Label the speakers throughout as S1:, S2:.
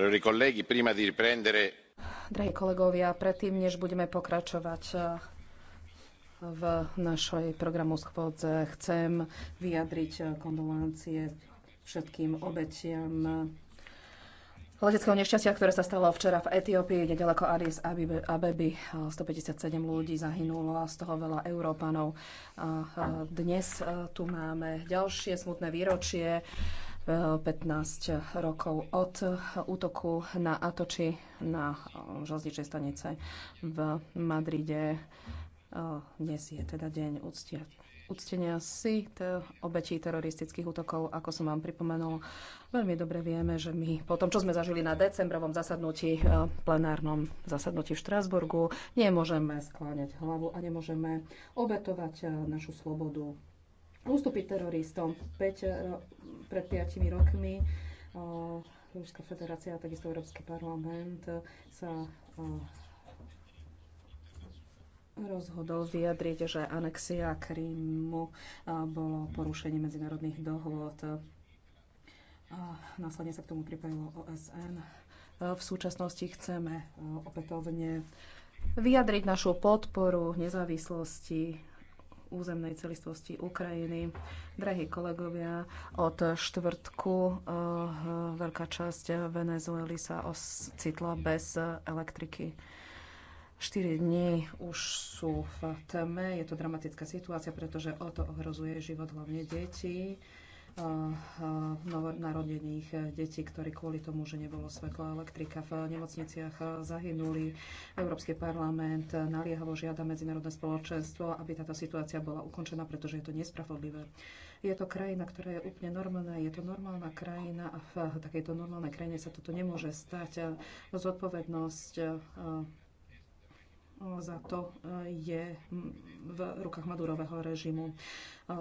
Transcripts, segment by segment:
S1: Drahí
S2: kolegovia, predtým, než budeme pokračovať eh, v našej programu schôdze, chcem vyjadriť eh, kondolencie všetkým obetiam eh, leteckého nešťastia, ktoré sa stalo včera v Etiópii, nedaleko Addis Abeby. 157 ľudí zahynulo, z toho veľa Európanov. Dnes tu máme ďalšie smutné výročie 15 rokov od útoku na Atoči na železničnej stanice v Madride. Dnes je teda deň úctia uctenia si obetí teroristických útokov, ako som vám pripomenul. Veľmi dobre vieme, že my po tom, čo sme zažili na decembrovom zasadnutí, eh, plenárnom zasadnutí v Štrásburgu, nemôžeme skláňať hlavu a nemôžeme obetovať eh, našu slobodu ústupiť teroristom. Eh, ro- pred 5 rokmi eh, Ruská federácia a takisto Európsky parlament eh, sa rozhodol vyjadriť, že anexia Krímu bolo porušenie medzinárodných dohôd. Následne sa k tomu pripojilo OSN. V súčasnosti chceme opätovne vyjadriť našu podporu nezávislosti územnej celistvosti Ukrajiny. Drahí kolegovia, od štvrtku eh, veľká časť Venezuely sa ocitla bez elektriky. 4 dní už sú v tme, je to dramatická situácia, pretože o to ohrozuje život hlavne detí novonarodených detí, ktorí kvôli tomu, že nebolo svetlo a elektrika v nemocniciach zahynuli. Európsky parlament naliehavo žiada medzinárodné spoločenstvo, aby táto situácia bola ukončená, pretože je to nespravodlivé. Je to krajina, ktorá je úplne normálna, je to normálna krajina a v takejto normálnej krajine sa toto nemôže stať. Zodpovednosť za to e, je v rukách Madurového režimu. E,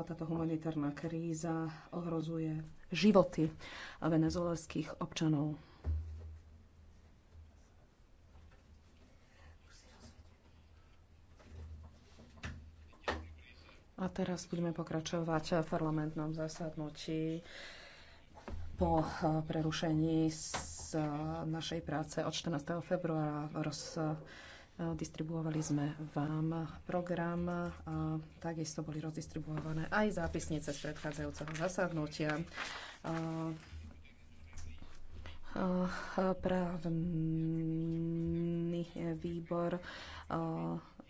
S2: táto humanitárna kríza ohrozuje životy venezuelských občanov. A teraz budeme pokračovať v parlamentnom zasadnutí po e, prerušení z našej práce od 14. februára. Roz, Distribuovali sme vám program a takisto boli rozdistribuované aj zápisnice z predchádzajúceho zasadnutia. Právny výbor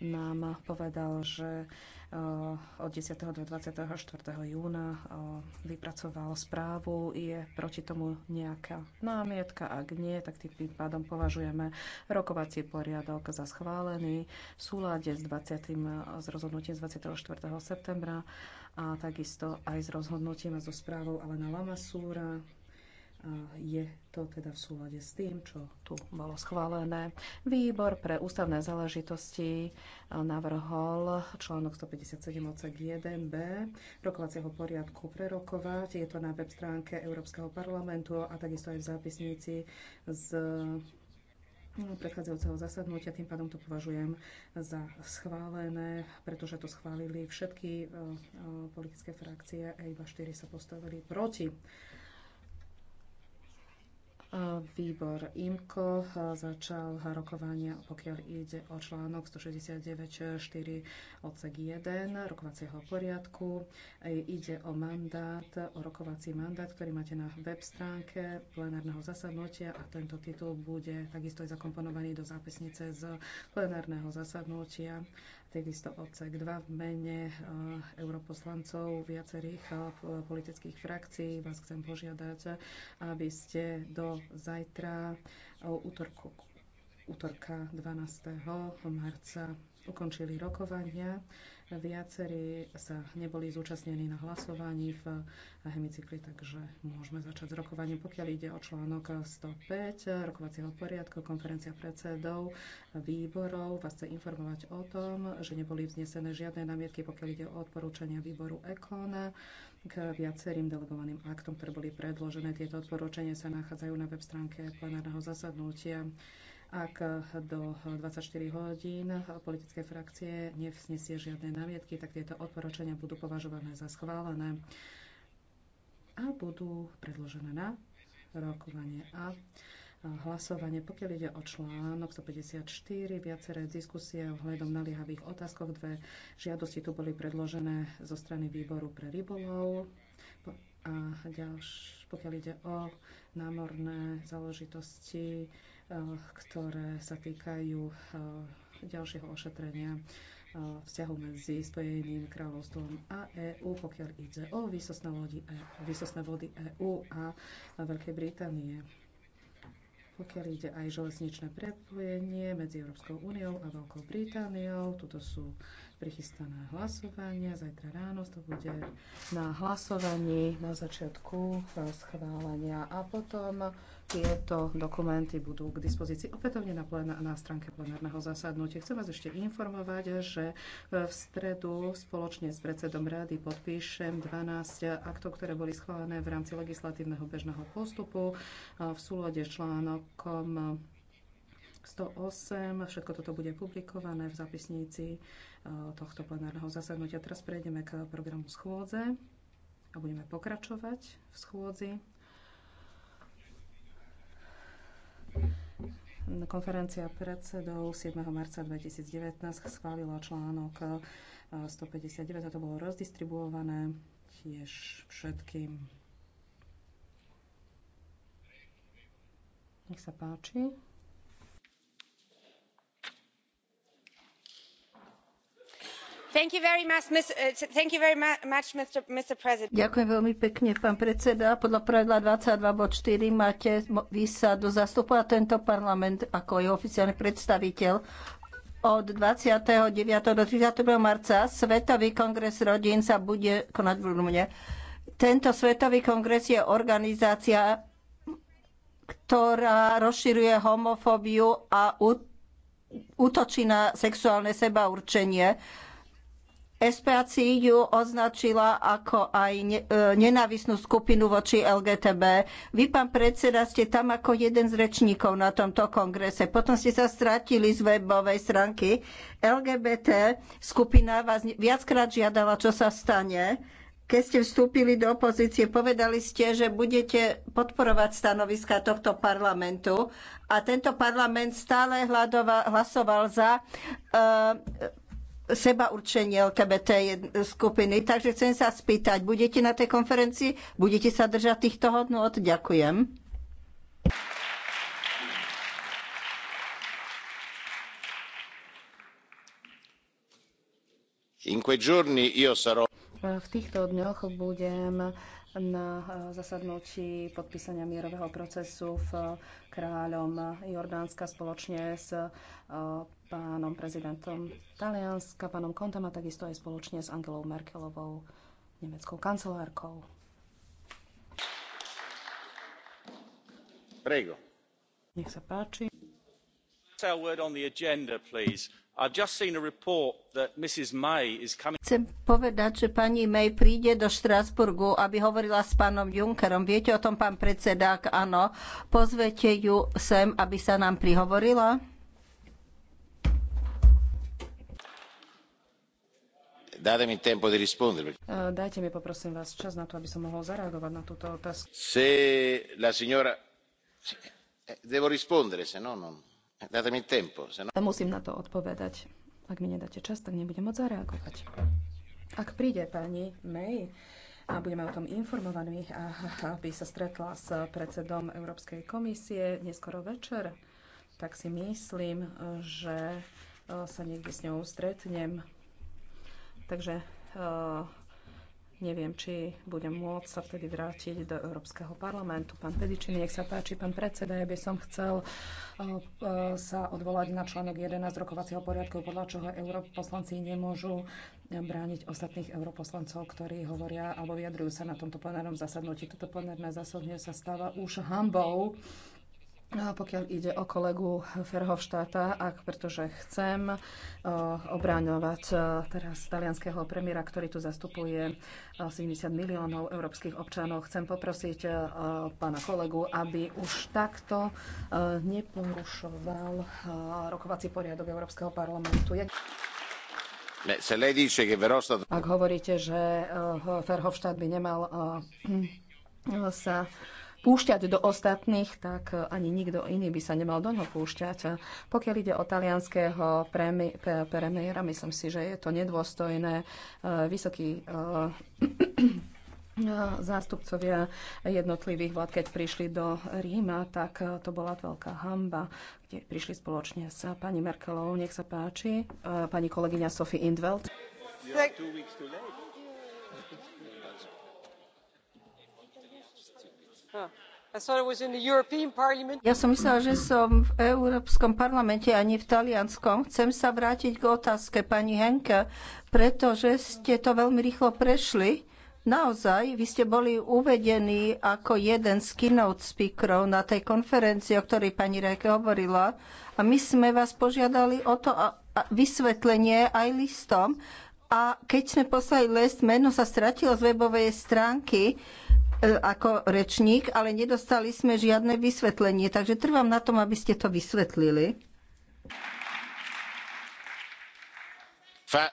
S2: nám povedal, že eh, od 10. do 24. júna eh, vypracoval správu. Je proti tomu nejaká námietka? Ak nie, tak tým pádom považujeme rokovací poriadok za schválený v súlade s, 20, s rozhodnutím z 24. septembra a takisto aj s rozhodnutím a so správou Alena Lamasúra je to teda v súlade s tým, čo tu bolo schválené. Výbor pre ústavné záležitosti navrhol článok 157 odsek 1b rokovacieho poriadku prerokovať. Je to na web stránke Európskeho parlamentu a takisto aj v zápisnici z no, predchádzajúceho zasadnutia. Tým pádom to považujem za schválené, pretože to schválili všetky politické frakcie a iba 4 sa postavili proti Výbor IMKO e, začal rokovania, pokiaľ ide o článok 169.4 odsek 1 rokovacieho poriadku. E, ide o mandát, o rokovací mandát, ktorý máte na web stránke plenárneho zasadnutia a tento titul bude takisto aj zakomponovaný do zápisnice z plenárneho zasadnutia takisto odsek 2 v mene eh, europoslancov viacerých eh, politických frakcií. Vás chcem požiadať, aby ste do zajtra eh, útorku, útorka 12. marca ukončili rokovania. Viacerí sa neboli zúčastnení na hlasovaní v hemicykli, takže môžeme začať s rokovaním. Pokiaľ ide o článok 105 rokovacieho poriadku, konferencia predsedov výborov vás chce informovať o tom, že neboli vznesené žiadne namietky, pokiaľ ide o odporúčania výboru EKON k viacerým delegovaným aktom, ktoré boli predložené. Tieto odporúčania sa nachádzajú na web stránke plenárneho zasadnutia. Ak do 24 hodín politické frakcie nevznesie žiadne námietky, tak tieto odporúčania budú považované za schválené a budú predložené na rokovanie a hlasovanie. Pokiaľ ide o článok 154, viaceré diskusie ohľadom naliehavých otázkoch, dve žiadosti tu boli predložené zo strany výboru pre rybolov a ďalš, pokiaľ ide o námorné záležitosti, Eh, ktoré sa týkajú eh, ďalšieho ošetrenia eh, vzťahu medzi Spojeným kráľovstvom a EÚ, pokiaľ ide o výsostné, lodi, e výsostné vody EÚ a Veľkej Británie. Pokiaľ ide aj železničné prepojenie medzi Európskou úniou a Veľkou Britániou, tuto sú prichystané hlasovania. Zajtra ráno to bude na hlasovaní na začiatku eh, schválenia a potom tieto dokumenty budú k dispozícii opätovne na, plen- na stránke plenárneho zasadnutia. Chcem vás ešte informovať, že eh, v stredu spoločne s predsedom rady podpíšem 12 aktov, ktoré boli schválené v rámci legislatívneho bežného postupu eh, v súlade s článokom 108. Všetko toto bude publikované v zapisníci. Eh, tohto plenárneho zasadnutia. Teraz prejdeme k programu schôdze a budeme pokračovať v schôdzi. Konferencia predsedov 7. marca 2019 schválila článok 159 a to bolo rozdistribuované tiež všetkým. Nech sa páči. Ďakujem
S3: veľmi pekne, pán predseda. Podľa pravidla 22 bod 4 máte výsadu zastupovať tento parlament ako jeho oficiálny predstaviteľ od 29. do one marca Svetový kongres rodín sa bude konať v Lumne. Tento Svetový kongres je organizácia, ktorá rozširuje homofóbiu a útočí na sexuálne sebaurčenie SPAC ju označila ako aj ne, e, nenávisnú skupinu voči LGTB. Vy, pán predseda, ste tam ako jeden z rečníkov na tomto kongrese. Potom ste sa stratili z webovej stránky. LGBT skupina vás viackrát žiadala, čo sa stane. Keď ste vstúpili do opozície, povedali ste, že budete podporovať stanoviska tohto parlamentu a tento parlament stále hlasoval za uh, seba určenie LGBT skupiny. Takže chcem sa spýtať, budete na tej konferencii? Budete sa držať týchto hodnot? Ďakujem.
S2: V týchto dňoch budem na e, zasadnutí podpísania mierového procesu v e, kráľom Jordánska spoločne s e, pánom prezidentom Talianska, pánom Kontom a takisto aj spoločne s Angelou Merkelovou, nemeckou kancelárkou.
S1: Prego.
S3: Nech sa páči.
S1: a word on the agenda,
S4: please. Chcem
S3: povedať, že pani May príde do Štrasburgu, aby hovorila s pánom Junckerom. Viete o tom, pán predsedák? Áno. Pozvete ju sem, aby sa nám prihovorila?
S1: Eh,
S2: dajte mi poprosím vás čas na to, aby som mohol zareagovať na túto otázku.
S1: No-
S2: Musím na to odpovedať. Ak mi nedáte čas, tak nebudem môcť zareagovať. Ak príde pani May, a budeme o tom informovaní, aby sa stretla s predsedom Európskej komisie neskoro večer, tak si myslím, že eh, sa niekde s ňou stretnem. Takže eh, Neviem, či budem môcť sa vtedy vrátiť do Európskeho parlamentu. Pán Pedičin, nech sa páči. Pán predseda, ja by som chcel eh, eh, sa odvolať na článok 11 rokovacieho poriadku, podľa čoho europoslanci nemôžu brániť ostatných europoslancov, ktorí hovoria alebo vyjadrujú sa na tomto plenárnom zasadnutí. Toto plenárne zasadnutie sa stáva už hambou pokiaľ ide o kolegu Ferhovštáta, ak pretože chcem obráňovať teraz talianského premiéra, ktorý tu zastupuje 70 miliónov európskych občanov, chcem poprosiť pána kolegu, aby už takto neporušoval rokovací poriadok Európskeho parlamentu. Ak hovoríte, že Ferhovštát by nemal sa púšťať do ostatných, tak ani nikto iný by sa nemal do ňoho púšťať. Pokiaľ ide o talianského premiéra, myslím si, že je to nedôstojné. Eh, Vysoký eh, eh, zástupcovia jednotlivých vlád, keď prišli do Ríma, tak to bola veľká hamba, kde prišli spoločne s pani Merkelovou. Nech sa páči, pani kolegyňa Sophie Indveld.
S4: Ja som myslela, že som
S3: v Európskom parlamente a nie v Talianskom. Chcem sa vrátiť k otázke pani Henke, pretože ste to veľmi rýchlo prešli. Naozaj, vy ste boli uvedení ako jeden z keynote speakerov na tej konferencii, o ktorej pani Reke hovorila. A my sme vás požiadali o to vysvetlenie aj listom. A keď sme poslali list, meno sa stratilo z webovej stránky E, ako rečník, ale nedostali sme žiadne vysvetlenie, takže trvám na tom, aby ste to vysvetlili.
S1: Fa-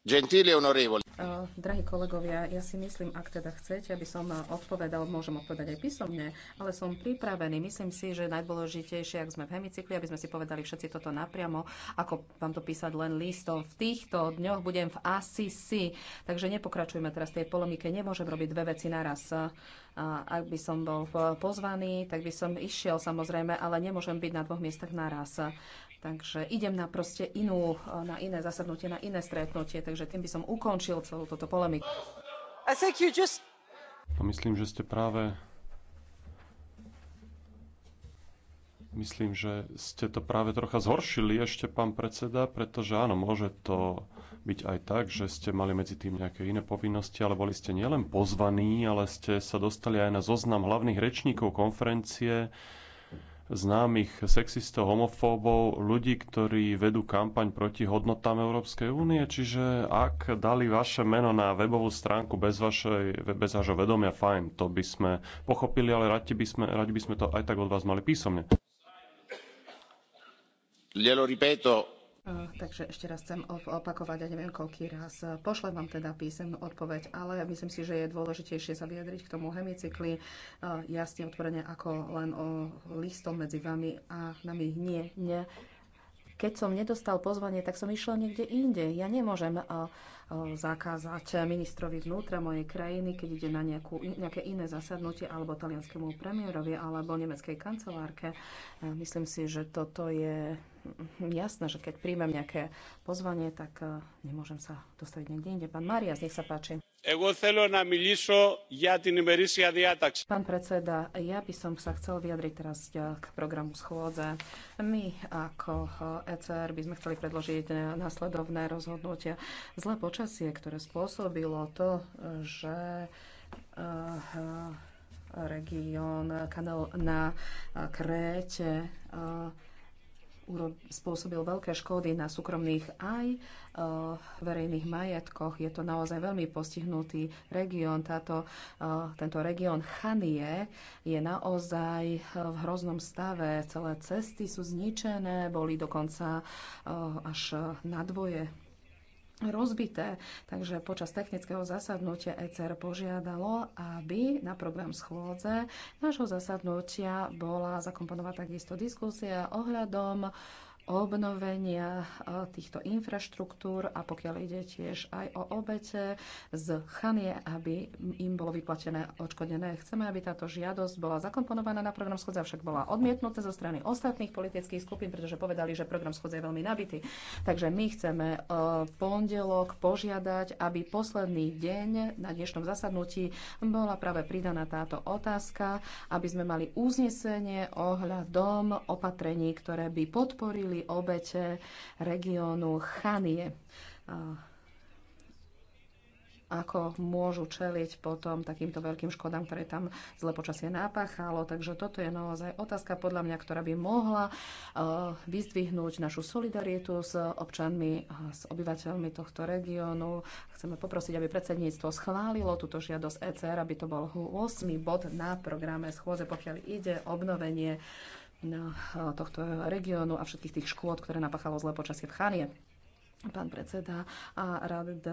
S1: Drahí
S2: kolegovia, ja si myslím, ak teda chcete, aby som e, odpovedal, môžem odpovedať aj písomne, ale som pripravený. Myslím si, že najdôležitejšie, ak sme v hemicykli, aby sme si povedali všetci toto napriamo, ako vám to písať len listom. V týchto dňoch budem v Assisi, takže nepokračujme teraz tej polemike. Nemôžem robiť dve veci naraz. E, ak by som bol pozvaný, tak by som išiel samozrejme, ale nemôžem byť na dvoch miestach naraz. Takže idem na proste inú, eh, na iné zasadnutie, na iné stretnutie, takže tým by som ukončil celú toto polemiku. Just...
S5: A myslím, že ste práve Myslím, že ste to práve trocha zhoršili ešte, pán predseda, pretože áno, môže to byť aj tak, že ste mali medzi tým nejaké iné povinnosti, ale boli ste nielen pozvaní, ale ste sa dostali aj na zoznam hlavných rečníkov konferencie, známych sexistov, homofóbov, ľudí, ktorí vedú kampaň proti hodnotám Európskej únie. Čiže ak dali vaše meno na webovú stránku bez, vašej, bez vašho vedomia, fajn, to by sme pochopili, ale radi by sme, radi by sme to aj tak od vás mali písomne.
S1: Glielo ripeto,
S2: Eh, takže ešte raz chcem opakovať, ja neviem koľký raz. Eh, pošlem vám teda písemnú odpoveď, ale myslím si, že je dôležitejšie sa vyjadriť k tomu hemicykli eh, jasne otvorene ako len o listom medzi vami a nami. Nie, nie. Keď som nedostal pozvanie, tak som išla niekde inde. Ja nemôžem zakázať ministrovi vnútra mojej krajiny, keď ide na nejakú, nejaké iné zasadnutie, alebo talianskému premiérovi, alebo nemeckej kancelárke. Myslím si, že toto je jasné, že keď príjmem nejaké pozvanie, tak eh, nemôžem sa dostaviť niekde inde. Pán Marias, nech sa páči. Pán predseda, ja by som sa chcel vyjadriť teraz eh, k programu schôdze. My ako eh, ECR by sme chceli predložiť následovné rozhodnutia. Zlé počasie, ktoré spôsobilo to, že region kanál na Kréte spôsobil veľké škody na súkromných aj e, verejných majetkoch. Je to naozaj veľmi postihnutý región. Táto, e, tento región Chanie je naozaj e, v hroznom stave. Celé cesty sú zničené, boli dokonca až na dvoje rozbité. Takže počas technického zasadnutia ECR požiadalo, aby na program schôdze nášho zasadnutia bola zakomponovaná takisto diskusia ohľadom obnovenia e, týchto infraštruktúr a pokiaľ ide tiež aj o obete z Chanie, aby im bolo vyplatené odškodené. Chceme, aby táto žiadosť bola zakomponovaná na program schodza, však bola odmietnutá zo strany ostatných politických skupín, pretože povedali, že program schodze je veľmi nabitý. Takže my chceme e, v pondelok požiadať, aby posledný deň na dnešnom zasadnutí bola práve pridaná táto otázka, aby sme mali uznesenie ohľadom opatrení, ktoré by podporili boli obete regiónu Chanie ako môžu čeliť potom takýmto veľkým škodám, ktoré tam zle počasie napáchalo. Takže toto je naozaj otázka podľa mňa, ktorá by mohla vyzdvihnúť našu solidaritu s občanmi, a s obyvateľmi tohto regiónu. Chceme poprosiť, aby predsedníctvo schválilo túto žiadosť ECR, aby to bol 8. bod na programe schôze, pokiaľ ide obnovenie na eh, tohto regiónu a všetkých tých škôd, ktoré napáchalo zlé počasie v Chanie. Pán predseda, a rád eh,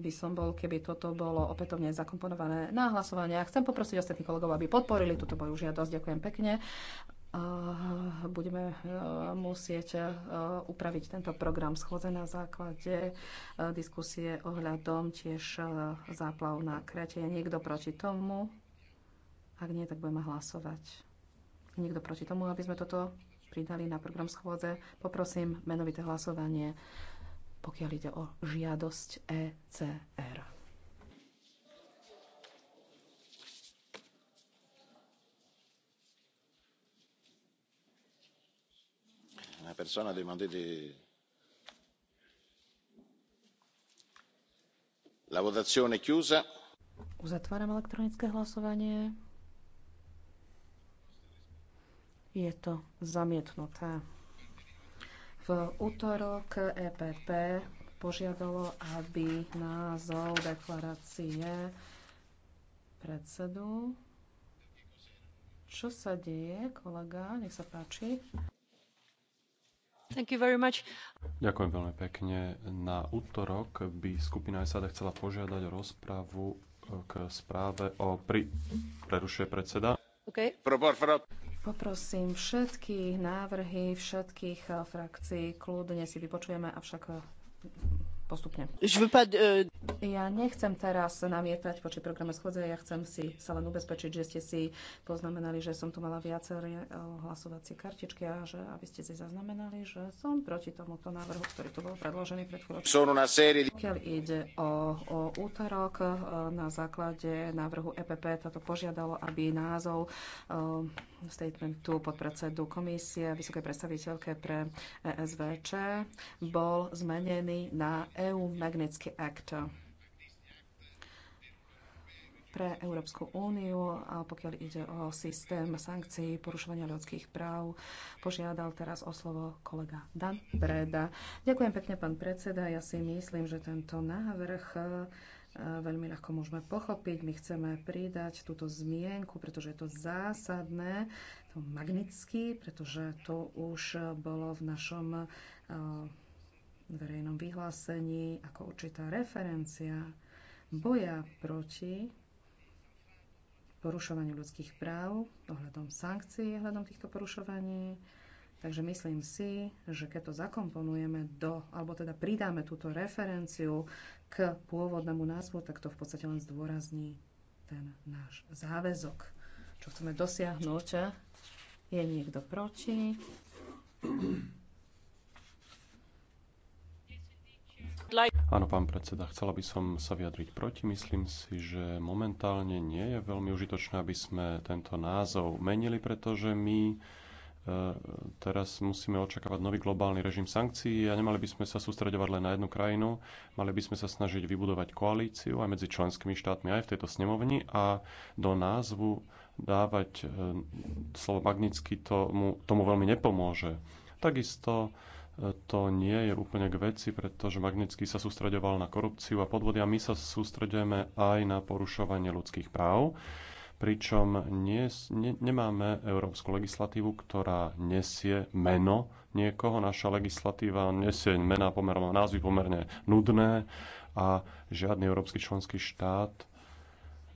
S2: by som bol, keby toto bolo opätovne zakomponované na hlasovanie. Ja chcem poprosiť ostatných kolegov, aby podporili túto moju žiadosť. Ďakujem pekne. Eh, budeme musieť upraviť tento program schôdze na základe diskusie ohľadom tiež záplav na kratie. niekto proti tomu? Ak nie, tak budeme hlasovať. Nikto proti tomu, aby sme toto pridali na program schôdze. Poprosím menovité hlasovanie, pokiaľ ide o žiadosť ECR.
S1: La persona demandé la votazione chiusa.
S2: Uzatváram elektronické hlasovanie. Je to zamietnuté. V útorok EPP požiadalo, aby názov deklarácie predsedu. Čo sa deje, kolega? Nech sa páči. Thank you very much.
S5: Ďakujem veľmi pekne. Na útorok by skupina SAD chcela požiadať o rozpravu e, k správe o pri... prerušuje predseda.
S2: Okay. Poprosím všetky návrhy všetkých eh, frakcií, kľudne si vypočujeme, avšak eh, postupne. Euh, ja nechcem teraz namietať voči programe schôdze, ja chcem si sa len ubezpečiť, že ste si poznamenali, že som tu mala viaceré eh, hlasovacie kartičky a že aby ste si zaznamenali, že som proti tomuto návrhu, ktorý tu bol predložený pred chvíľou. Pokiaľ ide o, o útorok, eh, na základe návrhu EPP toto požiadalo, aby názov eh, statementu podpredsedu komisie Vysokej predstaviteľke pre ESVČ bol zmenený na EÚ Magnitsky Act pre Európsku úniu, a pokiaľ ide o systém sankcií porušovania ľudských práv. Požiadal teraz o slovo kolega Dan Breda. Ďakujem pekne, pán predseda. Ja si myslím, že tento návrh e, veľmi ľahko môžeme pochopiť. My chceme pridať túto zmienku, pretože je to zásadné, to magnický, pretože to už bolo v našom e, verejnom vyhlásení ako určitá referencia boja proti porušovaniu ľudských práv ohľadom sankcií, ohľadom týchto porušovaní. Takže myslím si, že keď to zakomponujeme do, alebo teda pridáme túto referenciu k pôvodnému názvu, tak to v podstate len zdôrazní ten náš záväzok. Čo chceme dosiahnuť? Je niekto proti?
S5: Áno, pán predseda, chcela by som sa vyjadriť proti. Myslím si, že momentálne nie je veľmi užitočné, aby sme tento názov menili, pretože my e, teraz musíme očakávať nový globálny režim sankcií a nemali by sme sa sústredovať len na jednu krajinu. Mali by sme sa snažiť vybudovať koalíciu aj medzi členskými štátmi, aj v tejto snemovni a do názvu dávať e, slovo magnicky tomu, tomu veľmi nepomôže. Takisto to nie je úplne k veci, pretože Magnický sa sústreďoval na korupciu a podvody a my sa sústredujeme aj na porušovanie ľudských práv, pričom nie, ne, nemáme európsku legislatívu, ktorá nesie meno niekoho. Naša legislatíva nesie mená, pomerne, názvy pomerne nudné a žiadny európsky členský štát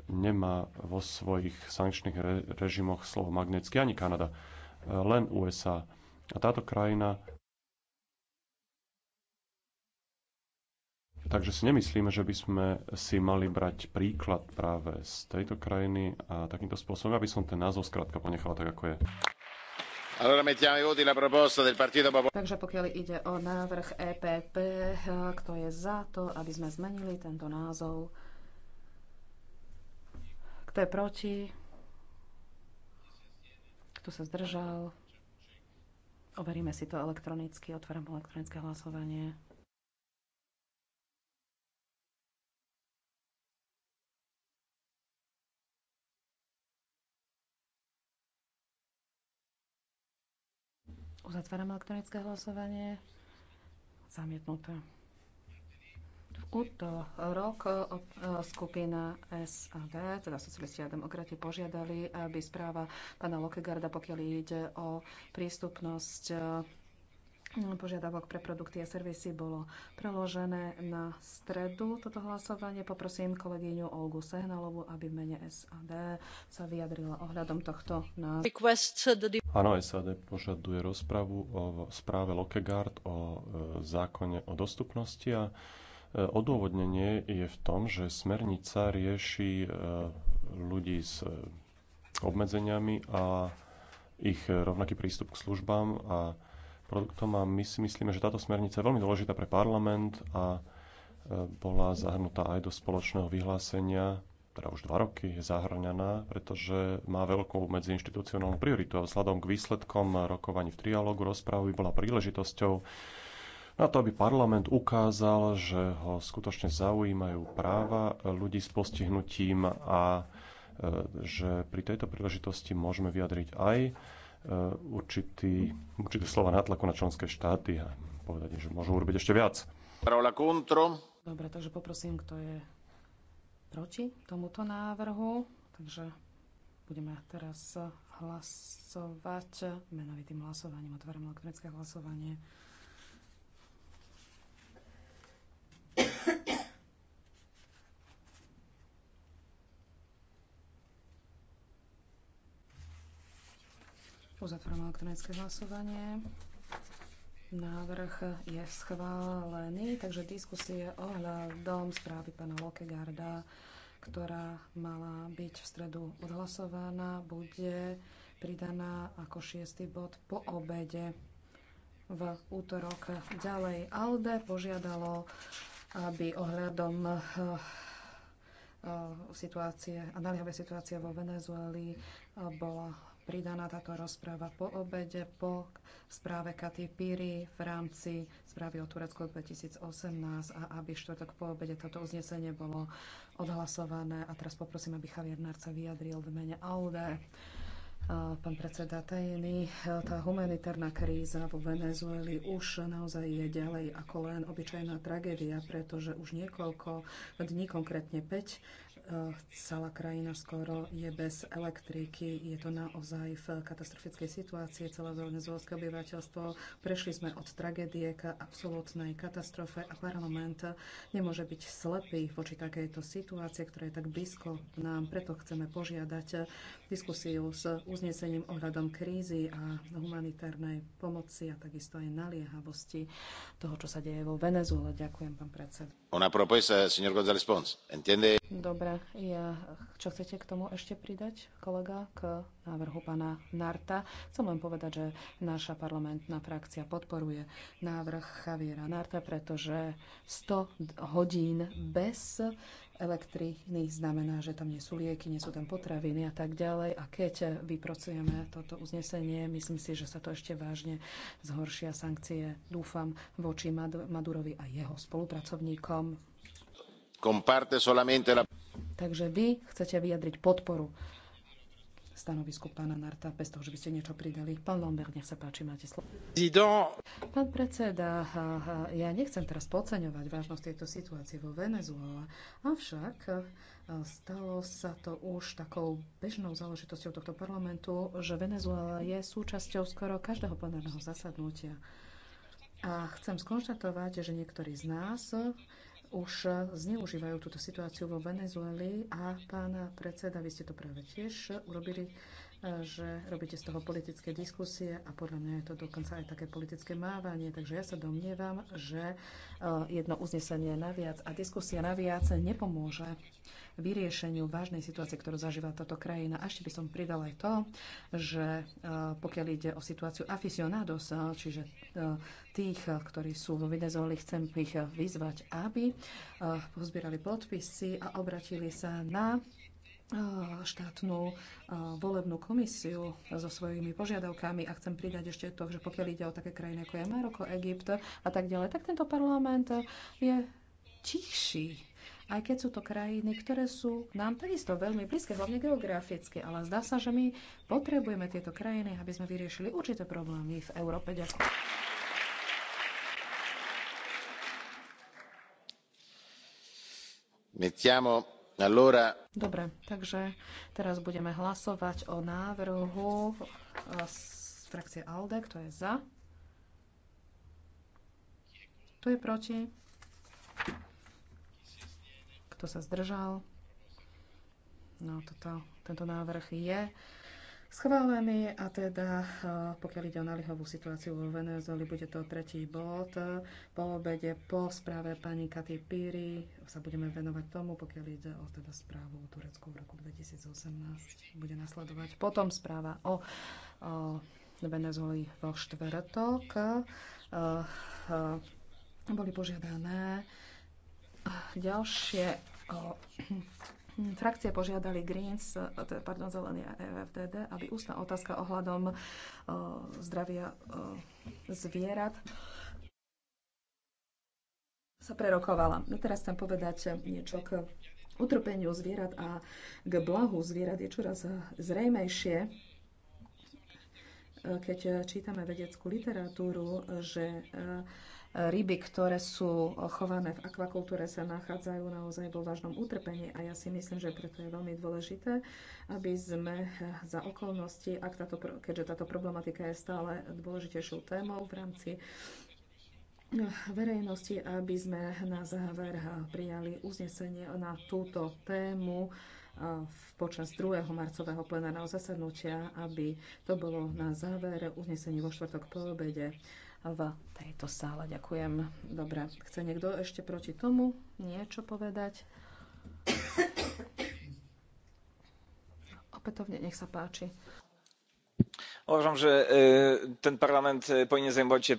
S5: nemá vo svojich sankčných re, režimoch slovo magnecký ani Kanada, len USA. A táto krajina Takže si nemyslíme, že by sme si mali brať príklad práve z tejto krajiny a takýmto spôsobom, aby som ten názov skrátka ponechal, tak, ako je.
S2: Takže pokiaľ ide o návrh EPP, kto je za to, aby sme zmenili tento názov? Kto je proti? Kto sa zdržal? Overíme si to elektronicky, otváram elektronické hlasovanie. Uzatváram elektronické hlasovanie. Zamietnuté. V útorok e, skupina SAD, teda socialisti a demokrati, požiadali, aby správa pána Lokegarda, pokiaľ ide o prístupnosť e, požiadavok pre produkty a servisy bolo preložené na stredu toto hlasovanie. Poprosím kolegyňu Olgu Sehnalovu aby v mene SAD sa vyjadrila ohľadom tohto názvu.
S5: Áno, SAD požaduje rozpravu o správe Lokegard o e, zákone o dostupnosti a e, odôvodnenie je v tom, že smernica rieši e, ľudí s obmedzeniami a ich rovnaký prístup k službám a produktom a my si myslíme, že táto smernica je veľmi dôležitá pre parlament a e, bola zahrnutá aj do spoločného vyhlásenia, teda už dva roky je zahrňaná, pretože má veľkú medziinstitucionálnu prioritu a vzhľadom k výsledkom rokovaní v trialógu rozprávy bola príležitosťou na to, aby parlament ukázal, že ho skutočne zaujímajú práva ľudí s postihnutím a e, že pri tejto príležitosti môžeme vyjadriť aj Eh, určitý, určité slova nátlaku na členské štáty a povedať, že môžu urobiť ešte viac.
S2: Dobre, takže poprosím, kto je proti tomuto návrhu. Takže budeme teraz hlasovať menovitým hlasovaním. Otváram elektronické hlasovanie. Uzatvorím elektronické hlasovanie. Návrh je schválený, takže diskusie ohľadom správy pána Lokegarda, ktorá mala byť v stredu odhlasovaná, bude pridaná ako šiestý bod po obede v útorok. Ďalej ALDE požiadalo, aby ohľadom eh, eh, situácie a situácie vo Venezueli eh, bola pridaná táto rozpráva po obede, po správe Katy Piri v rámci správy o Turecku 2018 a aby štvrtok po obede toto uznesenie bolo odhlasované. A teraz poprosím, aby Javier Narca vyjadril v mene Aude. Pán predseda Tajiny, tá humanitárna kríza vo Venezueli už naozaj je ďalej ako len obyčajná tragédia, pretože už niekoľko dní, konkrétne 5 Eh, celá krajina skoro je bez elektriky. Je to naozaj v katastrofickej situácii celé venezuelské obyvateľstvo. Prešli sme od tragédie k absolútnej katastrofe a parlament nemôže byť slepý voči takejto situácie, ktorá je tak blízko nám. Preto chceme požiadať diskusiu s uznesením ohľadom krízy a humanitárnej pomoci a takisto aj naliehavosti toho, čo sa deje vo Venezuele. Ďakujem, pán predseda.
S1: propuesta, señor González Pons. Entiende?
S2: Dobre, ja, čo chcete k tomu ešte pridať, kolega, k návrhu pána Narta? Chcem len povedať, že naša parlamentná frakcia podporuje návrh Javiera Narta, pretože 100 hodín bez elektriny znamená, že tam nie sú lieky, nie sú tam potraviny a tak ďalej. A keď vypracujeme toto uznesenie, myslím si, že sa to ešte vážne zhoršia sankcie, dúfam, voči Madurovi a jeho spolupracovníkom. Takže vy chcete vyjadriť podporu stanovisku pána Narta, bez toho, že by ste niečo pridali. Pán Lomberg, nech sa páči, máte slovo. Pán predseda, ja nechcem teraz podceňovať vážnosť tejto situácie vo Venezuela, avšak eh, stalo sa to už takou bežnou záležitosťou tohto parlamentu, že Venezuela je súčasťou skoro každého plenárneho zasadnutia. A chcem skonštatovať, že niektorí z nás už eh, zneužívajú túto situáciu vo Venezueli a pána predseda, vy ste to práve tiež urobili že robíte z toho politické diskusie a podľa mňa je to dokonca aj také politické mávanie. Takže ja sa domnievam, že eh, jedno uznesenie naviac a diskusia naviac nepomôže vyriešeniu vážnej situácie, ktorú zažíva táto krajina. A ešte by som pridala aj to, že eh, pokiaľ ide o situáciu aficionados, eh, čiže tých, ktorí sú vo Venezueli, chcem ich vyzvať, aby pozbierali podpisy a obratili sa na štátnu volebnú komisiu so svojimi požiadavkami a chcem pridať ešte to, že pokiaľ ide o také krajiny ako je Maroko, Egypt a tak ďalej, tak tento parlament je tichší. Aj keď sú to krajiny, ktoré sú nám takisto veľmi blízke, hlavne geograficky, ale zdá sa, že my potrebujeme tieto krajiny, aby sme vyriešili určité problémy v Európe. Ďakujem.
S1: Mettiamo Dobre,
S2: takže teraz budeme hlasovať o návrhu e, z frakcie ALDE, kto je za. Kto je proti? Kto sa zdržal? No, toto, tento návrh je schválený a teda e, pokiaľ ide o nalihovú situáciu vo Venezueli, bude to tretí bod. Po obede, po správe pani Katy Píry sa budeme venovať tomu, pokiaľ ide o teda správu o Turecku v roku 2018. Bude nasledovať potom správa o, o Venezueli vo štvrtok. E, e, boli požiadané ďalšie frakcie požiadali Greens, eh, pardon, Zelený a EFTD, aby ústna otázka ohľadom eh, zdravia eh, zvierat sa prerokovala. No teraz chcem povedať niečo k utrpeniu zvierat a k blahu zvierat je čoraz zrejmejšie, keď čítame vedeckú literatúru, že ryby, ktoré sú chované v akvakultúre, sa nachádzajú naozaj vo vážnom utrpení a ja si myslím, že preto je veľmi dôležité, aby sme za okolnosti, ak táto, keďže táto problematika je stále dôležitejšou témou v rámci verejnosti, aby sme na záver prijali uznesenie na túto tému počas 2. marcového plenárneho zasadnutia, aby to bolo na záver uznesenie vo štvrtok po obede v tejto sále. Ďakujem. Dobre, chce niekto ešte proti tomu niečo povedať? Opätovne, nech sa páči.
S6: Uvažujem, že e, ten parlament e, powinien zajmować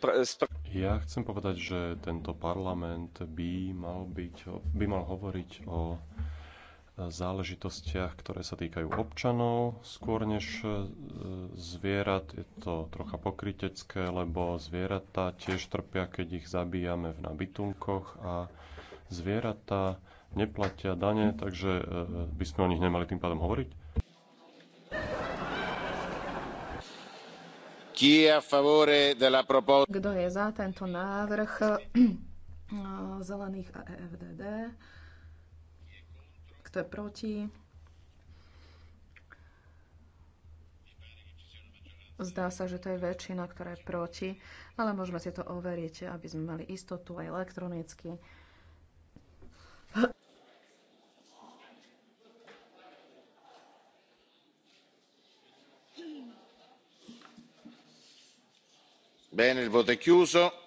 S5: Ja chcem povedať, že tento parlament by mal, byť, by mal hovoriť o záležitostiach, ktoré sa týkajú občanov skôr než e, zvierat. Je to trocha pokrytecké, lebo zvieratá tiež trpia, keď ich zabíjame na bytunkoch a zvieratá neplatia dane, takže e, by sme o nich nemali tým pádom hovoriť.
S2: Kto je za tento návrh zelených a EFDD? kto je proti. Zdá sa, že to je väčšina, ktorá je proti, ale môžeme si to overiť, aby sme mali istotu aj elektronicky.
S1: Bene, il voto è chiuso.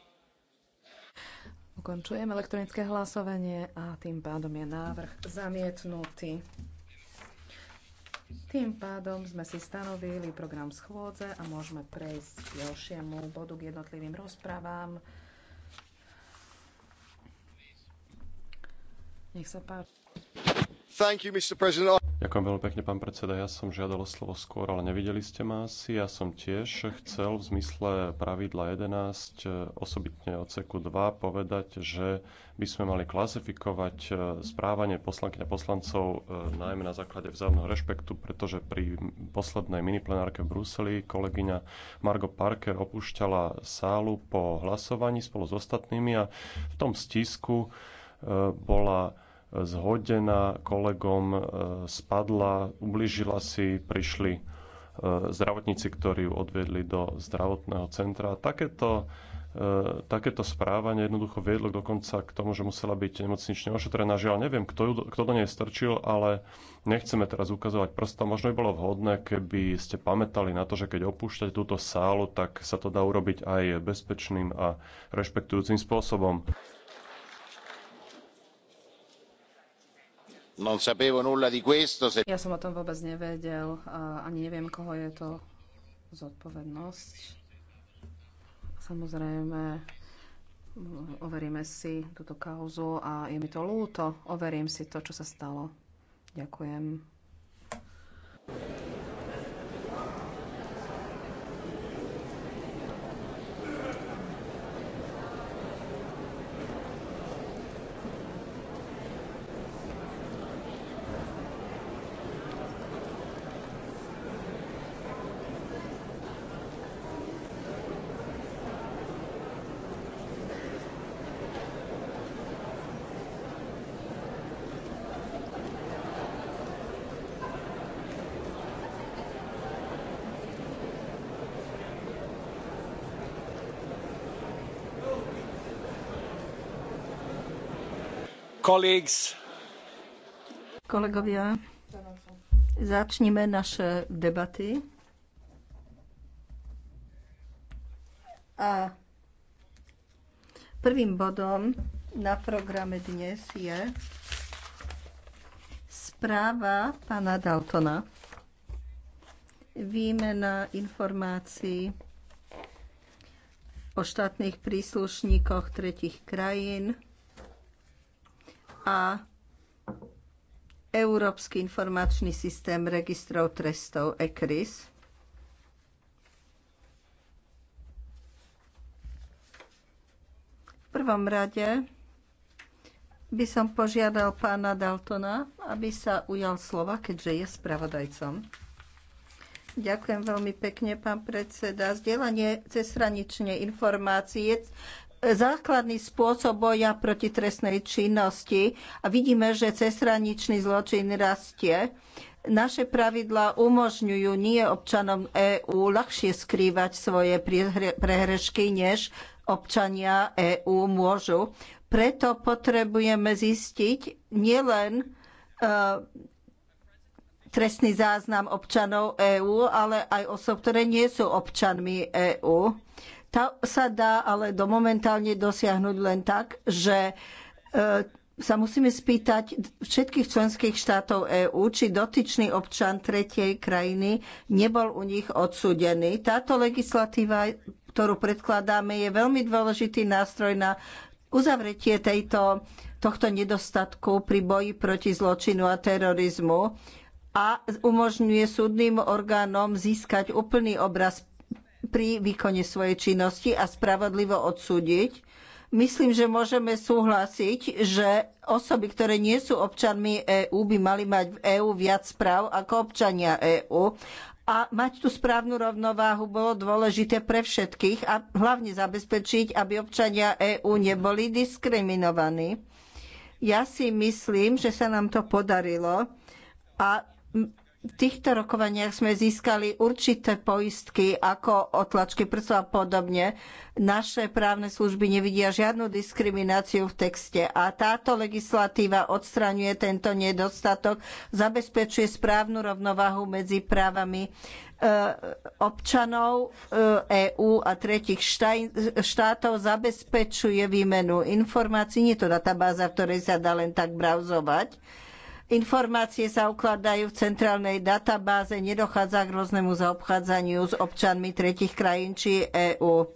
S2: Ukončujem elektronické hlasovanie a tým pádom je návrh zamietnutý. Tým pádom sme si stanovili program schôdze a môžeme prejsť k ďalšiemu bodu k jednotlivým rozprávam. Nech sa páči.
S7: Oh.
S5: Ďakujem veľmi pekne, pán predseda. Ja som žiadal slovo skôr, ale nevideli ste ma asi. Ja som tiež chcel v zmysle pravidla 11, eh, osobitne odseku 2, povedať, že by sme mali klasifikovať eh, správanie poslanky na poslancov eh, najmä na základe vzájomného rešpektu, pretože pri poslednej miniplenárke v Bruseli kolegyňa Margo Parker opúšťala sálu po hlasovaní spolu s ostatnými a v tom stisku bola zhodená kolegom, e, spadla, ubližila si, prišli e, zdravotníci, ktorí ju odvedli do zdravotného centra. Takéto, e, takéto správanie jednoducho viedlo dokonca k tomu, že musela byť nemocnične ošetrená. Žiaľ, neviem, kto, ju, kto do nej strčil, ale nechceme teraz ukazovať prstom. Možno by bolo vhodné, keby ste pamätali na to, že keď opúšťate túto sálu, tak sa to dá urobiť aj bezpečným a rešpektujúcim spôsobom. Non
S1: sapevo nulla di questo. Se... Ja
S2: som o tom vôbec nevedel. Ani neviem, koho je to zodpovednosť. Samozrejme, overíme si túto kauzu a je mi to lúto Overím si to, čo sa stalo. Ďakujem.
S3: Kolegovia, začnime naše debaty. A prvým bodom na programe dnes je správa pána Daltona. Výmena informácií o štátnych príslušníkoch tretich krajín a Európsky informačný systém registrov trestov ECRIS. V prvom rade by som požiadal pána Daltona, aby sa ujal slova, keďže je spravodajcom. Ďakujem veľmi pekne, pán predseda. Zdieľanie cezhraničnej informácie základný spôsob boja proti trestnej činnosti a vidíme, že cezhraničný zločin rastie. Naše pravidlá umožňujú nie občanom EÚ ľahšie skrývať svoje prehrešky, než občania EÚ môžu. Preto potrebujeme zistiť nielen uh, trestný záznam občanov EÚ, ale aj osob, ktoré nie sú občanmi EÚ. Tá sa dá ale do momentálne dosiahnuť len tak, že e, sa musíme spýtať všetkých členských štátov EÚ, či dotyčný občan tretej krajiny nebol u nich odsudený. Táto legislatíva, ktorú predkladáme, je veľmi dôležitý nástroj na uzavretie tejto, tohto nedostatku pri boji proti zločinu a terorizmu a umožňuje súdnym orgánom získať úplný obraz pri výkone svojej činnosti a spravodlivo odsúdiť. Myslím, že môžeme súhlasiť, že osoby, ktoré nie sú občanmi EÚ, by mali mať v EÚ viac práv ako občania EÚ. A mať tú správnu rovnováhu bolo dôležité pre všetkých a hlavne zabezpečiť, aby občania EÚ neboli diskriminovaní. Ja si myslím, že sa nám to podarilo a v týchto rokovaniach sme získali určité poistky ako otlačky prstov a podobne. Naše právne služby nevidia žiadnu diskrimináciu v texte a táto legislatíva odstraňuje tento nedostatok, zabezpečuje správnu rovnovahu medzi právami e, občanov EÚ e a tretich štátov zabezpečuje výmenu informácií. Nie je to databáza, v ktorej sa dá len tak brauzovať Informácie sa ukladajú v centrálnej databáze, nedochádza k rôznemu zaobchádzaniu s občanmi tretich krajín či EÚ.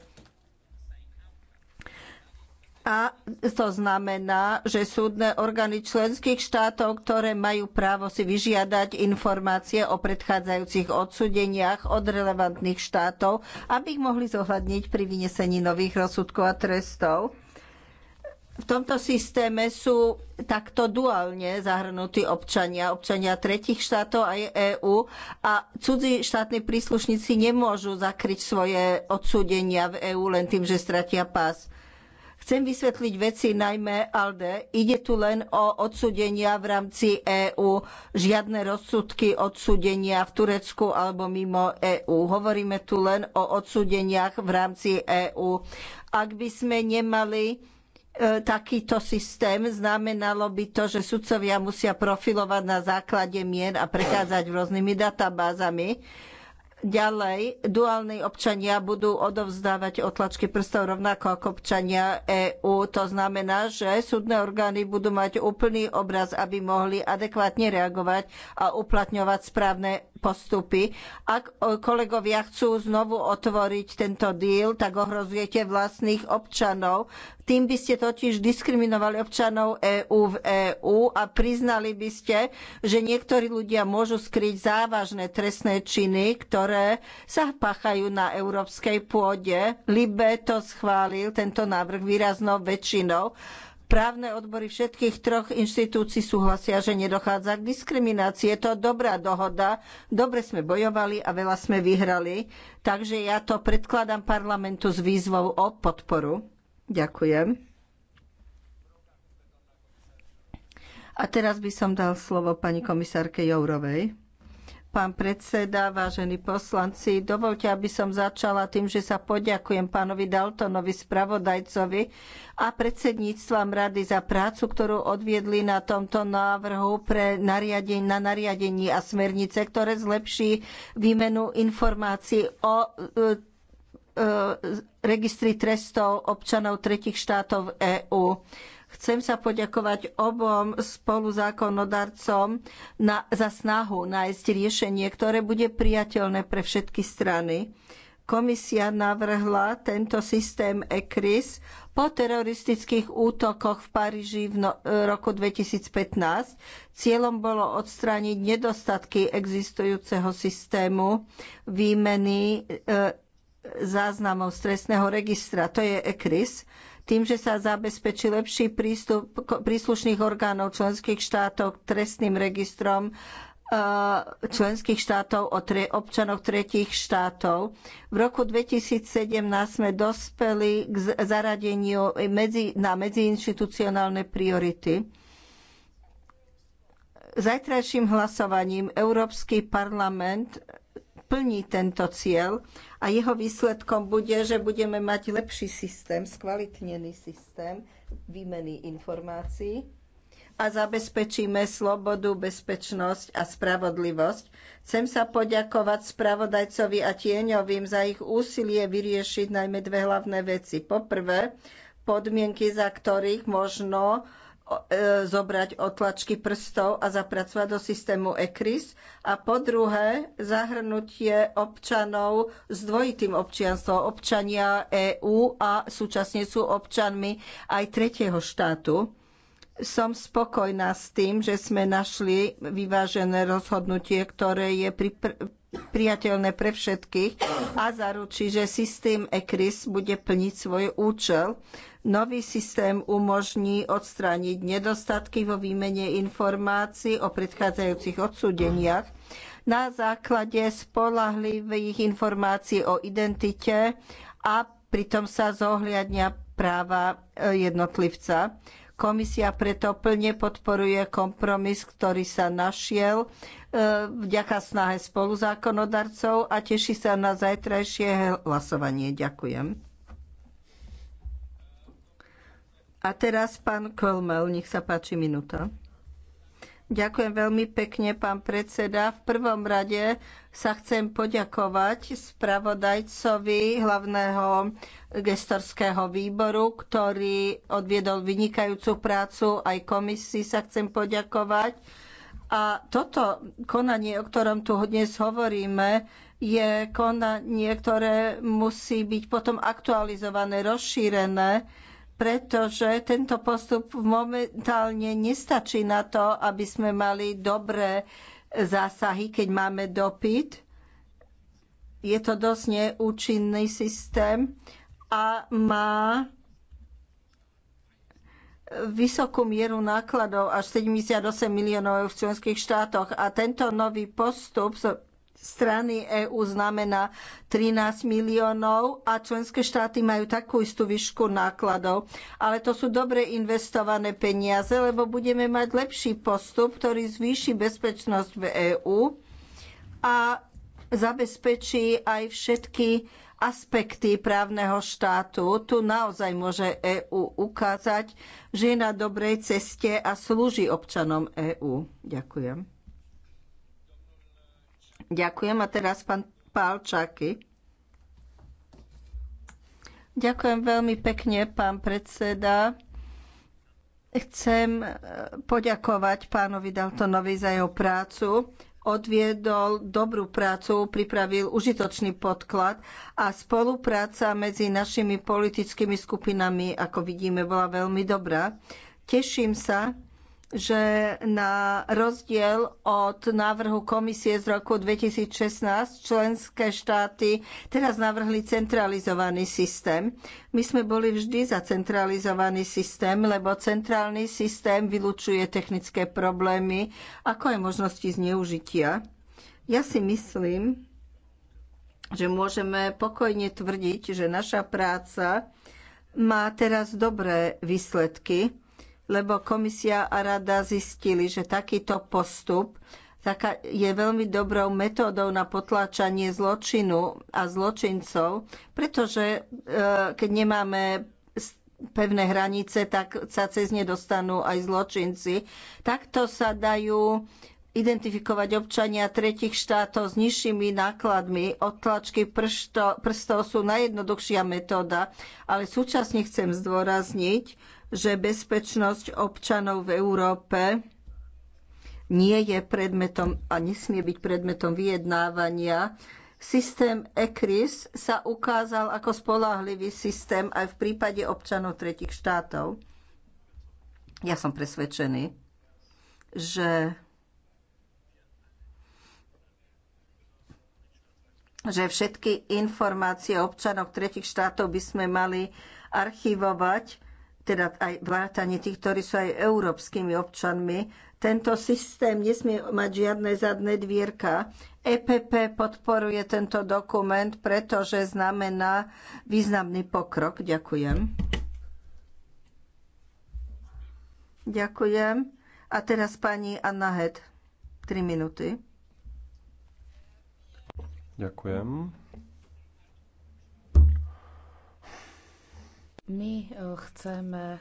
S3: A to znamená, že súdne orgány členských štátov, ktoré majú právo si vyžiadať informácie o predchádzajúcich odsúdeniach od relevantných štátov, aby ich mohli zohľadniť pri vynesení nových rozsudkov a trestov. V tomto systéme sú takto duálne zahrnutí občania, občania tretich štátov aj EÚ a cudzí štátni príslušníci nemôžu zakryť svoje odsúdenia v EÚ len tým, že stratia pás. Chcem vysvetliť veci najmä ALDE. Ide tu len o odsúdenia v rámci EÚ, žiadne rozsudky odsúdenia v Turecku alebo mimo EÚ. Hovoríme tu len o odsúdeniach v rámci EÚ. Ak by sme nemali E, takýto systém, znamenalo by to, že sudcovia musia profilovať na základe mier a prechádzať rôznymi databázami. Ďalej, duálni občania budú odovzdávať otlačky prstov rovnako ako občania EÚ. To znamená, že súdne orgány budú mať úplný obraz, aby mohli adekvátne reagovať a uplatňovať správne postupy. Ak e, kolegovia chcú znovu otvoriť tento deal, tak ohrozujete vlastných občanov. Tým by ste totiž diskriminovali občanov EÚ v EÚ a priznali by ste, že niektorí ľudia môžu skryť závažné trestné činy, ktoré sa páchajú na európskej pôde. Libe to schválil, tento návrh výraznou väčšinou Právne odbory všetkých troch inštitúcií súhlasia, že nedochádza k diskriminácii. Je to dobrá dohoda. Dobre sme bojovali a veľa sme vyhrali. Takže ja to predkladám parlamentu s výzvou o podporu. Ďakujem. A teraz by som dal slovo pani komisárke Jourovej pán predseda, vážení poslanci. Dovolte, aby som začala tým, že sa poďakujem pánovi Daltonovi, spravodajcovi a predsedníctvam rady za prácu, ktorú odviedli na tomto návrhu pre nariadenie, na nariadení a smernice, ktoré zlepší výmenu informácií o e, e, registri trestov občanov tretich štátov EÚ. Chcem sa poďakovať obom spoluzákonodarcom na, za snahu nájsť riešenie, ktoré bude priateľné pre všetky strany. Komisia navrhla tento systém ECRIS po teroristických útokoch v Paríži v no, roku 2015. Cieľom bolo odstrániť nedostatky existujúceho systému výmeny e, záznamov stresného registra. To je ECRIS tým, že sa zabezpečí lepší prístup príslušných orgánov členských štátov k trestným registrom eh, členských štátov o tre, občanoch tretích štátov. V roku 2017 sme dospeli k zaradeniu medzi, na medziinštitucionálne priority. Zajtrajším hlasovaním Európsky parlament splní tento cieľ a jeho výsledkom bude, že budeme mať lepší systém, skvalitnený systém výmeny informácií a zabezpečíme slobodu, bezpečnosť a spravodlivosť. Chcem sa poďakovať spravodajcovi a tieňovým za ich úsilie vyriešiť najmä dve hlavné veci. Poprvé, podmienky, za ktorých možno E, zobrať otlačky prstov a zapracovať do systému ECRIS a po druhé zahrnutie občanov s dvojitým občianstvom, občania EÚ a súčasne sú občanmi aj tretieho štátu. Som spokojná s tým, že sme našli vyvážené rozhodnutie, ktoré je pri priateľné pre všetkých a zaručí, že systém ECRIS bude plniť svoj účel. Nový systém umožní odstrániť nedostatky vo výmene informácií o predchádzajúcich odsúdeniach na základe spolahlivých informácií o identite a pritom sa zohľadňa práva e, jednotlivca. Komisia preto plne podporuje kompromis, ktorý sa našiel E, vďaka snahe spoluzákonodarcov a teší sa na zajtrajšie hlasovanie. Ďakujem. A teraz pán Kolmel, nech sa páči minúta. Ďakujem veľmi pekne, pán predseda. V prvom rade sa chcem poďakovať spravodajcovi hlavného gestorského výboru, ktorý odviedol vynikajúcu prácu. Aj komisii sa chcem poďakovať a toto konanie, o ktorom tu dnes hovoríme, je konanie, ktoré musí byť potom aktualizované, rozšírené, pretože tento postup momentálne nestačí na to, aby sme mali dobré zásahy, keď máme dopyt. Je to dosť neúčinný systém a má vysokú mieru nákladov až 78 miliónov v členských štátoch a tento nový postup z strany EÚ znamená 13 miliónov a členské štáty majú takú istú výšku nákladov. Ale to sú dobre investované peniaze, lebo budeme mať lepší postup, ktorý zvýši bezpečnosť v EÚ a zabezpečí aj všetky aspekty právneho štátu. Tu naozaj môže EÚ ukázať, že je na dobrej ceste a slúži občanom EÚ. Ďakujem. Ďakujem a teraz pán Palčaky. Ďakujem veľmi pekne, pán predseda. Chcem poďakovať pánovi Daltonovi za jeho prácu odviedol dobrú prácu, pripravil užitočný podklad a spolupráca medzi našimi politickými skupinami, ako vidíme, bola veľmi dobrá. Teším sa, že na rozdiel od návrhu komisie z roku 2016 členské štáty teraz navrhli centralizovaný systém. My sme boli vždy za centralizovaný systém, lebo centrálny systém vylučuje technické problémy, ako aj možnosti zneužitia. Ja si myslím, že môžeme pokojne tvrdiť, že naša práca má teraz dobré výsledky lebo komisia a rada zistili, že takýto postup taká je veľmi dobrou metódou na potláčanie zločinu a zločincov, pretože e, keď nemáme pevné hranice, tak sa cez ne dostanú aj zločinci. Takto sa dajú identifikovať občania tretich štátov s nižšími nákladmi. Odtlačky prsto, prstov sú najjednoduchšia metóda, ale súčasne chcem zdôrazniť, že bezpečnosť občanov v Európe nie je predmetom a nesmie byť predmetom vyjednávania. Systém ECRIS sa ukázal ako spolahlivý systém aj v prípade občanov tretich štátov. Ja som presvedčený, že že všetky informácie občanov tretich štátov by sme mali archivovať teda aj vrátanie tých, ktorí sú aj európskymi občanmi. Tento systém nesmie mať žiadne zadné dvierka. EPP podporuje tento dokument, pretože znamená významný pokrok. Ďakujem. Ďakujem. A teraz pani Anna Hed. 3 minúty.
S5: Ďakujem
S2: My e, chceme e,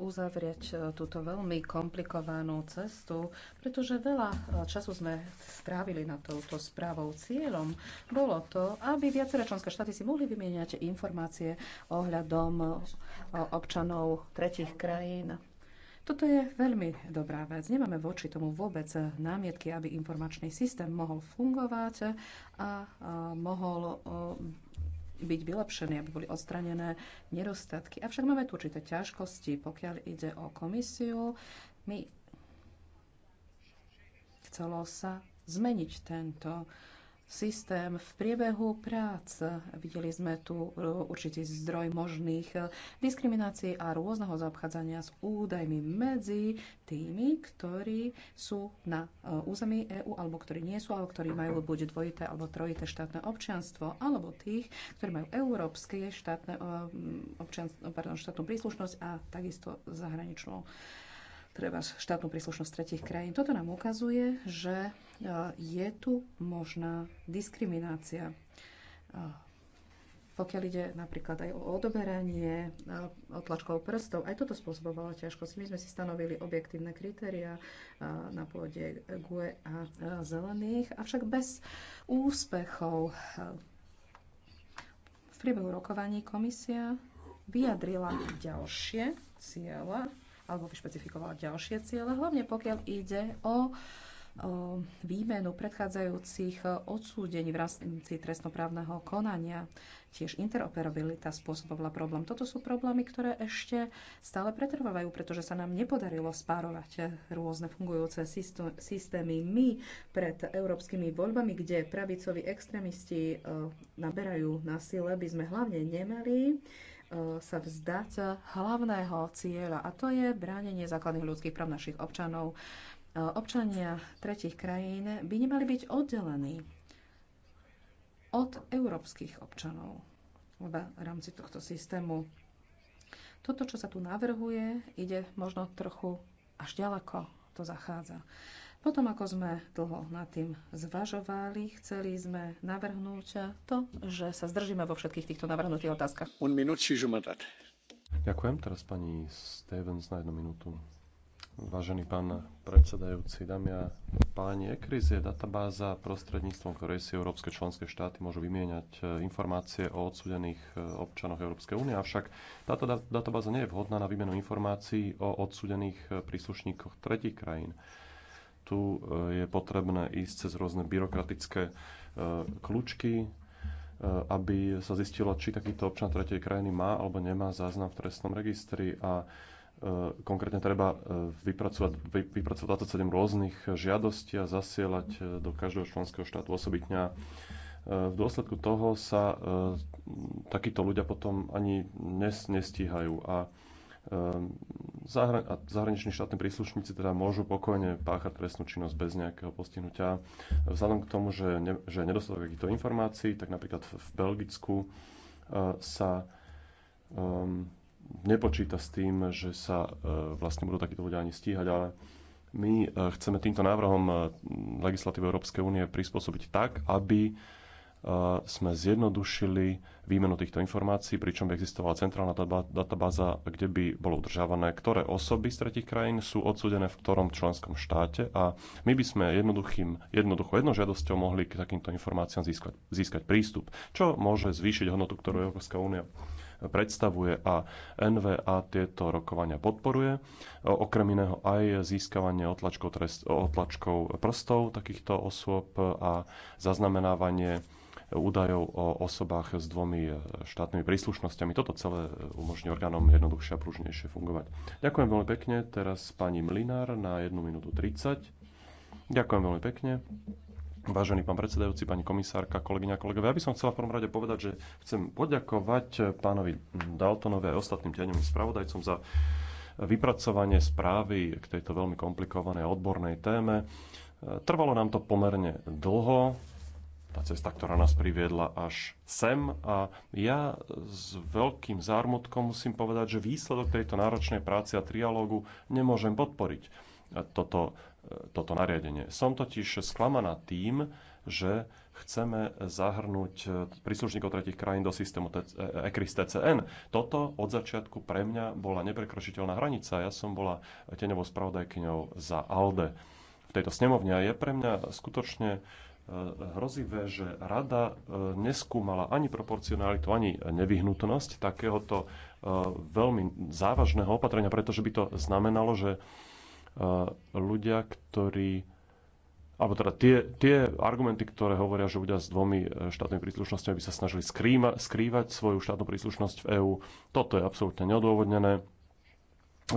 S2: uzavrieť e, túto veľmi komplikovanú cestu, pretože veľa času sme strávili na touto správou. Cieľom bolo to, aby viaceré členské štáty si mohli vymieňať informácie ohľadom občanov tretich krajín. Toto je veľmi dobrá vec. Nemáme voči tomu vôbec námietky, aby informačný systém mohol fungovať a mohol byť vylepšené, aby boli odstranené nedostatky. Avšak máme tu určité ťažkosti, pokiaľ ide o komisiu. My chcelo sa zmeniť tento systém v priebehu prác. Videli sme tu e, určitý zdroj možných diskriminácií a rôzneho zaobchádzania s údajmi medzi tými, ktorí sú na e, území EÚ alebo ktorí nie sú, alebo ktorí majú buď dvojité alebo trojité štátne občianstvo, alebo tých, ktorí majú európske štátne, e, občianstvo, pardon, štátnu príslušnosť a takisto zahraničnú treba štátnu príslušnosť tretich krajín. Toto nám ukazuje, že e, je tu možná diskriminácia. E, pokiaľ ide napríklad aj o odoberanie e, otlačkov prstov, aj toto spôsobovalo ťažkosť, My sme si stanovili objektívne kritéria na pôde GUE a zelených, avšak bez úspechov. V priebehu rokovaní komisia vyjadrila ďalšie cieľa alebo vyšpecifikovala ďalšie ciele, hlavne pokiaľ ide o výmenu predchádzajúcich odsúdení v rámci trestnoprávneho konania. Tiež interoperabilita spôsobovala problém. Toto sú problémy, ktoré ešte stále pretrvávajú, pretože sa nám nepodarilo spárovať rôzne fungujúce systémy. My pred európskymi voľbami, kde pravicoví extrémisti e, naberajú na sile, by sme hlavne nemali E, sa vzdať hlavného cieľa, a to je bránenie základných ľudských práv našich občanov. E, občania tretich krajín by nemali byť oddelení od európskych občanov v rámci tohto systému. Toto, čo sa tu navrhuje, ide možno trochu až ďaleko to zachádza. Potom, ako sme dlho nad tým zvažovali, chceli sme navrhnúť to, že sa zdržíme vo všetkých týchto navrhnutých otázkach. Un minút si žumatat.
S5: Ďakujem. Teraz pani Stevens na jednu minútu. Vážený pán predsedajúci, dámy a páni, ECRIS je databáza, prostredníctvom ktorej si európske členské štáty môžu vymieňať e, informácie o odsudených e, občanoch Európskej únie, avšak táto databáza nie je vhodná na výmenu informácií o odsudených e, príslušníkoch tretich krajín tu eh, je potrebné ísť cez rôzne byrokratické eh, kľúčky, eh, aby sa zistilo, či takýto občan tretej krajiny má alebo nemá záznam v trestnom registri a konkrétne treba vypracovať, vypracovať 27 rôznych žiadostí a zasielať do každého členského štátu osobitňa. V dôsledku toho sa takíto ľudia potom ani nestíhajú a Zahra- a zahraniční štátni príslušníci teda môžu pokojne páchať trestnú činnosť bez nejakého postihnutia. Vzhľadom k tomu, že, ne- že nedostatok takýchto informácií, tak napríklad v Belgicku uh, sa um, nepočíta s tým, že sa uh, vlastne budú takíto ľudia ani stíhať, ale my e, chceme týmto návrhom legislatívy Európskej únie prispôsobiť tak, aby sme zjednodušili výmenu týchto informácií, pričom by existovala centrálna databáza, kde by bolo udržávané, ktoré osoby z tretich krajín sú odsudené v ktorom členskom štáte a my by sme jednoduchým, jednoducho jednou žiadosťou mohli k takýmto informáciám získať, získať prístup, čo môže zvýšiť hodnotu, ktorú Európska únia predstavuje a NVA tieto rokovania podporuje. Okrem iného aj získavanie otlačkov, trest, otlačkov prstov takýchto osôb a zaznamenávanie údajov o osobách s dvomi e, štátnymi príslušnosťami. Toto celé e, umožní orgánom jednoduchšie a pružnejšie fungovať. Ďakujem veľmi pekne. Teraz pani Mlinár na 1 minútu 30. Ďakujem veľmi pekne. Vážený pán predsedajúci, pani komisárka, kolegyňa kolegové. kolegovia, ja by som chcela v prvom rade povedať, že chcem poďakovať pánovi Daltonovi a ostatným tieňovým spravodajcom za vypracovanie správy k tejto veľmi komplikovanej odbornej téme. E, trvalo nám to pomerne dlho, tá cesta, ktorá nás priviedla až sem. A ja s veľkým zármutkom musím povedať, že výsledok tejto náročnej práce a trialógu nemôžem podporiť toto, e, toto nariadenie. Som totiž sklamaná tým, že chceme zahrnúť e, príslušníkov tretich krajín do systému e, ECRIS TCN. Toto od začiatku pre mňa bola neprekročiteľná hranica. Ja som bola teňovou spravodajkyňou za ALDE v tejto snemovne a je pre mňa skutočne hrozivé, že rada e, neskúmala ani proporcionalitu, ani nevyhnutnosť takéhoto e, veľmi závažného opatrenia, pretože by to znamenalo, že e, ľudia, ktorí alebo teda tie, tie argumenty, ktoré hovoria, že ľudia s dvomi štátnymi príslušnosťami by sa snažili skrýma, skrývať svoju štátnu príslušnosť v EÚ, toto je absolútne neodôvodnené.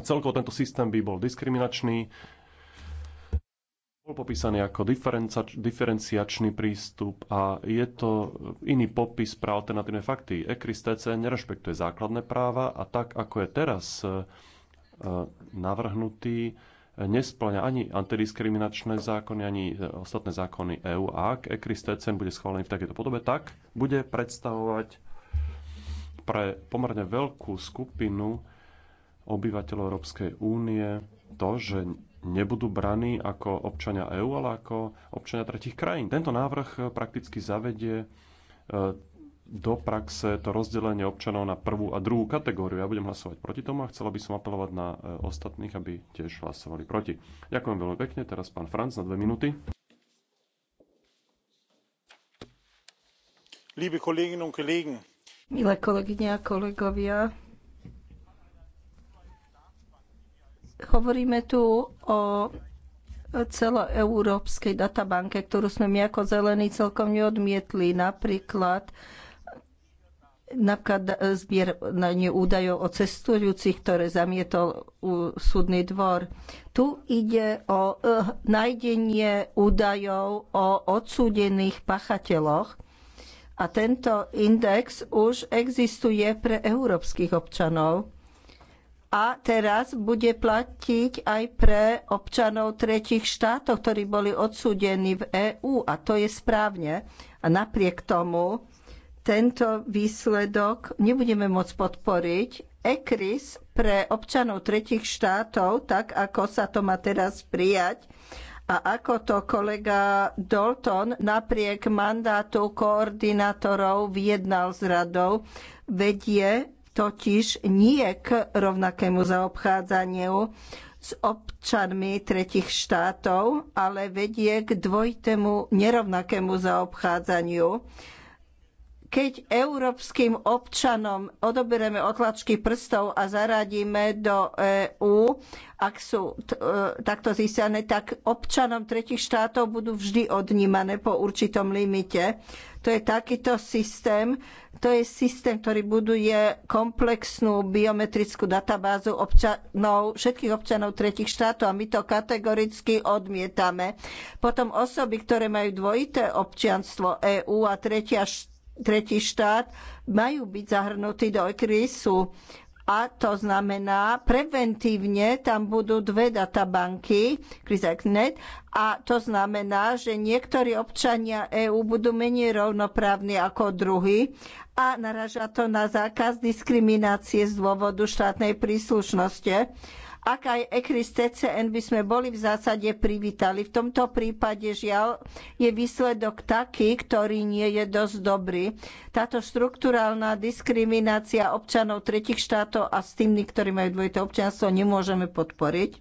S5: Celkovo tento systém by bol diskriminačný, bol popísaný ako diferenciačný prístup a je to iný popis pre alternatívne fakty. ECRIS-TC nerešpektuje základné práva a tak, ako je teraz e, navrhnutý, nesplňa ani antidiskriminačné zákony, ani e, ostatné zákony EÚ. A ak ECRIS-TC bude schválený v takejto podobe, tak bude predstavovať pre pomerne veľkú skupinu obyvateľov Európskej únie to, že nebudú braní ako občania EÚ, ale ako občania tretich krajín. Tento návrh eh, prakticky zavedie eh, do praxe to rozdelenie občanov na prvú a druhú kategóriu. Ja budem hlasovať proti tomu a chcela by som apelovať na eh, ostatných, aby tiež hlasovali proti. Ďakujem veľmi pekne. Teraz pán Franc na dve minúty. Liebe
S1: Kolleginnen und Kollegen.
S3: Milé kolegyne a kolegovia, Hovoríme tu o celoeurópskej databanke, ktorú sme my ako zelení celkom neodmietli. Napríklad napríklad zbieranie údajov o cestujúcich, ktoré zamietol súdny dvor. Tu ide o e, nájdenie údajov o odsúdených pachateľoch a tento index už existuje pre európskych občanov a teraz bude platiť aj pre občanov tretich štátov, ktorí boli odsúdení v EÚ a to je správne. A napriek tomu tento výsledok nebudeme môcť podporiť. ECRIS pre občanov tretich štátov, tak ako sa to má teraz prijať, a ako to kolega Dalton napriek mandátu koordinátorov vyjednal s radou, vedie totiž nie k rovnakému zaobchádzaniu s občanmi tretich štátov, ale vedie k dvojitému nerovnakému zaobchádzaniu. Keď európskym občanom odoberieme otlačky prstov a zaradíme do EÚ, ak sú e, takto získané, tak občanom tretich štátov budú vždy odnímané po určitom limite. To je takýto systém. To je systém, ktorý buduje komplexnú biometrickú databázu občanov, všetkých občanov tretich štátov a my to kategoricky odmietame. Potom osoby, ktoré majú dvojité občianstvo EÚ a tretia št- tretí štát majú byť zahrnutí do ECRISu. A to znamená, preventívne tam budú dve databanky, Krizeknet, a to znamená, že niektorí občania EÚ budú menej rovnoprávni ako druhí a naraža to na zákaz diskriminácie z dôvodu štátnej príslušnosti. Ak aj ECRIS TCN by sme boli v zásade privítali, v tomto prípade žiaľ je výsledok taký, ktorý nie je dosť dobrý. Táto štrukturálna diskriminácia občanov tretich štátov a s tými, ktorí majú dvojité občianstvo, nemôžeme podporiť.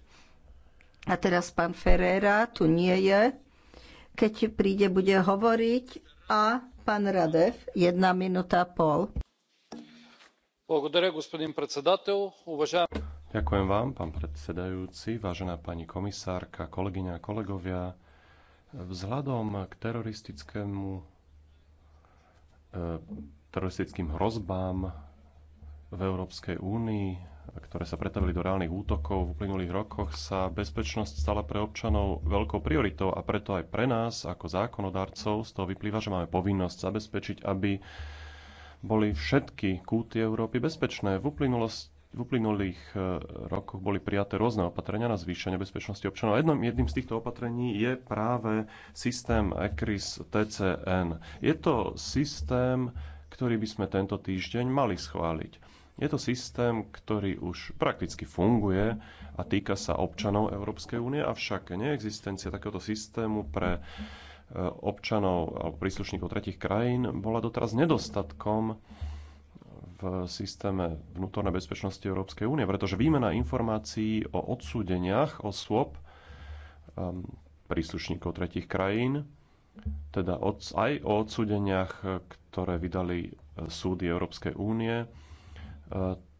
S3: A teraz pán Ferreira tu nie je. Keď príde, bude hovoriť a pán Radev, jedna minúta a pol.
S6: Благодаря, господин председател. Уважаем...
S5: Ďakujem vám, pán predsedajúci, vážená pani komisárka, kolegyňa a kolegovia. Vzhľadom k teroristickému e, teroristickým hrozbám v Európskej únii ktoré sa pretavili do reálnych útokov v uplynulých rokoch, sa bezpečnosť stala pre občanov veľkou prioritou a preto aj pre nás ako zákonodarcov z toho vyplýva, že máme povinnosť zabezpečiť, aby boli všetky kúty Európy bezpečné. V, v uplynulých e, rokoch boli prijaté rôzne opatrenia na zvýšenie bezpečnosti občanov. Jedným, jedným z týchto opatrení je práve systém ECRIS TCN. Je to systém, ktorý by sme tento týždeň mali schváliť. Je to systém, ktorý už prakticky funguje a týka sa občanov Európskej únie, avšak neexistencia takéhoto systému pre e, občanov alebo príslušníkov tretich krajín bola doteraz nedostatkom v systéme vnútornej bezpečnosti Európskej únie, pretože výmena informácií o odsúdeniach osôb um, príslušníkov tretich krajín, teda aj o odsúdeniach, ktoré vydali e, súdy Európskej únie. E,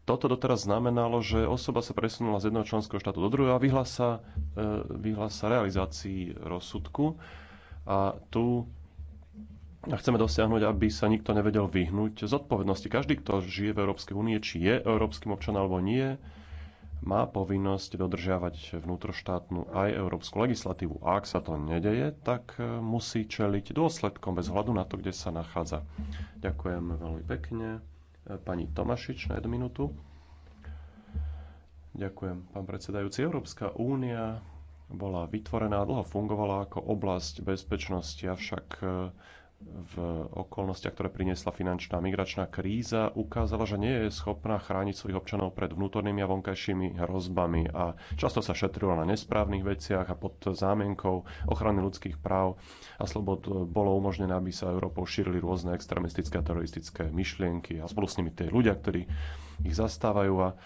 S5: toto doteraz znamenalo, že osoba sa presunula z jedného členského štátu do druhého a vyhlása, e, vyhlása realizácii rozsudku. A tu a chceme dosiahnuť, aby sa nikto nevedel vyhnúť zodpovednosti. Každý, kto žije v Európskej únie, či je európskym občanom alebo nie, má povinnosť dodržiavať vnútroštátnu aj európsku legislatívu. A ak sa to nedeje, tak e, musí čeliť dôsledkom bez hľadu na to, kde sa nachádza. Ďakujem veľmi pekne. E, pani Tomašič na jednu minútu. Ďakujem, pán predsedajúci. Európska únia bola vytvorená a dlho fungovala ako oblasť bezpečnosti, avšak e, v okolnostiach, ktoré priniesla finančná migračná kríza, ukázala, že nie je schopná chrániť svojich občanov pred vnútornými a vonkajšími hrozbami a často sa šetrilo na nesprávnych veciach a pod zámienkou ochrany ľudských práv a slobod bolo umožnené, aby sa Európou šírili rôzne extremistické a teroristické myšlienky a spolu s nimi tie ľudia, ktorí ich zastávajú a e,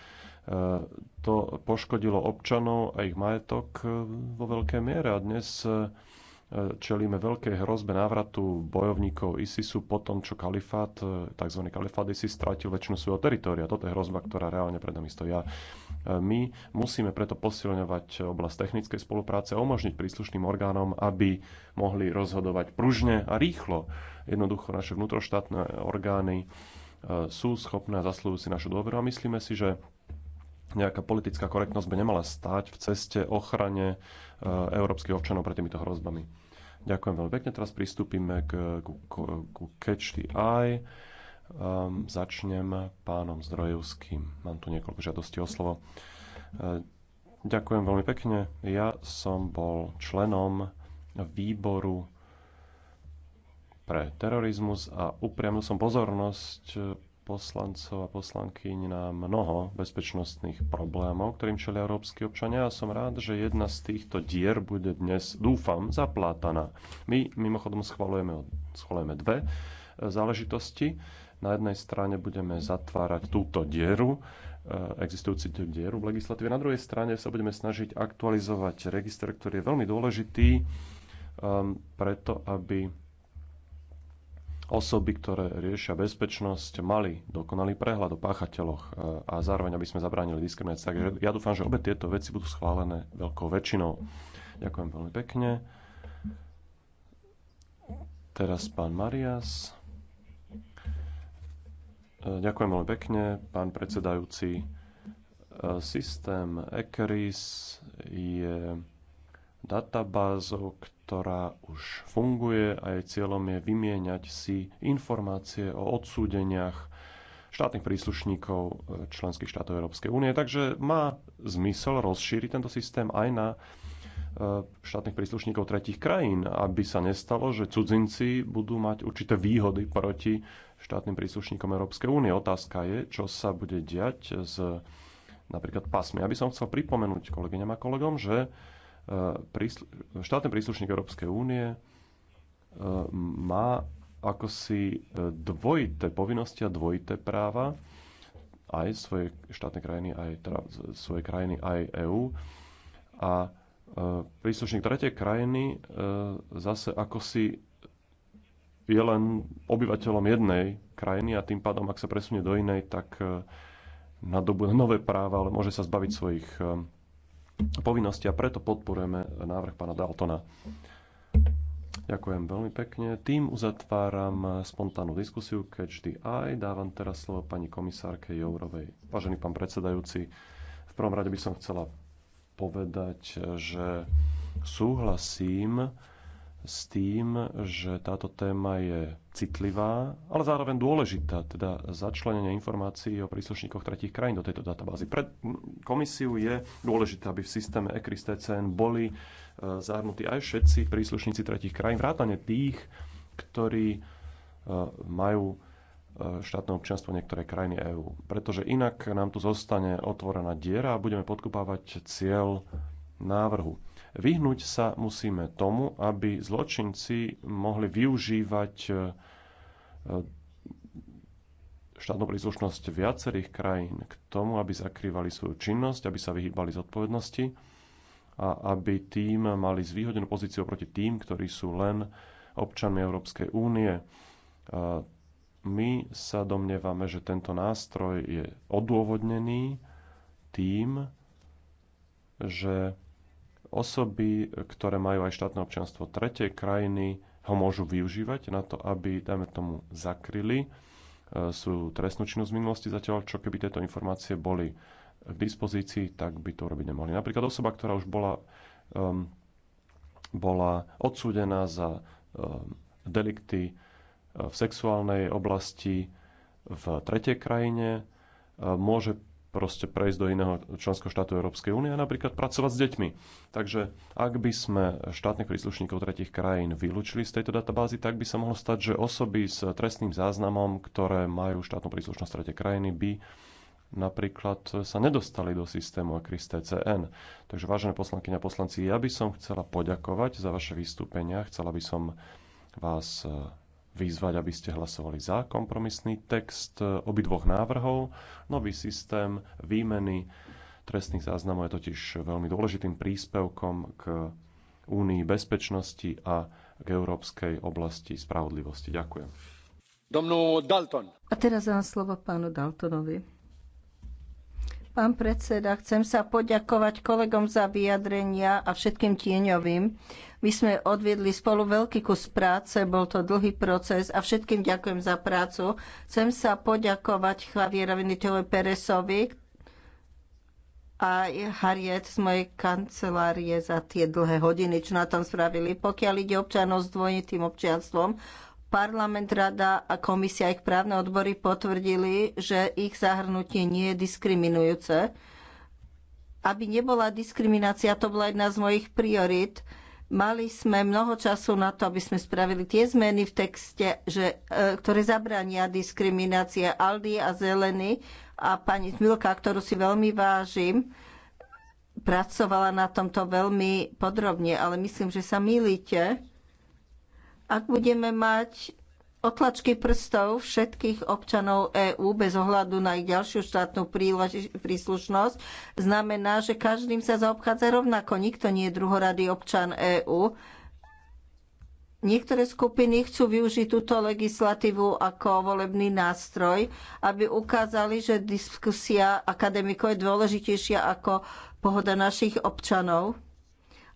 S5: to poškodilo občanov a ich majetok e, vo veľkej miere a dnes e, čelíme veľkej hrozbe návratu bojovníkov ISISu po tom, čo kalifát, e, tzv. kalifát ISIS stratil väčšinu svojho teritória. Toto je hrozba, ktorá reálne pred nami stojí. E, my musíme preto posilňovať oblasť technickej spolupráce a umožniť príslušným orgánom, aby mohli rozhodovať pružne a rýchlo. Jednoducho naše vnútroštátne orgány e, sú schopné a zaslúžujú si našu dôveru a myslíme si, že nejaká politická korektnosť by nemala stáť v ceste ochrane Eh, európskych občanov pred týmito hrozbami. Ďakujem veľmi pekne. Teraz pristúpime k, k, k Catch the Eye. Um, začnem pánom Zdrojevským. Mám tu niekoľko žiadostí o slovo. Eh, ďakujem veľmi pekne. Ja som bol členom výboru pre terorizmus a upriamil som pozornosť poslancov a poslankyň na mnoho bezpečnostných problémov, ktorým čelia európsky občania a som rád, že jedna z týchto dier bude dnes, dúfam, zaplátaná. My mimochodom schvalujeme, schvalujeme dve e, záležitosti. Na jednej strane budeme zatvárať túto dieru, e, existujúci dieru v legislatíve. Na druhej strane sa budeme snažiť aktualizovať register, ktorý je veľmi dôležitý um, preto, aby osoby, ktoré riešia bezpečnosť, mali dokonalý prehľad o páchateľoch e, a zároveň, aby sme zabránili diskriminácii. Takže ja dúfam, že obe tieto veci budú schválené veľkou väčšinou. Ďakujem veľmi pekne. Teraz pán Marias. E, ďakujem veľmi pekne, pán predsedajúci. E, systém ECRIS je databázou, ktorá už funguje a jej cieľom je vymieňať si informácie o odsúdeniach štátnych príslušníkov e, členských štátov Európskej únie. Takže má zmysel rozšíriť tento systém aj na e, štátnych príslušníkov tretich krajín, aby sa nestalo, že cudzinci budú mať určité výhody proti štátnym príslušníkom Európskej únie. Otázka je, čo sa bude diať s napríklad pasmi. Aby som chcel pripomenúť kolegyňam a kolegom, že štátny príslušník Európskej únie e, má ako si e, dvojité povinnosti a dvojité práva aj svoje štátne krajiny, aj teda svoje krajiny, aj EÚ. A e, príslušník tretej krajiny zase ako si je len obyvateľom jednej krajiny a tým pádom, ak sa presunie do inej, tak dobu nové práva, ale môže sa zbaviť svojich povinnosti a preto podporujeme návrh pána Daltona. Ďakujem veľmi pekne. Tým uzatváram spontánnu diskusiu Catch the Eye. Dávam teraz slovo pani komisárke Jourovej. Vážený pán predsedajúci, v prvom rade by som chcela povedať, že súhlasím s tým, že táto téma je citlivá, ale zároveň dôležitá, teda začlenenie informácií o príslušníkoch tretich krajín do tejto databázy. Pre komisiu je dôležité, aby v systéme ECRIS TCN boli e, zahrnutí aj všetci príslušníci tretich krajín, vrátane tých, ktorí e, majú e, štátne občianstvo niektoré krajiny EÚ. Pretože inak nám tu zostane otvorená diera a budeme podkupávať cieľ návrhu. Vyhnúť sa musíme tomu, aby zločinci mohli využívať e, e, štátnu príslušnosť viacerých krajín k tomu, aby zakrývali svoju činnosť, aby sa vyhýbali zodpovednosti a aby tým mali zvýhodenú pozíciu proti tým, ktorí sú len občanmi Európskej únie. E, my sa domnievame, že tento nástroj je odôvodnený tým, že Osoby, ktoré majú aj štátne občianstvo tretej krajiny, ho môžu využívať na to, aby, dajme tomu, zakryli e, sú trestnú činnosť z minulosti, zatiaľ čo keby tieto informácie boli k dispozícii, tak by to robiť nemohli. Napríklad osoba, ktorá už bola, um, bola odsúdená za um, delikty e, v sexuálnej oblasti v tretej krajine, um, môže proste prejsť do iného členského štátu Európskej únie a napríklad pracovať s deťmi. Takže ak by sme štátnych príslušníkov tretich krajín vylúčili z tejto databázy, tak by sa mohlo stať, že osoby s trestným záznamom, ktoré majú štátnu príslušnosť tretej krajiny, by napríklad sa nedostali do systému ECRIS TCN. Takže vážené poslanky a poslanci, ja by som chcela poďakovať za vaše vystúpenia, chcela by som vás vyzvať, aby ste hlasovali za kompromisný text e, obidvoch návrhov. Nový systém výmeny trestných záznamov je totiž veľmi dôležitým príspevkom k únii bezpečnosti a k európskej oblasti spravodlivosti. Ďakujem.
S1: Domnú Dalton.
S3: A teraz dám slovo pánu Daltonovi. Pán predseda, chcem sa poďakovať kolegom za vyjadrenia a všetkým tieňovým. My sme odviedli spolu veľký kus práce, bol to dlhý proces a všetkým ďakujem za prácu. Chcem sa poďakovať Chavierovi Nitele Peresovi a Harriet z mojej kancelárie za tie dlhé hodiny, čo na tom spravili. Pokiaľ ide občanov s dvojitým občianstvom, Parlament, Rada a komisia ich právne odbory potvrdili, že ich zahrnutie nie je diskriminujúce. Aby nebola diskriminácia, to bola jedna z mojich priorit. Mali sme mnoho času na to, aby sme spravili tie zmeny v texte, že, e, ktoré zabrania diskriminácie Aldi a Zelený. A pani Smilka, ktorú si veľmi vážim, pracovala na tomto veľmi podrobne, ale myslím, že sa mýlite ak budeme mať otlačky prstov všetkých občanov EÚ bez ohľadu na ich ďalšiu štátnu príslušnosť, znamená, že každým sa zaobchádza rovnako. Nikto nie je druhoradý občan EÚ. Niektoré skupiny chcú využiť túto legislatívu ako volebný nástroj, aby ukázali, že diskusia akademikov je dôležitejšia ako pohoda našich občanov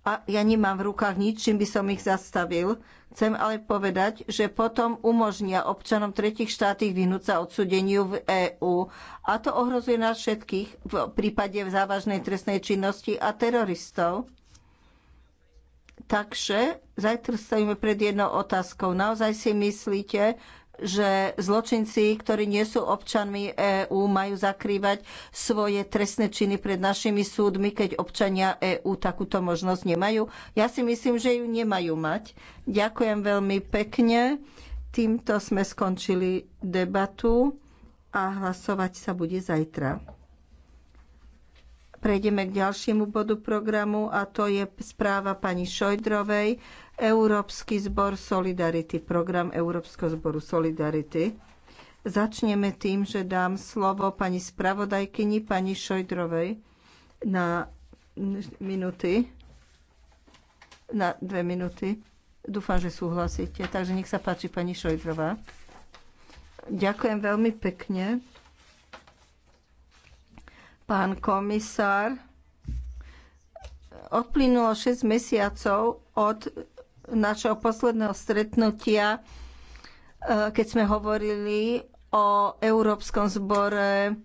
S3: a ja nemám v rukách nič, čím by som ich zastavil. Chcem ale povedať, že potom umožnia občanom tretich štátov vyhnúť sa odsudeniu v EÚ. A to ohrozuje nás všetkých v prípade závažnej trestnej činnosti a teroristov. Takže zajtra stojíme pred jednou otázkou. Naozaj si myslíte, že zločinci, ktorí nie sú občanmi EÚ, majú zakrývať svoje trestné činy pred našimi súdmi, keď občania EÚ takúto možnosť nemajú. Ja si myslím, že ju nemajú mať. Ďakujem veľmi pekne. Týmto sme skončili debatu a hlasovať sa bude zajtra. Prejdeme k ďalšiemu bodu programu a to je správa pani Šojdrovej Európsky zbor Solidarity, program Európskeho zboru Solidarity. Začneme tým, že dám slovo pani spravodajkyni, pani Šojdrovej na minuty Na dve minuty. Dúfam, že súhlasíte. Takže nech sa páči pani Šojdrová. Ďakujem veľmi pekne. Pán komisár, odplynulo 6 mesiacov od našeho posledného stretnutia, e, keď sme hovorili o Európskom zbore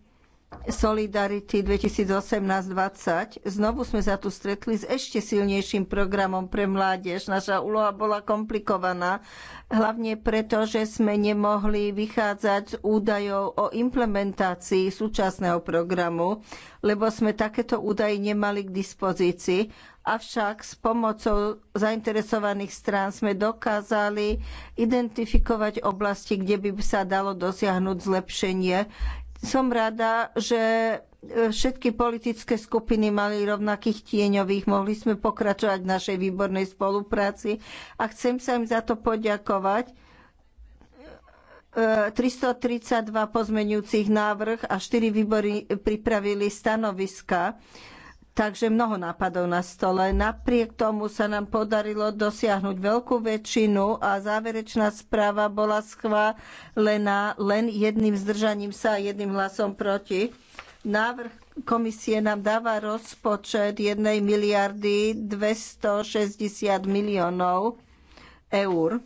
S3: Solidarity 2018-2020. Znovu sme sa tu stretli s ešte silnejším programom pre mládež. Naša úloha bola komplikovaná, hlavne preto, že sme nemohli vychádzať z údajov o implementácii súčasného programu, lebo sme takéto údaje nemali k dispozícii avšak s pomocou zainteresovaných strán sme dokázali identifikovať oblasti, kde by sa dalo dosiahnuť zlepšenie. Som rada, že e, všetky politické skupiny mali rovnakých tieňových, mohli sme pokračovať v našej výbornej spolupráci a chcem sa im za to poďakovať. 332 e, pozmenujúcich návrh a 4 výbory pripravili stanoviska. Takže mnoho nápadov na stole. Napriek tomu sa nám podarilo dosiahnuť veľkú väčšinu a záverečná správa bola schválená len jedným zdržaním sa a jedným hlasom proti. Návrh komisie nám dáva rozpočet 1 miliardy 260 miliónov eur.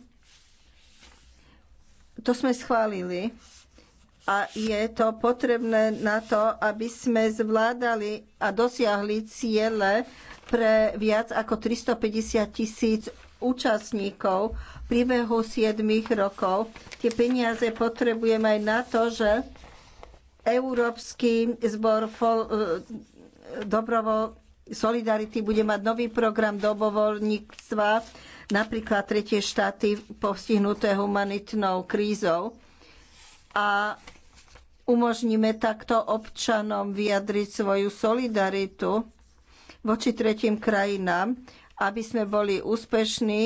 S3: To sme schválili a je to potrebné na to, aby sme zvládali a dosiahli ciele pre viac ako 350 tisíc účastníkov v priebehu 7 rokov. Tie peniaze potrebujeme aj na to, že Európsky zbor e, Solidarity bude mať nový program dobrovoľníctva, napríklad tretie štáty postihnuté humanitnou krízou. A Umožníme takto občanom vyjadriť svoju solidaritu voči tretím krajinám. Aby sme boli úspešní,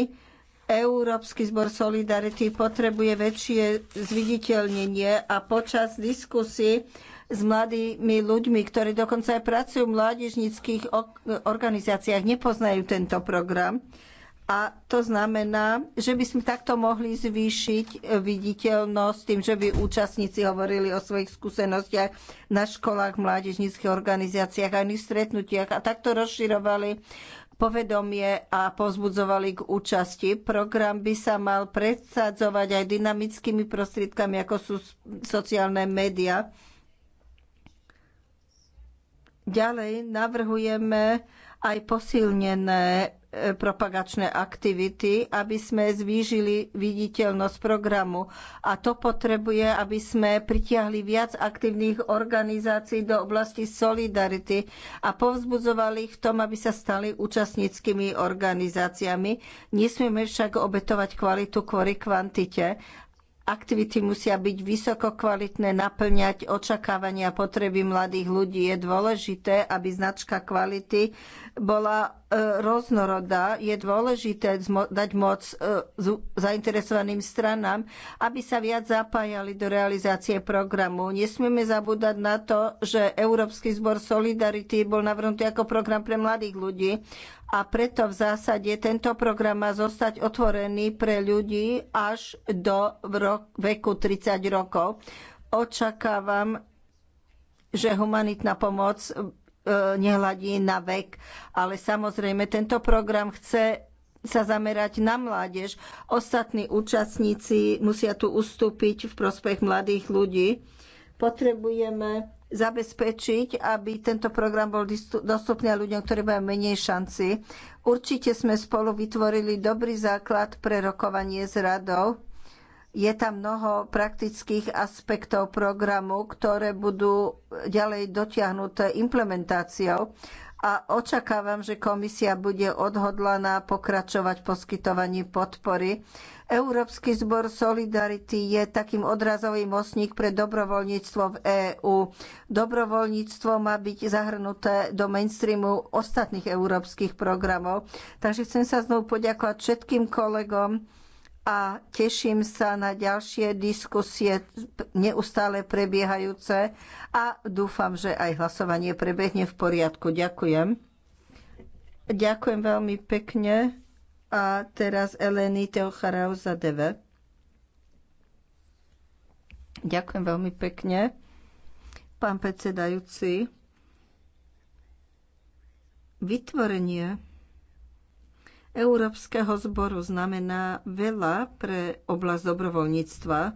S3: Európsky zbor Solidarity potrebuje väčšie zviditeľnenie a počas diskusí s mladými ľuďmi, ktorí dokonca aj pracujú v mládežnických organizáciách, nepoznajú tento program. A to znamená, že by sme takto mohli zvýšiť eh, viditeľnosť tým, že by účastníci hovorili o svojich skúsenostiach na školách, mládežníckých organizáciách a iných stretnutiach a takto rozširovali povedomie a pozbudzovali k účasti. Program by sa mal predsadzovať aj dynamickými prostriedkami, ako sú sociálne médiá. Ďalej navrhujeme aj posilnené propagačné aktivity, aby sme zvýšili viditeľnosť programu. A to potrebuje, aby sme pritiahli viac aktívnych organizácií do oblasti solidarity a povzbudzovali ich v tom, aby sa stali účastníckými organizáciami. Nesmieme však obetovať kvalitu kvôli kvantite aktivity musia byť vysoko kvalitné, naplňať očakávania potreby mladých ľudí. Je dôležité, aby značka kvality bola e, roznorodá. Je dôležité dať moc e, zainteresovaným stranám, aby sa viac zapájali do realizácie programu. Nesmieme zabúdať na to, že Európsky zbor Solidarity bol navrhnutý ako program pre mladých ľudí a preto v zásade tento program má zostať otvorený pre ľudí až do veku 30 rokov. Očakávam, že humanitná pomoc e, nehľadí na vek, ale samozrejme tento program chce sa zamerať na mládež. Ostatní účastníci musia tu ustúpiť v prospech mladých ľudí. Potrebujeme zabezpečiť, aby tento program bol dostupný ľuďom, ktorí majú menej šanci. Určite sme spolu vytvorili dobrý základ pre rokovanie s radou. Je tam mnoho praktických aspektov programu, ktoré budú ďalej dotiahnuté implementáciou a očakávam, že komisia bude odhodlaná pokračovať v poskytovaní podpory Európsky zbor Solidarity je takým odrazový mostník pre dobrovoľníctvo v EÚ. Dobrovoľníctvo má byť zahrnuté do mainstreamu ostatných európskych programov. Takže chcem sa znovu poďakovať všetkým kolegom a teším sa na ďalšie diskusie neustále prebiehajúce a dúfam, že aj hlasovanie prebehne v poriadku. Ďakujem. Ďakujem veľmi pekne a teraz Eleny Teocharau za DV. Ďakujem veľmi pekne. Pán predsedajúci, vytvorenie Európskeho zboru znamená veľa pre oblasť dobrovoľníctva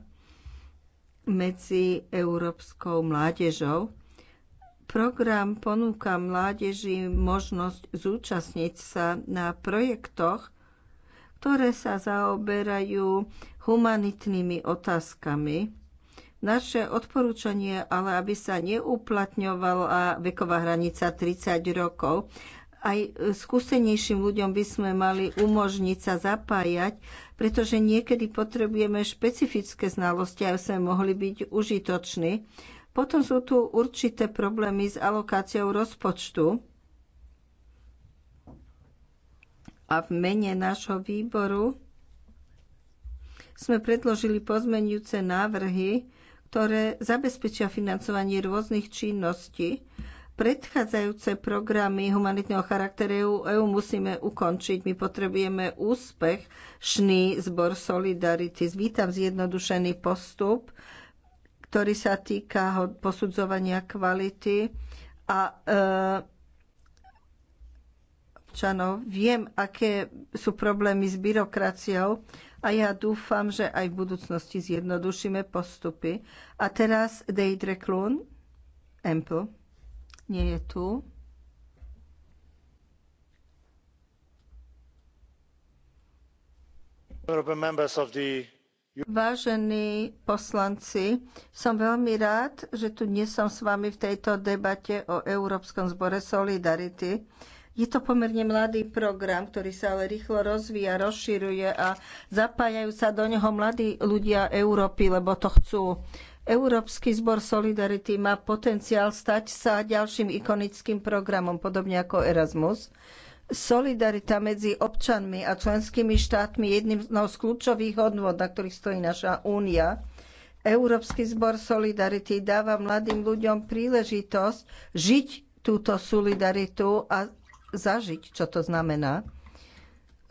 S3: medzi európskou mládežou. Program ponúka mládeži možnosť zúčastniť sa na projektoch, ktoré sa zaoberajú humanitnými otázkami. Naše odporúčanie ale, aby sa neuplatňovala veková hranica 30 rokov, aj skúsenejším ľuďom by sme mali umožniť sa zapájať, pretože niekedy potrebujeme špecifické znalosti, aby sme mohli byť užitoční. Potom sú tu určité problémy s alokáciou rozpočtu. a v mene nášho výboru sme predložili pozmenujúce návrhy, ktoré zabezpečia financovanie rôznych činností. Predchádzajúce programy humanitného charakteru EU e musíme ukončiť. My potrebujeme úspešný zbor Solidarity. Vítam zjednodušený postup, ktorý sa týka posudzovania kvality a e, občanov. Viem, aké sú problémy s byrokraciou a ja dúfam, že aj v budúcnosti zjednodušíme postupy. A teraz Deidre Klun, Ample, nie je tu. Vážení poslanci, som veľmi rád, že tu dnes som s vami v tejto debate o Európskom zbore Solidarity. Je to pomerne mladý program, ktorý sa ale rýchlo rozvíja, rozširuje a zapájajú sa do neho mladí ľudia Európy, lebo to chcú. Európsky zbor Solidarity má potenciál stať sa ďalším ikonickým programom, podobne ako Erasmus. Solidarita medzi občanmi a členskými štátmi je jedným z no, kľúčových hodnot, na ktorých stojí naša únia. Európsky zbor Solidarity dáva mladým ľuďom príležitosť žiť túto solidaritu a zažiť, čo to znamená.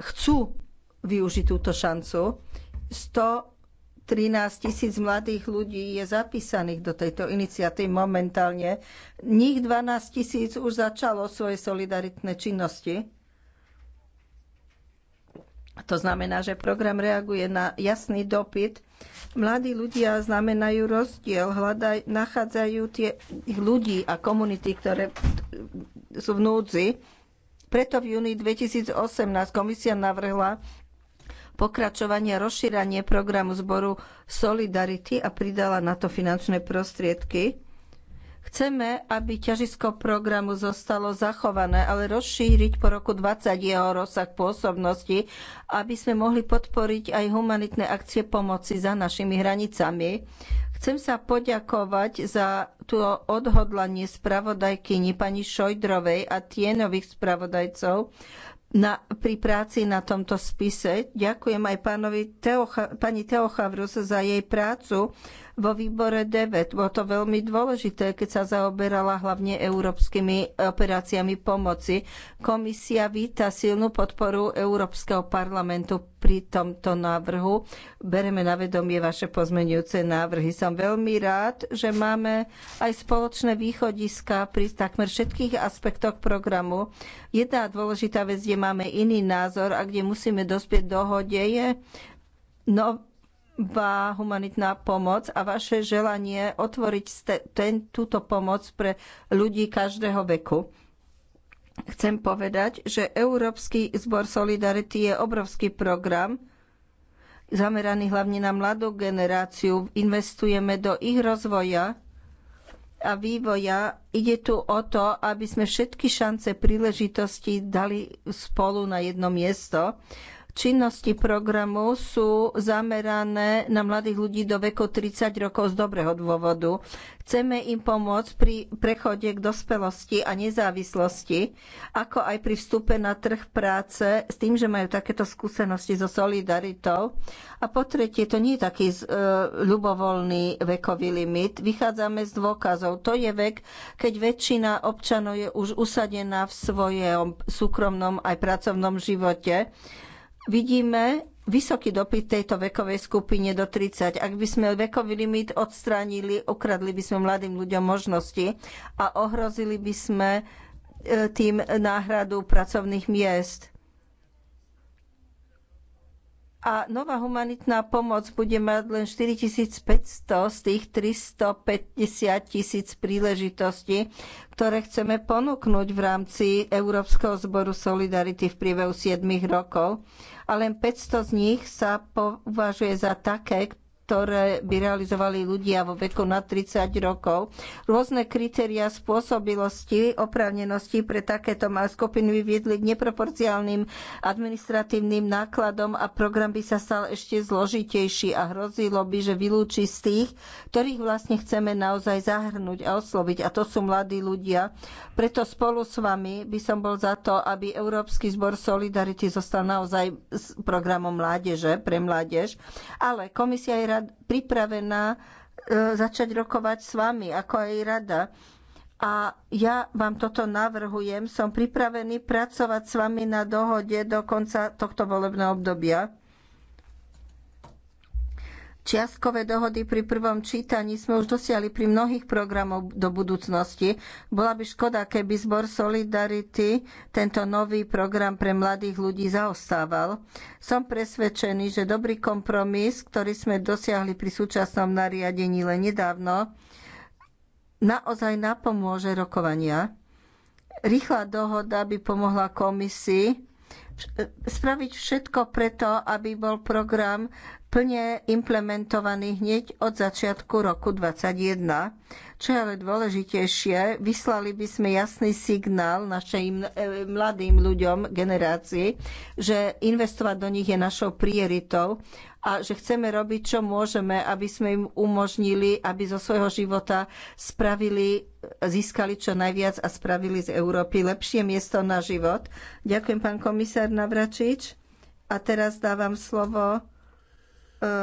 S3: Chcú využiť túto šancu. 113 tisíc mladých ľudí je zapísaných do tejto iniciatívy momentálne. Nich 12 tisíc už začalo svoje solidaritné činnosti. To znamená, že program reaguje na jasný dopyt. Mladí ľudia znamenajú rozdiel, hľadaj, nachádzajú tie ľudí a komunity, ktoré sú v núdzi preto v júni 2018 komisia navrhla pokračovanie a rozšíranie programu zboru Solidarity a pridala na to finančné prostriedky. Chceme, aby ťažisko programu zostalo zachované, ale rozšíriť po roku 20 jeho rozsah pôsobnosti, aby sme mohli podporiť aj humanitné akcie pomoci za našimi hranicami. Chcem sa poďakovať za to odhodlanie spravodajkyni pani Šojdrovej a tienových spravodajcov na, pri práci na tomto spise. Ďakujem aj pánovi Teocha, pani Teochavrus za jej prácu vo výbore 9. Bolo to veľmi dôležité, keď sa zaoberala hlavne európskymi operáciami pomoci. Komisia víta silnú podporu Európskeho parlamentu pri tomto návrhu. Bereme na vedomie vaše pozmenujúce návrhy. Som veľmi rád, že máme aj spoločné východiska pri takmer všetkých aspektoch programu. Jedna dôležitá vec, kde máme iný názor a kde musíme dospieť dohode, je no, ba humanitná pomoc a vaše želanie otvoriť ten, túto pomoc pre ľudí každého veku. Chcem povedať, že Európsky zbor Solidarity je obrovský program, zameraný hlavne na mladú generáciu. Investujeme do ich rozvoja a vývoja. Ide tu o to, aby sme všetky šance príležitosti dali spolu na jedno miesto Činnosti programu sú zamerané na mladých ľudí do veku 30 rokov z dobrého dôvodu. Chceme im pomôcť pri prechode k dospelosti a nezávislosti, ako aj pri vstupe na trh práce s tým, že majú takéto skúsenosti so solidaritou. A po tretie, to nie je taký e, ľubovoľný vekový limit. Vychádzame z dôkazov. To je vek, keď väčšina občanov je už usadená v svojom súkromnom aj pracovnom živote Vidíme vysoký dopyt tejto vekovej skupine do 30. Ak by sme vekový limit odstránili, ukradli by sme mladým ľuďom možnosti a ohrozili by sme e, tým náhradu pracovných miest. A nová humanitná pomoc bude mať len 4500 z tých 350 tisíc príležitostí, ktoré chceme ponúknuť v rámci Európskeho zboru Solidarity v priebehu 7 rokov a len 500 z nich sa považuje za také, ktoré by realizovali ľudia vo veku nad 30 rokov. Rôzne kritéria spôsobilosti, oprávnenosti pre takéto skupiny vyviedli k neproporciálnym administratívnym nákladom a program by sa stal ešte zložitejší a hrozilo by, že vylúči z tých, ktorých vlastne chceme naozaj zahrnúť a osloviť. A to sú mladí ľudia. Preto spolu s vami by som bol za to, aby Európsky zbor Solidarity zostal naozaj s programom mládeže pre mládež. Ale komisia je pripravená e, začať rokovať s vami, ako aj rada. A ja vám toto navrhujem. Som pripravený pracovať s vami na dohode do konca tohto volebného obdobia. Čiastkové dohody pri prvom čítaní sme už dosiahli pri mnohých programoch do budúcnosti. Bola by škoda, keby zbor Solidarity tento nový program pre mladých ľudí zaostával. Som presvedčený, že dobrý kompromis, ktorý sme dosiahli pri súčasnom nariadení len nedávno, naozaj napomôže rokovania. Rýchla dohoda by pomohla komisii spraviť všetko preto, aby bol program plne implementovaný hneď od začiatku roku 2021. Čo je ale dôležitejšie, vyslali by sme jasný signál našim e, mladým ľuďom, generácii, že investovať do nich je našou prioritou a že chceme robiť, čo môžeme, aby sme im umožnili, aby zo svojho života spravili, získali čo najviac a spravili z Európy lepšie miesto na život. Ďakujem, pán komisár Navračič. A teraz dávam slovo E,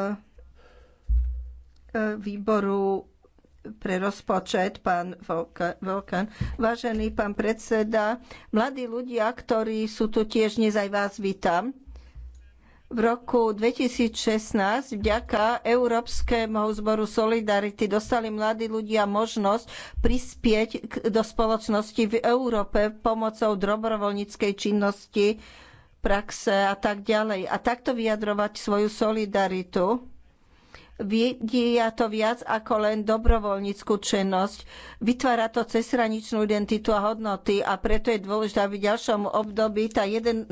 S3: e, výboru pre rozpočet, pán Volkan. Vážený pán predseda, mladí ľudia, ktorí sú tu tiež dnes aj vás vítam. V roku 2016 vďaka Európskemu zboru Solidarity dostali mladí ľudia možnosť prispieť do spoločnosti v Európe pomocou dobrovoľníckej činnosti praxe a tak ďalej. A takto vyjadrovať svoju solidaritu. Vidia to viac ako len dobrovoľníckú činnosť. Vytvára to cezhraničnú identitu a hodnoty a preto je dôležité, aby v ďalšom období tá 1,2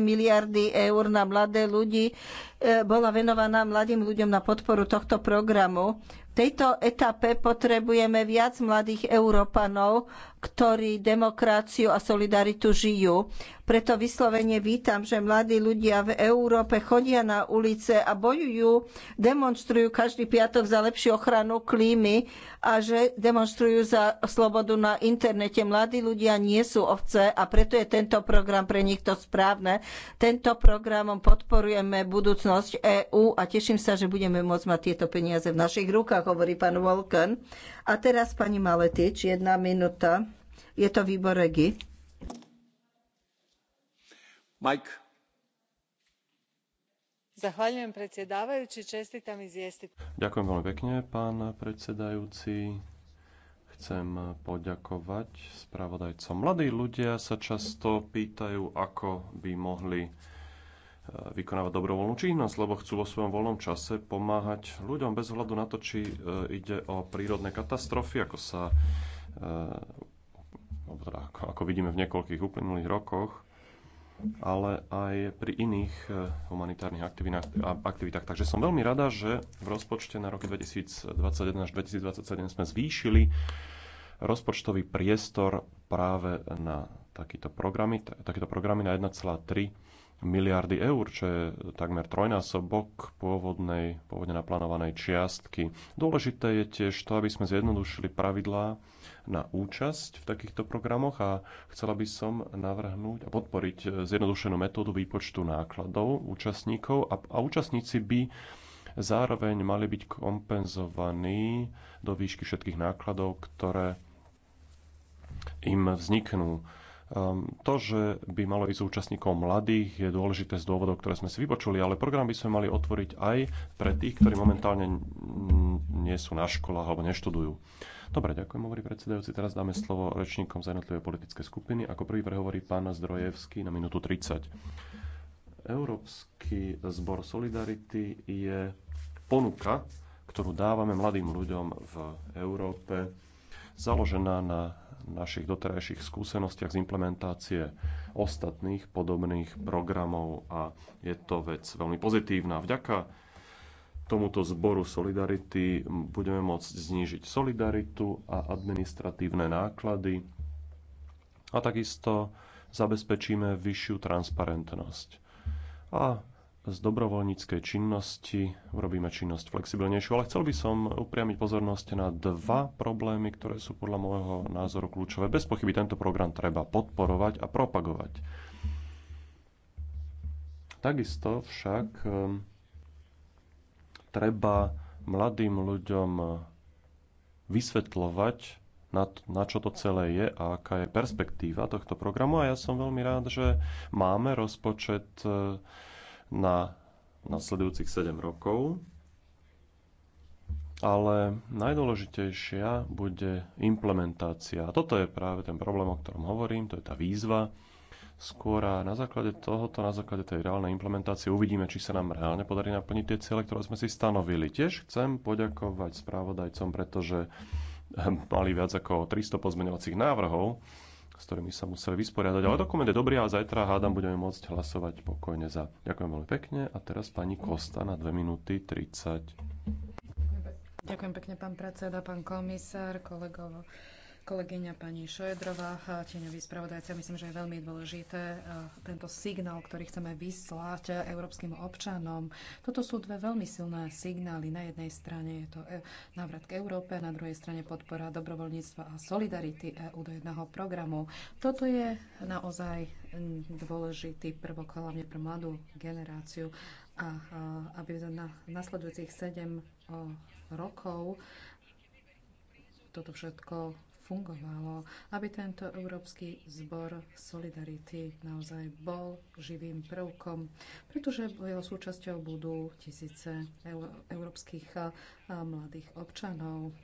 S3: miliardy eur na mladé ľudí E, bola venovaná mladým ľuďom na podporu tohto programu. V tejto etape potrebujeme viac mladých Európanov, ktorí demokraciu a solidaritu žijú. Preto vyslovene vítam, že mladí ľudia v Európe chodia na ulice a bojujú, demonstrujú každý piatok za lepšiu ochranu klímy a že demonstrujú za slobodu na internete. Mladí ľudia nie sú ovce a preto je tento program pre nich to správne. Tento programom podporujeme budúcnosť budúcnosť EÚ a teším sa, že budeme môcť mať tieto peniaze v našich rukách, hovorí pán Volken. A teraz pani Maletič, jedna minúta. Je to výbor Regi. Mike.
S8: Zahvaľujem Zahvaljujem čestitám i izvjestitelju.
S3: Ďakujem veľmi pekne,
S5: pán predsedajúci. Chcem poďakovať spravodajcom. Mladí ľudia sa často pýtajú, ako by mohli vykonávať dobrovoľnú činnosť, lebo chcú vo svojom voľnom čase pomáhať ľuďom bez hľadu na to, či e, ide o prírodné katastrofy, ako sa e, teda ako vidíme v niekoľkých uplynulých rokoch, ale aj pri iných e, humanitárnych aktivitách. Takže som veľmi rada, že v rozpočte na roky 2021 až 2027 sme zvýšili rozpočtový priestor práve na takýto programy, takýto programy na 1,3 miliardy eur, čo je takmer trojnásobok pôvodnej, pôvodne naplánovanej čiastky. Dôležité je tiež to, aby sme zjednodušili pravidlá na účasť v takýchto programoch a chcela by som navrhnúť a podporiť zjednodušenú metódu výpočtu nákladov účastníkov a, a účastníci by zároveň mali byť kompenzovaní do výšky všetkých nákladov, ktoré im vzniknú Ehm, to, že by malo ísť účastníkov mladých, je dôležité z dôvodov, ktoré sme si vypočuli, ale program by sme mali otvoriť aj pre tých, ktorí momentálne nie sú na školách alebo neštudujú. Dobre, ďakujem, hovorí predsedajúci. Teraz dáme slovo rečníkom za jednotlivé politické skupiny. Ako prvý prehovorí pán Zdrojevský na minútu 30. Európsky zbor Solidarity je ponuka, ktorú dávame mladým ľuďom v Európe založená na našich doterajších skúsenostiach z implementácie ostatných podobných programov a je to vec veľmi pozitívna. Vďaka tomuto zboru Solidarity budeme môcť znížiť solidaritu a administratívne náklady a takisto zabezpečíme vyššiu transparentnosť. A z dobrovoľníckej činnosti urobíme činnosť flexibilnejšiu. Ale chcel by som upriamiť pozornosť na dva problémy, ktoré sú podľa môjho názoru kľúčové. Bez pochyby tento program treba podporovať a propagovať. Takisto však ehm, treba mladým ľuďom vysvetľovať, na, na čo to celé je a aká je perspektíva tohto programu. A ja som veľmi rád, že máme rozpočet ehm, na nasledujúcich 7 rokov. Ale najdôležitejšia bude implementácia. A toto je práve ten problém, o ktorom hovorím, to je tá výzva. Skôr a na základe tohoto, na základe tej reálnej implementácie uvidíme, či sa nám reálne podarí naplniť tie ciele, ktoré sme si stanovili. Tiež chcem poďakovať správodajcom, pretože mali viac ako 300 pozmeňovacích návrhov s ktorými sa museli vysporiadať. Ale dokument je dobrý a zajtra hádam budeme môcť hlasovať pokojne za. Ďakujem veľmi pekne a teraz pani Kosta na 2 minúty 30. Ďakujem
S2: pekne, pán predseda, pán komisár, kolegovo kolegyňa pani Šojedrová, tieňový spravodajca. Myslím, že je veľmi dôležité e, tento signál, ktorý chceme vyslať európskym občanom. Toto sú dve veľmi silné signály. Na jednej strane je to e, návrat k Európe, na druhej strane podpora dobrovoľníctva a solidarity EU do jedného programu. Toto je naozaj dôležitý prvok, hlavne pre mladú generáciu a aby na nasledujúcich 7 rokov toto všetko fungovalo, aby tento Európsky zbor Solidarity naozaj bol živým prvkom, pretože jeho súčasťou budú tisíce európskych mladých občanov.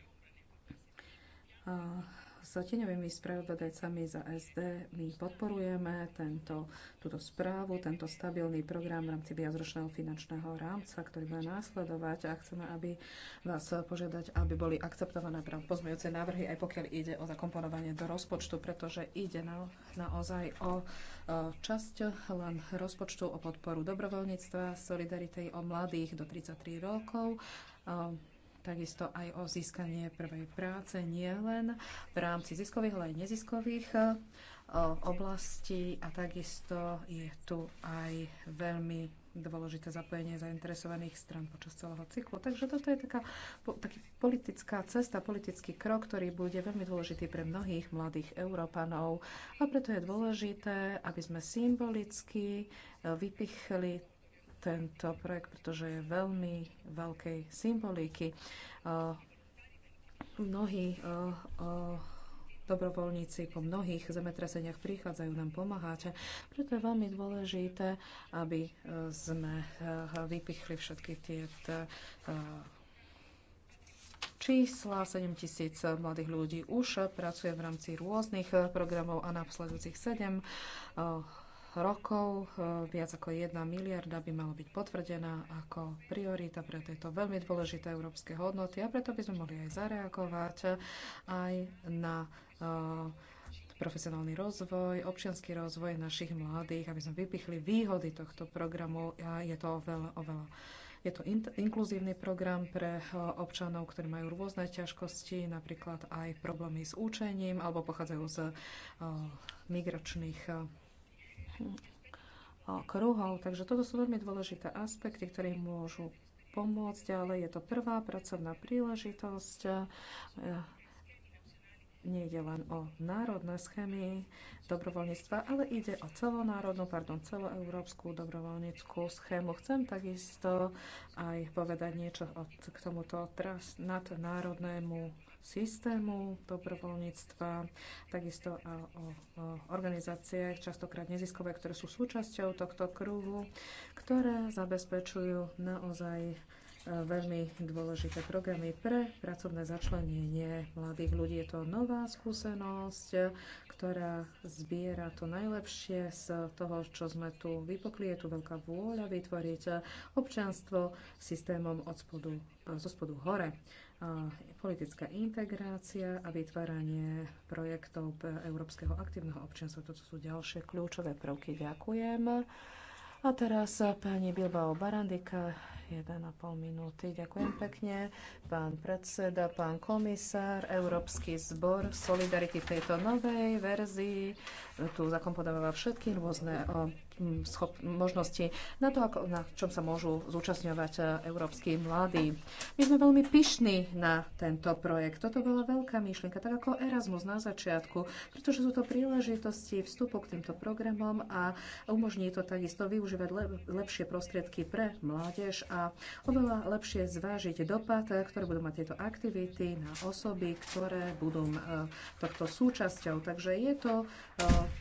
S2: A s tieňovými spravodajcami za SD. My podporujeme tento, túto správu, tento stabilný program v rámci viacročného finančného rámca, ktorý bude následovať a chceme, aby vás požiadať, aby boli akceptované pozmejúce návrhy, aj pokiaľ ide o zakomponovanie do rozpočtu, pretože ide na, naozaj o, časť len rozpočtu o podporu dobrovoľníctva, solidarity o mladých do 33 rokov, takisto aj o získanie prvej práce len v rámci ziskových, ale aj neziskových e, oblastí a takisto je tu aj veľmi dôležité zapojenie zainteresovaných stran počas celého cyklu. Takže toto je taká po, taký politická cesta, politický krok, ktorý bude veľmi dôležitý pre mnohých mladých Európanov a preto je dôležité, aby sme symbolicky e, vypichli tento projekt, pretože je veľmi veľkej symboliky. Eh, mnohí eh, eh, dobrovoľníci po mnohých zemetraseniach prichádzajú nám pomáhať. Preto je veľmi dôležité, aby sme vypichli všetky tie čísla. 7 tisíc mladých ľudí už pracuje v rámci rôznych programov a na posledujúcich 7 rokov. Eh, viac ako 1 miliarda by malo byť potvrdená ako priorita pre tieto veľmi dôležité európske hodnoty a preto by sme mohli aj zareagovať eh, aj na eh, profesionálny rozvoj, občianský rozvoj našich mladých, aby sme vypichli výhody tohto programu. A je to oveľa, oveľa je to inkluzívny program pre občanov, ktorí majú rôzne ťažkosti, napríklad aj problémy s učením alebo pochádzajú z migračných kruhov. Takže toto sú veľmi dôležité aspekty, ktoré môžu pomôcť, ale je to prvá pracovná príležitosť. ide len o národné schémy dobrovoľníctva, ale ide o celonárodnú, pardon, celoeurópsku dobrovoľníckú schému. Chcem takisto aj povedať niečo od, k tomuto nadnárodnému systému dobrovoľníctva, takisto a o, o organizáciách, častokrát neziskové, ktoré sú súčasťou tohto kruhu, ktoré zabezpečujú naozaj e, veľmi dôležité programy pre pracovné začlenenie mladých ľudí. Je to nová skúsenosť, ktorá zbiera to najlepšie z toho, čo sme tu vypokli. Je tu veľká vôľa vytvoriť občanstvo systémom od spodu, e, zo spodu hore politická integrácia a vytváranie projektov Európskeho aktívneho občianstva. Toto sú ďalšie kľúčové prvky. Ďakujem. A teraz pani Bilbao Barandika, 1,5 minúty. Ďakujem pekne. Pán predseda, pán komisár, Európsky zbor Solidarity v tejto novej verzii tu zakomponovala všetky rôzne schop- možnosti na to, ako, na čom sa môžu zúčastňovať e, európsky mladí. My sme veľmi pyšní na tento projekt. Toto bola veľká myšlienka, tak ako Erasmus na začiatku, pretože sú to príležitosti vstupu k týmto programom a umožní to takisto využívať le- lepšie prostriedky pre mládež a oveľa lepšie zvážiť dopad, e, ktoré budú mať tieto aktivity na osoby, ktoré budú e, tohto súčasťou. Takže je to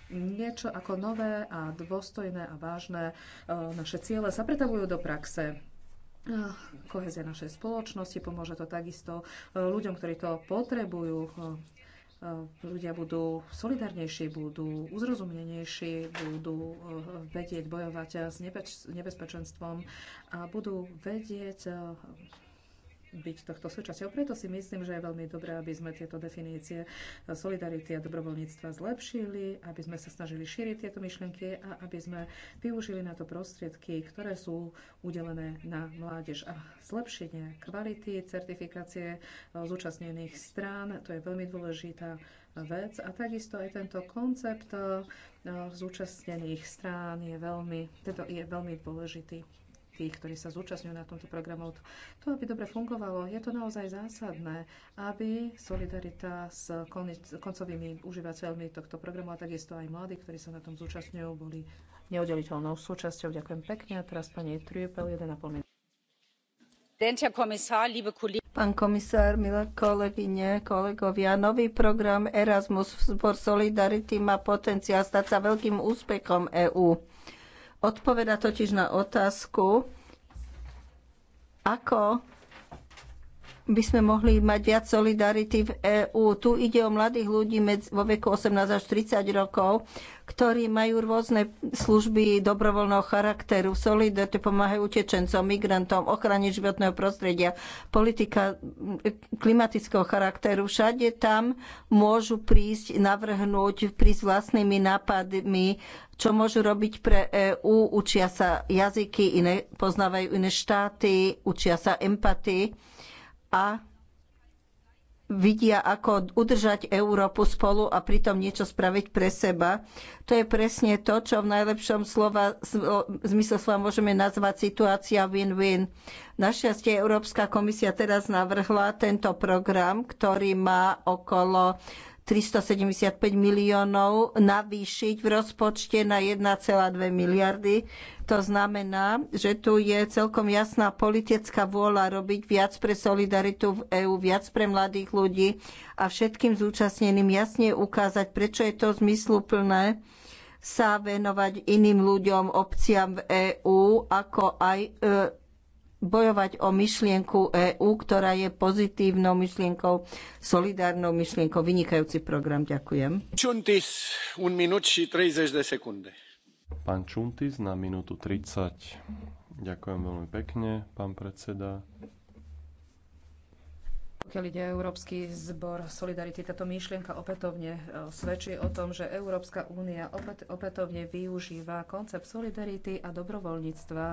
S2: niečo ako nové a dôstojné a vážne. E, naše ciele sa pretavujú do praxe e, kohezia našej spoločnosti, pomôže to takisto e, ľuďom, ktorí to potrebujú. Ľudia budú solidárnejší, budú uzrozumenejší, budú vedieť bojovať s nebezpečenstvom a budú vedieť byť tohto súčasťou. Preto si myslím, že je veľmi dobré, aby sme tieto definície solidarity a dobrovoľníctva zlepšili, aby sme sa snažili šíriť tieto myšlienky a aby sme využili na to prostriedky, ktoré sú udelené na mládež. A zlepšenie kvality certifikácie zúčastnených strán, to je veľmi dôležitá vec. A takisto aj tento koncept e, zúčastnených strán je veľmi, tento je veľmi dôležitý tých, ktorí sa zúčastňujú na tomto programu. To, aby dobre fungovalo, je to naozaj zásadné, aby solidarita s koncovými užívateľmi tohto programu a takisto aj mladí, ktorí sa na tom zúčastňujú, boli neoddeliteľnou súčasťou. Ďakujem pekne. A teraz pani Triupel, 1,5 minúty.
S3: Pán komisár, milé kolegyne, kolegovia, nový program Erasmus zbor Solidarity má potenciál stať sa veľkým úspechom EÚ Odpoveda totiž na otázku, ako by sme mohli mať viac solidarity v EÚ. Tu ide o mladých ľudí vo veku 18 až 30 rokov, ktorí majú rôzne služby dobrovoľného charakteru. Solidarity pomáhajú utečencom, migrantom, ochrane životného prostredia, politika klimatického charakteru. Všade tam môžu prísť, navrhnúť, prísť vlastnými nápadmi čo môžu robiť pre EÚ. Učia sa jazyky, iné, poznávajú iné štáty, učia sa empatii a vidia, ako udržať Európu spolu a pritom niečo spraviť pre seba. To je presne to, čo v najlepšom slova, zmysle slova môžeme nazvať situácia win-win. Našťastie Európska komisia teraz navrhla tento program, ktorý má okolo 375 miliónov navýšiť v rozpočte na 1,2 miliardy. To znamená, že tu je celkom jasná politická vôľa robiť viac pre solidaritu v EÚ, viac pre mladých ľudí a všetkým zúčastneným jasne ukázať, prečo je to zmysluplné sa venovať iným ľuďom, obciam v EÚ, ako aj e, bojovať o myšlienku EÚ, ktorá je pozitívnou myšlienkou, solidárnou myšlienkou. Vynikajúci program, ďakujem.
S7: Čuntis, un minút 30 de sekunde.
S5: Pán Čuntis na minútu 30. Ďakujem veľmi pekne, pán predseda.
S2: Pokiaľ ide Európsky zbor Solidarity, táto myšlienka opätovne e, svedčí o tom, že Európska únia opät, opätovne využíva koncept Solidarity a dobrovoľníctva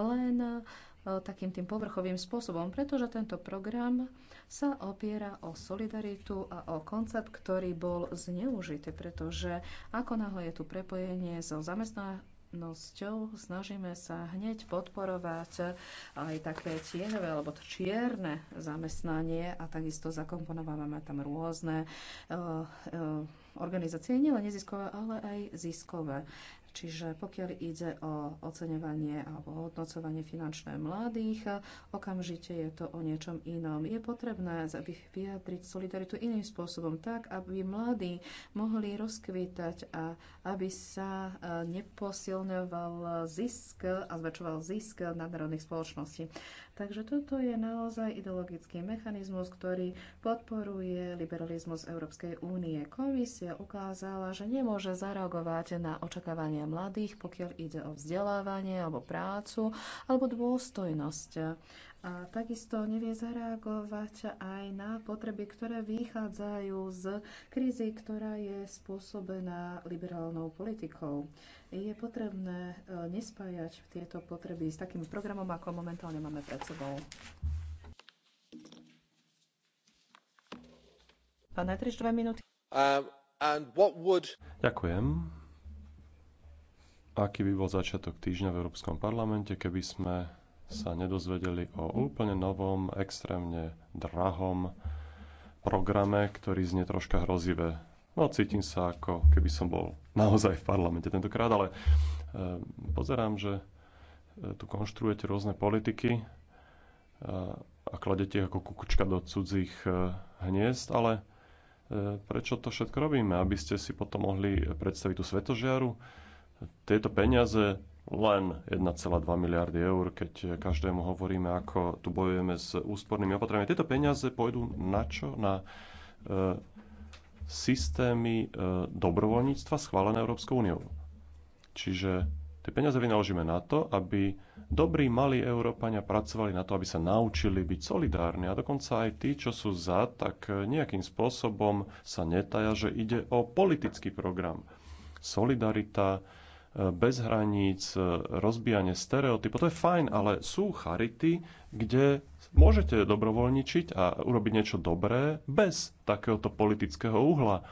S2: len E, takým tým povrchovým spôsobom, pretože tento program sa opiera o solidaritu a o koncept, ktorý bol zneužitý, pretože ako náhle je tu prepojenie so zamestnanosťou, snažíme sa hneď podporovať aj také tieňové alebo čierne zamestnanie a takisto zakomponovávame tam rôzne uh, uh, organizácie, nielen neziskové, ale aj ziskové. Čiže pokiaľ ide o oceňovanie alebo hodnocovanie finančné mladých, okamžite je to o niečom inom. Je potrebné vyjadriť solidaritu iným spôsobom, tak aby mladí mohli rozkvítať a aby sa e, neposilňoval zisk a zväčšoval zisk nadnárodných spoločností. Takže toto je naozaj ideologický mechanizmus, ktorý podporuje liberalizmus Európskej únie. Komisia ukázala, že nemôže zareagovať na očakávania mladých, pokiaľ ide o vzdelávanie alebo prácu alebo dôstojnosť a takisto nevie zareagovať aj na potreby, ktoré vychádzajú z krízy, ktorá je spôsobená liberálnou politikou. Je potrebné e, nespájať tieto potreby s takým programom, ako momentálne máme pred sebou. Pán Netriš, dve minúty.
S7: Um, would...
S5: Ďakujem aký by bol začiatok týždňa v Európskom parlamente, keby sme sa nedozvedeli o úplne novom, extrémne drahom programe, ktorý znie troška hrozivé. No cítim sa ako keby som bol naozaj v parlamente tentokrát, ale e, pozerám, že e, tu konštruujete rôzne politiky e, a kladete ich ako kukučka do cudzích hniezd, ale prečo to všetko robíme? Aby ste si potom mohli predstaviť tú svetožiaru, tieto peniaze len 1,2 miliardy eur, keď každému hovoríme, ako tu bojujeme s úspornými opatreniami. Tieto peniaze pôjdu na čo? Na e, systémy e, dobrovoľníctva schválené Európskou úniou. Čiže tie peniaze vynaložíme na to, aby dobrí malí Európania pracovali na to, aby sa naučili byť solidárni. A dokonca aj tí, čo sú za, tak nejakým spôsobom sa netaja, že ide o politický program. Solidarita bez hraníc, rozbijanie stereotypov. To je fajn, ale sú charity, kde môžete dobrovoľničiť a urobiť niečo dobré bez takéhoto politického uhla.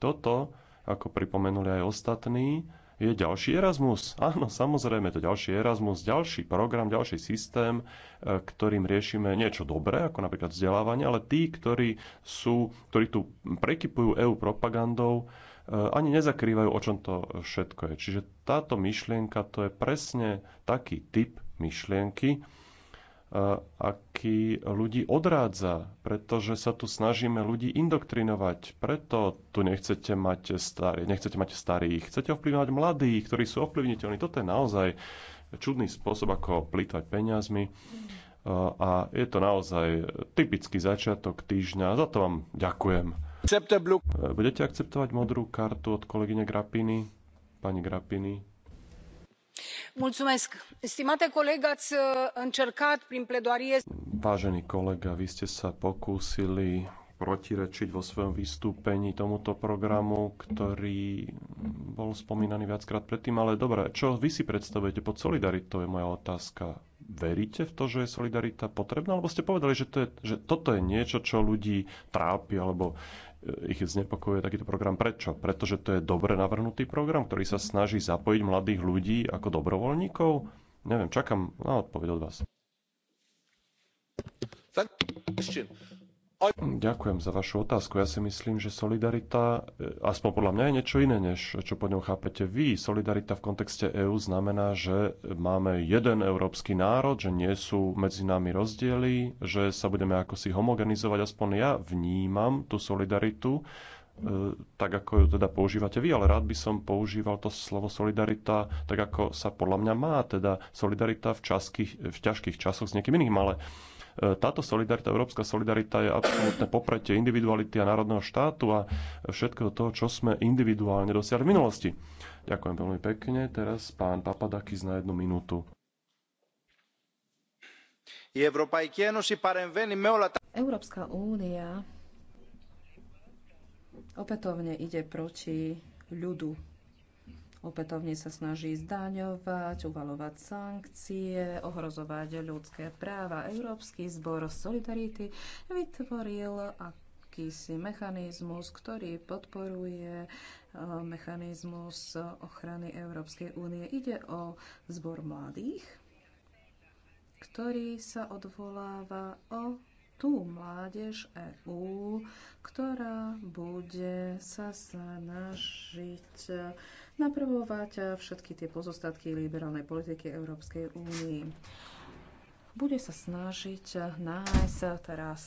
S5: Toto, ako pripomenuli aj ostatní, je ďalší Erasmus. Áno, samozrejme, to ďalší Erasmus, ďalší program, ďalší systém, e, ktorým riešime niečo dobré, ako napríklad vzdelávanie, ale tí, ktorí, sú, ktorí tu prekypujú EU propagandou, E, ani nezakrývajú, o čom to všetko je. Čiže táto myšlienka to je presne taký typ myšlienky, e, aký ľudí odrádza, pretože sa tu snažíme ľudí indoktrinovať. Preto tu nechcete mať, starý, nechcete mať starých, chcete ovplyvňovať mladých, ktorí sú ovplyvniteľní. Toto je naozaj čudný spôsob, ako plýtvať peniazmi. E, a je to naozaj typický začiatok týždňa. Za to vám ďakujem. Budete akceptovať modrú kartu od kolegyne Grapiny? Pani Grapiny.
S4: Mulțumesc. Stimate coleg, ați uh, încercat prin pledoarie...
S5: Vážený kolega, vy ste sa pokúsili protirečiť vo svojom vystúpení tomuto programu, ktorý bol spomínaný viackrát predtým. Ale dobre, čo vy si predstavujete pod solidaritou, je moja otázka. Veríte v to, že je solidarita potrebná? Alebo ste povedali, že, to je, že toto je niečo, čo ľudí trápi alebo ich znepokojuje takýto program. Prečo? Pretože to je dobre navrhnutý program, ktorý sa snaží zapojiť mladých ľudí ako dobrovoľníkov? Neviem, čakám na odpoveď od vás. Ďakujem za vašu otázku. Ja si myslím, že solidarita, e, aspoň podľa mňa, je niečo iné, než čo po ňom chápete vy. Solidarita v kontexte EÚ znamená, že máme jeden európsky národ, že nie sú medzi nami rozdiely, že sa budeme ako si homogenizovať. Aspoň ja vnímam tú solidaritu, e, tak ako ju teda používate vy, ale rád by som používal to slovo solidarita, tak ako sa podľa mňa má, teda solidarita v, časky, v ťažkých časoch s niekým iným, ale táto solidarita, európska solidarita je absolútne popretie individuality a národného štátu a všetkého toho, čo sme individuálne dosiahli v minulosti. Ďakujem veľmi pekne. Teraz pán Papadakis na jednu minútu.
S2: Európska únia opätovne ide proti ľudu opätovne sa snaží zdaňovať, uvalovať sankcie, ohrozovať ľudské práva. Európsky zbor Solidarity vytvoril akýsi mechanizmus, ktorý podporuje e, mechanizmus ochrany Európskej únie. Ide o zbor mladých, ktorý sa odvoláva o tú mládež EÚ, ktorá bude sa snažiť napravovať eh, všetky tie pozostatky liberálnej politiky Európskej únii bude sa snažiť eh, nájsť eh, teraz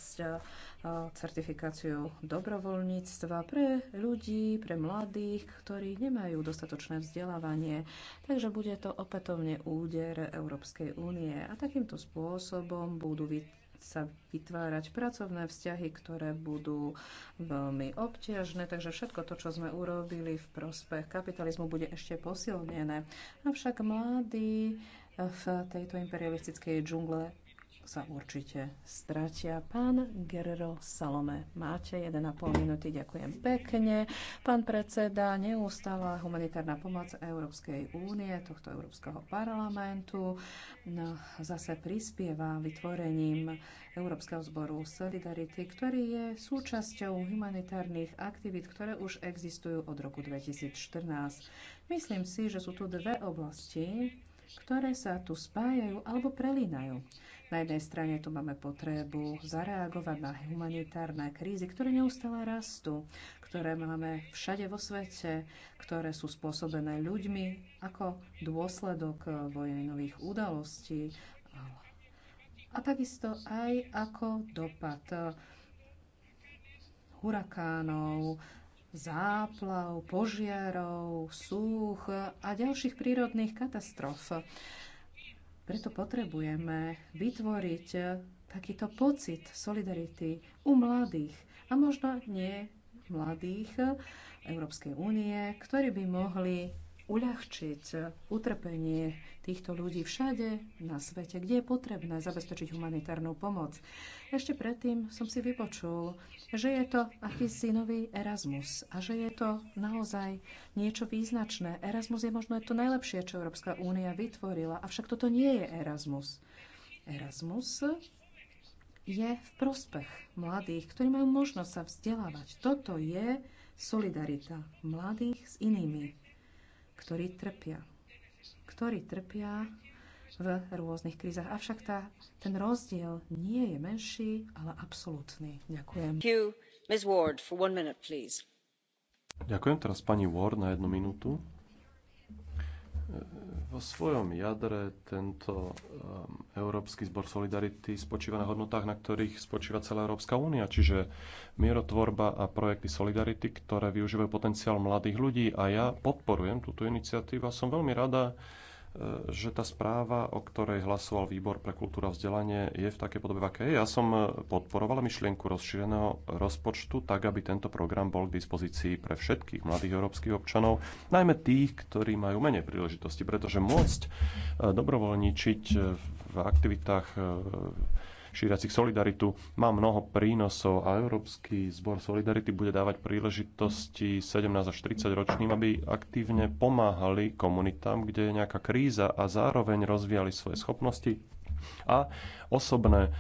S2: certifikáciu dobrovoľníctva pre ľudí, pre mladých, ktorí nemajú dostatočné vzdelávanie. Takže bude to opätovne úder Európskej únie a takýmto spôsobom budú sa vytvárať pracovné vzťahy, ktoré budú veľmi obťažné, takže všetko to, čo sme urobili v prospech kapitalizmu, bude ešte posilnené. Avšak mladí v tejto imperialistickej džungle sa určite stratia. Pán Guerrero Salome, máte 1,5 minúty. Ďakujem pekne. Pán predseda, neustála humanitárna pomoc Európskej únie, tohto Európskeho parlamentu, no, zase prispieva vytvorením Európskeho zboru Solidarity, ktorý je súčasťou humanitárnych aktivít, ktoré už existujú od roku 2014. Myslím si, že sú tu dve oblasti, ktoré sa tu spájajú alebo prelínajú. Na jednej strane tu máme potrebu zareagovať na humanitárne krízy, ktoré neustále rastú, ktoré máme všade vo svete, ktoré sú spôsobené ľuďmi ako dôsledok vojnových udalostí a takisto aj ako dopad hurakánov, záplav, požiarov, súch a ďalších prírodných katastrof. Preto potrebujeme vytvoriť eh, takýto pocit solidarity u mladých a možno nie mladých eh, Európskej únie, ktorí by mohli uľahčiť eh, utrpenie týchto ľudí všade na svete, kde je potrebné zabezpečiť humanitárnu pomoc. Ešte predtým som si vypočul, že je to akýsi nový Erasmus a že je to naozaj niečo význačné. Erasmus je možno to najlepšie, čo Európska únia vytvorila, avšak toto nie je Erasmus. Erasmus je v prospech mladých, ktorí majú možnosť sa vzdelávať. Toto je solidarita mladých s inými, ktorí trpia ktorí trpia v rôznych krízach. Avšak tá, ten rozdiel nie je menší, ale absolútny. Ďakujem.
S5: Ďakujem. Teraz pani Ward na jednu minútu vo svojom jadre tento um, Európsky zbor Solidarity spočíva na hodnotách, na ktorých spočíva celá Európska únia, čiže mierotvorba a projekty Solidarity, ktoré využívajú potenciál mladých ľudí. A ja podporujem túto iniciatívu a som veľmi rada, E, že tá správa, o ktorej hlasoval výbor pre kultúru a vzdelanie, je v takej podobe, aké je. Ja som e, podporoval myšlienku rozšíreného rozpočtu tak, aby tento program bol k dispozícii pre všetkých mladých európskych občanov, najmä tých, ktorí majú menej príležitosti, pretože môcť e, dobrovoľničiť v aktivitách šíriacich solidaritu. Má mnoho prínosov a Európsky zbor solidarity bude dávať príležitosti 17 až 30 ročným, aby aktívne pomáhali komunitám, kde je nejaká kríza a zároveň rozvíjali svoje schopnosti a osobné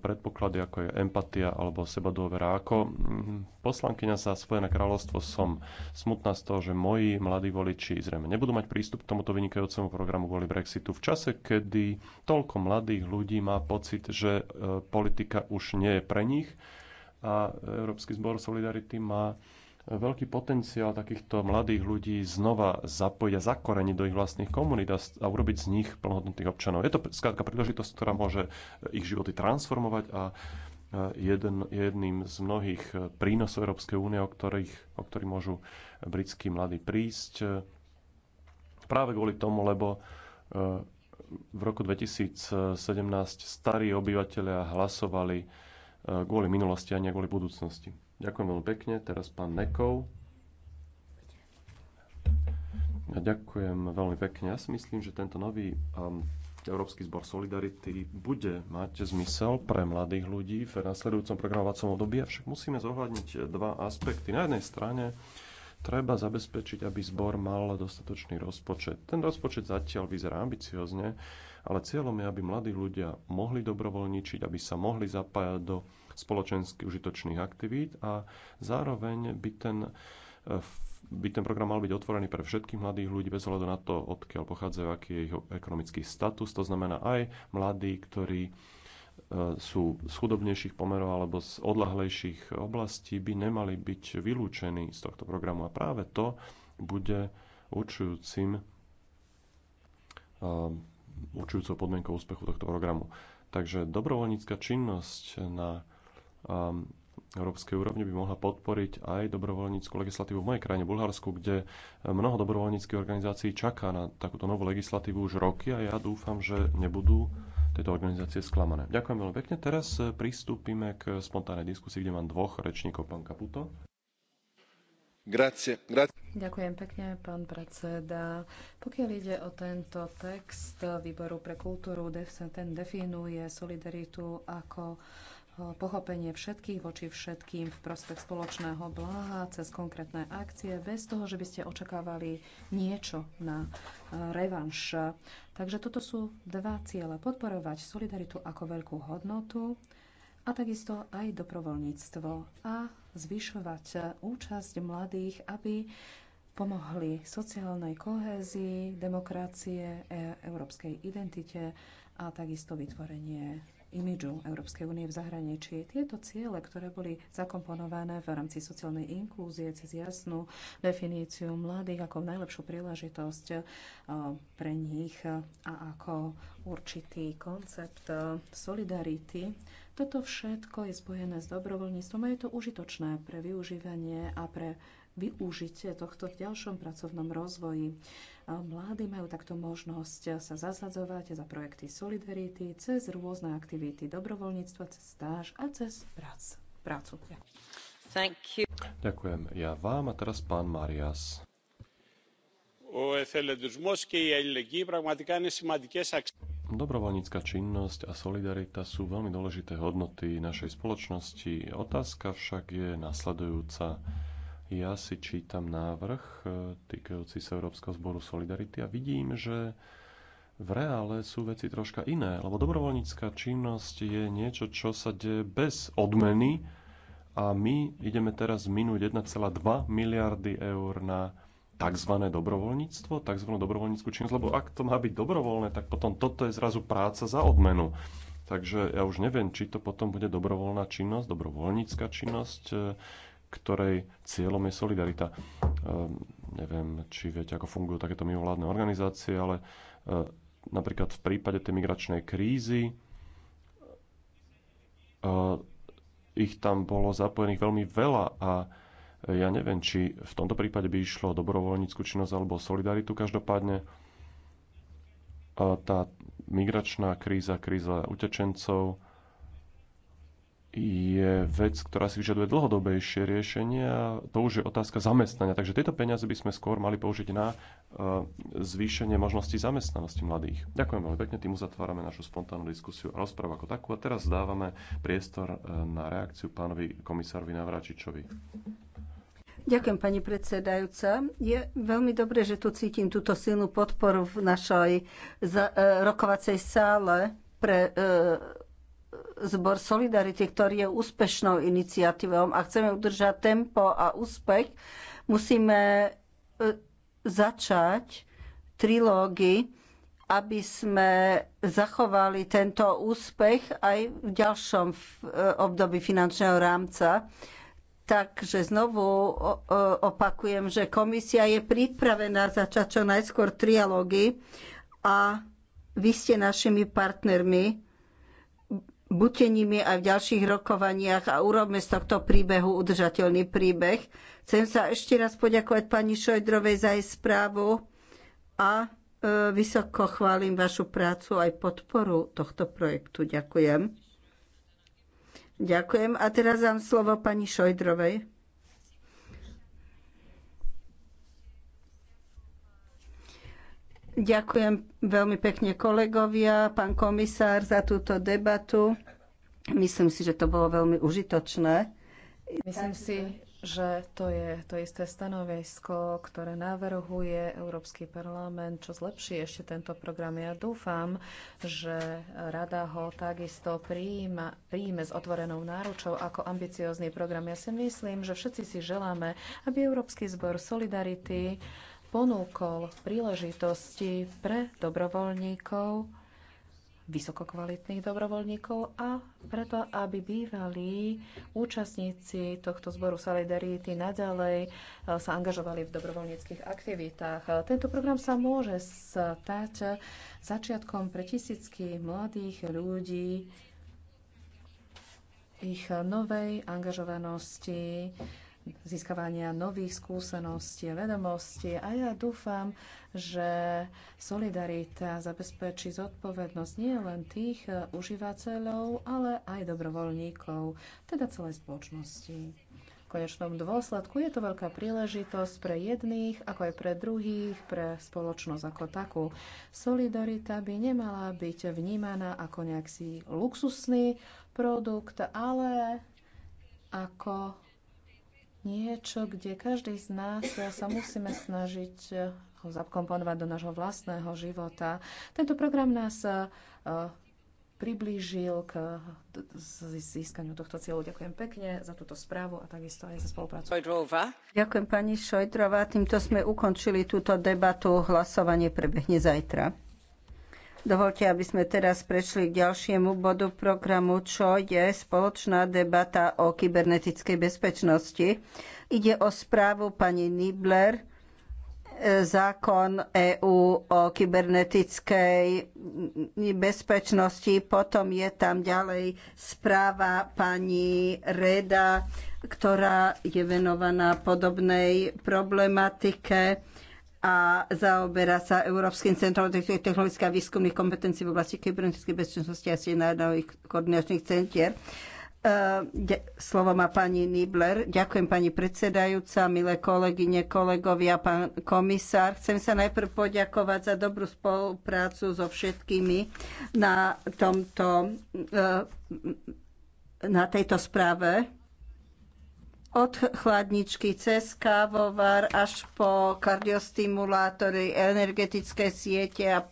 S5: predpoklady, ako je empatia alebo seba dôvera. Ako mm, poslankyňa za Spojené kráľovstvo som smutná z toho, že moji mladí voliči zrejme nebudú mať prístup k tomuto vynikajúcemu programu kvôli Brexitu v čase, kedy toľko mladých ľudí má pocit, že e, politika už nie je pre nich a Európsky zbor Solidarity má veľký potenciál takýchto mladých ľudí znova zapojiť a zakoreniť do ich vlastných komunít a urobiť z nich plnohodnotných občanov. Je to skrátka príležitosť, ktorá môže eh, ich životy transformovať a eh, jeden, jedným z mnohých eh, prínosov Európskej únie, o, ktorých, o ktorý môžu britskí mladí prísť práve kvôli tomu, lebo v roku 2017 starí obyvateľia hlasovali kvôli minulosti a nie kvôli budúcnosti. Ďakujem veľmi pekne. Teraz pán Nekov. Ďakujem veľmi pekne. Ja si myslím, že tento nový um, Európsky zbor Solidarity bude mať zmysel pre mladých ľudí v nasledujúcom programovacom období, avšak musíme zohľadniť dva aspekty. Na jednej strane treba zabezpečiť, aby zbor mal dostatočný rozpočet. Ten rozpočet zatiaľ vyzerá ambiciozne, ale cieľom je, aby mladí ľudia mohli dobrovoľničiť, aby sa mohli zapájať do spoločensky užitočných aktivít a zároveň by ten eh, by ten program mal byť otvorený pre všetkých mladých ľudí bez ohľadu na to, odkiaľ pochádzajú, aký je ich ekonomický status. To znamená aj mladí, ktorí eh, sú z chudobnejších pomerov alebo z odlahlejších oblastí, by nemali byť vylúčení z tohto programu. A práve to bude určujúcim eh, určujúcou podmienkou úspechu tohto programu. Takže dobrovoľnícka činnosť na európskej úrovni by mohla podporiť aj dobrovoľníckú legislatívu v mojej krajine Bulharsku, kde e, mnoho dobrovoľníckých organizácií čaká na takúto novú legislatívu už roky a ja dúfam, že nebudú tieto organizácie sklamané. Ďakujem veľmi pekne. Teraz e, pristúpime k spontánnej diskusii, kde mám dvoch rečníkov, pán Kaputo.
S3: Grazie, grazie.
S2: Ďakujem pekne, pán predseda. Pokiaľ ide o tento text Výboru pre kultúru, ten definuje solidaritu ako pochopenie všetkých voči všetkým v prospech spoločného bláha cez konkrétne akcie, bez toho, že by ste očakávali niečo na e, revanš. Takže toto sú dva ciele. Podporovať solidaritu ako veľkú hodnotu a takisto aj dobrovoľníctvo a zvyšovať účasť mladých, aby pomohli sociálnej kohézii, demokracie, e, európskej identite a takisto vytvorenie imidžu Európskej únie v zahraničí. Tieto ciele, ktoré boli zakomponované v rámci sociálnej inklúzie cez jasnú definíciu mladých ako najlepšiu príležitosť eh, pre nich eh, a ako určitý koncept eh, solidarity, toto všetko je spojené s dobrovoľníctvom a je to užitočné pre využívanie a pre využiť tohto v ďalšom pracovnom rozvoji. Mladí majú takto možnosť sa zasadzovať za projekty Solidarity cez rôzne aktivity dobrovoľníctva, cez stáž a cez prác, prácu.
S5: Ďakujem ja vám a teraz pán Marias. Dobrovoľnícka činnosť a solidarita sú veľmi dôležité hodnoty našej spoločnosti. Otázka však je nasledujúca ja si čítam návrh e, týkajúci sa Európskeho zboru Solidarity a vidím, že v reále sú veci troška iné, lebo dobrovoľnícká činnosť je niečo, čo sa deje bez odmeny a my ideme teraz minúť 1,2 miliardy eur na tzv. dobrovoľníctvo, tzv. dobrovoľníckú činnosť, lebo ak to má byť dobrovoľné, tak potom toto je zrazu práca za odmenu. Takže ja už neviem, či to potom bude dobrovoľná činnosť, dobrovoľnícka činnosť, e, ktorej cieľom je solidarita. Ehm, neviem, či viete, ako fungujú takéto mimovládne organizácie, ale eh, napríklad v prípade tej migračnej krízy eh, ich tam bolo zapojených veľmi veľa a ja neviem, či v tomto prípade by išlo o dobrovoľníckú činnosť alebo o solidaritu. Každopádne eh, tá migračná kríza, kríza utečencov je vec, ktorá si vyžaduje dlhodobejšie riešenie a to už je otázka zamestnania. Takže tieto peniaze by sme skôr mali použiť na e, zvýšenie možností zamestnanosti mladých. Ďakujem veľmi pekne, tým uzatvárame našu spontánnu diskusiu a rozprávu ako takú. A teraz dávame priestor e, na reakciu pánovi komisárovi Navračičovi.
S3: Ďakujem, pani predsedajúca. Je veľmi dobré, že tu cítim túto silnú podporu v našej e, rokovacej sále pre zbor Solidarity, ktorý je úspešnou iniciatívou a chceme udržať tempo a úspech, musíme e, začať trilógy, aby sme zachovali tento úspech aj v ďalšom e, období finančného rámca. Takže znovu opakujem, že komisia je pripravená začať čo najskôr trialógy a vy ste našimi partnermi Buďte nimi aj v ďalších rokovaniach a urobme z tohto príbehu udržateľný príbeh. Chcem sa ešte raz poďakovať pani Šojdrovej za jej správu a e, vysoko chválim vašu prácu aj podporu tohto projektu. Ďakujem. Ďakujem. A teraz dám slovo pani Šojdrovej. Ďakujem veľmi pekne kolegovia, pán komisár, za túto debatu. Myslím si, že to bolo veľmi užitočné.
S2: Myslím si, že to je to isté stanovisko, ktoré navrhuje Európsky parlament, čo zlepší ešte tento program. Ja dúfam, že Rada ho takisto príjma, príjme s otvorenou náručou ako ambiciózny program. Ja si myslím, že všetci si želáme, aby Európsky zbor Solidarity ponúkol príležitosti pre dobrovoľníkov, vysokokvalitných dobrovoľníkov a preto, aby bývali účastníci tohto zboru Solidarity naďalej e, sa angažovali v dobrovoľníckých aktivitách. E, tento program sa môže stať začiatkom pre tisícky mladých ľudí ich novej angažovanosti získavania nových skúseností a vedomostí. A ja dúfam, že solidarita zabezpečí zodpovednosť nie len tých eh, užívateľov, ale aj dobrovoľníkov, teda celej spoločnosti. V konečnom dôsledku je to veľká príležitosť pre jedných, ako aj pre druhých, pre spoločnosť ako takú. Solidarita by nemala byť vnímaná ako nejaký luxusný produkt, ale ako niečo, kde každý z nás sa musíme snažiť eh, ho zakomponovať do nášho vlastného života. Tento program nás eh, priblížil k získaniu tohto cieľu. Ďakujem pekne za túto správu a takisto aj za spoluprácu.
S3: Ďakujem pani Šojdrová. Týmto sme ukončili túto debatu. Hlasovanie prebehne zajtra. Dovolte, aby sme teraz prešli k ďalšiemu bodu programu, čo je spoločná debata o kybernetickej bezpečnosti. Ide o správu pani Nibler, e, zákon EÚ o kybernetickej bezpečnosti. Potom je tam ďalej správa pani Reda, ktorá je venovaná podobnej problematike a zaoberá sa Európskym centrom technologických a výskumných kompetencií v oblasti kybernetickej bezpečnosti a národných koordinačných centier. E, slovo má pani Nibler. Ďakujem pani predsedajúca, milé kolegyne, kolegovia, pán komisár. Chcem sa najprv poďakovať za dobrú spoluprácu so všetkými na, tomto, e, na tejto správe od chladničky cez kávovar až po kardiostimulátory, energetické siete a e,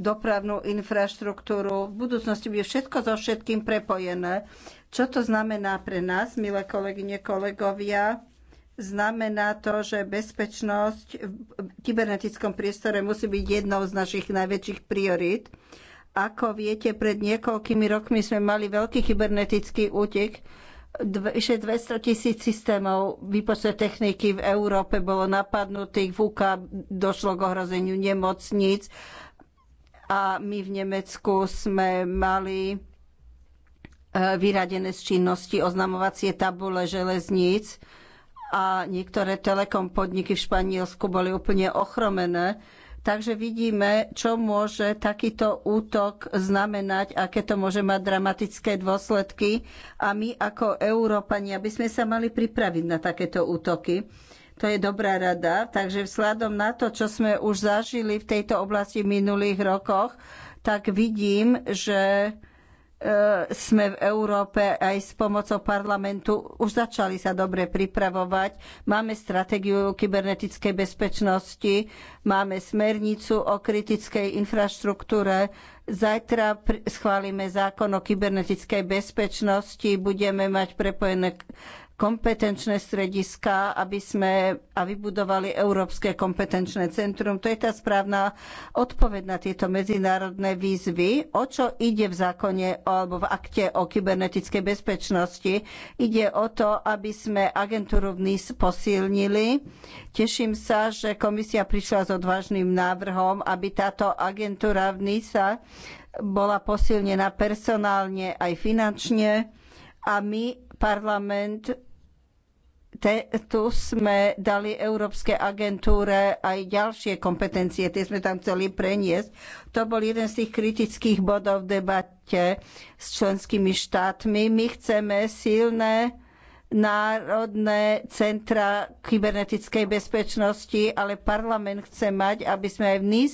S3: dopravnú infraštruktúru. V budúcnosti bude všetko so všetkým prepojené. Čo to znamená pre nás, milé kolegyne, kolegovia? Znamená to, že bezpečnosť v kybernetickom priestore musí byť jednou z našich najväčších priorít. Ako viete, pred niekoľkými rokmi sme mali veľký kybernetický útek, vyše 200 tisíc systémov výpočtnej techniky v Európe bolo napadnutých, v UK došlo k ohrozeniu nemocníc a my v Nemecku sme mali e, vyradené z činnosti oznamovacie tabule železníc a niektoré telekom podniky v Španielsku boli úplne ochromené Takže vidíme, čo môže takýto útok znamenať, aké to môže mať dramatické dôsledky. A my ako Európania by sme sa mali pripraviť na takéto útoky. To je dobrá rada. Takže vzhľadom na to, čo sme už zažili v tejto oblasti v minulých rokoch, tak vidím, že E, sme v Európe aj s pomocou parlamentu už začali sa dobre pripravovať. Máme stratégiu kybernetickej bezpečnosti, máme smernicu o kritickej infraštruktúre. Zajtra schválime zákon o kybernetickej bezpečnosti, budeme mať prepojené kompetenčné strediska, aby sme a vybudovali Európske kompetenčné centrum. To je tá správna odpoveď na tieto medzinárodné výzvy. O čo ide v zákone alebo v akte o kybernetickej bezpečnosti? Ide o to, aby sme agentúru v NIS posilnili. Teším sa, že komisia prišla s odvážnym návrhom, aby táto agentúra v NISA bola posilnená personálne aj finančne a my, parlament, te, tu sme dali Európskej agentúre aj ďalšie kompetencie, tie sme tam chceli preniesť. To bol jeden z tých kritických bodov v debate s členskými štátmi. My chceme silné národné centra kybernetickej bezpečnosti, ale parlament chce mať, aby sme aj v NIS,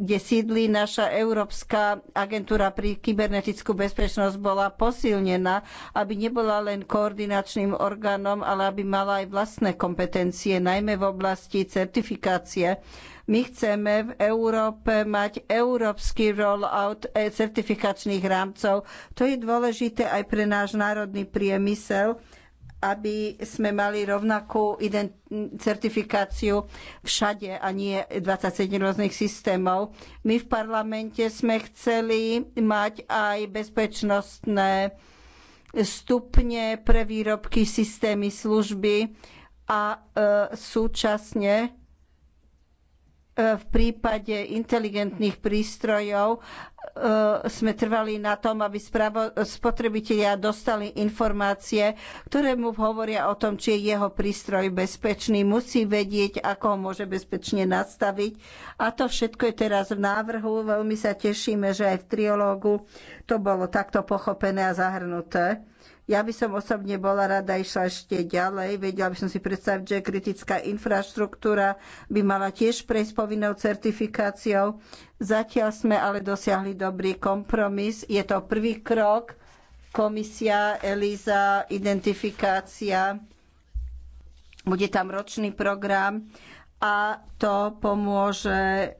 S3: kde sídli naša Európska agentúra pri kybernetickú bezpečnosť, bola posilnená, aby nebola len koordinačným orgánom, ale aby mala aj vlastné kompetencie, najmä v oblasti certifikácie. My chceme v Európe mať európsky rollout e, certifikačných rámcov. To je dôležité aj pre náš národný priemysel, aby sme mali rovnakú certifikáciu všade a nie 27 rôznych systémov. My v parlamente sme chceli mať aj bezpečnostné stupne pre výrobky, systémy, služby a e, súčasne E, v prípade inteligentných prístrojov e, sme trvali na tom, aby spotrebitelia dostali informácie, ktoré mu hovoria o tom, či je jeho prístroj bezpečný. Musí vedieť, ako ho môže bezpečne nastaviť. A to všetko je teraz v návrhu. Veľmi sa tešíme, že aj v triológu to bolo takto pochopené a zahrnuté. Ja by som osobne bola rada išla ešte ďalej. Vedela by som si predstaviť, že kritická infraštruktúra by mala tiež prejsť povinnou certifikáciou. Zatiaľ sme ale dosiahli dobrý kompromis. Je to prvý krok. Komisia, ELISA, identifikácia. Bude tam ročný program a to pomôže e,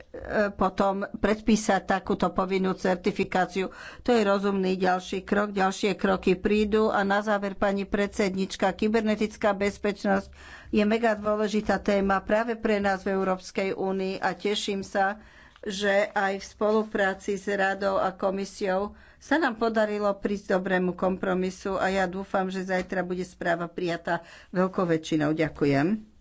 S3: potom predpísať takúto povinnú certifikáciu. To je rozumný ďalší krok. Ďalšie kroky prídu a na záver pani predsednička, kybernetická bezpečnosť je mega dôležitá téma práve pre nás v Európskej únii a teším sa, že aj v spolupráci s radou a komisiou sa nám podarilo prísť dobrému kompromisu a ja dúfam, že zajtra bude správa prijatá veľkou väčšinou. Ďakujem.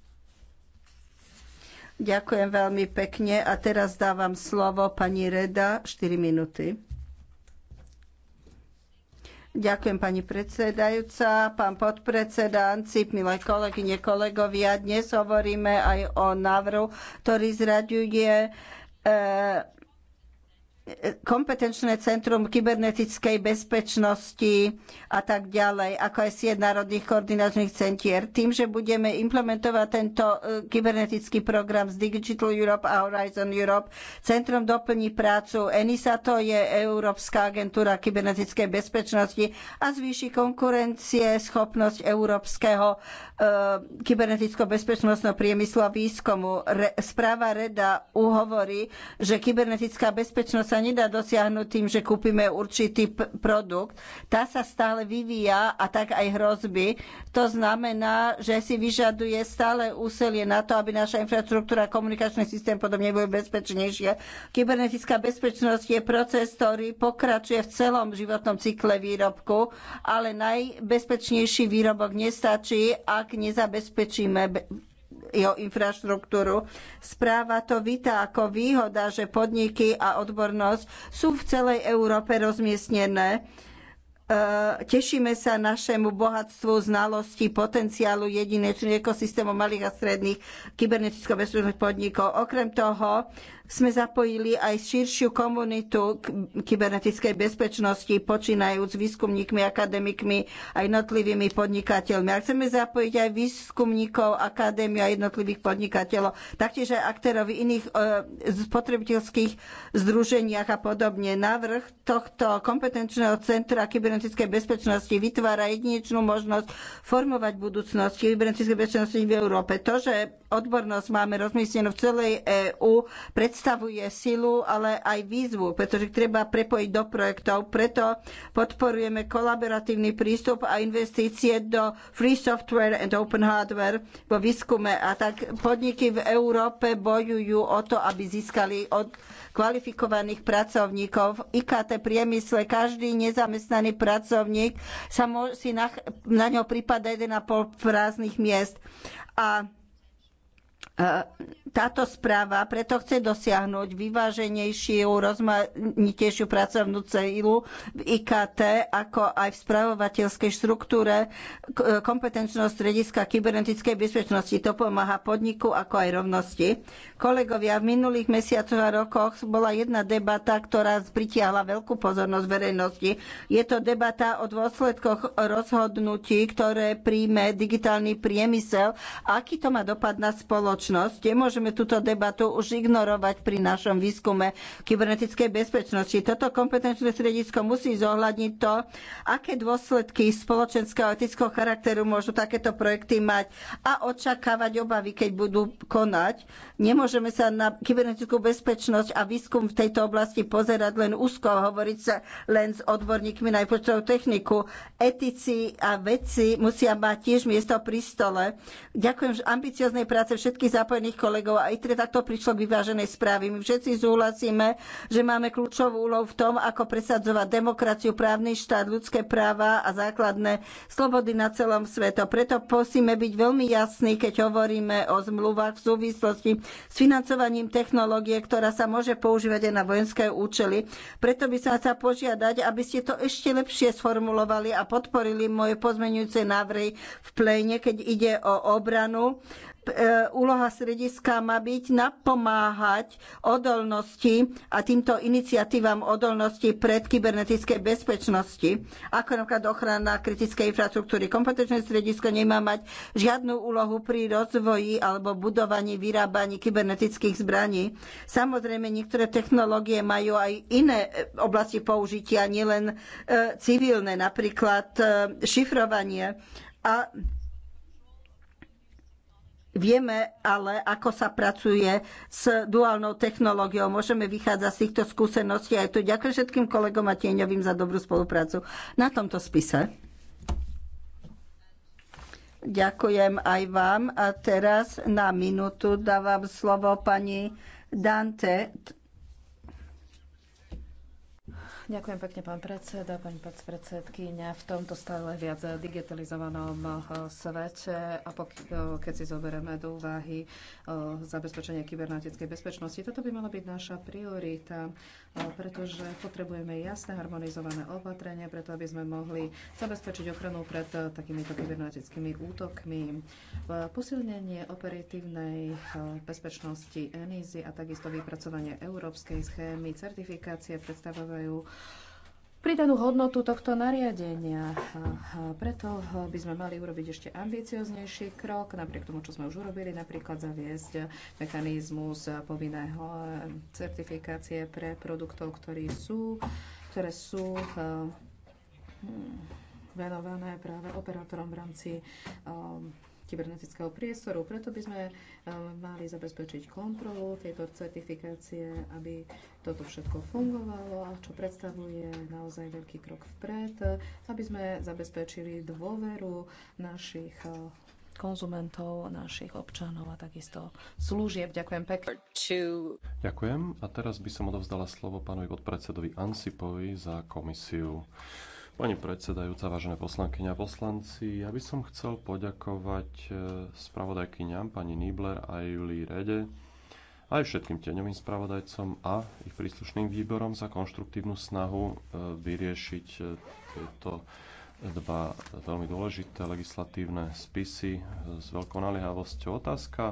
S3: Ďakujem veľmi pekne a teraz dávam slovo pani Reda, 4 minúty. Ďakujem pani predsedajúca, pán podpredseda Ancip, milé kolegyne, kolegovia. Dnes hovoríme aj o návrhu, ktorý zraďuje e, kompetenčné centrum kybernetickej bezpečnosti a tak ďalej, ako aj sieť národných koordinačných centier. Tým, že budeme implementovať tento e, kybernetický program z Digital Europe a Horizon Europe, centrum doplní prácu ENISA, to je Európska agentúra kybernetickej bezpečnosti a zvýši konkurencie, schopnosť európskeho e, kyberneticko-bezpečnostného priemyslu a výskumu. Re, správa Reda uhovorí, že kybernetická bezpečnosť sa nedá dosiahnuť tým, že kúpime určitý produkt. Tá sa stále vyvíja a tak aj hrozby. To znamená, že si vyžaduje stále úsilie na to, aby naša infraštruktúra, komunikačný systém podobne boli bezpečnejšie. Kybernetická bezpečnosť je proces, ktorý pokračuje v celom životnom cykle výrobku, ale najbezpečnejší výrobok nestačí, ak nezabezpečíme jeho infraštruktúru. Správa to víta ako výhoda, že podniky a odbornosť sú v celej Európe rozmiestnené e, tešíme sa našemu bohatstvu znalostí, potenciálu jedinečných ekosystémov malých a stredných kybernetických bezpečných podnikov. Okrem toho sme zapojili aj širšiu komunitu kybernetickej bezpečnosti, počínajúc výskumníkmi, akademikmi a jednotlivými podnikateľmi. A chceme zapojiť aj výskumníkov, akadémiu a jednotlivých podnikateľov, taktiež aj aktérov v iných e, spotrebiteľských združeniach a podobne. Návrh tohto kompetenčného centra kybernetickej bezpečnosti vytvára jedinečnú možnosť formovať budúcnosť kybernetickej bezpečnosti v Európe. To, že odbornosť máme rozmiestnenú v celej EÚ, predstavuje predstavuje silu, ale aj výzvu, pretože treba prepojiť do projektov. Preto podporujeme kolaboratívny prístup a investície do free software and open hardware vo výskume. A tak podniky v Európe bojujú o to, aby získali od kvalifikovaných pracovníkov. V IKT priemysle každý nezamestnaný pracovník sa musí na, na ňo prípada 1,5 prázdnych miest. A, a táto správa preto chce dosiahnuť vyváženejšiu, rozmanitejšiu pracovnú celu v IKT, ako aj v spravovateľskej štruktúre e, kompetenčného strediska kybernetickej bezpečnosti. To pomáha podniku, ako aj rovnosti. Kolegovia, v minulých mesiacoch a rokoch bola jedna debata, ktorá pritiahla veľkú pozornosť verejnosti. Je to debata o dôsledkoch rozhodnutí, ktoré príjme digitálny priemysel a aký to má dopad na spoločnosť. Nemôžeme Nemôžeme túto debatu už ignorovať pri našom výskume kybernetickej bezpečnosti. Toto kompetenčné stredisko musí zohľadniť to, aké dôsledky spoločenského a etického charakteru môžu takéto projekty mať a očakávať obavy, keď budú konať. Nemôžeme sa na kybernetickú bezpečnosť a výskum v tejto oblasti pozerať len úzko a hovoriť sa len s odborníkmi na techniku. Etici a vedci musia mať tiež miesto pri stole. Ďakujem ambicioznej práce všetkých zapojených kolegov partnerov. Aj teda to prišlo k vyváženej správy. My všetci súhlasíme, že máme kľúčovú úlohu v tom, ako presadzovať demokraciu, právny štát, ľudské práva a základné slobody na celom svete. Preto prosíme byť veľmi jasní, keď hovoríme o zmluvách v súvislosti s financovaním technológie, ktorá sa môže používať aj na vojenské účely. Preto by som sa požiadať, aby ste to ešte lepšie sformulovali a podporili moje pozmeňujúce návrhy v pléne, keď ide o obranu E, úloha strediska má byť napomáhať odolnosti a týmto iniciatívam odolnosti pred kybernetickej bezpečnosti, ako napríklad ochrana kritickej infraštruktúry. Kompetenčné stredisko nemá mať žiadnu úlohu pri rozvoji alebo budovaní, vyrábaní kybernetických zbraní. Samozrejme, niektoré technológie majú aj iné e, oblasti použitia, nielen e, civilné, napríklad šifrovanie. A Vieme ale, ako sa pracuje s duálnou technológiou. Môžeme vychádzať z týchto skúseností. Aj tu ďakujem všetkým kolegom a tieňovým za dobrú spoluprácu na tomto spise. Ďakujem aj vám. A teraz na minútu dávam slovo pani Dante
S2: Ďakujem pekne, pán predseda, pani predsedkynia. V tomto stále viac digitalizovanom eh, svete a eh, keď si zoberieme do úvahy eh, zabezpečenie kybernetickej bezpečnosti, toto by mala byť naša priorita pretože potrebujeme jasné harmonizované opatrenie, preto aby sme mohli zabezpečiť ochranu pred eh, takýmito kybernetickými útokmi. Posilnenie operatívnej eh, bezpečnosti ENISY a takisto vypracovanie európskej schémy certifikácie predstavujú pridanú hodnotu tohto nariadenia. Preto by sme mali urobiť ešte ambicioznejší krok, napriek tomu, čo sme už urobili, napríklad zaviesť mechanizmus povinného eh, certifikácie pre produktov, ktorí sú, ktoré sú eh, hm, venované práve operátorom v rámci eh, kybernetického priestoru. Preto by sme eh, mali zabezpečiť kontrolu tejto certifikácie, aby toto všetko fungovalo, čo predstavuje naozaj veľký krok vpred, aby sme zabezpečili dôveru našich eh, konzumentov, našich občanov a takisto služieb. Ďakujem pekne.
S5: Ďakujem. A teraz by som odovzdala slovo pánovi podpredsedovi Ansipovi za komisiu. Pani predsedajúca, vážené poslankyne a poslanci, ja by som chcel poďakovať e, spravodajkyňam pani Nibler a Julii Rede, aj všetkým teňovým spravodajcom a ich príslušným výborom za konštruktívnu snahu e, vyriešiť e, tieto dva veľmi dôležité legislatívne spisy s veľkou naliehavosťou. Otázka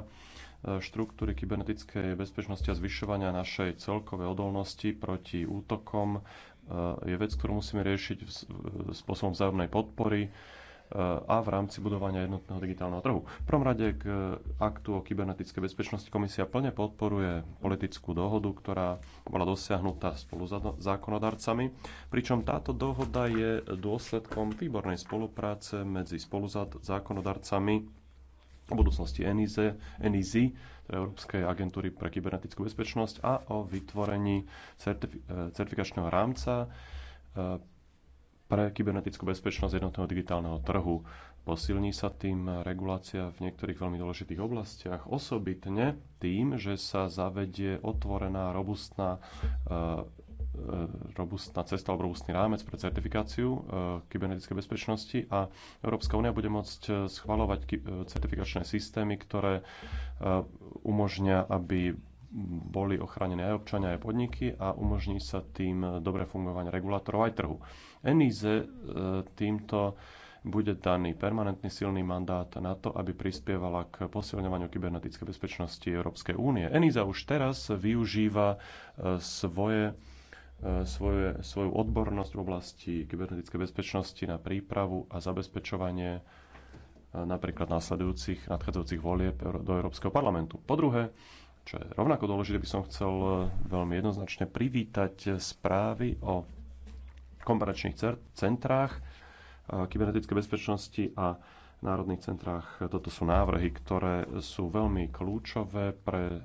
S5: štruktúry kybernetickej bezpečnosti a zvyšovania našej celkovej odolnosti proti útokom Eh, je vec, ktorú musíme riešiť spôsobom vzájomnej podpory eh, a v rámci budovania jednotného digitálneho trhu. V prvom rade k eh, aktu o kybernetickej bezpečnosti komisia plne podporuje politickú dohodu, ktorá bola dosiahnutá spolu s zákonodarcami, pričom táto dohoda je dôsledkom výbornej spolupráce medzi spolu zákonodarcami v budúcnosti NIZ, teda Európskej agentúry pre kybernetickú bezpečnosť a o vytvorení certifi- e, certifikačného rámca e, pre kybernetickú bezpečnosť jednotného digitálneho trhu. Posilní sa tým regulácia v niektorých veľmi dôležitých oblastiach, osobitne tým, že sa zavedie otvorená, robustná e, E, robustná cesta alebo robustný rámec pre certifikáciu e, kybernetickej bezpečnosti a Európska únia bude môcť e, schvalovať certifikačné systémy, ktoré umožňa, aby boli ochránené aj občania, aj podniky a umožní sa tým dobré fungovanie regulátorov aj trhu. NIZ týmto bude daný permanentný silný mandát na to, aby prispievala k posilňovaniu kybernetickej bezpečnosti Európskej únie. ENISA už teraz využíva svoje E, svoje, svoju odbornosť v oblasti kybernetickej bezpečnosti na prípravu a zabezpečovanie e, napríklad následujúcich, nadchádzajúcich volieb do Európskeho parlamentu. Po druhé, čo je rovnako dôležité, by som chcel e, veľmi jednoznačne privítať správy o komparačných centrách kybernetickej bezpečnosti a národných centrách. Toto sú návrhy, ktoré sú veľmi kľúčové pre e,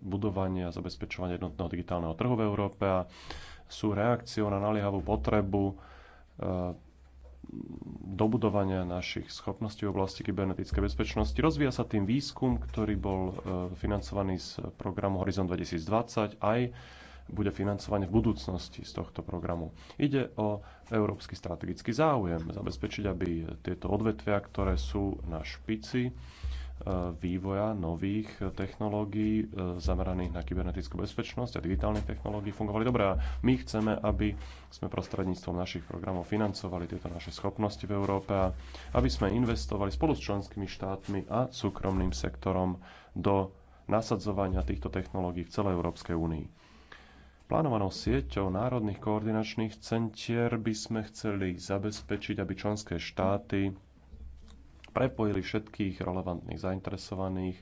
S5: budovanie a zabezpečovanie jednotného digitálneho trhu v Európe a sú reakciou na naliehavú potrebu e, dobudovania našich schopností v oblasti kybernetickej bezpečnosti. Rozvíja sa tým výskum, ktorý bol e, financovaný z programu Horizon 2020 aj bude financovanie v budúcnosti z tohto programu. Ide o európsky strategický záujem zabezpečiť, aby tieto odvetvia, ktoré sú na špici e, vývoja nových technológií e, zameraných na kybernetickú bezpečnosť a digitálnych technológií fungovali dobre. A my chceme, aby sme prostredníctvom našich programov financovali tieto naše schopnosti v Európe a aby sme investovali spolu s členskými štátmi a súkromným sektorom do nasadzovania týchto technológií v celej Európskej únii. Plánovanou sieťou národných koordinačných centier by sme chceli zabezpečiť, aby členské štáty prepojili všetkých relevantných zainteresovaných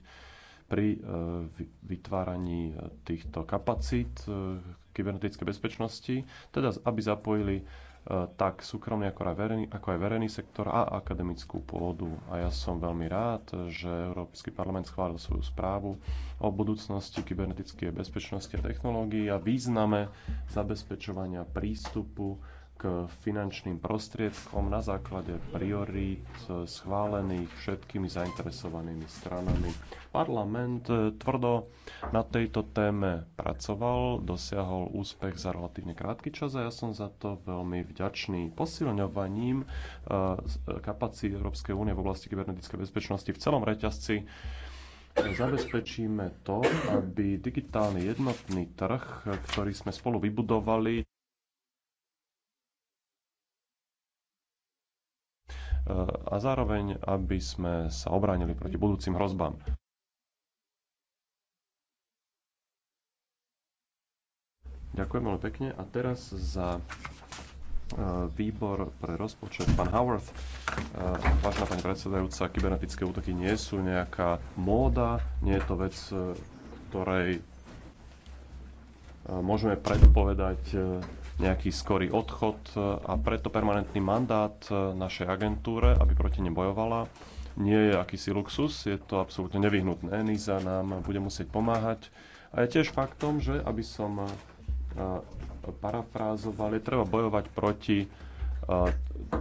S5: pri e, vytváraní e, týchto kapacít e, kybernetickej bezpečnosti, teda aby zapojili tak súkromný ako aj, verejný, ako aj verejný sektor a akademickú pôdu. A ja som veľmi rád, že Európsky parlament schválil svoju správu o budúcnosti kybernetickej bezpečnosti a technológií a význame zabezpečovania prístupu k finančným prostriedkom na základe priorít schválených všetkými zainteresovanými stranami. Parlament eh, tvrdo na tejto téme pracoval, dosiahol úspech za relatívne krátky čas a ja som za to veľmi vďačný. Posilňovaním eh, kapací Európskej únie v oblasti kybernetickej bezpečnosti v celom reťazci eh, zabezpečíme to, aby digitálny jednotný trh, ktorý sme spolu vybudovali, a zároveň, aby sme sa obránili proti budúcim hrozbám. Ďakujem veľmi pekne. A teraz za e, výbor pre rozpočet. Pán Howard. E, vážená pani predsedajúca, kybernetické útoky nie sú nejaká móda, nie je to vec, e, ktorej môžeme predpovedať nejaký skorý odchod e, a preto permanentný mandát e, našej agentúre, aby proti ne bojovala, nie je akýsi luxus, je to absolútne nevyhnutné. NISA nám bude musieť pomáhať a je tiež faktom, že aby som e, parafrázoval, je treba bojovať proti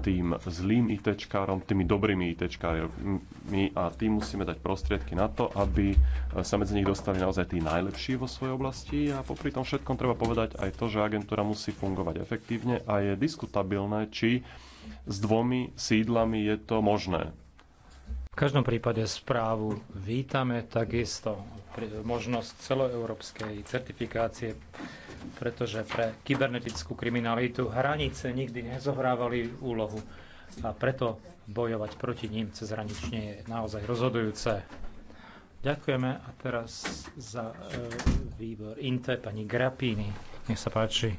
S5: tým zlým ITčkárom, tými dobrými ITčkármi a tým musíme dať prostriedky na to, aby sa medzi nich dostali naozaj tí najlepší vo svojej oblasti a popri tom všetkom treba povedať aj to, že agentúra musí fungovať efektívne a je diskutabilné, či s dvomi sídlami je to možné.
S6: V každom prípade správu vítame, takisto možnosť celoeurópskej certifikácie pretože pre kybernetickú kriminalitu hranice nikdy nezohrávali úlohu a preto bojovať proti ním cez hranične je naozaj rozhodujúce. Ďakujeme a teraz za e, výbor INTE pani Grapíny. Nech sa páči.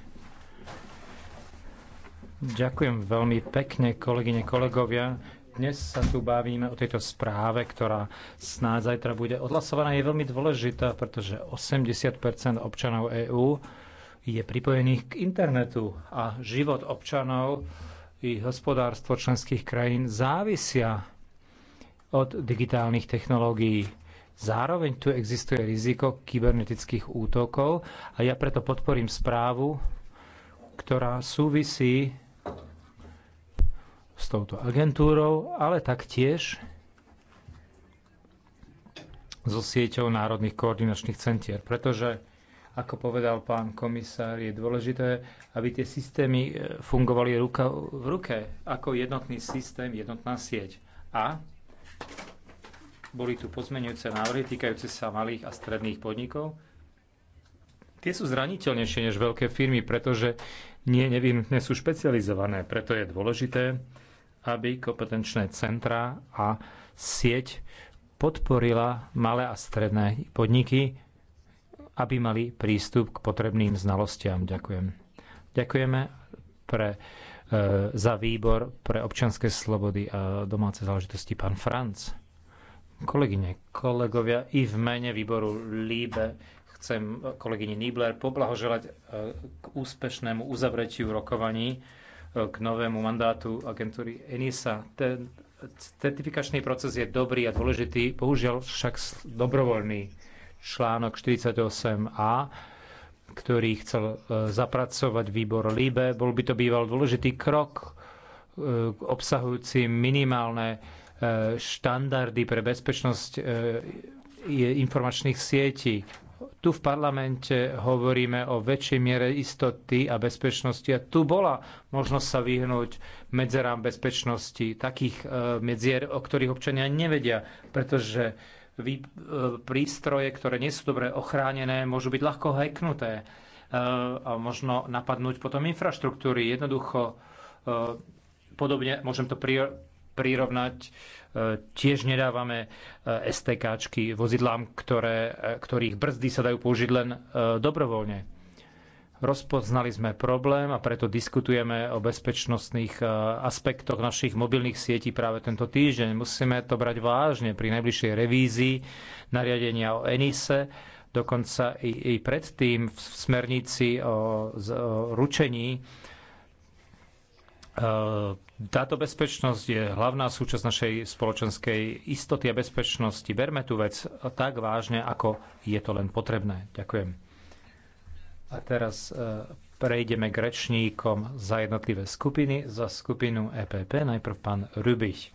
S6: Ďakujem veľmi pekne, kolegyne, kolegovia. Dnes sa tu bavíme o tejto správe, ktorá snáď zajtra bude odhlasovaná. Je veľmi dôležitá, pretože 80 občanov EÚ je pripojených k internetu a život občanov i hospodárstvo členských krajín závisia od digitálnych technológií. Zároveň tu existuje riziko kybernetických útokov a ja preto podporím správu, ktorá súvisí s touto agentúrou, ale taktiež so sieťou národných koordinačných centier, pretože ako povedal pán komisár, je dôležité, aby tie systémy e, fungovali ruka v ruke, ako jednotný systém, jednotná sieť. A boli tu pozmenujúce návrhy týkajúce sa malých a stredných podnikov. Tie sú zraniteľnejšie než veľké firmy, pretože nie nevyhnutne sú špecializované. Preto je dôležité, aby kompetenčné centra a sieť podporila malé a stredné podniky aby mali prístup k potrebným znalostiam. Ďakujem. Ďakujeme pre, e, za výbor pre občanské slobody a domáce záležitosti pán Franc. Kolegyne, kolegovia, i v mene výboru Líbe chcem kolegyni Nibler poblahoželať e, k úspešnému uzavretiu rokovaní e, k novému mandátu agentúry ENISA. Ten certifikačný proces je dobrý a dôležitý, bohužiaľ však dobrovoľný článok 48a, ktorý chcel e, zapracovať výbor líbe. Bol by to býval dôležitý krok e, obsahujúci minimálne e, štandardy pre bezpečnosť informačných sietí. Tu v parlamente hovoríme o väčšej miere istoty a bezpečnosti a tu bola možnosť sa vyhnúť medzerám bezpečnosti, takých medzier, o ktorých občania nevedia, pretože E, prístroje, ktoré nie sú dobre ochránené, môžu byť ľahko hacknuté e, a možno napadnúť potom infraštruktúry. Jednoducho, e, podobne môžem to prirovnať, tiež nedávame STKčky vozidlám, ktoré, ktorých brzdy sa dajú použiť len dobrovoľne Rozpoznali sme problém a preto diskutujeme o bezpečnostných e, aspektoch našich mobilných sietí práve tento týždeň. Musíme to brať vážne pri najbližšej revízii nariadenia o ENISE, dokonca i, i predtým v smernici o, z, o ručení. E, táto bezpečnosť je hlavná súčasť našej spoločenskej istoty a bezpečnosti. Berme tú vec tak vážne, ako je to len potrebné. Ďakujem. A teraz e, prejdeme k rečníkom za jednotlivé skupiny. Za skupinu EPP najprv pán Rubich.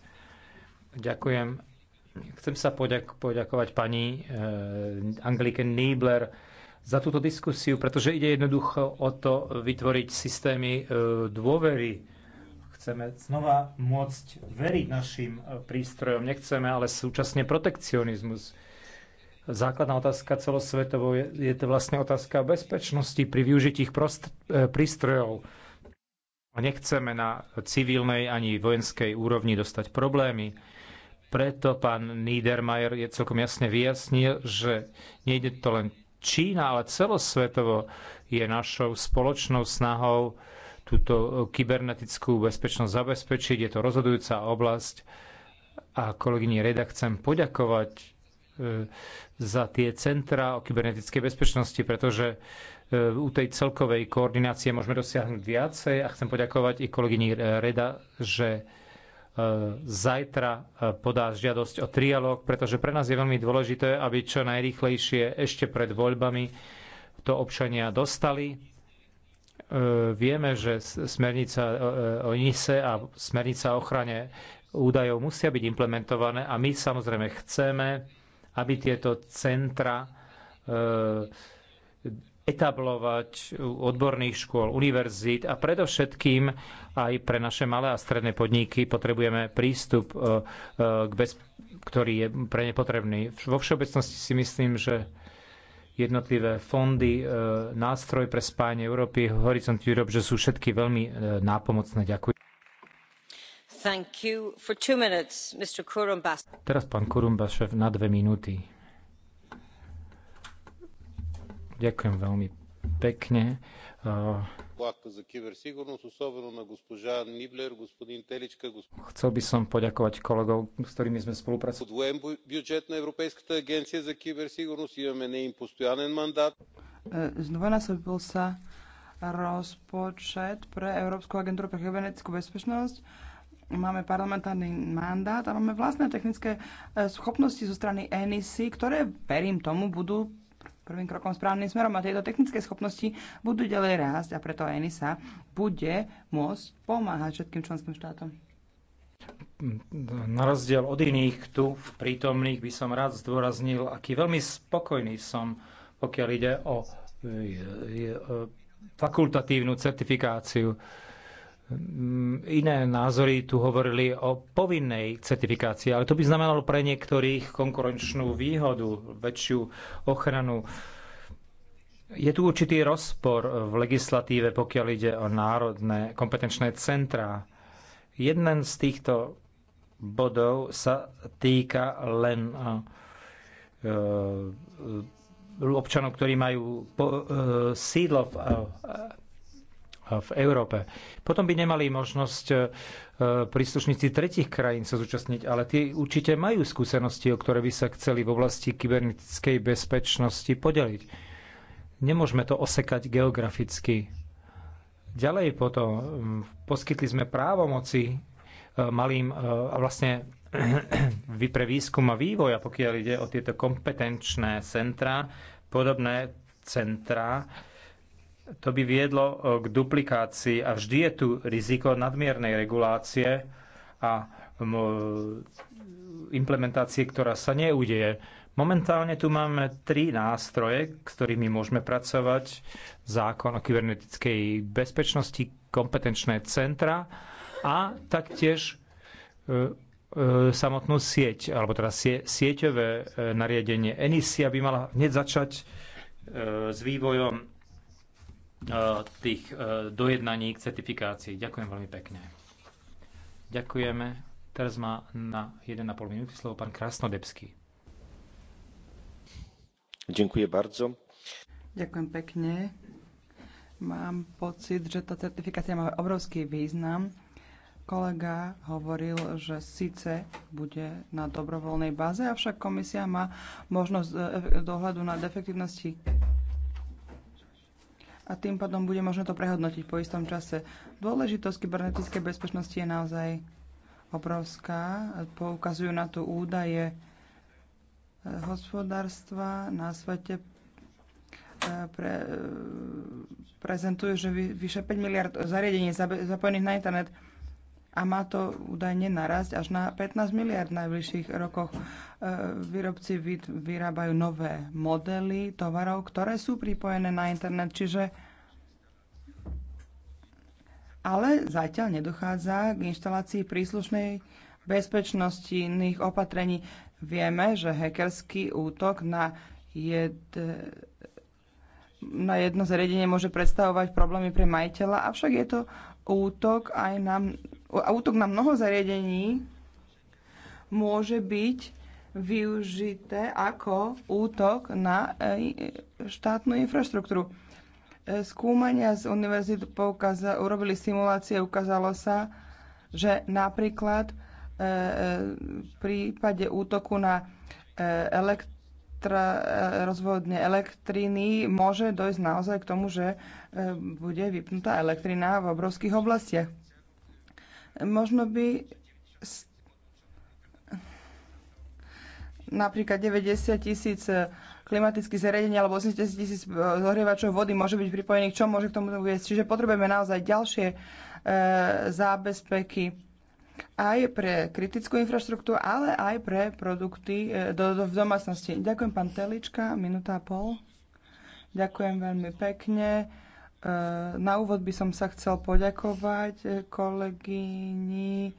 S6: Ďakujem. Chcem sa poďak- poďakovať pani e, Anglike Niebler za túto diskusiu, pretože ide jednoducho o to vytvoriť systémy e, dôvery. Chceme znova môcť veriť našim e, prístrojom, nechceme ale súčasne protekcionizmus základná otázka celosvetovo je, je to vlastne otázka bezpečnosti pri využití prost, e, prístrojov. Nechceme na civilnej ani vojenskej úrovni dostať problémy. Preto pán Niedermayer je celkom jasne vyjasnil, že nejde to len Čína, ale celosvetovo je našou spoločnou snahou túto kybernetickú bezpečnosť zabezpečiť. Je to rozhodujúca oblasť a kolegyni Reda chcem poďakovať E, za tie centra o kybernetickej bezpečnosti, pretože e, u tej celkovej koordinácie môžeme dosiahnuť viacej a chcem poďakovať i kolegyni Reda, že e, zajtra podá žiadosť o trialog, pretože pre nás je veľmi dôležité, aby čo najrýchlejšie ešte pred voľbami to občania dostali. Vieme, že smernica o NISE a smernica o ochrane údajov musia byť implementované a my samozrejme chceme, aby tieto centra e, etablovať odborných škôl, univerzít a predovšetkým aj pre naše malé a stredné podniky potrebujeme prístup, e, e, k bez, ktorý je pre ne potrebný. Vo všeobecnosti si myslím, že jednotlivé fondy, nástroj pre spájanie Európy, Horizont Europe, že sú všetky veľmi nápomocné. Ďakujem. Teraz pán Kurumbašev na dve minúty. Ďakujem veľmi pekne. Uh, Chcel by som poďakovať kolegov, s ktorými sme spolupracovali.
S1: Uh,
S9: zdvojnásobil sa rozpočet pre Európsku agentúru pre kybernetickú bezpečnosť máme parlamentárny mandát a máme vlastné technické e, schopnosti zo strany ENISY, ktoré, verím tomu, budú prvým krokom správnym smerom a tieto technické schopnosti budú ďalej rásť a preto ENISA bude môcť pomáhať všetkým členským štátom.
S6: Na rozdiel od iných tu prítomných by som rád zdôraznil, aký veľmi spokojný som, pokiaľ ide o e, e, fakultatívnu certifikáciu iné názory tu hovorili o povinnej certifikácii, ale to by znamenalo pre niektorých konkurenčnú výhodu, väčšiu ochranu. Je tu určitý rozpor v legislatíve, pokiaľ ide o národné kompetenčné centrá. Jeden z týchto bodov sa týka len eh, eh, občanov, ktorí majú eh, sídlo v v Európe. Potom by nemali možnosť e, príslušníci tretich krajín sa zúčastniť, ale tie určite majú skúsenosti, o ktoré by sa chceli v oblasti kybernetickej bezpečnosti podeliť. Nemôžeme to osekať geograficky. Ďalej potom poskytli sme právomoci e, malým e, a vlastne pre výskum a vývoj, a pokiaľ ide o tieto kompetenčné centra, podobné centra, to by viedlo e, k duplikácii a vždy je tu riziko nadmiernej regulácie a implementácie, ktorá sa neudeje. Momentálne tu máme tri nástroje, s ktorými môžeme pracovať. Zákon o kybernetickej bezpečnosti, kompetenčné centra a taktiež e, e, samotnú sieť, alebo teda sieťové nariadenie. Enisia by mala hneď začať s vývojom Eh, tých eh, dojednaní k certifikácii. Ďakujem veľmi pekne. Ďakujeme. Teraz má na 1,5 minúty slovo pán Krasnodebský. Ďakujem bardzo.
S9: Ďakujem pekne. Mám pocit, že tá certifikácia má obrovský význam. Kolega hovoril, že síce bude na dobrovoľnej báze, avšak komisia má možnosť eh, dohľadu nad efektivnosti a tým pádom bude možno to prehodnotiť po istom čase. Dôležitosť kybernetickej bezpečnosti je naozaj obrovská. Poukazujú na to údaje eh, hospodárstva na svete. Eh, pre, eh, prezentujú, že vyše 5 miliard zariadení zapojených na internet a má to údajne narásť až na 15 miliard v najbližších rokoch. E, výrobci vyrábajú nové modely tovarov, ktoré sú pripojené na internet, čiže ale zatiaľ nedochádza k inštalácii príslušnej bezpečnosti iných opatrení. Vieme, že hackerský útok na, jed, na jedno zariadenie môže predstavovať problémy pre majiteľa, avšak je to útok aj na, útok na mnoho zariadení môže byť využité ako útok na e, štátnu infraštruktúru. E, skúmania z univerzity urobili simulácie, ukázalo sa, že napríklad e, v prípade útoku na elekt- E, rozvodne elektriny môže dojsť naozaj k tomu, že e, bude vypnutá elektrina v obrovských oblastiach. Možno by napríklad 90 tisíc e, klimatických zariadení alebo 80 tisíc zohrievačov vody môže byť pripojených, čo môže k tomu viesť. Čiže potrebujeme naozaj ďalšie e, zábezpeky aj pre kritickú infraštruktúru, ale aj pre produkty e, do, do, v domácnosti. Ďakujem pán Telička, minúta a pol. Ďakujem veľmi pekne. E, na úvod by som sa chcel poďakovať e, kolegyni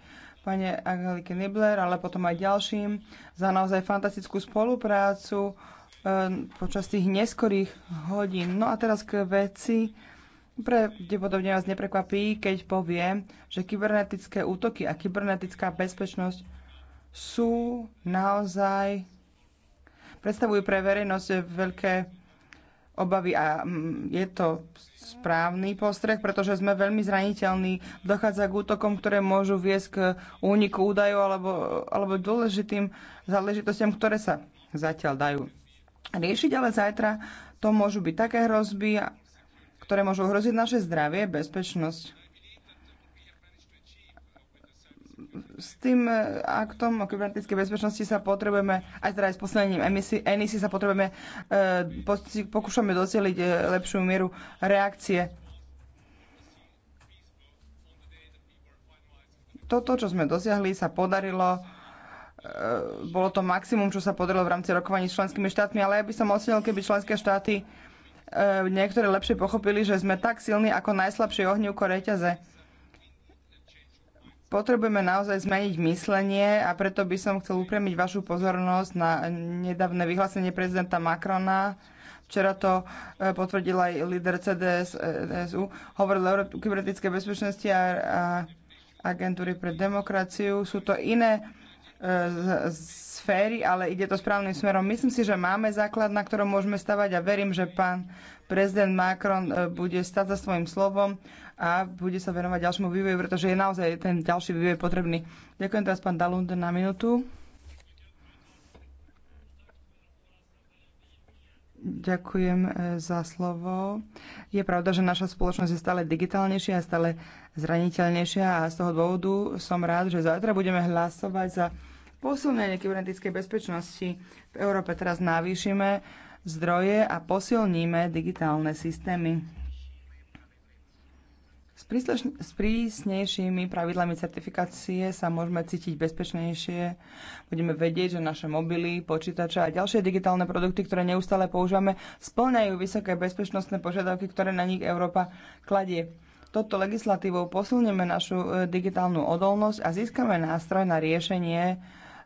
S9: pani Angelike Nibler, ale potom aj ďalším za naozaj fantastickú spoluprácu počas tých neskorých hodín. No a teraz k veci Pravdepodobne vás neprekvapí, keď poviem, že kybernetické útoky a kybernetická bezpečnosť sú naozaj predstavujú pre verejnosť veľké obavy a mm, je to správny postreh, pretože sme veľmi zraniteľní. Dochádza k útokom, ktoré môžu viesť k úniku údajov alebo, alebo dôležitým záležitostiam, ktoré sa zatiaľ dajú riešiť, ale zajtra to môžu byť také hrozby, ktoré môžu ohroziť naše zdravie, bezpečnosť. s tým e, aktom o kybernetickej bezpečnosti sa potrebujeme, aj teda aj s posledním emisí, sa potrebujeme, e, pokúšame docieliť e, lepšiu mieru reakcie. Toto, čo sme dosiahli, sa podarilo. E, bolo to maximum, čo sa podarilo v rámci rokovaní s členskými štátmi, ale ja by som ocenil, keby členské štáty E, Niektoré lepšie pochopili, že sme tak silní ako najslabšie ohnívko reťaze. Potrebujeme naozaj zmeniť myslenie a preto by som chcel upriamiť vašu pozornosť na nedávne vyhlásenie prezidenta Macrona. Včera to e, potvrdil aj líder CDSU. E Hovoril o kybernetickej bezpečnosti a, a agentúry pre demokraciu. Sú to iné sféry, ale ide to správnym smerom. Myslím si, že máme základ, na ktorom môžeme stavať a verím, že pán prezident Macron e, bude stať za svojim slovom a bude sa venovať ďalšiemu vývoju, pretože je naozaj ten ďalší vývoj potrebný. Ďakujem teraz pán Dalund na minútu. Ďakujem e, za slovo. Je pravda, že naša spoločnosť je stále digitálnejšia a stále zraniteľnejšia a z toho dôvodu som rád, že zajtra budeme hlasovať za posilnenie kybernetickej bezpečnosti v Európe. Teraz navýšime zdroje a posilníme digitálne systémy. S, s prísnejšími pravidlami certifikácie sa môžeme cítiť bezpečnejšie. Budeme vedieť, že naše mobily, počítače a ďalšie digitálne produkty, ktoré neustále používame, splňajú vysoké bezpečnostné požiadavky, ktoré na nich Európa kladie touto legislatívou posilneme našu e, digitálnu odolnosť a získame nástroj na riešenie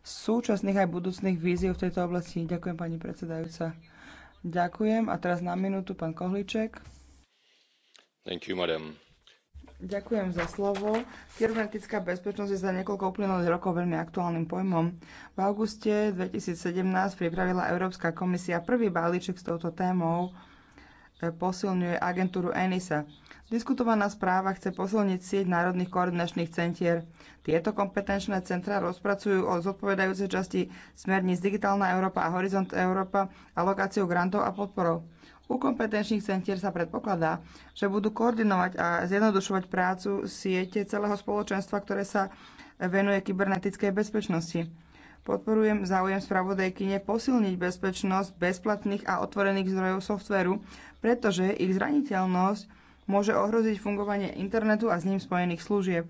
S9: súčasných aj budúcných víziev v tejto oblasti. Ďakujem, pani predsedajúca. Ďakujem. A teraz na minútu pán Kohliček.
S10: Thank you, madam.
S9: Ďakujem za slovo. Kybernetická bezpečnosť je za niekoľko uplynulých rokov veľmi aktuálnym pojmom. V auguste 2017 pripravila Európska komisia prvý balíček s touto témou, e, posilňuje agentúru ENISA. Diskutovaná správa chce posilniť sieť národných koordinačných centier. Tieto kompetenčné centra rozpracujú o zodpovedajúcej časti smerníc Digitálna Európa a Horizont Európa alokáciu grantov a podporou. U kompetenčných centier sa predpokladá, že budú koordinovať a zjednodušovať prácu siete celého spoločenstva, ktoré sa venuje kybernetickej bezpečnosti. Podporujem záujem spravodajkyne posilniť bezpečnosť bezplatných a otvorených zdrojov softveru, pretože ich zraniteľnosť môže ohroziť fungovanie internetu a s ním spojených služieb.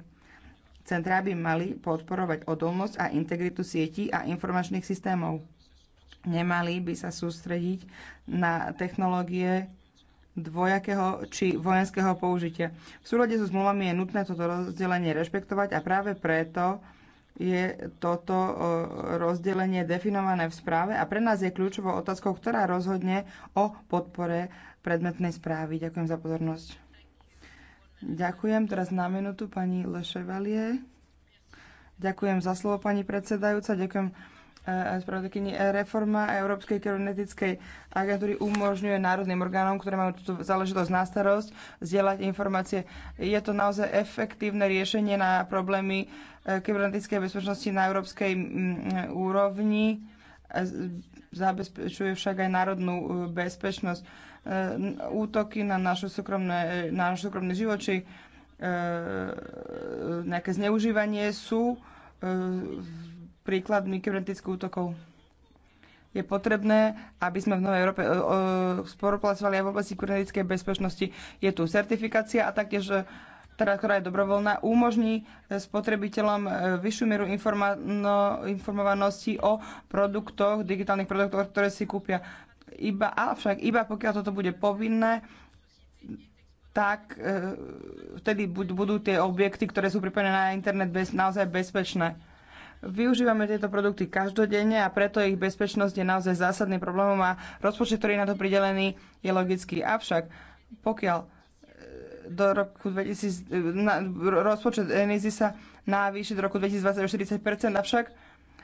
S9: Centrá by mali podporovať odolnosť a integritu sietí a informačných systémov. Nemali by sa sústrediť na technológie dvojakého či vojenského použitia. V súlade so zmluvami je nutné toto rozdelenie rešpektovať a práve preto je toto e, rozdelenie definované v správe a pre nás je kľúčovou otázkou, ktorá rozhodne o podpore predmetnej správy. Ďakujem za pozornosť. Ďakujem. Teraz na minútu pani Leševalie. Ďakujem za slovo, pani predsedajúca. Ďakujem eh, spravodajkyni. Eh, reforma Európskej kybernetickej agentúry umožňuje národným orgánom, ktoré majú túto záležitosť na starosť, zdieľať informácie. Je to naozaj efektívne riešenie na problémy eh, kybernetickej bezpečnosti na európskej mm, mm, úrovni. Zabezpečuje však aj národnú bezpečnosť Eh, útoky na našu súkromné, na náš súkromné život, či eh, eh, nejaké zneužívanie sú príkladmi kybernetických útokov. Je potrebné, aby sme v Novej Európe spolupracovali aj v oblasti kybernetickej bezpečnosti. Je tu certifikácia a taktiež teda, ktorá je dobrovoľná, umožní spotrebiteľom vyššiu mieru informa- no, informovanosti o produktoch, digitálnych produktoch, ktoré si kúpia. Iba, avšak iba pokiaľ toto bude povinné, tak e, vtedy budú tie objekty, ktoré sú pripojené na internet, bez, naozaj bezpečné. Využívame tieto produkty každodenne a preto ich bezpečnosť je naozaj zásadným problémom a rozpočet, ktorý je na to pridelený, je logický. Avšak pokiaľ e, do roku 2000, e, na, rozpočet ENISY sa navýši do roku 2020 o 40 avšak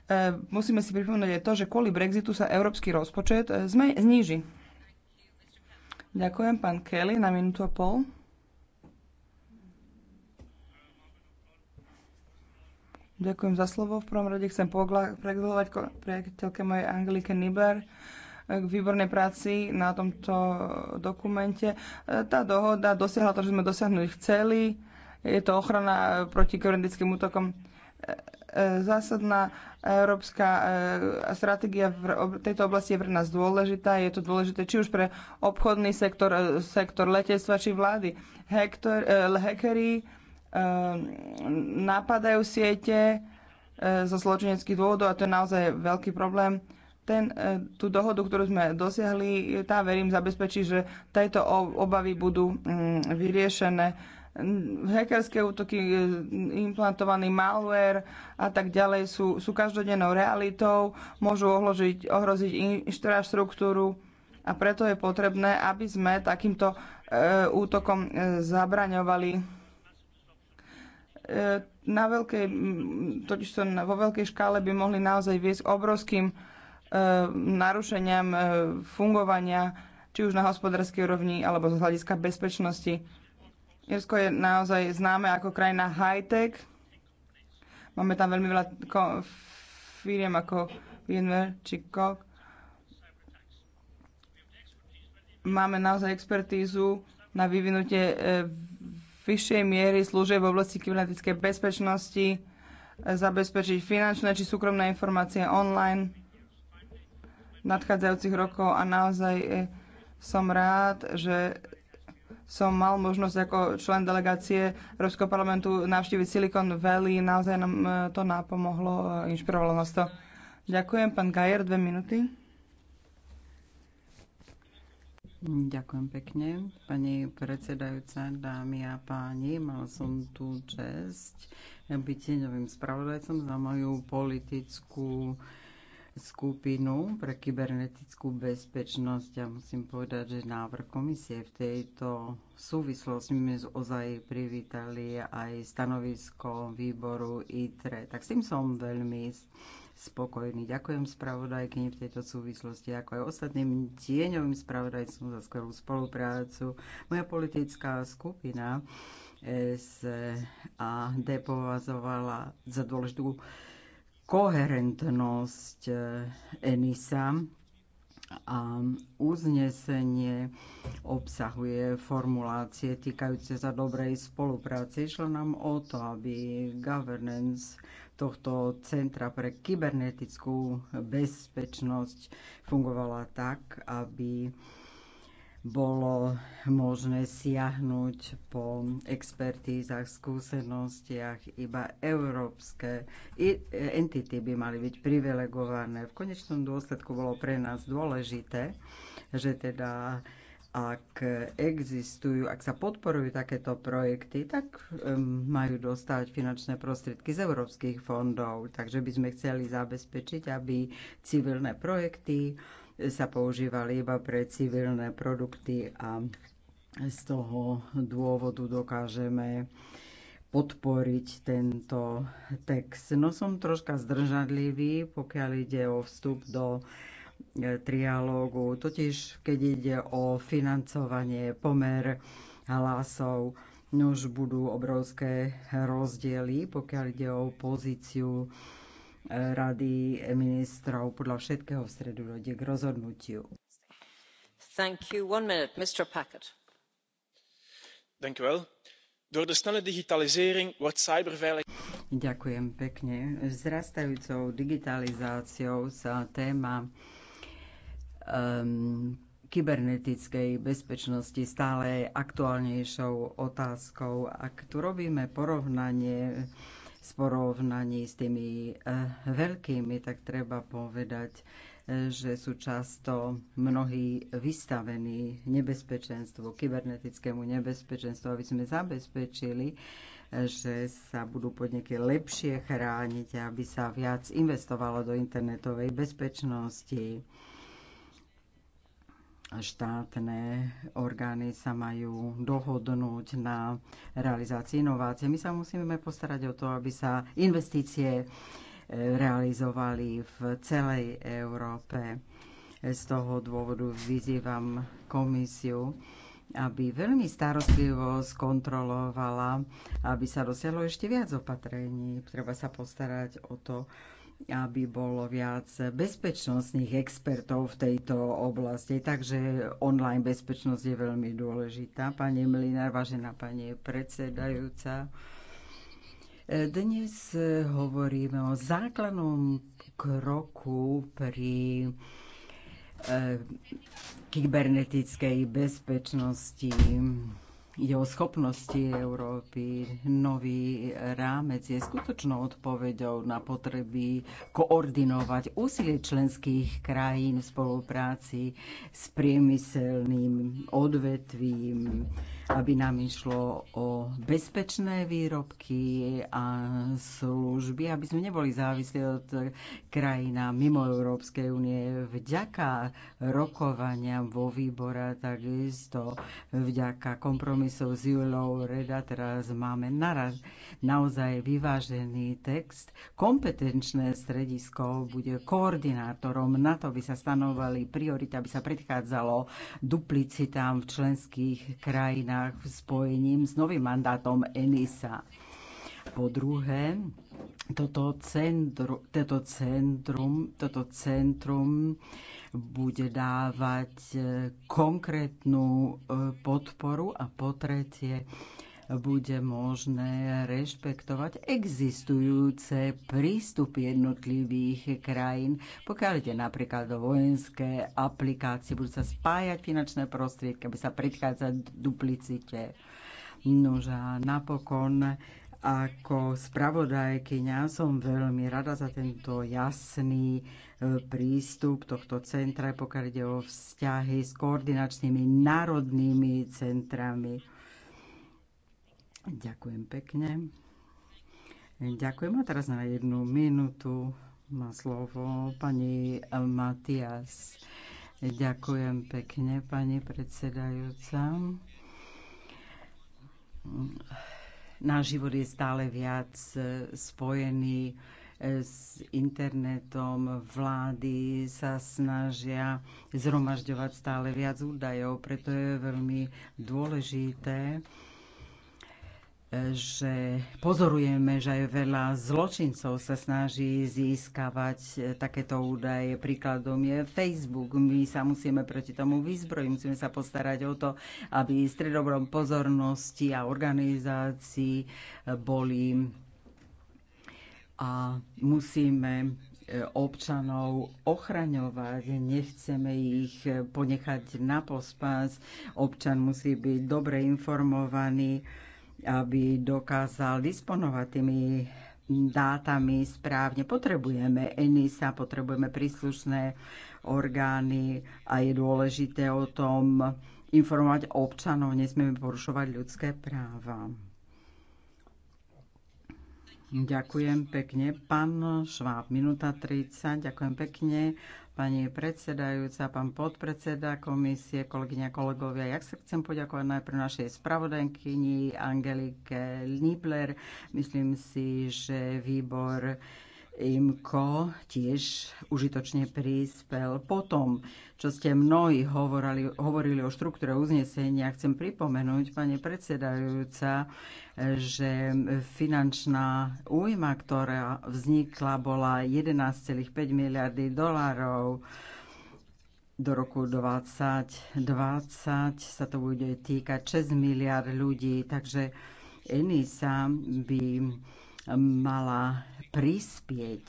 S9: E, musíme si pripomínať aj to, že kvôli Brexitu sa európsky rozpočet e, zníži. Ďakujem, pán Kelly, na minútu a pol. Ďakujem za slovo. V prvom rade chcem pogratulovať priateľke mojej Angelike Niber e, k výbornej práci na tomto dokumente. Tá dohoda dosiahla to, že sme dosiahnuť chceli. Je to ochrana proti kybernetickému útokom E, zásadná európska e, stratégia v tejto oblasti je pre nás dôležitá. Je to dôležité či už pre obchodný sektor, e, sektor letectva či vlády. Hektor, hackery napadajú siete zo zločineckých dôvodov a to je naozaj veľký problém. Ten, tú dohodu, ktorú sme dosiahli, tá verím zabezpečí, že tieto obavy budú mm, vyriešené hackerské útoky, e, implantovaný malware a tak ďalej sú, sú každodennou realitou, môžu ohložiť, ohroziť infraštruktúru a preto je potrebné, aby sme takýmto e, útokom e, zabraňovali. E, na veľkej, totižto vo veľkej škále by mohli naozaj viesť obrovským e, narušeniam e, fungovania či už na hospodárskej úrovni alebo z hľadiska bezpečnosti. Irsko je naozaj známe ako krajina high-tech. Máme tam veľmi veľa firiem ako VMware či Coke. Máme naozaj expertízu na vyvinutie e, vyššej miery služieb v oblasti kybernetickej bezpečnosti, e, zabezpečiť finančné či súkromné informácie online v nadchádzajúcich rokov a naozaj e, som rád, že som mal možnosť ako člen delegácie Európskeho parlamentu navštíviť Silicon Valley. Naozaj nám e, to napomohlo, e, inšpirovalo nás to.
S4: Ďakujem, pán Gajer, dve minúty. Ďakujem pekne. Pani predsedajúca, dámy a páni, mal som tú čest byť novým spravodajcom za moju politickú skupinu pre kybernetickú bezpečnosť a ja musím povedať, že návrh komisie v tejto súvislosti sme ozaj privítali aj stanovisko výboru ITRE. Tak s tým som veľmi spokojný. Ďakujem spravodajkyni v tejto súvislosti, ako aj ostatným tieňovým spravodajcom za skvelú spoluprácu. Moja politická skupina sa depovazovala za dôležitú koherentnosť eh, ENISA a uznesenie obsahuje formulácie týkajúce sa dobrej spolupráce. Išlo nám o to, aby governance tohto Centra pre kybernetickú bezpečnosť fungovala tak, aby bolo možné siahnuť po expertízach, skúsenostiach. Iba európske entity by mali byť privilegované. V konečnom dôsledku bolo pre nás dôležité, že teda ak existujú, ak sa podporujú takéto projekty, tak majú dostať finančné prostriedky z európskych fondov. Takže by sme chceli zabezpečiť, aby civilné projekty sa používali iba pre civilné produkty a z toho dôvodu dokážeme podporiť tento text. No som troška zdržadlivý, pokiaľ ide o vstup do e, trialógu. Totiž, keď ide o financovanie, pomer hlasov, už budú obrovské rozdiely, pokiaľ ide o pozíciu rady ministrov. Podľa všetkého v stredu dojde k rozhodnutiu.
S7: Door de snelle digitalisering wordt cyberveiligheid.
S4: Ďakujem pekne. Vzrastajúcou digitalizáciou sa téma um, kybernetickej bezpečnosti stále aktuálnejšou otázkou. Ak tu robíme porovnanie v porovnaní s tými eh, veľkými, tak treba povedať, eh, že sú často mnohí vystavení nebezpečenstvu, kybernetickému nebezpečenstvu, aby sme zabezpečili, eh, že sa budú podniky lepšie chrániť, aby sa viac investovalo do internetovej bezpečnosti štátne orgány sa majú dohodnúť na realizácii inovácie. My sa musíme postarať o to, aby sa investície e, realizovali v celej Európe. Z toho dôvodu vyzývam komisiu, aby veľmi starostlivo skontrolovala, aby sa dosiahlo ešte viac opatrení. Treba sa postarať o to, aby bolo viac bezpečnostných expertov v tejto oblasti. Takže online bezpečnosť je veľmi dôležitá. Pani Mlinár, vážená pani predsedajúca, dnes hovoríme o základnom kroku pri eh, kybernetickej bezpečnosti Ide o schopnosti Európy. Nový rámec je skutočnou odpoveďou na potreby koordinovať úsilie členských krajín v spolupráci s priemyselným odvetvím, aby nám išlo o bezpečné výrobky a služby, aby sme neboli závislí od krajina mimo Európskej únie. Vďaka rokovania vo výbora, takisto vďaka kompromisov s Julou Reda teraz máme naraz naozaj vyvážený text. Kompetenčné stredisko bude koordinátorom, na to aby sa stanovali priority, aby sa predchádzalo duplicitám v členských krajinách krajinách v spojením s novým mandátom ENISA. Po druhé, toto, centrum, toto, centrum, toto centrum bude dávať konkrétnu eh, podporu a po tretie, bude možné rešpektovať existujúce prístupy jednotlivých krajín. Pokiaľ ide napríklad o vojenské aplikácie, budú sa spájať finančné prostriedky, aby sa predchádzať duplicite. Nož a napokon ako spravodajkyňa som veľmi rada za tento jasný e, prístup tohto centra, pokiaľ ide o vzťahy s koordinačnými národnými centrami Ďakujem pekne. Ďakujem. A teraz na jednu minútu má slovo pani Matias. Ďakujem pekne, pani predsedajúca. Náš život je stále viac e, spojený e, s internetom. Vlády sa snažia zhromažďovať stále viac údajov, preto je veľmi dôležité, že pozorujeme, že aj veľa zločincov sa snaží získavať eh, takéto údaje. Príkladom je Facebook. My sa musíme proti tomu vyzbrojiť. Musíme sa postarať o to, aby stredobrom pozornosti a organizácií eh, boli a musíme eh, občanov ochraňovať, nechceme ich ponechať na pospas. Občan musí byť dobre informovaný aby dokázal disponovať tými dátami správne. Potrebujeme ENISA, potrebujeme príslušné orgány a je dôležité o tom informovať občanov. Nesmieme porušovať ľudské práva. Ďakujem pekne. Pán Šváb, minúta 30. Ďakujem pekne pani predsedajúca, pán podpredseda komisie, kolegyňa, kolegovia. Ja sa chcem poďakovať najprv našej spravodajkyni Angelike Nibler. Myslím si, že výbor Imko tiež užitočne prispel. Potom, čo ste mnohí hovorili, hovorili o štruktúre uznesenia, chcem pripomenúť, pani predsedajúca, že finančná újma, ktorá vznikla, bola 11,5 miliardy dolárov do roku 2020 sa to bude týkať 6 miliard ľudí, takže ENISA by mala prispieť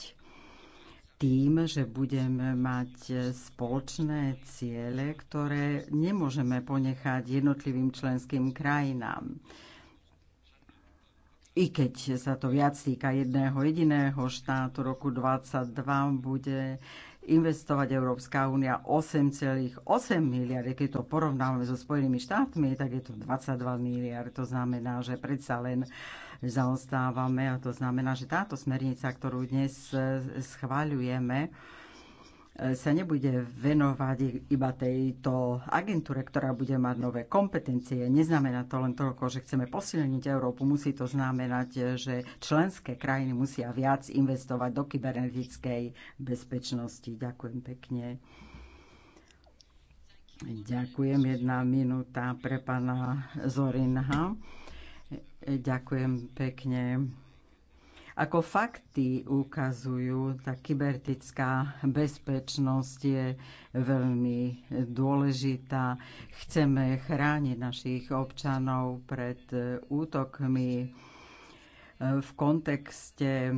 S4: tým, že budeme mať spoločné ciele, ktoré nemôžeme ponechať jednotlivým členským krajinám. I keď sa to viac týka jedného jediného štátu, roku 2022 bude investovať Európska únia 8,8 miliardy. Keď to porovnáme so Spojenými štátmi, tak je to 22 miliard. To znamená, že predsa len uh, zaostávame a to znamená, že táto smernica, ktorú dnes e, schváľujeme, e, sa nebude venovať iba tejto agentúre, ktorá bude mať nové kompetencie. Neznamená to len toľko, že chceme posilniť Európu. Musí to znamenať, e, že členské krajiny musia viac investovať do kybernetickej bezpečnosti. Ďakujem pekne. Ďakujem. Jedna minúta pre pána Zorinha. Ďakujem pekne. Ako fakty ukazujú, tá kybertická bezpečnosť je veľmi dôležitá. Chceme chrániť našich občanov pred e, útokmi e, v kontexte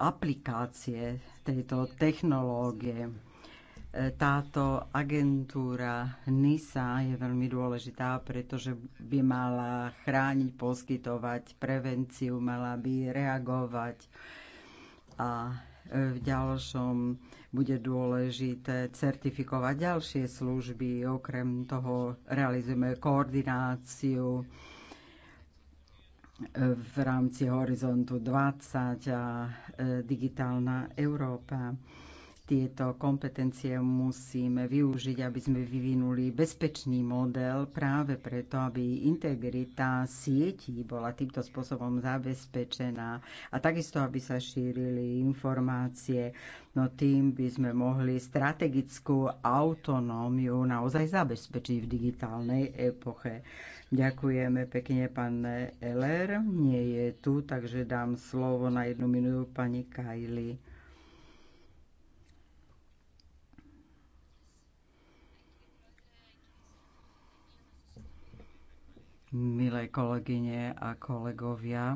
S4: aplikácie tejto technológie. Táto agentúra NISA je veľmi dôležitá, pretože by mala chrániť, poskytovať prevenciu, mala by reagovať a v ďalšom bude dôležité certifikovať ďalšie služby. Okrem toho realizujeme koordináciu v rámci Horizontu 20 a digitálna Európa tieto kompetencie musíme využiť, aby sme vyvinuli bezpečný model práve preto, aby integrita sietí bola týmto spôsobom zabezpečená a takisto, aby sa šírili informácie. No tým by sme mohli strategickú autonómiu naozaj zabezpečiť v digitálnej epoche. Ďakujeme pekne, pán Eller. Nie je tu, takže dám slovo na jednu minútu pani Kajli. milé kolegyne a kolegovia.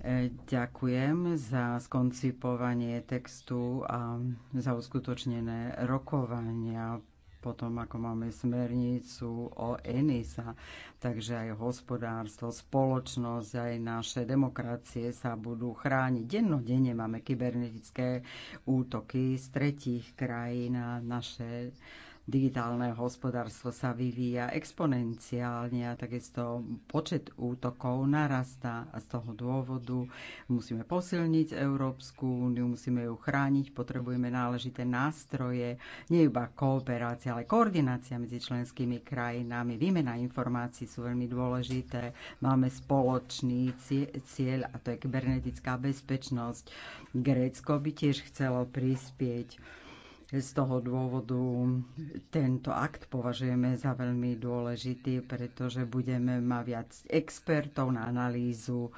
S4: E, ďakujem za skoncipovanie textu a za uskutočnené rokovania potom ako máme smernicu o ENISA, takže aj hospodárstvo, spoločnosť, aj naše demokracie sa budú chrániť. Dennodenne máme kybernetické útoky z tretích krajín a naše Digitálne hospodárstvo sa vyvíja exponenciálne a takisto počet útokov narastá a z toho dôvodu musíme posilniť Európsku úniu, musíme ju chrániť, potrebujeme náležité nástroje, nie iba kooperácia, ale koordinácia medzi členskými krajinami, výmena informácií sú veľmi dôležité, máme spoločný cieľ a to je kybernetická bezpečnosť. Grécko by tiež chcelo prispieť z toho dôvodu tento akt považujeme za veľmi dôležitý, pretože budeme mať viac expertov na analýzu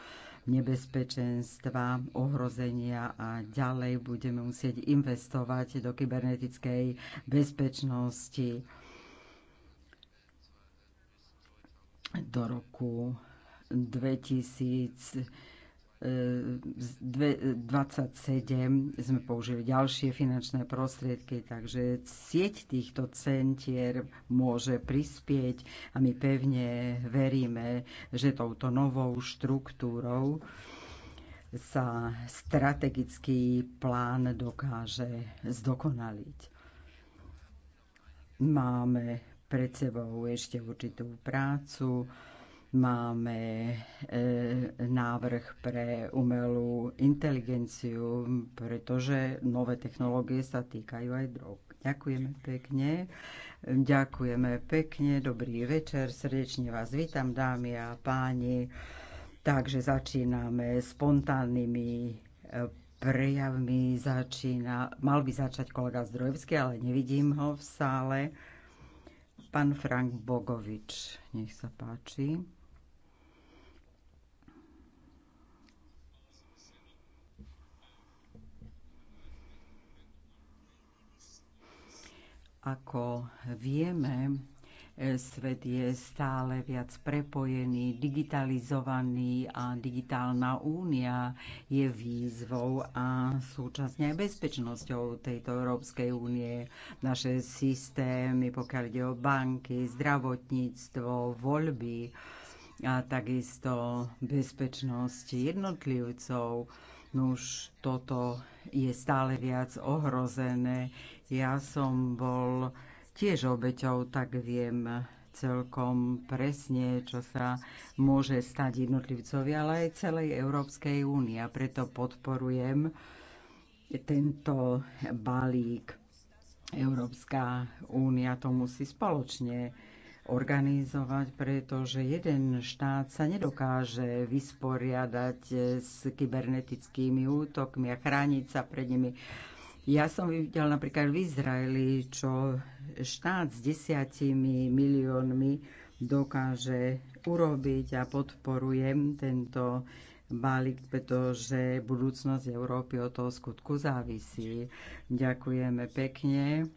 S4: nebezpečenstva, ohrozenia a ďalej budeme musieť investovať do kybernetickej bezpečnosti do roku 2000 27 sme použili ďalšie finančné prostriedky, takže sieť týchto centier môže prispieť a my pevne veríme, že touto novou štruktúrou sa strategický plán dokáže zdokonaliť. Máme pred sebou ešte určitú prácu Máme e, návrh pre umelú inteligenciu, pretože nové technológie sa týkajú aj drog. Ďakujeme pekne. Ďakujeme pekne. Dobrý večer. Srdečne vás vítam, dámy a páni. Takže začíname spontánnymi e, prejavmi. Začína, mal by začať kolega Zdrojevský, ale nevidím ho v sále. Pán Frank Bogovič, nech sa páči. Ako vieme, e, svet je stále viac prepojený, digitalizovaný a digitálna únia je výzvou a súčasne aj bezpečnosťou tejto Európskej únie. Naše systémy, pokiaľ ide o banky, zdravotníctvo, voľby a takisto bezpečnosť jednotlivcov, už toto je stále viac ohrozené. Ja som bol tiež obeťou, tak viem celkom presne, čo sa môže stať jednotlivcovi, ale aj celej Európskej únie. A preto podporujem tento balík. Európska únia to musí spoločne organizovať, pretože jeden štát sa nedokáže vysporiadať s kybernetickými útokmi a chrániť sa pred nimi. Ja som videl napríklad v Izraeli, čo štát s desiatimi miliónmi dokáže urobiť a podporujem tento balík, pretože budúcnosť Európy od toho skutku závisí. Ďakujeme pekne.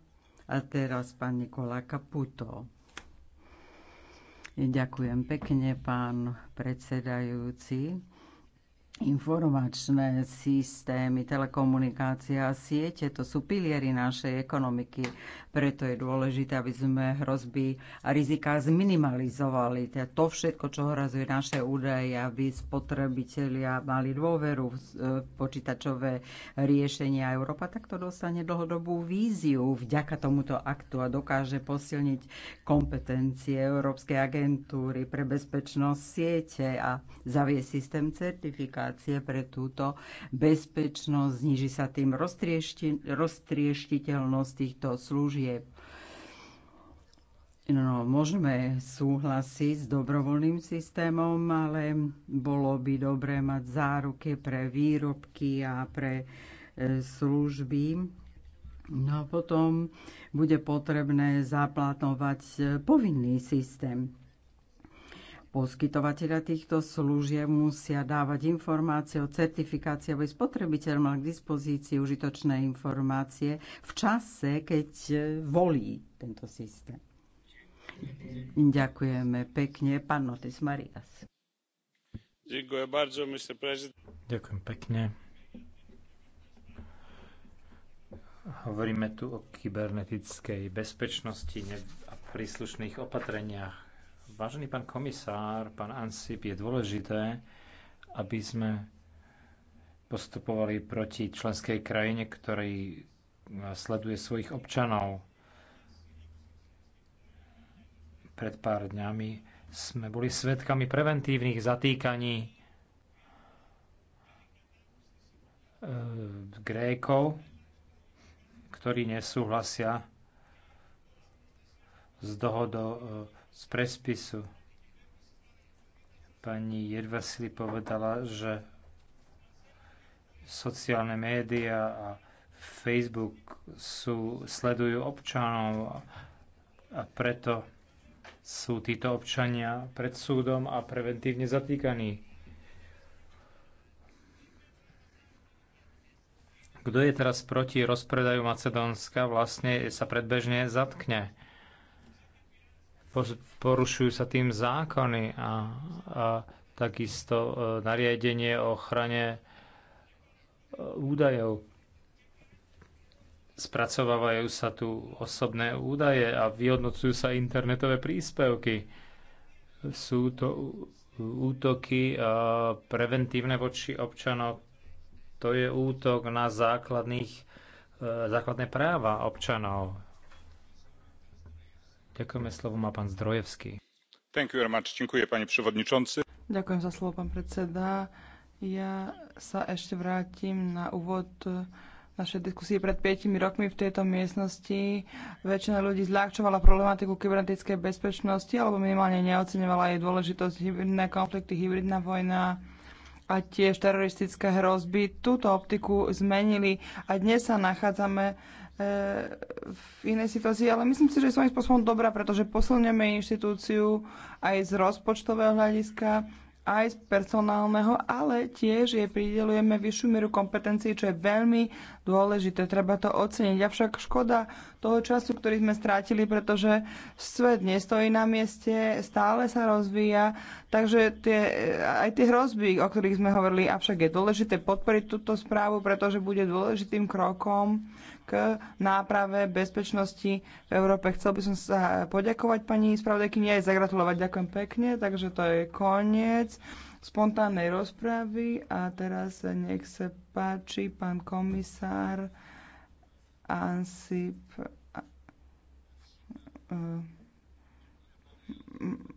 S4: A teraz pán Nikola Kaputo. Ďakujem pekne, pán predsedajúci informačné systémy, telekomunikácia a siete, to sú piliery našej ekonomiky. Preto je dôležité, aby sme hrozby a rizika zminimalizovali. Teda to všetko, čo hrazuje naše údaje, aby spotrebitelia mali dôveru v e, počítačové riešenia. Európa tak to dostane dlhodobú víziu. Vďaka tomuto aktu a dokáže posilniť kompetencie Európskej agentúry pre bezpečnosť siete a zavie systém certifikát organizácie pre túto bezpečnosť, zniží sa tým roztrieštiteľnosť týchto služieb. No, môžeme súhlasiť s dobrovoľným systémom, ale bolo by dobré mať záruky pre výrobky a pre e, služby, No a potom bude potrebné zaplatovať e, povinný systém. Poskytovateľa týchto služieb musia dávať informácie o certifikácii, aby spotrebiteľ mal k dispozícii užitočné informácie v čase, keď e, volí tento systém. Ďakujeme pekne. Pán Notis Marias. Ďakujem pekne.
S6: Hovoríme tu o kybernetickej bezpečnosti a príslušných opatreniach Vážený pán komisár, pán Ansip, je dôležité, aby sme postupovali proti členskej krajine, ktorý sleduje svojich občanov. Pred pár dňami sme boli svetkami preventívnych zatýkaní e, Grékov, ktorí nesúhlasia s dohodou e, z prespisu. Pani Jedvasili povedala, že sociálne médiá a Facebook sú, sledujú občanov a preto sú títo občania pred súdom a preventívne zatýkaní. Kto je teraz proti rozpredaju Macedónska, vlastne sa predbežne zatkne porušujú sa tým zákony a, a takisto e, nariadenie o ochrane e, údajov. Spracovávajú sa tu osobné údaje a vyhodnocujú sa internetové príspevky. Sú to útoky e, preventívne voči občanov. To je útok na základných, základné práva občanov Ďakujeme slovo má pán Zdrojevský.
S5: Thank you very much. Ďakujem, pani przewodniczący.
S6: Ďakujem za slovo, pán predseda.
S9: Ja sa ešte vrátim na úvod našej diskusie pred 5 rokmi v tejto miestnosti. Väčšina ľudí zľahčovala problematiku kybernetickej bezpečnosti alebo minimálne neocenovala jej dôležitosť hybridné konflikty, hybridná vojna a tiež teroristické hrozby túto optiku zmenili a dnes sa nachádzame v inej situácii, ale myslím si, že je svojím spôsobom dobrá, pretože posilňujeme inštitúciu aj z rozpočtového hľadiska, aj z personálneho, ale tiež jej pridelujeme vyššiu mieru kompetencií, čo je veľmi dôležité. Treba to oceniť. Avšak škoda toho času, ktorý sme strátili, pretože svet nestojí na mieste, stále sa rozvíja, takže tie, aj tie hrozby, o ktorých sme hovorili, avšak je dôležité podporiť túto správu, pretože bude dôležitým krokom náprave bezpečnosti v Európe. Chcel by som sa poďakovať pani spravodajkyni aj zagratulovať. Ďakujem pekne, takže to je koniec spontánnej rozpravy a teraz nech sa páči pán komisár Ansip.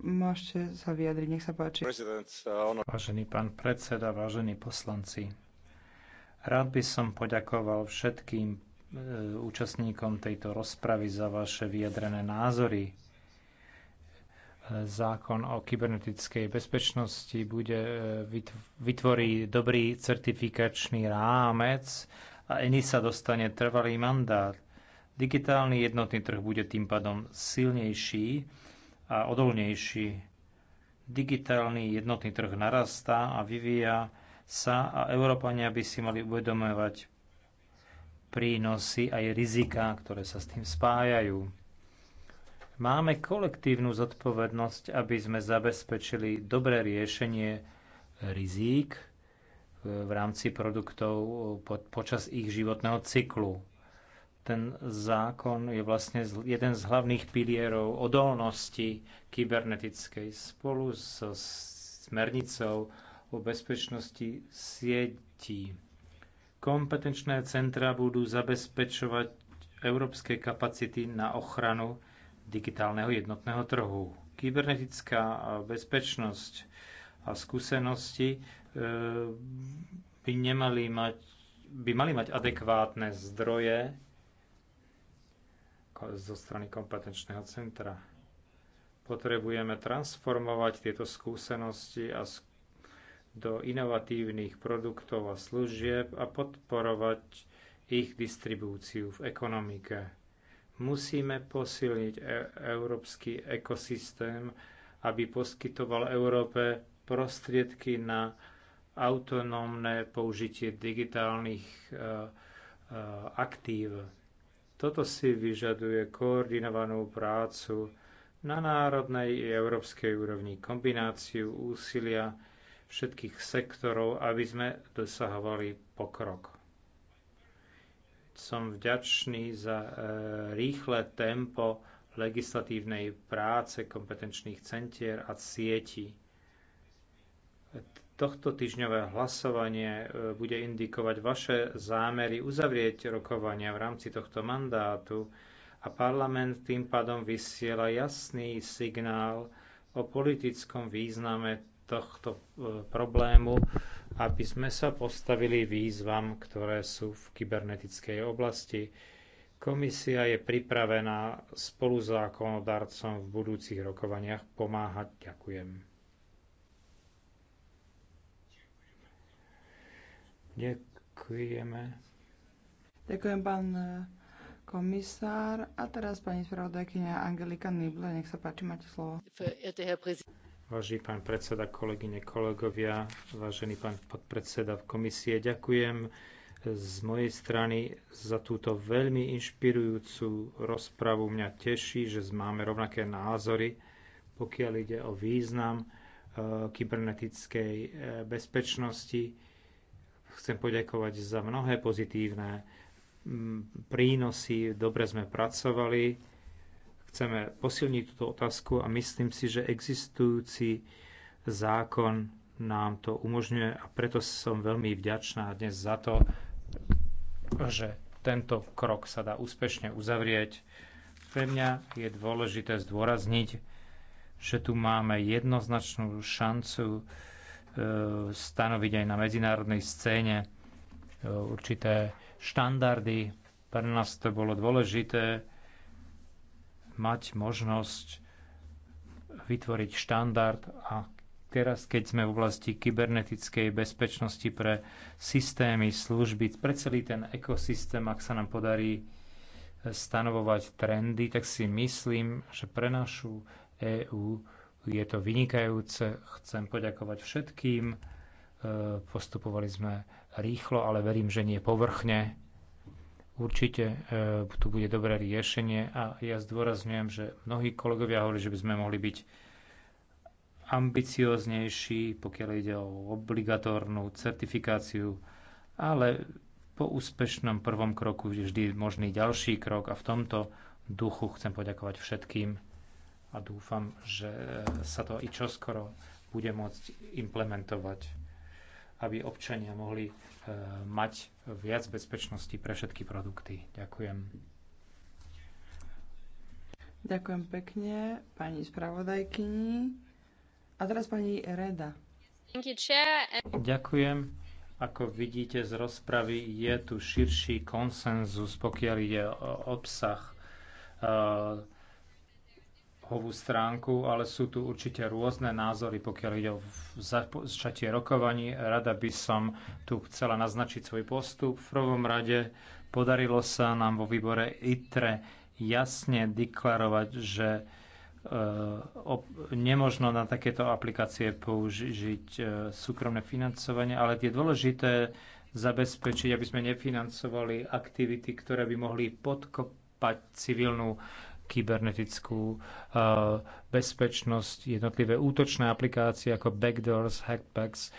S6: Môžete sa vyjadriť, nech sa páči. Vážený pán predseda, vážení poslanci, rád by som poďakoval všetkým E, účastníkom tejto rozpravy za vaše vyjadrené názory. E, zákon o kybernetickej bezpečnosti bude, e, vytvorí dobrý certifikačný rámec a ENISA dostane trvalý mandát. Digitálny jednotný trh bude tým pádom silnejší a odolnejší. Digitálny jednotný trh narastá a vyvíja sa a Európania by si mali uvedomovať prínosy aj riziká, ktoré sa s tým spájajú. Máme kolektívnu zodpovednosť, aby sme zabezpečili dobré riešenie rizík eh, v rámci produktov eh, počas ich životného cyklu. Ten zákon je vlastne jeden z hlavných pilierov odolnosti kybernetickej spolu so smernicou o bezpečnosti sietí Kompetenčné centra budú zabezpečovať európske kapacity na ochranu digitálneho jednotného trhu. Kybernetická bezpečnosť a skúsenosti e, by, nemali mať, by mali mať adekvátne zdroje zo strany kompetenčného centra. Potrebujeme transformovať tieto skúsenosti a skúsenosti do inovatívnych produktov a služieb a podporovať ich distribúciu v ekonomike. Musíme posilniť e európsky ekosystém, aby poskytoval Európe prostriedky na autonómne použitie digitálnych e, e, aktív. Toto si vyžaduje koordinovanú prácu na národnej i európskej úrovni, kombináciu úsilia všetkých sektorov, aby sme dosahovali pokrok. Som vďačný za e, rýchle tempo legislatívnej práce kompetenčných centier a sietí. Tohto týždňové hlasovanie e, bude indikovať vaše zámery uzavrieť rokovania v rámci tohto mandátu a parlament tým pádom vysiela jasný signál o politickom význame tohto e, problému, aby sme sa postavili výzvam, ktoré sú v kybernetickej oblasti. Komisia je pripravená spolu zákonodarcom v budúcich rokovaniach pomáhať. Ďakujem. Ďakujeme.
S9: Ďakujem, pán e, komisár. A teraz pani spravodajkynia Angelika Nibla, nech sa páči, máte slovo.
S6: Vážený pán predseda, kolegyne, kolegovia, vážený pán podpredseda komisie, ďakujem z mojej strany za túto veľmi inšpirujúcu rozpravu. Mňa teší, že máme rovnaké názory, pokiaľ ide o význam e, kybernetickej e, bezpečnosti. Chcem poďakovať za mnohé pozitívne prínosy. Dobre sme pracovali Chceme posilniť túto otázku a myslím si, že existujúci zákon nám to umožňuje a preto som veľmi vďačná dnes za to, že tento krok sa dá úspešne uzavrieť. Pre mňa je dôležité zdôrazniť, že tu máme jednoznačnú šancu e, stanoviť aj na medzinárodnej scéne e, určité štandardy. Pre nás to bolo dôležité mať možnosť vytvoriť štandard a teraz, keď sme v oblasti kybernetickej bezpečnosti pre systémy, služby, pre celý ten ekosystém, ak sa nám podarí e, stanovovať trendy, tak si myslím, že pre našu EÚ je to vynikajúce. Chcem poďakovať všetkým. E, postupovali sme rýchlo, ale verím, že nie povrchne. Určite e, tu bude dobré riešenie a ja zdôrazňujem, že mnohí kolegovia hovorili, že by sme mohli byť ambicioznejší, pokiaľ ide o obligatórnu certifikáciu, ale po úspešnom prvom kroku je vždy možný ďalší krok a v tomto duchu chcem poďakovať všetkým a dúfam, že sa to i čoskoro bude môcť implementovať aby občania mohli e, mať viac bezpečnosti pre všetky produkty. Ďakujem.
S9: Ďakujem pekne pani spravodajkyni. A teraz pani Reda.
S6: Ďakujem. Ako vidíte z rozpravy, je tu širší konsenzus, pokiaľ ide o obsah e, webovú stránku, ale sú tu určite rôzne názory, pokiaľ ide o začatie rokovaní. Rada by som tu chcela naznačiť svoj postup. V prvom rade podarilo sa nám vo výbore ITRE jasne deklarovať, že eh, nemožno na takéto aplikácie použiť eh, súkromné financovanie, ale je dôležité zabezpečiť, aby sme nefinancovali aktivity, ktoré by mohli podkopať civilnú kybernetickú eh, bezpečnosť, jednotlivé útočné aplikácie ako backdoors, hackbacks. Eh,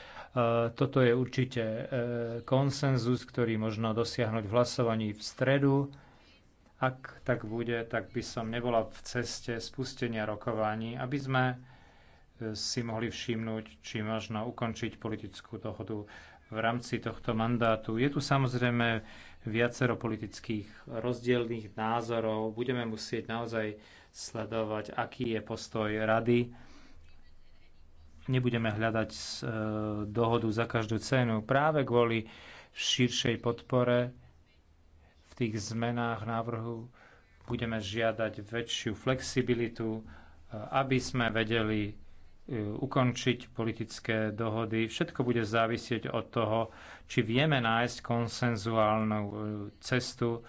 S6: toto je určite eh, konsenzus, ktorý možno dosiahnuť v hlasovaní v stredu. Ak tak bude, tak by som nebola v ceste spustenia rokovaní, aby sme si mohli všimnúť, či možno ukončiť politickú dohodu v rámci tohto mandátu. Je tu samozrejme viacero politických rozdielných názorov. Budeme musieť naozaj sledovať, aký je postoj rady. Nebudeme hľadať e, dohodu za každú cenu. Práve kvôli širšej podpore v tých zmenách návrhu budeme žiadať väčšiu flexibilitu, e, aby sme vedeli E, ukončiť politické dohody. Všetko bude závisieť od toho, či vieme nájsť konsenzuálnu e, cestu.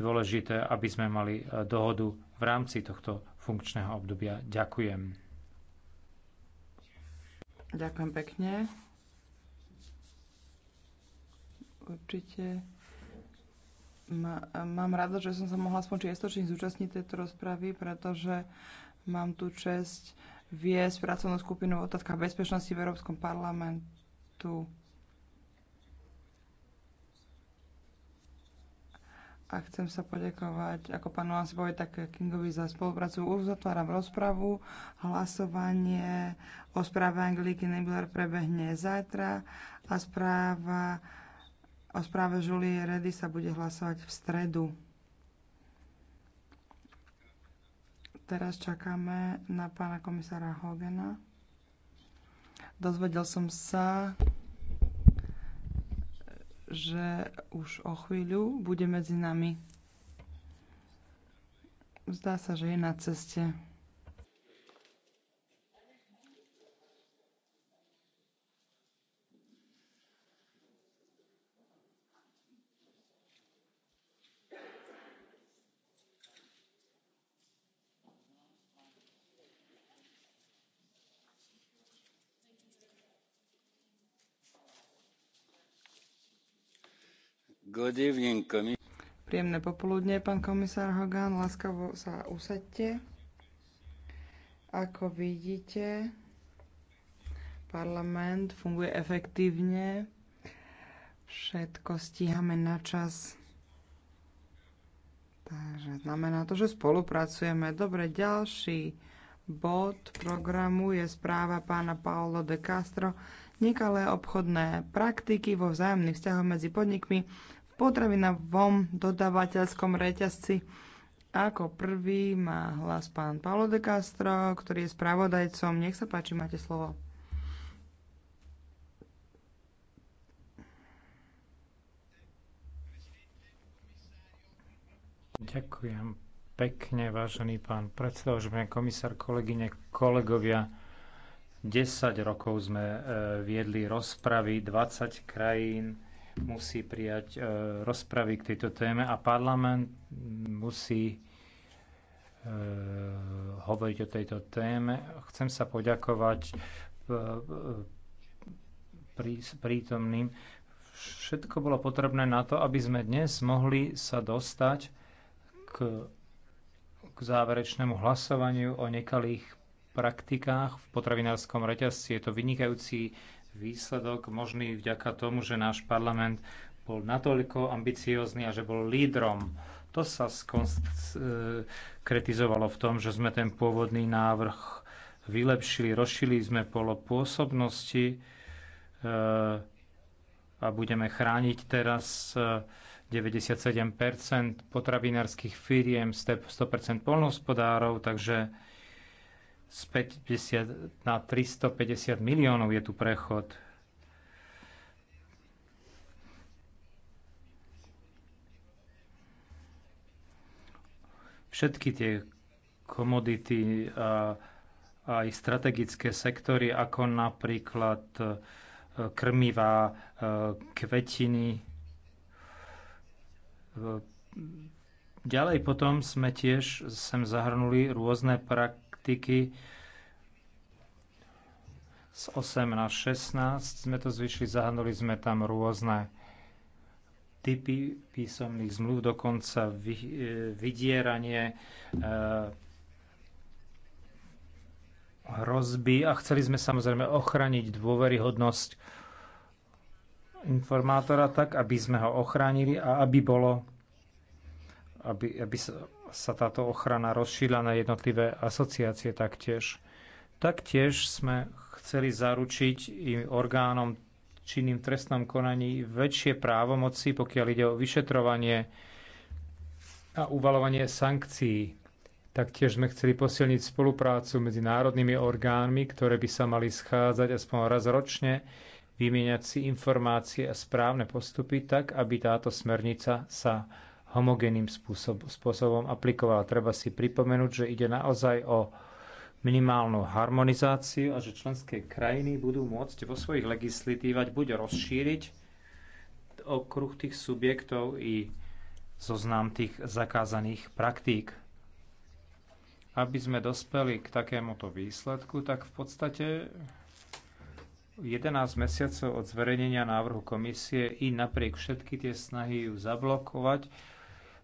S6: Dôležité, aby sme mali e, dohodu v rámci tohto funkčného obdobia. Ďakujem.
S9: Ďakujem pekne. Určite mám rado, že som sa mohla aspoň čiastočne zúčastniť tejto rozpravy, pretože mám tu čest viesť pracovnú skupinu v otázkach bezpečnosti v Európskom parlamentu. A chcem sa poďakovať, ako pánu Lansibovi, tak Kingovi za spoluprácu. Uzatváram rozpravu. Hlasovanie o správe Angliky Nebler prebehne zajtra a správa o správe Julie Redy sa bude hlasovať v stredu. Teraz čakáme na pána komisára Hogena. Dozvedel som sa, že už o chvíľu bude medzi nami. Zdá sa, že je na ceste.
S1: Príjemné
S9: popoludne, pán komisár Hogan, láskavo sa usadte. Ako vidíte, parlament funguje efektívne, všetko stíhame na čas. Takže znamená to, že spolupracujeme. Dobre, ďalší bod programu je správa pána Paolo de Castro nekalé obchodné praktiky vo vzájomných vzťahoch medzi podnikmi potravinovom dodávateľskom reťazci. Ako prvý má hlas pán Paolo de Castro, ktorý je spravodajcom. Nech sa páči, máte slovo.
S6: Ďakujem pekne, vážený pán predseda, komisár, kolegyne, kolegovia. 10 rokov sme eh, viedli rozpravy, 20 krajín, musí prijať e, rozpravy k tejto téme a parlament musí e, hovoriť o tejto téme. Chcem sa poďakovať e, prítomným. Všetko bolo potrebné na to, aby sme dnes mohli sa dostať k, k záverečnému hlasovaniu o nekalých praktikách v potravinárskom reťazci. Je to vynikajúci výsledok možný vďaka tomu, že náš parlament bol natoľko ambiciózny a že bol lídrom. To sa skretizovalo e, v tom, že sme ten pôvodný návrh vylepšili, rozšili sme polo pôsobnosti e, a budeme chrániť teraz 97 e, potravinárskych firiem, 100 polnohospodárov, takže z 50 na 350 miliónov je tu prechod. Všetky tie komodity a aj strategické sektory, ako napríklad e, krmivá, e, kvetiny. E, ďalej potom sme tiež sem zahrnuli rôzne praktiky praktiky. Z 8 na 16 sme to zvyšili, zahrnuli sme tam rôzne typy písomných zmluv, dokonca e, vydieranie, e, hrozby a chceli sme samozrejme ochraniť dôveryhodnosť informátora tak, aby sme ho ochránili a aby bolo aby, aby sa sa táto ochrana rozšírila na jednotlivé asociácie taktiež. Taktiež sme chceli zaručiť i orgánom činným v trestnom konaní väčšie právomoci, pokiaľ ide o vyšetrovanie a uvalovanie sankcií. Taktiež sme chceli posilniť spoluprácu medzi národnými orgánmi, ktoré by sa mali schádzať aspoň raz ročne, vymieňať si informácie a správne postupy tak, aby táto smernica sa homogénnym spôsob, spôsobom aplikoval. Treba si pripomenúť, že ide naozaj o minimálnu harmonizáciu a že členské krajiny budú môcť vo svojich legislatívať buď rozšíriť okruh tých subjektov i zoznam tých zakázaných praktík. Aby sme dospeli k takémuto výsledku, tak v podstate 11 mesiacov od zverejnenia návrhu komisie i napriek všetky tie snahy ju zablokovať,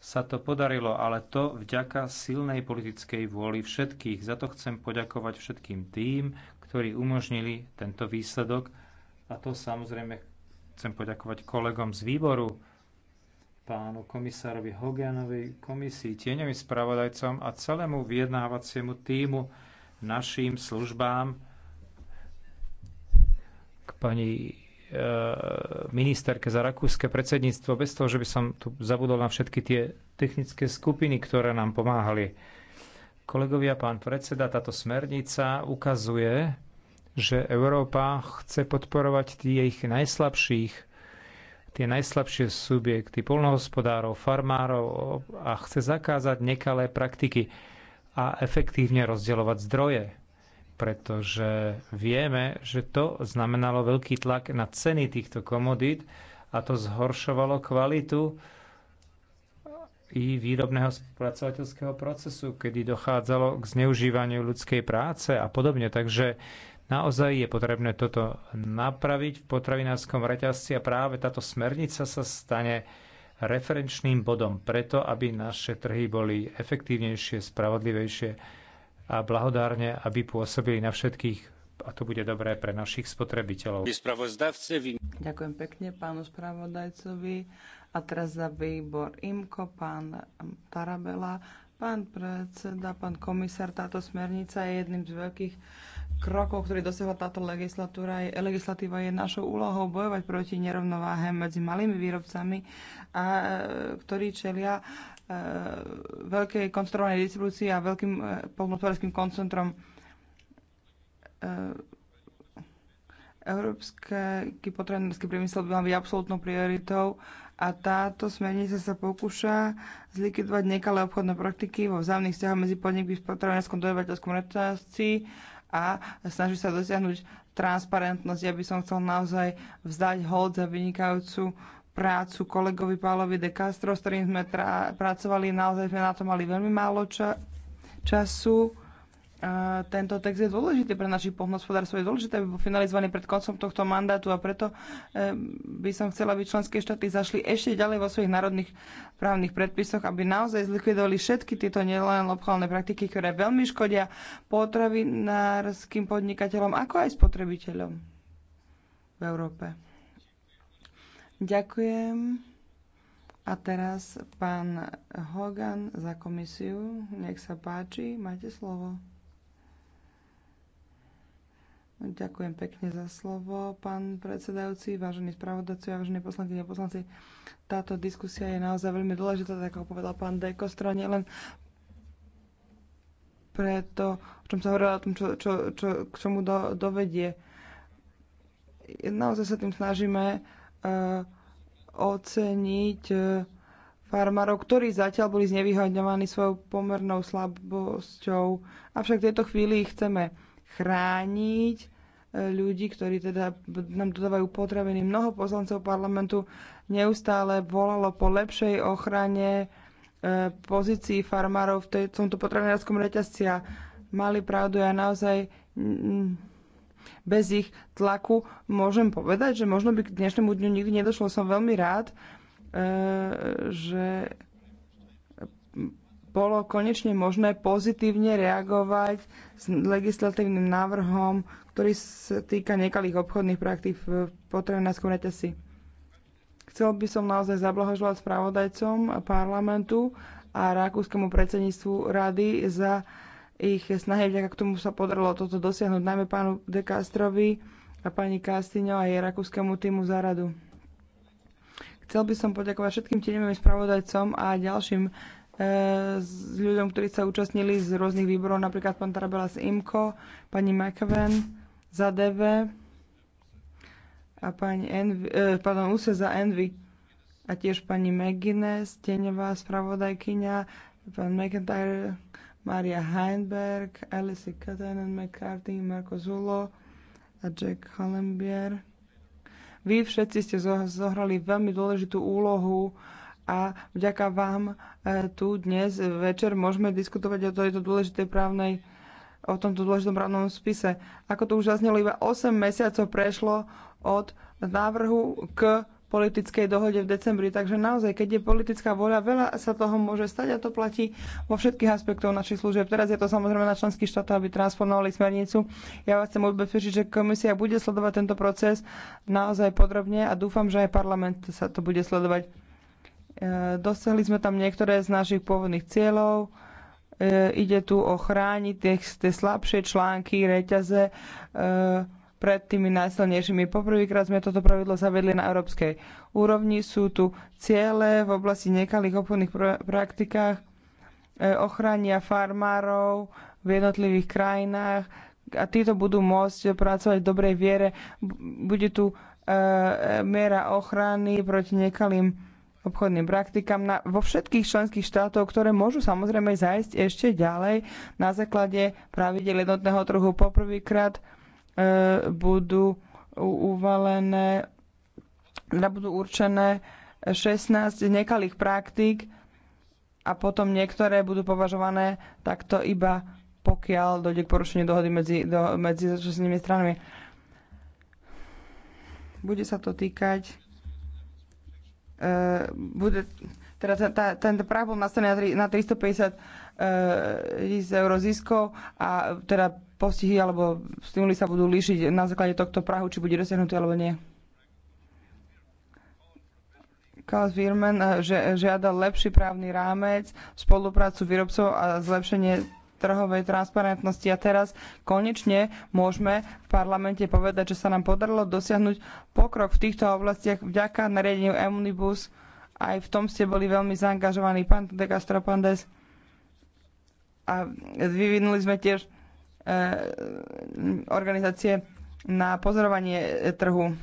S6: sa to podarilo, ale to vďaka silnej politickej vôli všetkých. Za to chcem poďakovať všetkým tým, ktorí umožnili tento výsledok. A to samozrejme chcem poďakovať kolegom z výboru, pánu komisárovi Hoganovi, komisii, tieňovým spravodajcom a celému vyjednávaciemu týmu, našim službám, k pani Eh, ministerke za rakúske predsedníctvo, bez toho, že by som tu zabudol na všetky tie technické skupiny, ktoré nám pomáhali. Kolegovia, pán predseda, táto smernica ukazuje, že Európa chce podporovať tých najslabších, tie najslabšie subjekty, polnohospodárov, farmárov a chce zakázať nekalé praktiky a efektívne rozdeľovať zdroje pretože vieme, že to znamenalo veľký tlak na ceny týchto komodít a to zhoršovalo kvalitu i výrobného spracovateľského procesu, kedy dochádzalo k zneužívaniu ľudskej práce a podobne. Takže naozaj je potrebné toto napraviť v potravinárskom reťazci a práve táto smernica sa stane referenčným bodom preto, aby naše trhy boli efektívnejšie, spravodlivejšie a blahodárne, aby pôsobili na všetkých a to bude dobré pre našich spotrebiteľov. Ďakujem
S9: pekne pánu spravodajcovi. A teraz za výbor IMKO, pán Tarabela. Pán predseda, pán komisár, táto smernica je jedným z veľkých krokov, ktorý dosiahla táto legislatúra. Legislatíva je našou úlohou bojovať proti nerovnováhe medzi malými výrobcami, a, e, ktorí čelia E, veľkej koncentrovanej distribúcii a veľkým e, polnospodárským koncentrom e, Európsky potravinársky priemysel by mal byť absolútnou prioritou a táto smernica sa pokúša zlikvidovať nekalé obchodné praktiky vo vzájomných vzťahoch medzi podnikmi v potravinárskom dodavateľskom reťazci a snaží sa dosiahnuť transparentnosť. Ja by som chcel naozaj vzdať hold za vynikajúcu prácu kolegovi Pálovi de Castro, s ktorým sme pracovali. Naozaj sme na to mali veľmi málo ča- času. A tento text je dôležitý pre našich pohnospodárstvo, je dôležité, aby bol finalizovaný pred koncom tohto mandátu a preto by som chcela, aby členské štáty zašli ešte ďalej vo svojich národných právnych predpisoch, aby naozaj zlikvidovali všetky tieto nielen lokálne praktiky, ktoré veľmi škodia potravinárskym podnikateľom, ako aj spotrebiteľom v Európe. Ďakujem. A teraz pán Hogan za komisiu. Nech sa páči, máte slovo. Ďakujem pekne za slovo, pán predsedajúci, vážení spravodajci, vážení poslanky a poslanci. Táto diskusia je naozaj veľmi dôležitá, tak ako povedal pán Dejko, strane len preto, o čom sa hovorilo, o tom, čo, čo, čo, k čomu do, dovedie. Naozaj sa tým snažíme Eh, oceniť eh, farmárov, ktorí zatiaľ boli znevýhodňovaní svojou pomernou slabosťou. Avšak v tejto chvíli chceme chrániť eh, ľudí, ktorí teda nám dodávajú potraviny. Mnoho poslancov parlamentu neustále volalo po lepšej ochrane pozícií farmárov v tomto potravinárskom reťazci a mali pravdu. Ja naozaj bez ich tlaku môžem povedať, že možno by k dnešnému dňu nikdy nedošlo. Som veľmi rád, e, že bolo konečne možné pozitívne reagovať s legislatívnym návrhom, ktorý sa týka nekalých obchodných praktík v potravinárskom reťasi. Chcel by som naozaj zablahožovať spravodajcom parlamentu a rakúskemu predsedníctvu rady za ich snahy, vďaka k tomu sa podarilo toto dosiahnuť, najmä pánu De Castrovi a pani Castillo a jej rakúskému týmu za radu. Chcel by som poďakovať všetkým tieňovým spravodajcom a ďalším e, s ľuďom, ktorí sa účastnili z rôznych výborov, napríklad pán Tarabela z IMCO, pani McAven za DV a pani Envy, e, pardon, Use za Envy a tiež pani McGuinness, tieňová spravodajkyňa, pán McIntyre Maria Heinberg, Alice Katainen McCarthy, Marko Zulo a Jack Hollenbier. Vy všetci ste zohrali veľmi dôležitú úlohu a vďaka vám e, tu dnes večer môžeme diskutovať o tejto dôležitej právnej o tomto dôležitom právnom spise. Ako to už zaznelo, iba 8 mesiacov prešlo od návrhu k politickej dohode v decembri. Takže naozaj, keď je politická voľa, veľa sa toho môže stať a to platí vo všetkých aspektoch našich služieb. Teraz je to samozrejme na členských štát, aby transformovali smernicu. Ja vás chcem ubezpečiť, že komisia bude sledovať tento proces naozaj podrobne a dúfam, že aj parlament sa to bude sledovať. E, dosiahli sme tam niektoré z našich pôvodných cieľov. E, ide tu o chrániť tie, tie slabšie články, reťaze e, pred tými najsilnejšími. Poprvýkrát sme toto pravidlo zavedli na európskej úrovni. Sú tu ciele v oblasti nekalých obchodných pr- praktikách, e, ochrania farmárov v jednotlivých krajinách a títo budú môcť pracovať v dobrej viere. Bude tu e, miera ochrany proti nekalým obchodným praktikám na, vo všetkých členských štátoch, ktoré môžu samozrejme zájsť ešte ďalej na základe pravidel jednotného trhu. Poprvýkrát budú uvalené, budú určené 16 nekalých praktík a potom niektoré budú považované takto iba pokiaľ dojde k porušeniu dohody medzi, do, medzi zúčastnými stranami. Bude sa to týkať uh, bude, teda ten, tá, tento práh bol nastavený na, 3, na 350 uh, e, eur ziskov a teda postihy alebo stimuly sa budú líšiť na základe tohto Prahu, či bude dosiahnutý alebo nie. Klaus Wirman eh, žiada lepší právny rámec, spoluprácu výrobcov a zlepšenie trhovej transparentnosti. A teraz konečne môžeme v parlamente povedať, že sa nám podarilo dosiahnuť pokrok v týchto oblastiach vďaka nariadeniu Emunibus. Aj v tom ste boli veľmi zaangažovaní, pán De Castro Pandes. A vyvinuli sme tiež Eh, organizácie na pozorovanie trhu.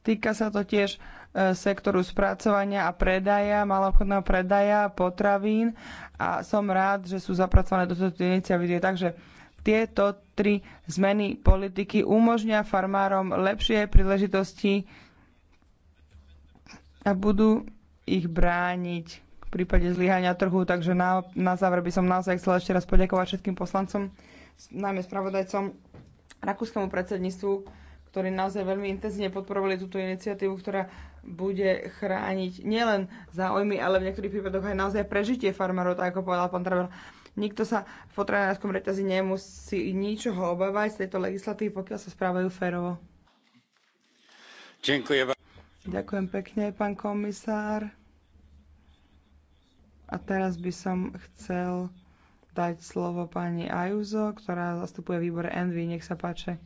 S9: Týka sa to tiež eh, sektoru spracovania a predaja, maloobchodného predaja potravín a som rád, že sú zapracované do tejto iniciatívy. Takže tieto tri zmeny politiky umožnia farmárom lepšie príležitosti a budú ich brániť v prípade zlyhania trhu. Takže na, na záver by som naozaj chcela ešte raz poďakovať všetkým poslancom, najmä spravodajcom rakúskemu predsedníctvu, ktorí naozaj veľmi intenzívne podporovali túto iniciatívu, ktorá bude chrániť nielen záujmy, ale v niektorých prípadoch aj naozaj prežitie farmárov, tak ako povedal pán Travel. Nikto sa v potravinárskom reťazí nemusí ničoho obávať z tejto legislatívy, pokiaľ sa správajú férovo. Ďakujem. Ďakujem pekne, pán komisár. A teraz by som chcel dať slovo pani Ajuzo, ktorá zastupuje výbor Envy. Nech sa páče.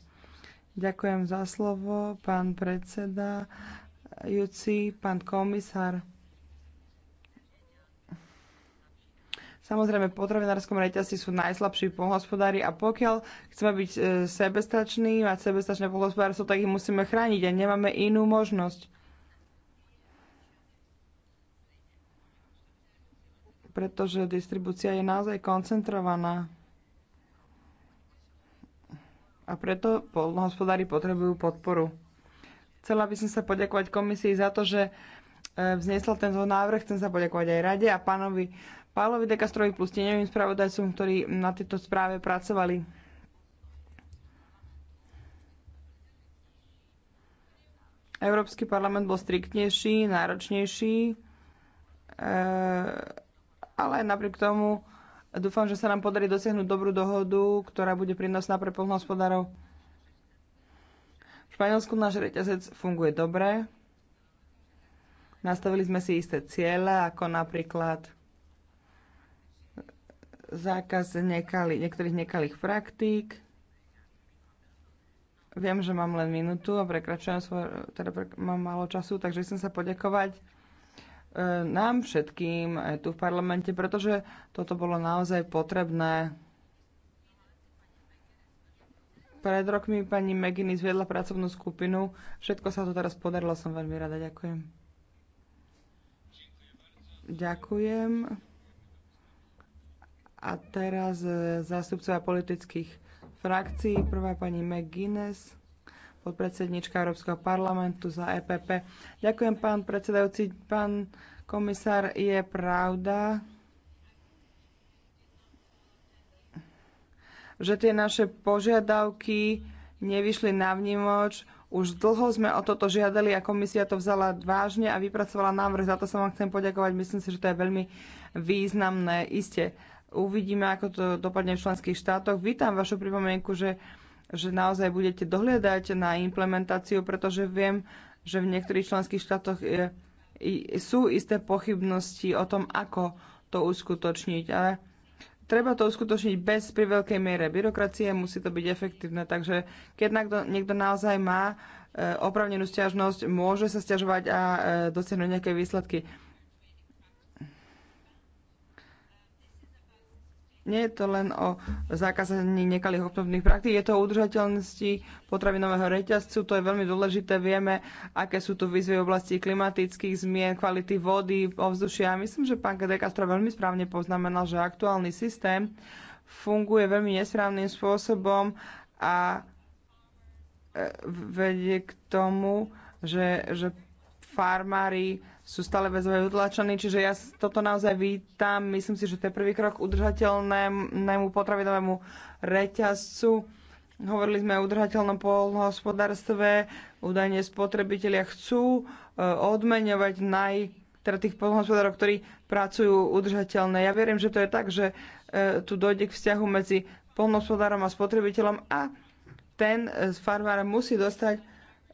S9: Ďakujem za slovo, pán predseda, Juci, pán komisár. Samozrejme, v potravinárskom reťazci sú najslabší pohospodári a pokiaľ chceme byť e, sebestační, mať sebestačné pohospodárstvo, tak ich musíme chrániť a nemáme inú možnosť. pretože distribúcia je naozaj koncentrovaná. A preto poľnohospodári potrebujú podporu. Chcela by som sa poďakovať komisii za to, že e, vznesla tento návrh. Chcem sa poďakovať aj rade a pánovi Pálovi Dekastrovi plus tieňovým spravodajcom, ktorí na tejto správe pracovali. Európsky parlament bol striktnejší, náročnejší. E, ale napriek tomu dúfam, že sa nám podarí dosiahnuť dobrú dohodu, ktorá bude prínosná pre poľnohospodárov. V Španielsku náš reťazec funguje dobre. Nastavili sme si isté ciele, ako napríklad zákaz nekali, niektorých nekalých praktík. Viem, že mám len minútu a prekračujem svoj, teda pre, mám málo času, takže chcem sa poďakovať nám všetkým aj tu v parlamente, pretože toto bolo naozaj potrebné. Pred rokmi pani Meginy zviedla pracovnú skupinu. Všetko sa to teraz podarilo, som veľmi rada. Ďakujem. Ďakujem. A teraz eh, zástupcovia politických frakcií. Prvá pani McGuinness podpredsednička Európskeho parlamentu za EPP. Ďakujem, pán predsedajúci. Pán komisár, je pravda, že tie naše požiadavky nevyšli na vnímoč. Už dlho sme o toto žiadali a komisia to vzala vážne a vypracovala návrh. Za to sa vám chcem poďakovať. Myslím si, že to je veľmi významné. Iste uvidíme, ako to dopadne v členských štátoch. Vítam vašu pripomienku, že že naozaj budete dohľadať na implementáciu, pretože viem, že v niektorých členských štátoch je, sú isté pochybnosti o tom, ako to uskutočniť. Ale treba to uskutočniť bez pri veľkej miere byrokracie, musí to byť efektívne. Takže keď niekto, niekto naozaj má e, opravnenú stiažnosť, môže sa stiažovať a e, dosiahnuť nejaké výsledky. nie je to len o zakázaní nekalých obchodných praktík, je to o udržateľnosti potravinového reťazcu, to je veľmi dôležité, vieme, aké sú tu výzvy v oblasti klimatických zmien, kvality vody, ovzdušia. Myslím, že pán Dekastro veľmi správne poznamenal, že aktuálny systém funguje veľmi nesprávnym spôsobom a e, vedie k tomu, že, že farmári sú stále väzve utlačení, čiže ja toto naozaj vítam. Myslím si, že to je prvý krok k udržateľnému potravinovému reťazcu. Hovorili sme o udržateľnom polnohospodárstve, údajne spotrebitelia chcú eh, odmeňovať naj, teda tých polnohospodárov, ktorí pracujú udržateľne. Ja verím, že to je tak, že eh, tu dojde k vzťahu medzi polnohospodárom a spotrebiteľom a ten eh, farmár musí dostať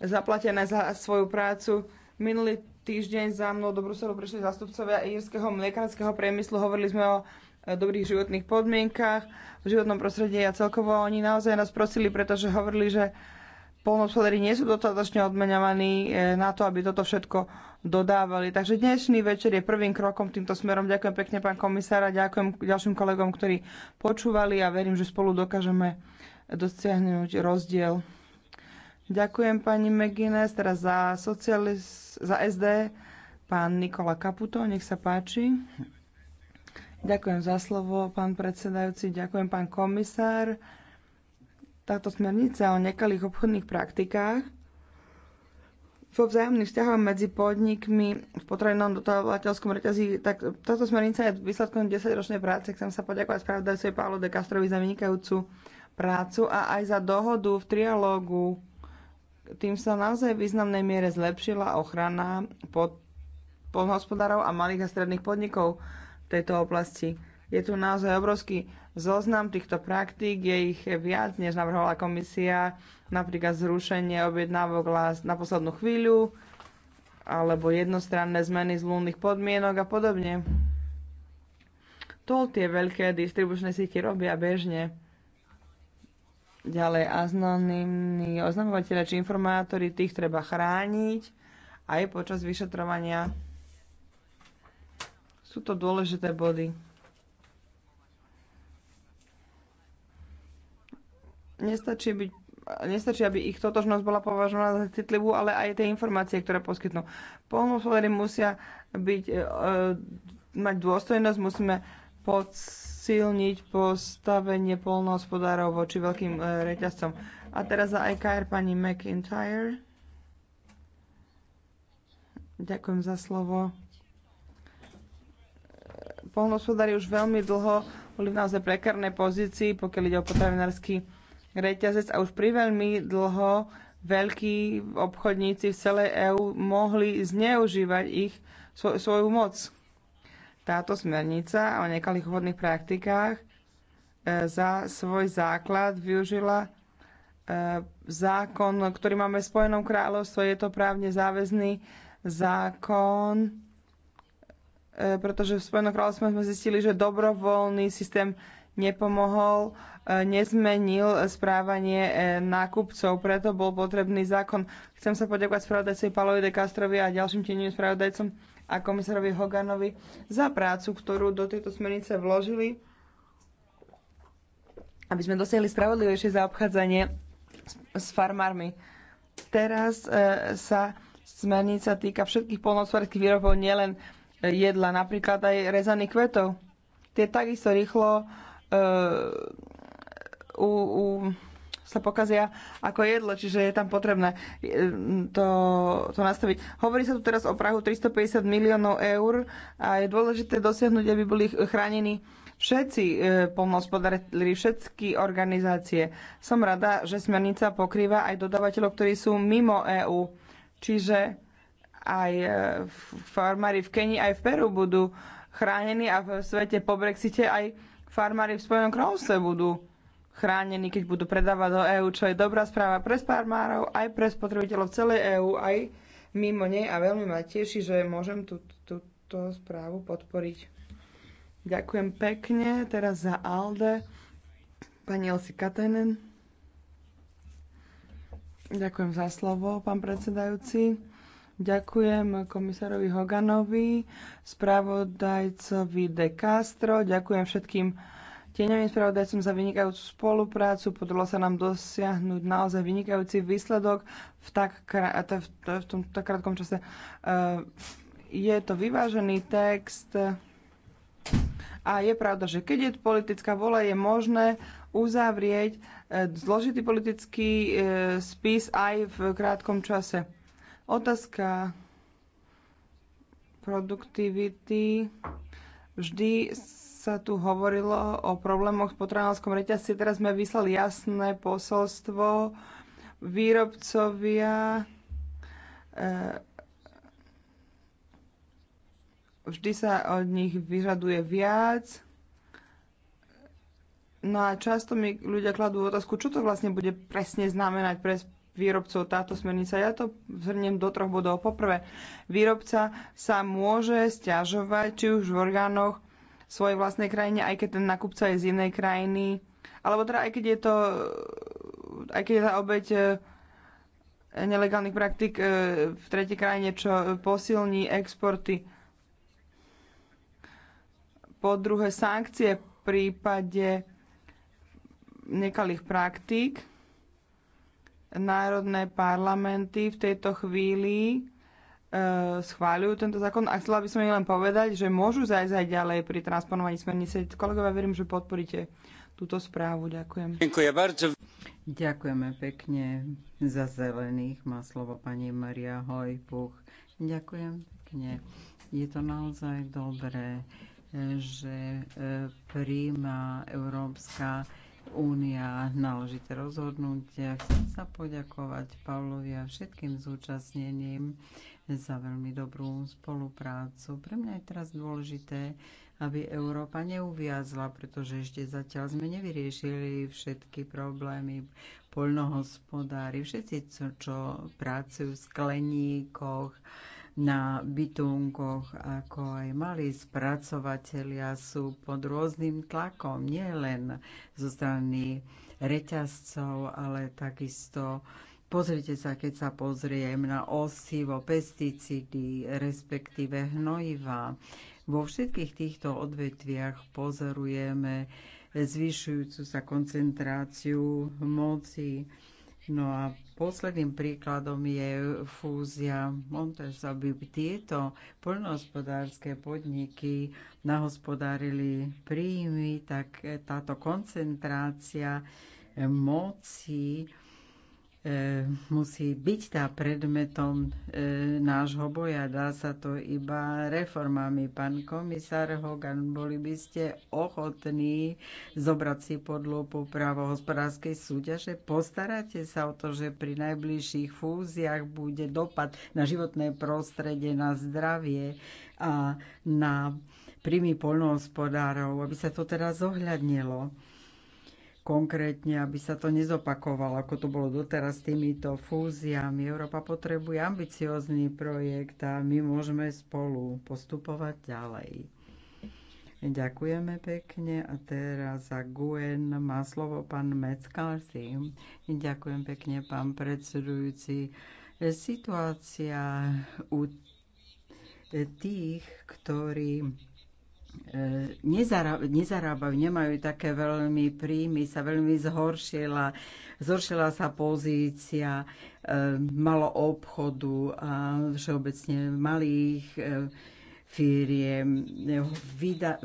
S9: zaplatené za svoju prácu. Minulý týždeň za mnou do Bruselu prišli zastupcovia írskeho mliekarského priemyslu. Hovorili sme o e, dobrých životných podmienkach, v životnom prostredí a celkovo oni naozaj nás prosili, pretože hovorili, že polnospodári nie sú dostatočne odmeňovaní e, na to, aby toto všetko dodávali. Takže dnešný večer je prvým krokom týmto smerom. Ďakujem pekne, pán komisár, a ďakujem ďalším kolegom, ktorí počúvali a verím, že spolu dokážeme dosiahnuť rozdiel. Ďakujem pani Megines, teraz za socialist za SD pán Nikola Kaputo, nech sa páči. Ďakujem za slovo, pán predsedajúci, ďakujem, pán komisár. Táto smernica o nekalých obchodných praktikách vo vzájomných vzťahoch medzi podnikmi v potravinom dotovateľskom reťazí, tak táto smernica je výsledkom 10-ročnej práce. Chcem sa poďakovať spravodajcovi Pálo de Castrovi za vynikajúcu prácu a aj za dohodu v trialógu tým sa naozaj v významnej miere zlepšila ochrana pod polnohospodárov a malých a stredných podnikov v tejto oblasti. Je tu naozaj obrovský zoznam týchto praktík, je ich viac, než navrhovala komisia, napríklad zrušenie objednávok na poslednú chvíľu, alebo jednostranné zmeny zlúnnych podmienok a podobne. To tie veľké distribučné siete robia bežne Ďalej, anonimní oznamovateľe či informátori, tých treba chrániť aj počas vyšetrovania. Sú to dôležité body. Nestačí byť nestačí, aby ich totožnosť bola považovaná za citlivú, ale aj tie informácie, ktoré poskytnú. Polnospodári musia byť, e, e, mať dôstojnosť, musíme pod posilniť postavenie polnohospodárov voči veľkým e, reťazcom. A teraz za IKR e pani McIntyre. Ďakujem za slovo. Polnohospodári už veľmi dlho boli v naozaj prekárnej pozícii, pokiaľ ide o potravinársky reťazec a už pri veľmi dlho veľkí obchodníci v celej EÚ mohli zneužívať ich svoj, svoju moc táto smernica o nekalých obchodných praktikách e, za svoj základ využila e, zákon, ktorý máme v Spojenom kráľovstve. Je to právne záväzný zákon, e, pretože v Spojenom kráľovstve sme zistili, že dobrovoľný systém nepomohol, nezmenil správanie nákupcov, preto bol potrebný zákon. Chcem sa poďakovať spravodajcovi Palovi de Castrovi a ďalším tieňovým spravodajcom a komisárovi Hoganovi za prácu, ktorú do tejto smernice vložili, aby sme dosiahli spravodlivejšie zaobchádzanie s, s farmármi. Teraz e, sa smernica týka všetkých polnohospodárských výrobov, nielen e, jedla, napríklad aj rezaných kvetov. Tie takisto rýchlo e, u, u, sa pokazia ako jedlo, čiže je tam potrebné e, to, to nastaviť. Hovorí sa tu teraz o Prahu 350 miliónov eur a je dôležité dosiahnuť, aby boli chránení všetci e, pomospodári, všetky organizácie. Som rada, že smernica pokrýva aj dodávateľov, ktorí sú mimo EÚ. Čiže aj e, farmári v Kenii, aj v Peru budú chránení a v svete po Brexite aj farmári v Spojenom kráľovstve budú chránení, keď budú predávať do EÚ, čo je dobrá správa pre spármárov, aj pre spotrebiteľov celej EÚ, aj mimo nej a veľmi ma teší, že môžem tú, tú, túto správu podporiť. Ďakujem pekne. Teraz za Alde. Pani Elsi Katajnen. Ďakujem za slovo, pán predsedajúci. Ďakujem komisárovi Hoganovi, spravodajcovi De Castro, ďakujem všetkým tieňovým spravodajcom za vynikajúcu spoluprácu. Podarilo sa nám dosiahnuť naozaj vynikajúci výsledok v tak, v, v tom, tak krátkom čase. Eh, je to vyvážený text a je pravda, že keď je politická vola, je možné uzavrieť eh, zložitý politický eh, spis aj v krátkom čase. Otázka produktivity vždy sa tu hovorilo o problémoch v potravinárskom reťazci. Teraz sme vyslali jasné posolstvo. Výrobcovia e, vždy sa od nich vyžaduje viac. No a často mi ľudia kladú otázku, čo to vlastne bude presne znamenať pre výrobcov táto smernica. Ja to zhrniem do troch bodov. Poprvé, výrobca sa môže stiažovať, či už v orgánoch svojej vlastnej krajine, aj keď ten nakupca je z inej krajiny. Alebo teda aj keď je to, aj keď je tá obeď e, nelegálnych praktik e, v tretej krajine, čo posilní exporty. Po druhé, sankcie v prípade nekalých praktik, Národné parlamenty v tejto chvíli E, schváľujú tento zákon a chcela by som im len povedať, že môžu zajsť aj ďalej pri
S4: transponovaní smernice. Kolegovia, verím, že podporíte túto správu. Ďakujem. Ďakujeme pekne. Za zelených má slovo pani Maria Hojpuch. Ďakujem pekne. Je to naozaj dobré, že e, príjma Európska únia náležité rozhodnutia. Chcem sa poďakovať Pavlovi a všetkým zúčastneným za veľmi dobrú spoluprácu. Pre mňa je teraz dôležité, aby Európa neuviazla, pretože ešte zatiaľ sme nevyriešili všetky problémy poľnohospodári, všetci, čo, čo pracujú v skleníkoch, na bytunkoch, ako aj mali spracovatelia sú pod rôznym tlakom, nie len zo strany reťazcov, ale takisto Pozrite sa, keď sa pozriem na osivo, pesticídy, respektíve hnojiva. Vo všetkých týchto odvetviach pozorujeme zvyšujúcu sa koncentráciu moci. No a posledným príkladom je fúzia Montes, aby tieto poľnohospodárske podniky nahospodárili príjmy, tak táto koncentrácia moci E, musí byť tá predmetom e, nášho boja. Dá sa to iba reformami. Pán komisár Hogan, boli by ste ochotní zobrať si pod lupu právo hospodárskej súťaže? Postaráte sa o to, že pri najbližších fúziách bude dopad na životné prostredie, na zdravie a na príjmy poľnohospodárov, aby sa to teraz zohľadnilo konkrétne, aby sa to nezopakovalo, ako to bolo doteraz s týmito fúziami. Európa potrebuje ambiciózny projekt a my môžeme spolu postupovať ďalej. Ďakujeme pekne a teraz za Guen má slovo pán Metzkalsi. Ďakujem pekne, pán predsedujúci. Situácia u tých, ktorí E, nezarábajú, nemajú také veľmi príjmy, sa veľmi zhoršila, zhoršila sa pozícia e, malo obchodu a všeobecne malých e, firiem. Vyda,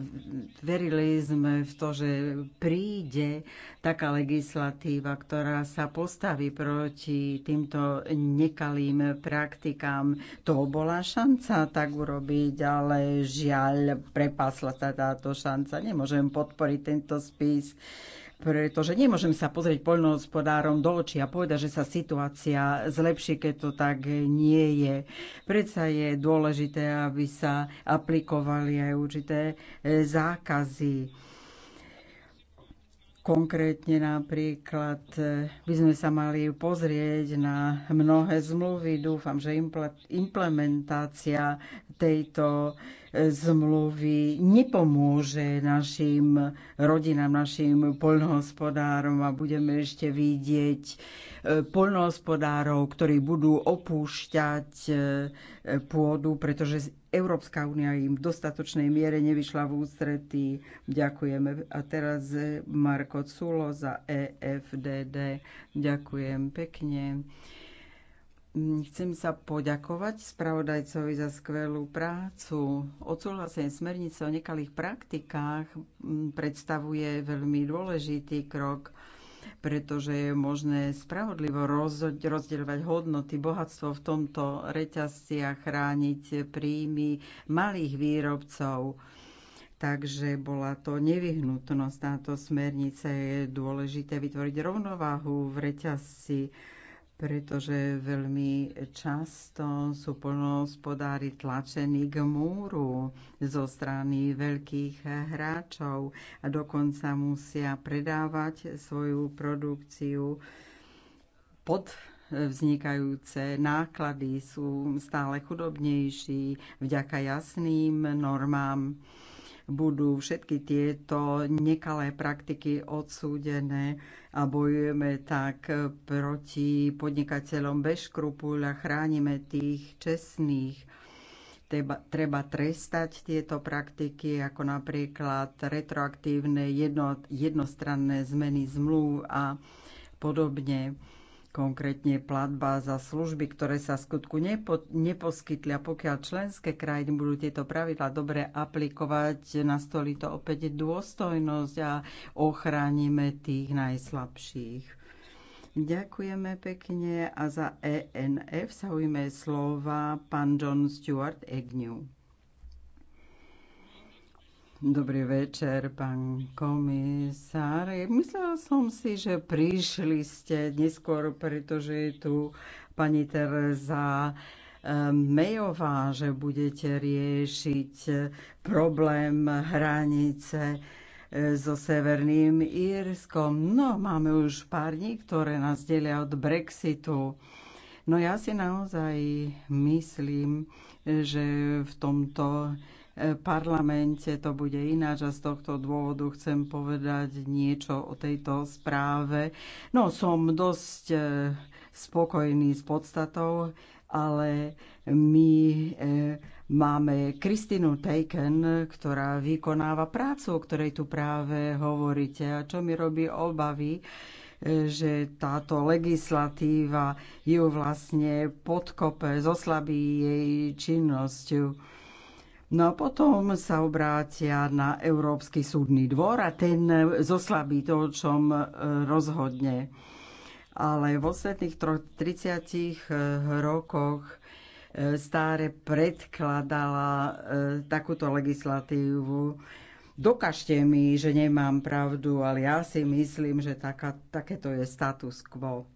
S4: verili sme v to, že príde taká legislatíva, ktorá sa postaví proti týmto nekalým praktikám. To bola šanca tak urobiť, ale žiaľ, prepasla sa táto šanca. Nemôžem podporiť tento spis pretože nemôžem sa pozrieť poľnohospodárom do očí a povedať, že sa situácia zlepší, keď to tak nie je. Predsa je dôležité, aby sa aplikovali aj určité e, zákazy. Konkrétne napríklad e, by sme sa mali pozrieť na mnohé zmluvy. Dúfam, že implementácia tejto zmluvy nepomôže našim rodinám, našim poľnohospodárom a budeme ešte vidieť e, poľnohospodárov, ktorí budú opúšťať e, pôdu, pretože Európska únia im v dostatočnej miere nevyšla v ústretí. Ďakujeme. A teraz e, Marko Culo za EFDD. Ďakujem pekne. Mm, chcem sa poďakovať spravodajcovi za skvelú prácu. Odsúhlasenie smernice o nekalých praktikách mm, predstavuje veľmi dôležitý krok, pretože je možné spravodlivo rozdeľovať hodnoty, bohatstvo v tomto reťazci a chrániť príjmy malých výrobcov. Takže bola to nevyhnutnosť. Táto smernice je dôležité vytvoriť rovnováhu v reťazci pretože veľmi často sú poľnohospodári tlačení k múru zo strany veľkých hráčov a dokonca musia predávať svoju produkciu pod vznikajúce náklady sú stále chudobnejší vďaka jasným normám budú všetky tieto nekalé praktiky odsúdené a bojujeme tak proti podnikateľom bez škrupuľ a chránime tých čestných. Treba, treba trestať tieto praktiky, ako napríklad retroaktívne jedno, jednostranné zmeny zmluv a podobne konkrétne platba za služby, ktoré sa skutku nepo, neposkytli a pokiaľ členské krajiny budú tieto pravidla dobre aplikovať, nastolí to opäť dôstojnosť a ochránime tých najslabších. Ďakujeme pekne a za ENF sa ujme slova pán John Stuart Agnew. Dobrý večer, pán komisár. Myslela som si, že prišli ste neskôr, pretože je tu pani Teresa eh, Mejová, že budete riešiť eh, problém hranice eh, so Severným Írskom. No, máme už pár dní, ktoré nás delia od Brexitu. No ja si naozaj myslím, že v tomto parlamente to bude ináč a z tohto dôvodu chcem povedať niečo o tejto správe. No, som dosť e, spokojný s podstatou, ale my e, máme Kristinu Taken, ktorá vykonáva prácu, o ktorej tu práve hovoríte a čo mi robí obavy, e, že táto legislatíva ju vlastne podkope, zoslabí jej činnosťou No a potom sa obrátia na Európsky súdny dvor a ten zoslabí to, o čom e, rozhodne. Ale v ostatných 30 e, rokoch e, stále predkladala takúto legislatívu. Dokažte mi, že nemám pravdu, ale ja si myslím, že taká, takéto je status quo.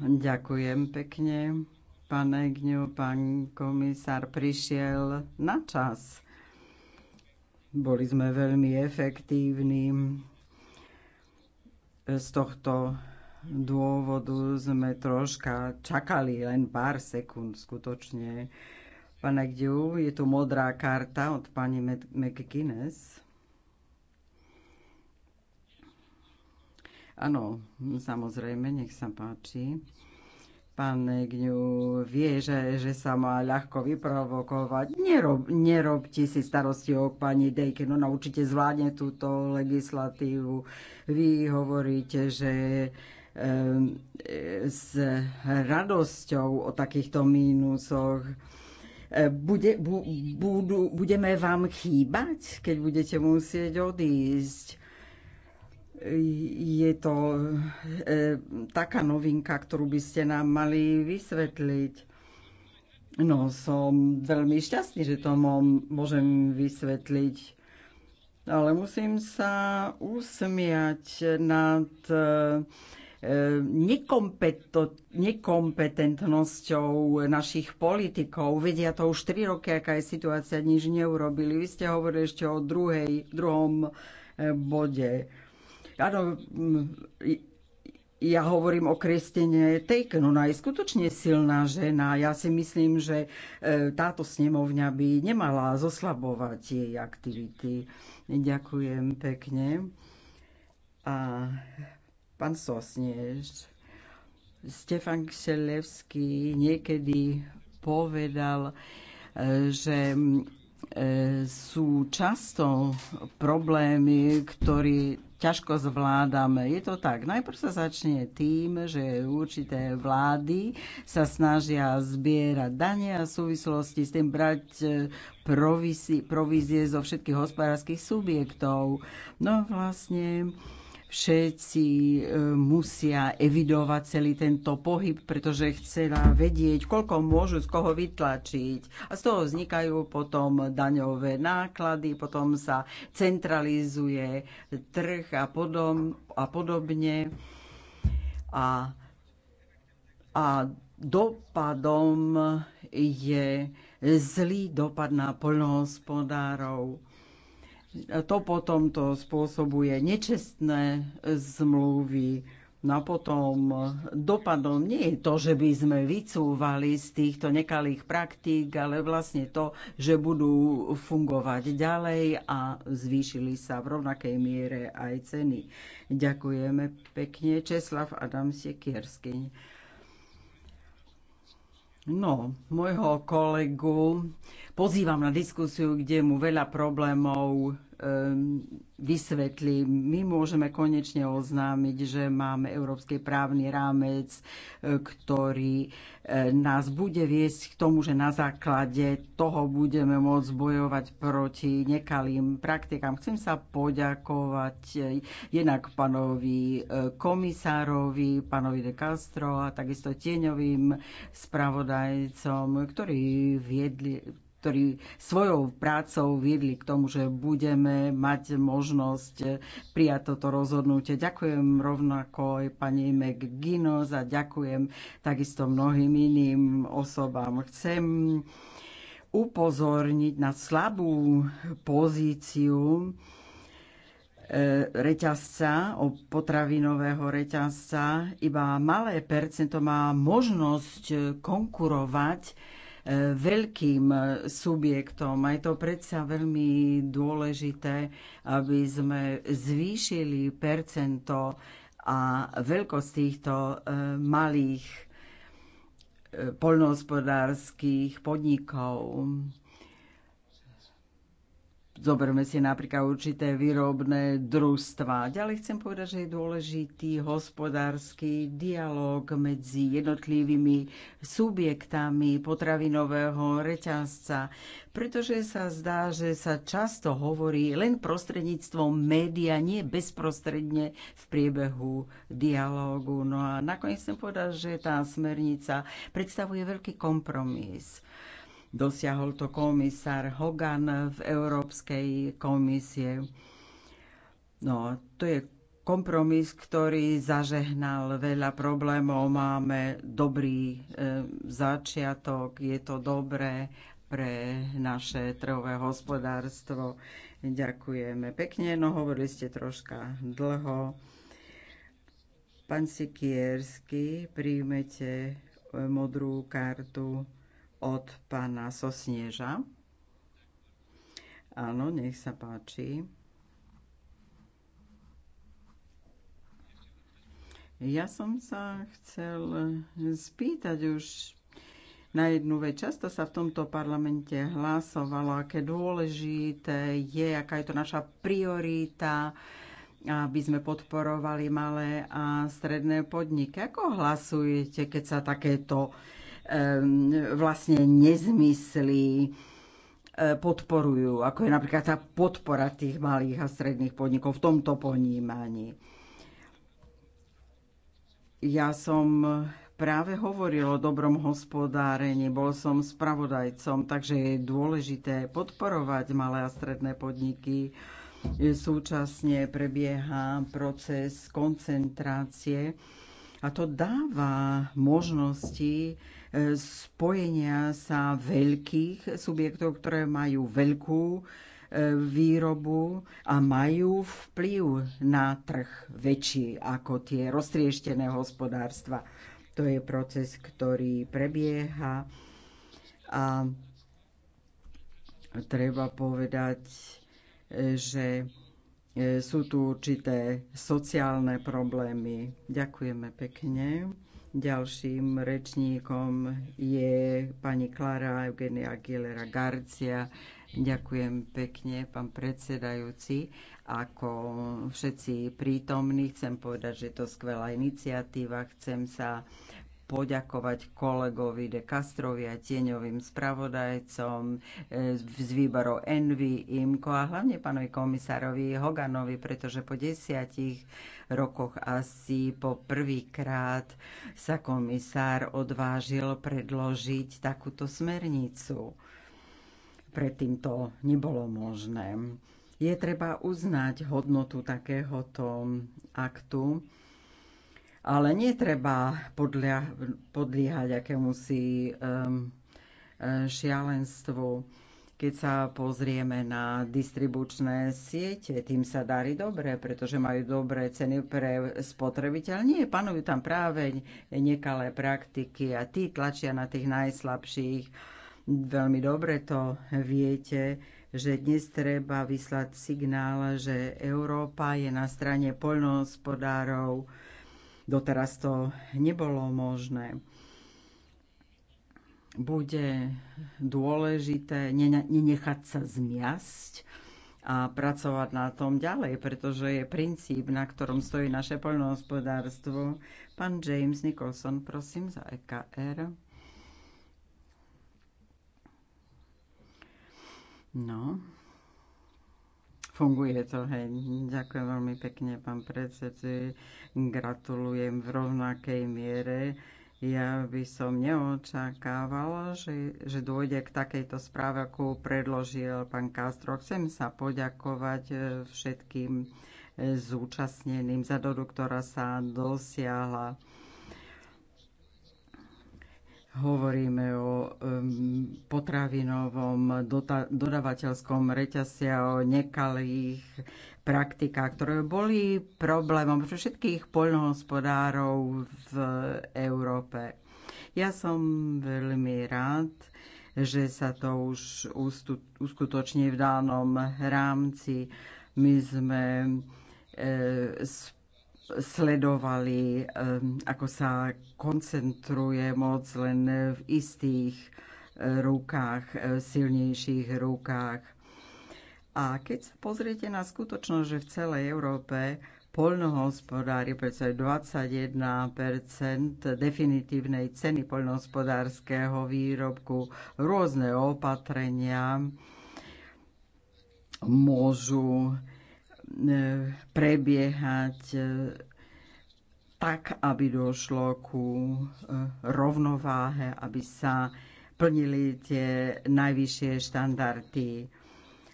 S4: Ďakujem pekne pán Egňu, pán komisár prišiel na čas. Boli sme veľmi efektívni. Z tohto dôvodu sme troška čakali len pár sekúnd skutočne. Pane Gdiu, je tu modrá karta od pani McGuinness. Áno, samozrejme, nech sa páči. Pán Negňu vie, že, že sa má ľahko vyprovokovať. Nerob, nerobte si starosti o pani Dejke, no určite zvládne túto legislatívu. Vy hovoríte, že s radosťou o takýchto mínusoch. E, bude, bu, budú, budeme vám chýbať, keď budete musieť odísť je to e, taká novinka, ktorú by ste nám mali vysvetliť. No, som veľmi šťastný, že to môžem vysvetliť. Ale musím sa usmiať nad e, nekompetentnosťou našich politikov. Vedia to už tri roky, aká je situácia, nič neurobili. Vy ste hovorili ešte o druhej, druhom e, bode Áno, ja hovorím o Kristine Tejken, ona je skutočne silná žena. Ja si myslím, že e, táto snemovňa by nemala zoslabovať jej aktivity. Ďakujem pekne. A pán Sosniež, Stefan Kselevský niekedy povedal, e, že E, sú často problémy, ktoré ťažko zvládame. Je to tak. Najprv sa začne tým, že určité vlády sa snažia zbierať dane a v súvislosti s tým brať e, provízie zo všetkých hospodárskych subjektov. No vlastne všetci e, musia evidovať celý tento pohyb, pretože chcela vedieť, koľko môžu z koho vytlačiť. A z toho vznikajú potom daňové náklady, potom sa centralizuje trh a, podom, a podobne. A, a dopadom je zlý dopad na poľnohospodárov to potom to spôsobuje nečestné zmluvy, No a potom dopadom nie je to, že by sme vycúvali z týchto nekalých praktík, ale vlastne to, že budú fungovať ďalej a zvýšili sa v rovnakej miere aj ceny. Ďakujeme pekne. Česlav Adam Siekierský. No, môjho kolegu pozývam na diskusiu, kde mu veľa problémov Ehm, vysvetlí. My môžeme konečne oznámiť, že máme európsky právny rámec, e, ktorý e, nás bude viesť k tomu, že na základe toho budeme môcť bojovať proti nekalým praktikám. Chcem sa poďakovať e, jednak pánovi komisárovi, pánovi de Castro a takisto tieňovým spravodajcom, ktorí viedli ktorí svojou prácou viedli k tomu, že budeme mať možnosť prijať toto rozhodnutie. Ďakujem rovnako aj pani McGuinness a ďakujem takisto mnohým iným osobám. Chcem upozorniť na slabú pozíciu e, reťazca, potravinového reťazca, iba malé percento má možnosť konkurovať E, veľkým e, subjektom. A je to predsa veľmi dôležité, aby sme zvýšili percento a veľkosť týchto e, malých poľnohospodárskych podnikov. Zoberme si napríklad určité výrobné družstva. Ďalej chcem povedať, že je dôležitý hospodársky dialog medzi jednotlivými subjektami potravinového reťazca, pretože sa zdá, že sa často hovorí len prostredníctvom média, nie bezprostredne v priebehu dialógu. No a nakoniec chcem povedať, že tá smernica predstavuje veľký kompromis Dosiahol to komisár Hogan v Európskej komisie. No, to je kompromis, ktorý zažehnal veľa problémov. Máme dobrý e, začiatok, je to dobré pre naše trhové hospodárstvo. Ďakujeme pekne, no hovorili ste troška dlho. Pán Sikiersky, príjmete e, modrú kartu od pána Sosnieža. Áno, nech sa páči. Ja som sa chcel spýtať už na jednu vec. Často sa v tomto parlamente hlasovalo, aké dôležité je, aká je to naša priorita, aby sme podporovali malé a stredné podniky. Ako hlasujete, keď sa takéto vlastne nezmysly e, podporujú, ako je napríklad tá podpora tých malých a stredných podnikov v tomto ponímaní. Ja som práve hovoril o dobrom hospodárení, bol som spravodajcom, takže je dôležité podporovať malé a stredné podniky. Súčasne prebieha proces koncentrácie a to dáva možnosti spojenia sa veľkých subjektov, ktoré majú veľkú e, výrobu a majú vplyv na trh väčší ako tie roztrieštené hospodárstva. To je proces, ktorý prebieha a treba povedať, e, že e, sú tu určité sociálne problémy. Ďakujeme pekne. Ďalším rečníkom je pani Klara Eugenia Aguilera Garcia. Ďakujem pekne, pán predsedajúci. Ako všetci prítomní, chcem povedať, že je to skvelá iniciatíva. Chcem sa poďakovať kolegovi De Castrovi a tieňovým spravodajcom e, z výboru Envy, IMKO a hlavne pánovi komisárovi Hoganovi, pretože po desiatich rokoch asi po prvýkrát sa komisár odvážil predložiť takúto smernicu. Predtým to nebolo možné. Je treba uznať hodnotu takéhoto aktu, ale netreba podliehať akému si um, šialenstvu. Keď sa pozrieme na distribučné siete, tým sa darí dobre, pretože majú dobré ceny pre spotrebiteľ. Nie, panujú tam práve nekalé praktiky a tí tlačia na tých najslabších. Veľmi dobre to viete, že dnes treba vyslať signál, že Európa je na strane poľnohospodárov, Doteraz to nebolo možné. Bude dôležité nenechať sa zmiasť a pracovať na tom ďalej, pretože je princíp, na ktorom stojí naše poľnohospodárstvo. Pán James Nicholson, prosím, za EKR. No, Funguje to, hej. Ďakujem veľmi pekne, pán predsedci. Gratulujem v rovnakej miere. Ja by som neočakávala, že, že dôjde k takejto správe, ako predložil pán Castro. Chcem sa poďakovať eh, všetkým eh, zúčastneným za dodu, ktorá sa dosiahla. Hovoríme o potravinovom dodavateľskom reťazci a o nekalých praktikách, ktoré boli problémom pre všetkých poľnohospodárov v Európe. Ja som veľmi rád, že sa to už uskutoční v danom rámci. My sme e, sledovali, ehm, ako sa koncentruje moc len v istých eh, rukách, eh, silnejších rukách. A keď sa pozriete na skutočnosť, že v celej Európe poľnohospodári predstavuje 21 definitívnej ceny poľnohospodárskeho výrobku, rôzne opatrenia môžu prebiehať e, tak, aby došlo ku e, rovnováhe, aby sa plnili tie najvyššie štandardy.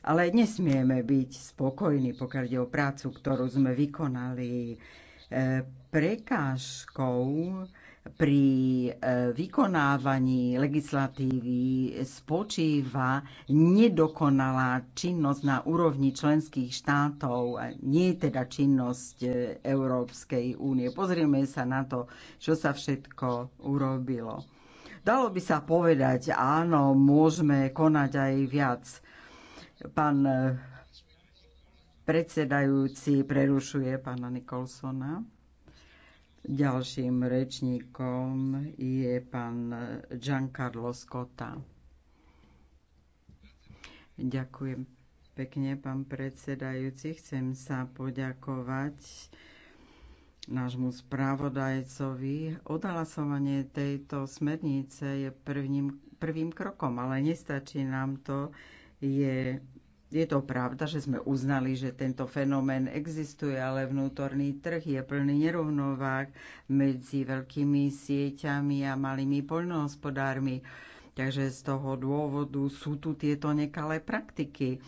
S4: Ale nesmieme byť spokojní, pokiaľ ide o prácu, ktorú sme vykonali. E, prekážkou pri e, vykonávaní legislatívy spočíva nedokonalá činnosť na úrovni členských štátov, nie teda činnosť e, Európskej únie. Pozrieme sa na to, čo sa všetko urobilo. Dalo by sa povedať, áno, môžeme konať aj viac. Pán e, predsedajúci prerušuje pána Nikolsona. Ďalším rečníkom je pán Giancarlo Scotta. Ďakujem pekne, pán predsedajúci. Chcem sa poďakovať nášmu správodajcovi. Odhlasovanie tejto smernice je prvým, prvým krokom, ale nestačí nám to. Je je to pravda, že sme uznali, že tento fenomén existuje, ale vnútorný trh je plný nerovnováh medzi veľkými sieťami a malými poľnohospodármi. Takže z toho dôvodu sú tu tieto nekalé praktiky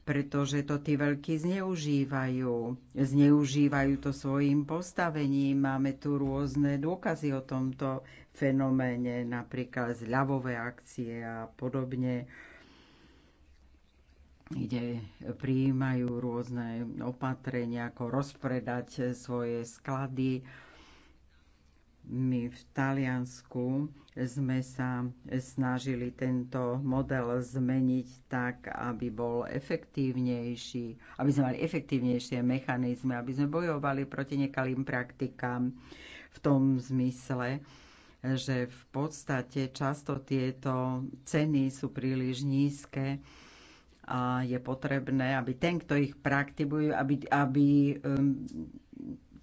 S4: pretože to tí veľkí zneužívajú. Zneužívajú to svojim postavením. Máme tu rôzne dôkazy o tomto fenoméne, napríklad zľavové akcie a podobne kde prijímajú rôzne opatrenia, ako rozpredať svoje sklady. My v Taliansku sme sa snažili tento model zmeniť tak, aby bol efektívnejší, aby sme mali efektívnejšie mechanizmy, aby sme bojovali proti nekalým praktikám v tom zmysle, že v podstate často tieto ceny sú príliš nízke a je potrebné, aby ten, kto ich praktikuje, aby, aby um,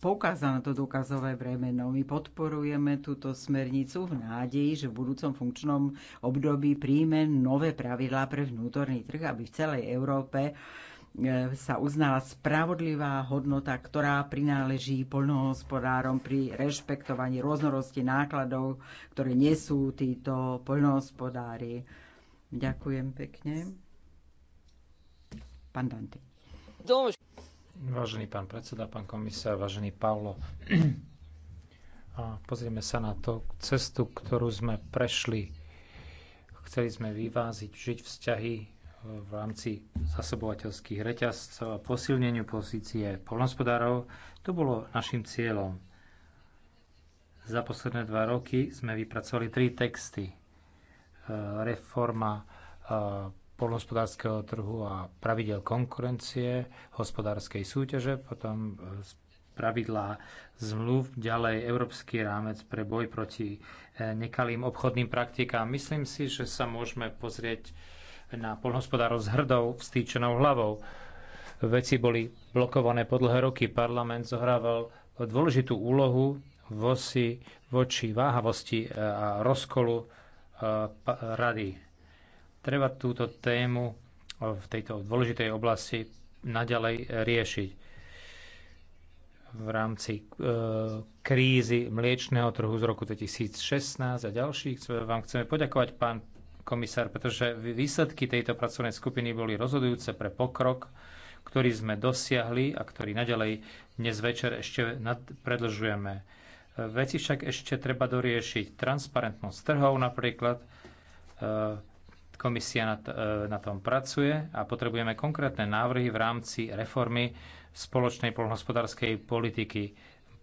S4: poukázal na to dôkazové bremeno. No, my podporujeme túto smernicu v nádeji, že v budúcom funkčnom období príjme nové pravidlá pre vnútorný trh, aby v celej Európe eh, sa uznala spravodlivá hodnota, ktorá prináleží poľnohospodárom pri rešpektovaní rôznorosti nákladov, ktoré nesú títo poľnohospodári. Ďakujem pekne. Pán Dante.
S6: Vážený pán predseda, pán komisár, vážený Pavlo, a pozrieme sa na to cestu, ktorú sme prešli. Chceli sme vyváziť, žiť vzťahy v rámci zasobovateľských reťazcov a posilneniu pozície polnospodárov. To bolo našim cieľom. Za posledné dva roky sme vypracovali tri texty. E, reforma e, polhospodárskeho trhu a pravidel konkurencie, hospodárskej súťaže, potom e, pravidlá zmluv, ďalej európsky rámec pre boj proti e, nekalým obchodným praktikám. Myslím si, že sa môžeme pozrieť na poľnohospodárov s hrdou, vstýčenou hlavou. Veci boli blokované po dlhé roky. Parlament zohrával dôležitú úlohu voči váhavosti e, a rozkolu rady Treba túto tému v tejto dôležitej oblasti naďalej riešiť v rámci e, krízy mliečného trhu z roku 2016 a ďalších. Vám chceme poďakovať, pán komisár, pretože výsledky tejto pracovnej skupiny boli rozhodujúce pre pokrok, ktorý sme dosiahli a ktorý naďalej dnes večer ešte nad, predlžujeme. E, veci však ešte treba doriešiť. Transparentnosť trhov napríklad, e, Komisia na, e, na tom pracuje a potrebujeme konkrétne návrhy v rámci reformy spoločnej poľnohospodárskej politiky.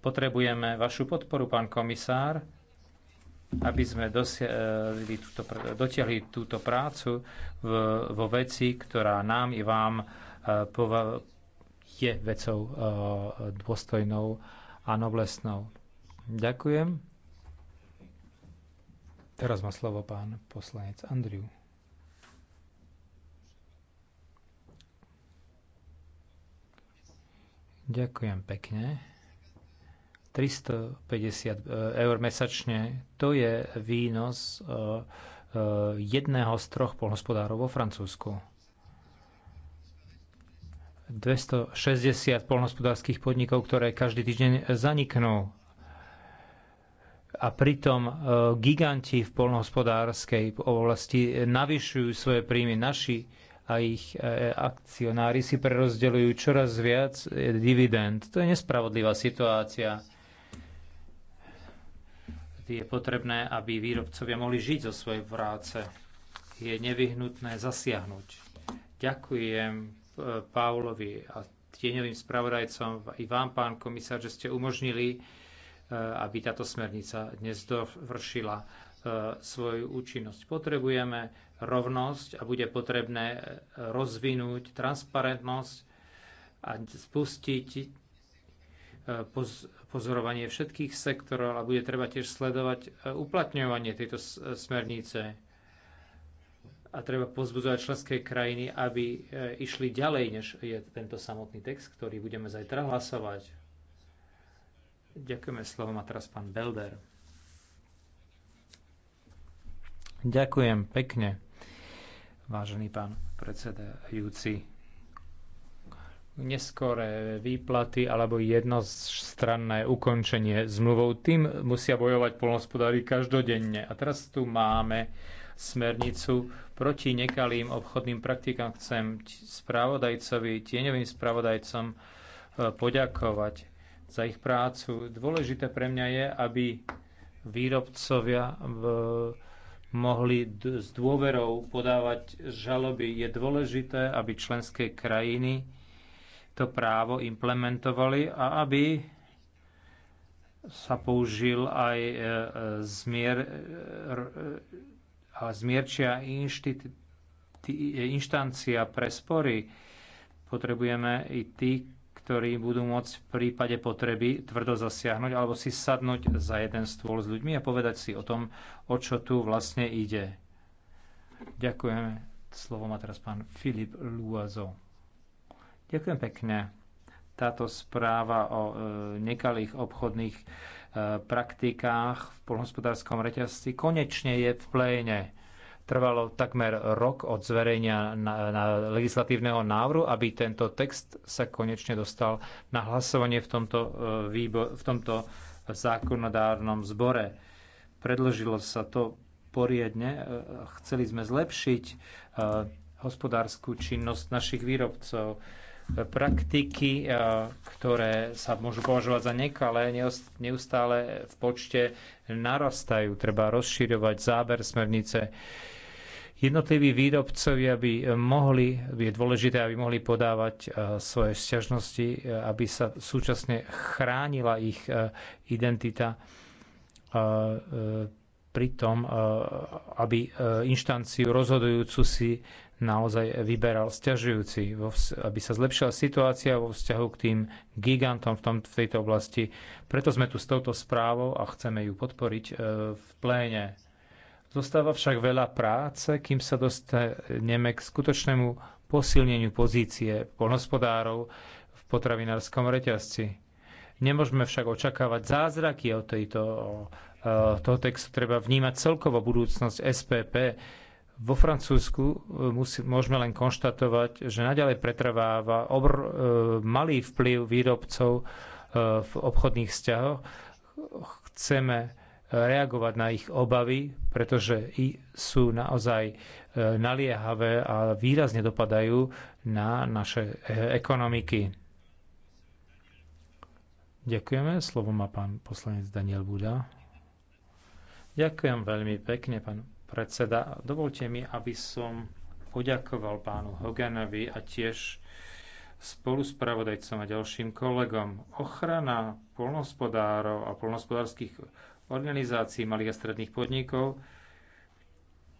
S6: Potrebujeme vašu podporu, pán komisár, aby sme túto, dotiahli túto prácu v, vo veci, ktorá nám i vám e, je vecou e, dôstojnou a noblesnou. Ďakujem. Teraz má slovo pán poslanec Andriu. Ďakujem pekne. 350 e, eur mesačne, to je výnos e, e, jedného z troch polnospodárov vo Francúzsku. 260 polnospodárských podnikov, ktoré každý týždeň zaniknú. A pritom giganti v polnohospodárskej oblasti navyšujú svoje príjmy. Naši a ich e, akcionári si prerozdeľujú čoraz viac e, dividend. To je nespravodlivá situácia. Je potrebné, aby výrobcovia mohli žiť zo svojej práce. Je nevyhnutné zasiahnuť. Ďakujem e, Pavlovi a tieňovým spravodajcom i vám, pán komisár, že ste umožnili, aby táto smernica dnes dovršila svoju účinnosť. Potrebujeme rovnosť a bude potrebné e, rozvinúť transparentnosť a spustiť e, pozorovanie všetkých sektorov a bude treba tiež sledovať e, uplatňovanie tejto smernice a treba pozbudzovať členské krajiny, aby išli ďalej, než je tento samotný text, ktorý budeme zajtra hlasovať. Ďakujeme slovom a teraz pán Belder. Ďakujem pekne. Vážený pán predsedajúci, neskoré výplaty alebo jednostranné ukončenie zmluvou, tým musia bojovať polnospodári každodenne. A teraz tu máme smernicu proti nekalým obchodným praktikám. Chcem spravodajcovi, tieňovým spravodajcom e, poďakovať za ich prácu. Dôležité pre mňa je, aby výrobcovia v mohli s dôverou podávať žaloby. Je dôležité, aby členské krajiny to právo implementovali a aby sa použil aj e, e, zmier, e, a zmierčia inštit, inštancia pre spory. Potrebujeme i tých ktorí budú môcť v prípade potreby tvrdo zasiahnuť alebo si sadnúť za jeden stôl s ľuďmi a povedať si o tom, o čo tu vlastne ide. Ďakujeme. Slovo má teraz pán Filip Luazo. Ďakujem pekne. Táto správa o e, nekalých obchodných e, praktikách v polnohospodárskom reťazci konečne je v pléne Trvalo takmer rok od zverejnia na, na legislatívneho návru, aby tento text sa konečne dostal na hlasovanie v tomto, e, výbo- v tomto zákonodárnom zbore. Predložilo sa to poriadne. E, chceli sme zlepšiť e, hospodárskú činnosť našich výrobcov praktiky, ktoré sa môžu považovať za nekalé, neustále v počte narastajú. Treba rozširovať záber smernice Jednotliví výrobcovia by eh, mohli, je dôležité, aby mohli podávať eh, svoje sťažnosti, eh, aby sa súčasne chránila ich identita pri tom, aby inštanciu rozhodujúcu si naozaj vyberal sťažujúci, aby sa zlepšila situácia vo vzťahu k tým gigantom v, tom, v tejto oblasti. Preto sme tu s touto správou a chceme ju podporiť v pléne. Zostáva však veľa práce, kým sa dostaneme k skutočnému posilneniu pozície polnospodárov v potravinárskom reťazci. Nemôžeme však očakávať zázraky od tejto, eh, toho textu. Treba vnímať celkovo budúcnosť SPP. Vo Francúzsku eh, musí, môžeme len konštatovať, že naďalej pretrváva obr, eh, malý vplyv výrobcov v obchodných vzťahoch. Chceme reagovať na ich obavy, pretože sú naozaj e, naliehavé a výrazne dopadajú na naše e, ekonomiky. Ďakujeme. Slovo má pán poslanec Daniel Buda. Ďakujem veľmi pekne, pán predseda. Dovolte mi, aby som poďakoval pánu Hoganovi a tiež spolu a ďalším kolegom. Ochrana poľnohospodárov a polnohospodárských organizácií malých a stredných podnikov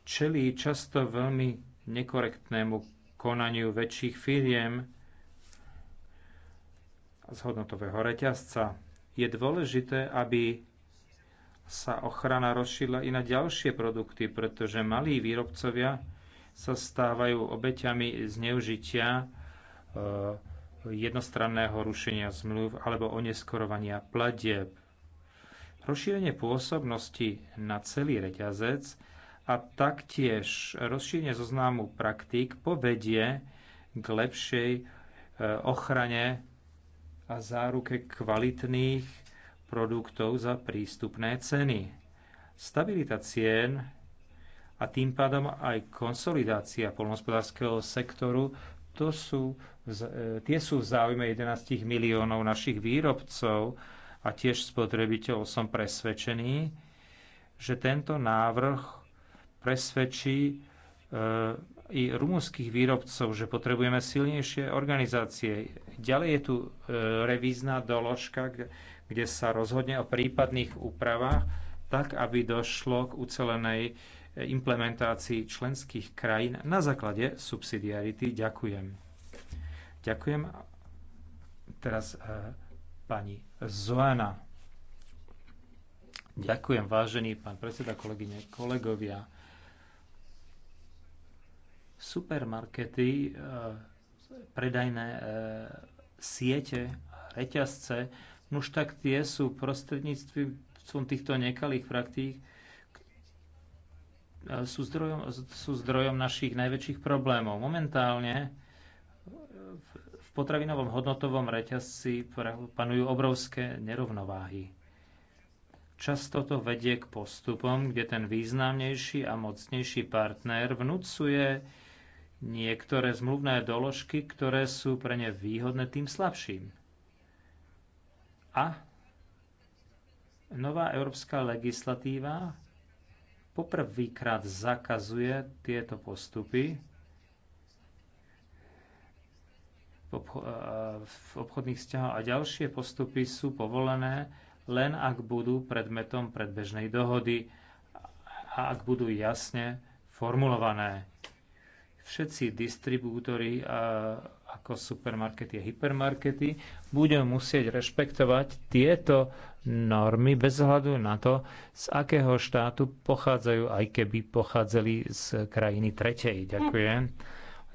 S6: čelí často veľmi nekorektnému konaniu väčších firiem z hodnotového reťazca. Je dôležité, aby sa ochrana rozšírila i na ďalšie produkty, pretože malí výrobcovia sa stávajú obeťami zneužitia Eh, jednostranného rušenia zmluv alebo oneskorovania platieb. Rozšírenie pôsobnosti na celý reťazec a taktiež rozšírenie zoznamu praktík povedie k lepšej eh, ochrane a záruke kvalitných produktov za prístupné ceny. Stabilita cien a tým pádom aj konsolidácia poľnohospodárskeho sektoru to sú, e, tie sú v záujme 11 miliónov našich výrobcov a tiež spotrebiteľov som presvedčený, že tento návrh presvedčí e, i rumúnskych výrobcov, že potrebujeme silnejšie organizácie. Ďalej je tu e, revízna doložka, kde sa rozhodne o prípadných úpravách, tak aby došlo k ucelenej implementácii členských krajín na základe subsidiarity. Ďakujem. Ďakujem. Teraz e, pani Zoana. Ďakujem, vážený pán predseda, kolegyne, kolegovia. Supermarkety, e, predajné e, siete, reťazce, no už tak tie sú prostredníctvom týchto nekalých praktík E, sú zdrojom, sú zdrojom našich najväčších problémov. Momentálne e, v potravinovom hodnotovom reťazci panujú obrovské nerovnováhy. Často to vedie k postupom, kde ten významnejší a mocnejší partner vnúcuje niektoré zmluvné doložky, ktoré sú pre ne výhodné tým slabším. A nová európska legislatíva poprvýkrát zakazuje tieto postupy v obchodných vzťahoch a ďalšie postupy sú povolené len ak budú predmetom predbežnej dohody a ak budú jasne formulované. Všetci distribútory ako supermarkety a hypermarkety budú musieť rešpektovať tieto normy bez hľadu na to, z akého štátu pochádzajú, aj keby pochádzali z krajiny tretej. Ďakujem.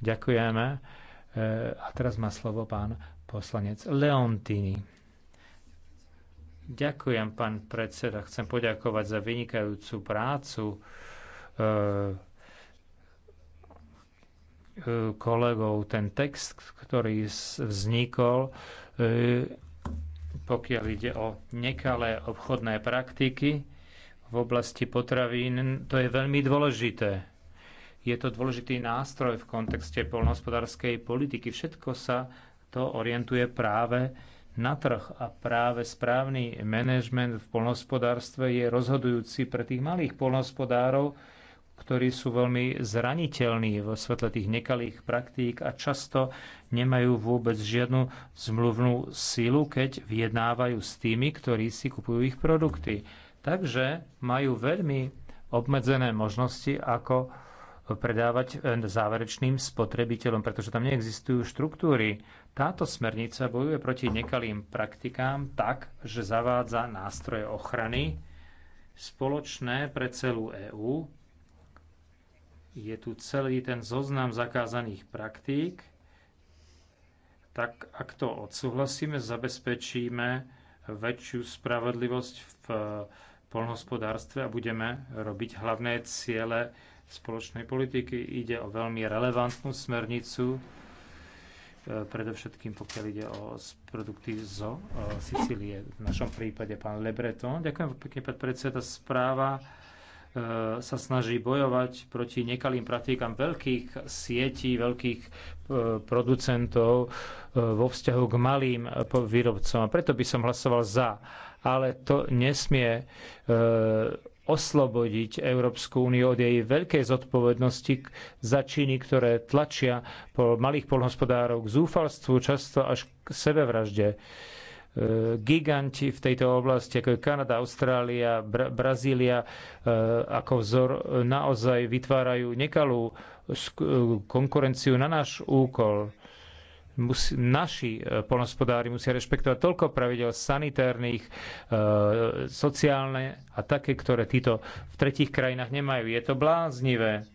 S6: Ďakujeme. Eh, a teraz má slovo pán poslanec Leontini. Ďakujem, pán predseda. Chcem poďakovať za vynikajúcu prácu eh, eh, kolegov. Ten text, ktorý vznikol, pokiaľ ide o nekalé obchodné praktiky v oblasti potravín, to je veľmi dôležité. Je to dôležitý nástroj v kontexte polnohospodárskej politiky. Všetko sa to orientuje práve na trh a práve správny manažment v polnohospodárstve je rozhodujúci pre tých malých polnohospodárov, ktorí sú veľmi zraniteľní vo svetle tých nekalých praktík a často nemajú vôbec žiadnu zmluvnú silu, keď vyjednávajú s tými, ktorí si kupujú ich produkty. Takže majú veľmi obmedzené možnosti, ako predávať záverečným spotrebiteľom, pretože tam neexistujú štruktúry. Táto smernica bojuje proti nekalým praktikám tak, že zavádza nástroje ochrany spoločné pre celú EÚ, je tu celý ten zoznam zakázaných praktík, tak ak to odsúhlasíme, zabezpečíme väčšiu spravodlivosť v eh, poľnohospodárstve a budeme robiť hlavné ciele spoločnej politiky. Ide o veľmi relevantnú smernicu, eh, predovšetkým pokiaľ ide o produkty zo eh, Sicílie, v našom prípade pán Lebreton. Ďakujem pekne, pán predseda. Správa E, sa snaží bojovať proti nekalým praktikám veľkých sietí, veľkých e, producentov e, vo vzťahu k malým výrobcom. A preto by som hlasoval za. Ale to nesmie oslobodiť Európsku úniu od jej veľkej zodpovednosti za činy, ktoré tlačia po malých polnohospodárov k zúfalstvu, často až k sebevražde. E, giganti v tejto oblasti, ako je Kanada, Austrália, Bra- Brazília, e, ako vzor e, naozaj vytvárajú nekalú konkurenciu na náš úkol. Musi, naši polnospodári musia rešpektovať toľko pravidel sanitárnych, e, sociálne a také, ktoré títo v tretich krajinách nemajú. Je to bláznivé.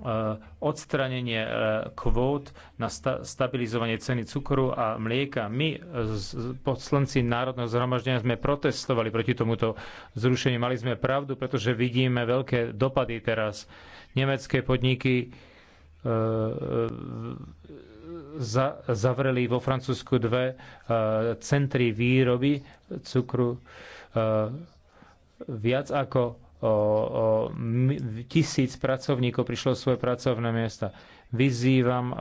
S6: Eh, odstranenie eh, kvót na stabilizovanie ceny cukru a mlieka. My, eh, poslanci Národného zhromaždenia, sme protestovali proti tomuto zrušeniu. Mali sme pravdu, pretože vidíme veľké dopady teraz. Nemecké podniky za, zavreli vo Francúzsku dve centry výroby cukru. Viac ako tisíc pracovníkov prišlo svoje pracovné miesta. Vyzývam,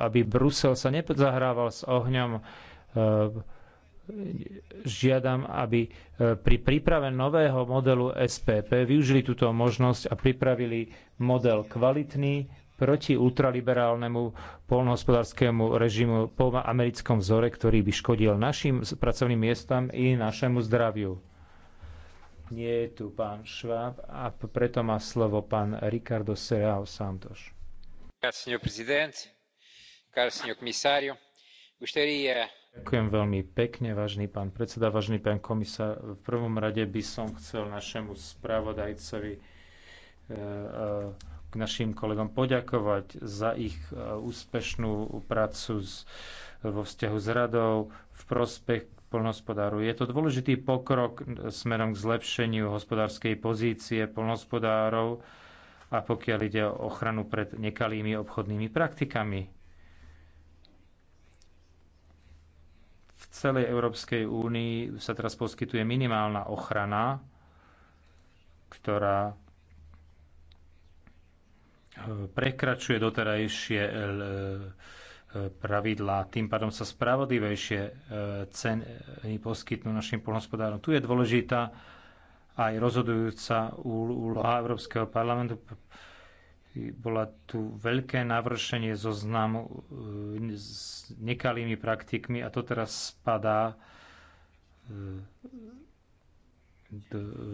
S6: aby Brusel sa nezahrával s ohňom. E, žiadam, aby e, pri príprave nového modelu SPP využili túto možnosť a pripravili model kvalitný proti ultraliberálnemu polnohospodárskému režimu po americkom vzore, ktorý by škodil našim pracovným miestam i našemu zdraviu. Nie je tu pán Šváb a preto má slovo pán Ricardo Serrao Santos. Eh, Ďakujem veľmi pekne, vážny pán predseda, vážny pán komisár. V prvom rade by som chcel našemu spravodajcovi eh, eh, k našim kolegom poďakovať za ich úspešnú prácu vo vzťahu s radou v prospech polnospodáru. Je to dôležitý pokrok smerom k zlepšeniu hospodárskej pozície polnospodárov a pokiaľ ide o ochranu pred nekalými obchodnými praktikami. V celej Európskej únii sa teraz poskytuje minimálna ochrana, ktorá prekračuje doterajšie eh, pravidlá. Tým pádom sa spravodlivejšie e, ceny poskytnú našim polnospodárom. Tu je dôležitá aj rozhodujúca úloha Európskeho parlamentu. Bola tu veľké navršenie zoznamu e, s nekalými praktikmi a to teraz spadá e,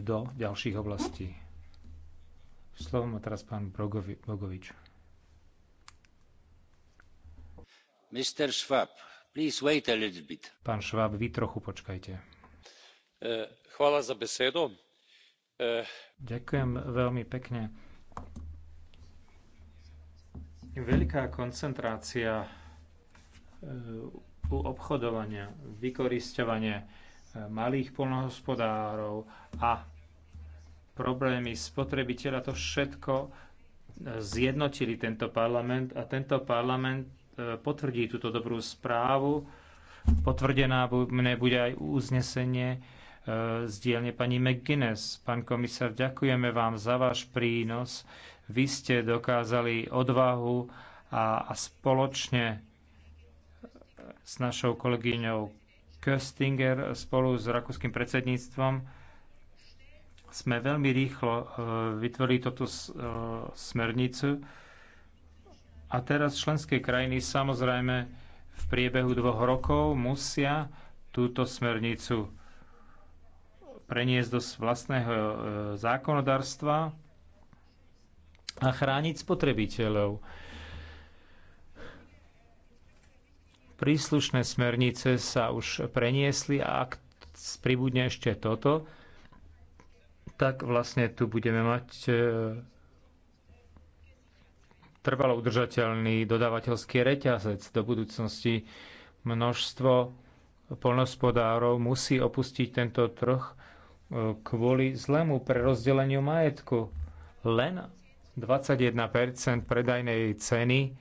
S6: do, ďalších oblastí. Slovo má teraz pán Brogovi, Bogovič. Schwab, Pán Schwab, vy trochu počkajte. E, chvála za besedo. E, Ďakujem veľmi pekne. Veľká koncentrácia e, u obchodovania, vykoristovanie malých polnohospodárov a problémy spotrebiteľa, to všetko zjednotili tento parlament a tento parlament potvrdí túto dobrú správu. Potvrdená mne bude aj uznesenie e, z dielne pani McGuinness. Pán komisár, ďakujeme vám za váš prínos. Vy ste dokázali odvahu a, a spoločne s našou kolegyňou Köstinger spolu s rakúskym predsedníctvom sme veľmi rýchlo e, vytvorili toto e, smernicu a teraz členské krajiny samozrejme v priebehu dvoch rokov musia túto smernicu preniesť do vlastného e, zákonodárstva a chrániť spotrebiteľov. Príslušné smernice sa už preniesli a ak pribudne ešte toto, tak vlastne tu budeme mať e, trvalo udržateľný dodávateľský reťazec do budúcnosti. Množstvo polnospodárov musí opustiť tento trh e, kvôli zlému prerozdeleniu majetku. Len 21 predajnej ceny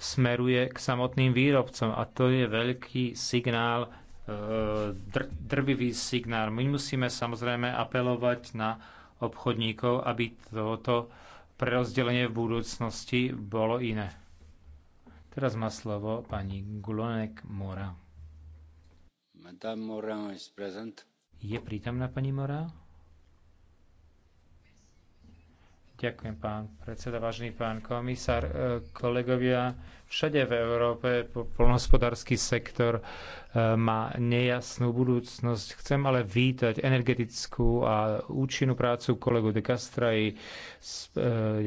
S6: smeruje k samotným výrobcom a to je veľký signál, e, dr, drvivý signál. My musíme samozrejme apelovať na obchodníkov, aby toto prerozdelenie v budúcnosti bolo iné. Teraz má slovo pani Gulonek Mora. Madame Morin is present. Je prítomná pani Mora? Ďakujem, pán predseda, vážený pán komisár. E, kolegovia, všade v Európe polnospodársky sektor e, má nejasnú budúcnosť. Chcem ale vítať energetickú a účinnú prácu kolegu de Castra i e,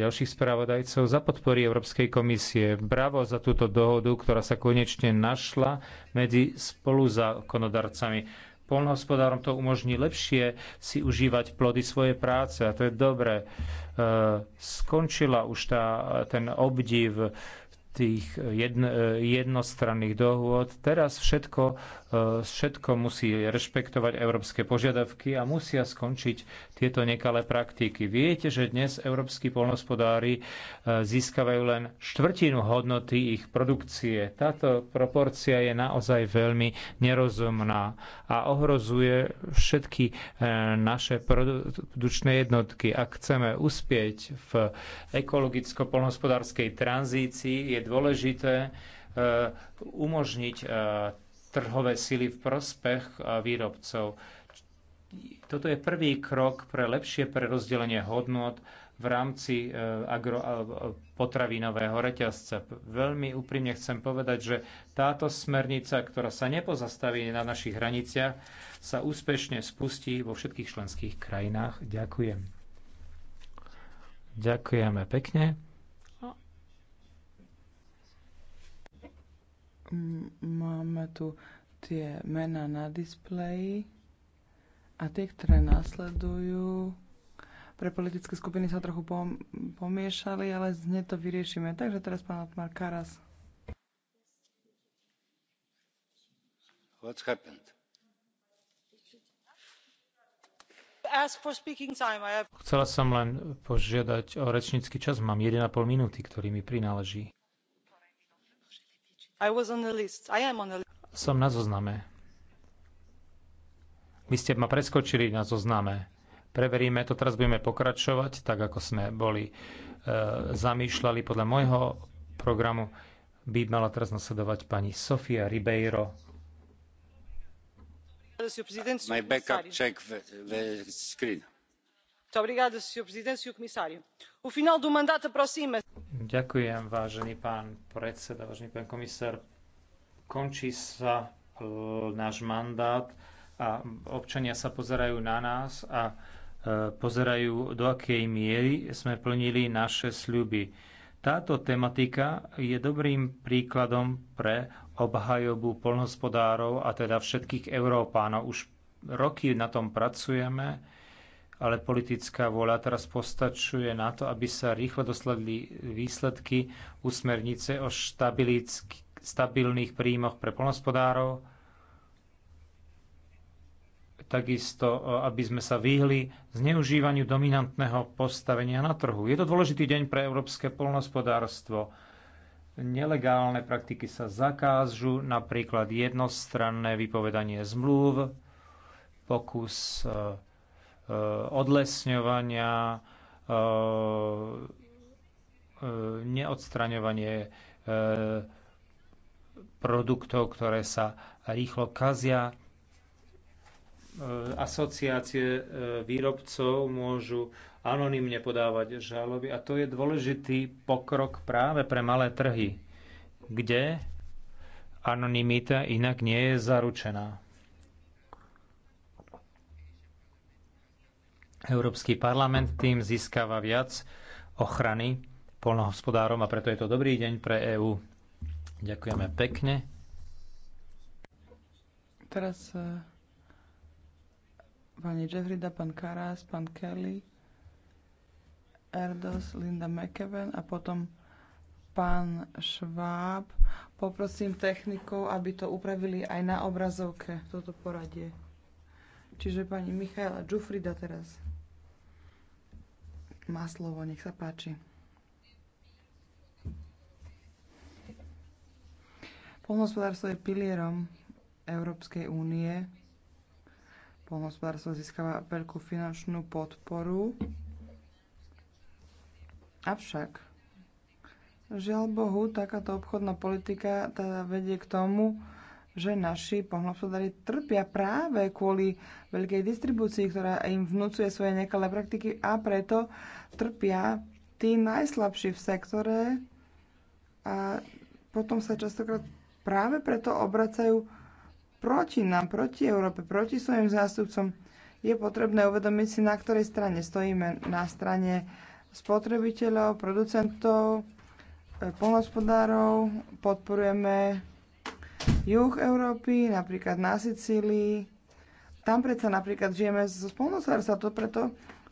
S6: ďalších správodajcov za podpory Európskej komisie. Bravo za túto dohodu, ktorá sa konečne našla medzi spoluzákonodarcami Polnohospodárom to umožní lepšie si užívať plody svojej práce a to je dobré. E, skončila už tá, ten obdiv tých jedno, e, jednostranných dohôd. Teraz všetko všetko musí rešpektovať európske požiadavky a musia skončiť tieto nekalé praktiky. Viete, že dnes európsky polnospodári e, získavajú len štvrtinu hodnoty ich produkcie. Táto proporcia je naozaj veľmi nerozumná a ohrozuje všetky e, naše produčné jednotky. Ak chceme uspieť v ekologicko-polnospodárskej tranzícii, je dôležité e, umožniť trhové sily v prospech výrobcov. Toto je prvý krok pre lepšie prerozdelenie hodnot v rámci e, potravinového reťazca. Veľmi úprimne chcem povedať, že táto smernica, ktorá sa nepozastaví na našich hraniciach, sa úspešne spustí vo všetkých členských krajinách. Ďakujem. Ďakujeme pekne.
S9: Máme tu tie mená na displeji a tie, ktoré následujú. Pre politické skupiny sa trochu pomiešali, ale zne to vyriešime. Takže teraz pán Otmar Karas.
S6: What's happened? Chcela som len požiadať o rečnícky čas. Mám 1,5 minúty, ktorý mi prináleží. Som na zozname. Vy ste ma preskočili na zozname. Preveríme to, teraz budeme pokračovať, tak ako sme boli e, zamýšľali podľa môjho programu. By mala teraz nasledovať pani Sofia Ribeiro.
S1: My backup check the, the screen.
S9: Muito obrigada, Presidente, senhor Comissário. O final do mandato aproxima. se
S6: Ďakujem, vážený pán predseda, vážený pán komisár. Končí sa náš mandát a občania sa pozerajú na nás a e, pozerajú, do akej miery sme plnili naše sľuby. Táto tematika je dobrým príkladom pre obhajobu polnospodárov a teda všetkých Európánov. Už roky na tom pracujeme ale politická vôľa teraz postačuje na to, aby sa rýchlo dosledli výsledky usmernice o stabilných príjmoch pre polnospodárov, takisto, e, aby sme sa vyhli zneužívaniu dominantného postavenia na trhu. Je to dôležitý deň pre európske polnospodárstvo. Nelegálne praktiky sa zakážu, napríklad jednostranné vypovedanie zmluv, pokus e, Eh, odlesňovania, eh, eh, neodstraňovanie produktov, ktoré sa rýchlo kazia. Asociácie výrobcov môžu anonymne podávať žaloby a to je dôležitý pokrok práve pre malé trhy, kde anonimita inak nie je zaručená. Európsky parlament tým získava viac ochrany polnohospodárom a preto je to dobrý deň pre EÚ. Ďakujeme pekne.
S9: Teraz e, pani Jeffrida, pán Karas, pán Kelly, Erdos, Linda McEwen a potom pán Šváb. Poprosím technikov, aby to upravili aj na obrazovke, toto poradie. Čiže pani Michaela Džufrida teraz má slovo, nech sa páči. Polnohospodárstvo je pilierom Európskej únie. Polnohospodárstvo získava veľkú finančnú podporu. Avšak, žiaľ Bohu, takáto obchodná politika teda vedie k tomu, že naši pohľadnospodári trpia práve kvôli veľkej distribúcii, ktorá im vnúcuje svoje nekalé praktiky a preto trpia tí najslabší v sektore a potom sa častokrát práve preto obracajú proti nám, proti Európe, proti svojim zástupcom. Je potrebné uvedomiť si, na ktorej strane stojíme. Na strane spotrebiteľov, producentov, eh, polnospodárov, podporujeme juh Európy, napríklad na Sicílii. Tam predsa napríklad žijeme zo spolnosárstva, to preto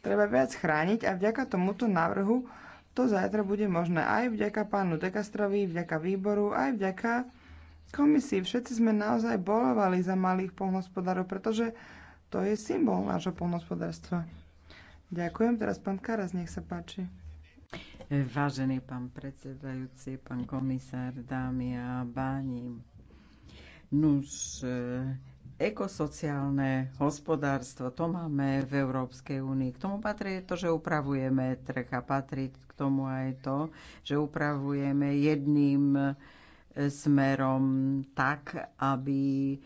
S9: treba viac chrániť a vďaka tomuto návrhu to zajtra bude možné aj vďaka pánu Dekastrovi, vďaka výboru, aj vďaka komisii. Všetci sme naozaj bolovali za malých polnospodárov, pretože to je symbol nášho polnospodárstva.
S4: Ďakujem. Teraz pán Karas, nech sa páči. Vážený pán predsedajúci, pán komisár, dámy a báni, Nuž, e, ekosociálne hospodárstvo, to máme v Európskej únii. K tomu patrí to, že upravujeme trh a patrí k tomu aj to, že upravujeme jedným e, smerom tak, aby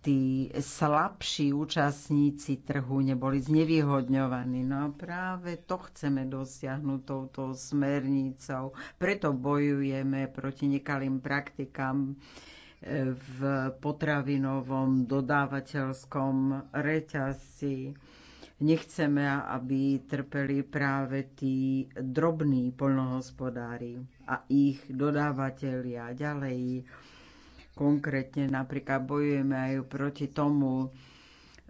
S4: tí slabší účastníci trhu neboli znevýhodňovaní. No a práve to chceme dosiahnuť touto smernicou. Preto bojujeme proti nekalým praktikám v potravinovom dodávateľskom reťazci. Nechceme, aby trpeli práve tí drobní poľnohospodári a ich dodávateľia ďalej. Konkrétne napríklad bojujeme aj proti tomu,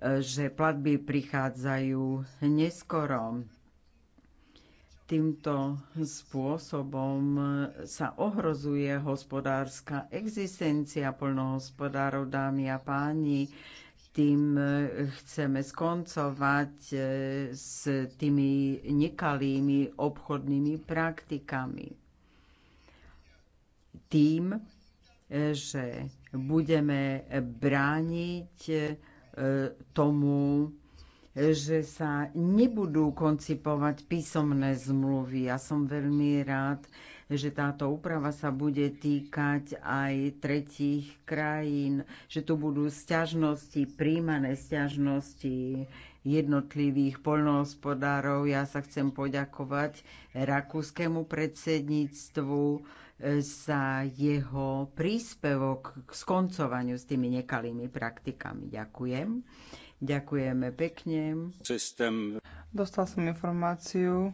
S4: že platby prichádzajú neskoro Týmto spôsobom sa ohrozuje hospodárska existencia poľnohospodárov, dámy a páni. Tým chceme skoncovať e, s tými nekalými obchodnými praktikami. Tým, e, že budeme brániť e, tomu, že sa nebudú koncipovať písomné zmluvy. Ja som veľmi rád, že táto úprava sa bude týkať aj tretích krajín, že tu budú sťažnosti, príjmané sťažnosti jednotlivých poľnohospodárov. Ja sa chcem poďakovať rakúskému predsedníctvu, e, za jeho príspevok k skoncovaniu s tými nekalými praktikami. Ďakujem. Ďakujeme pekne.
S6: System.
S4: Dostal som informáciu,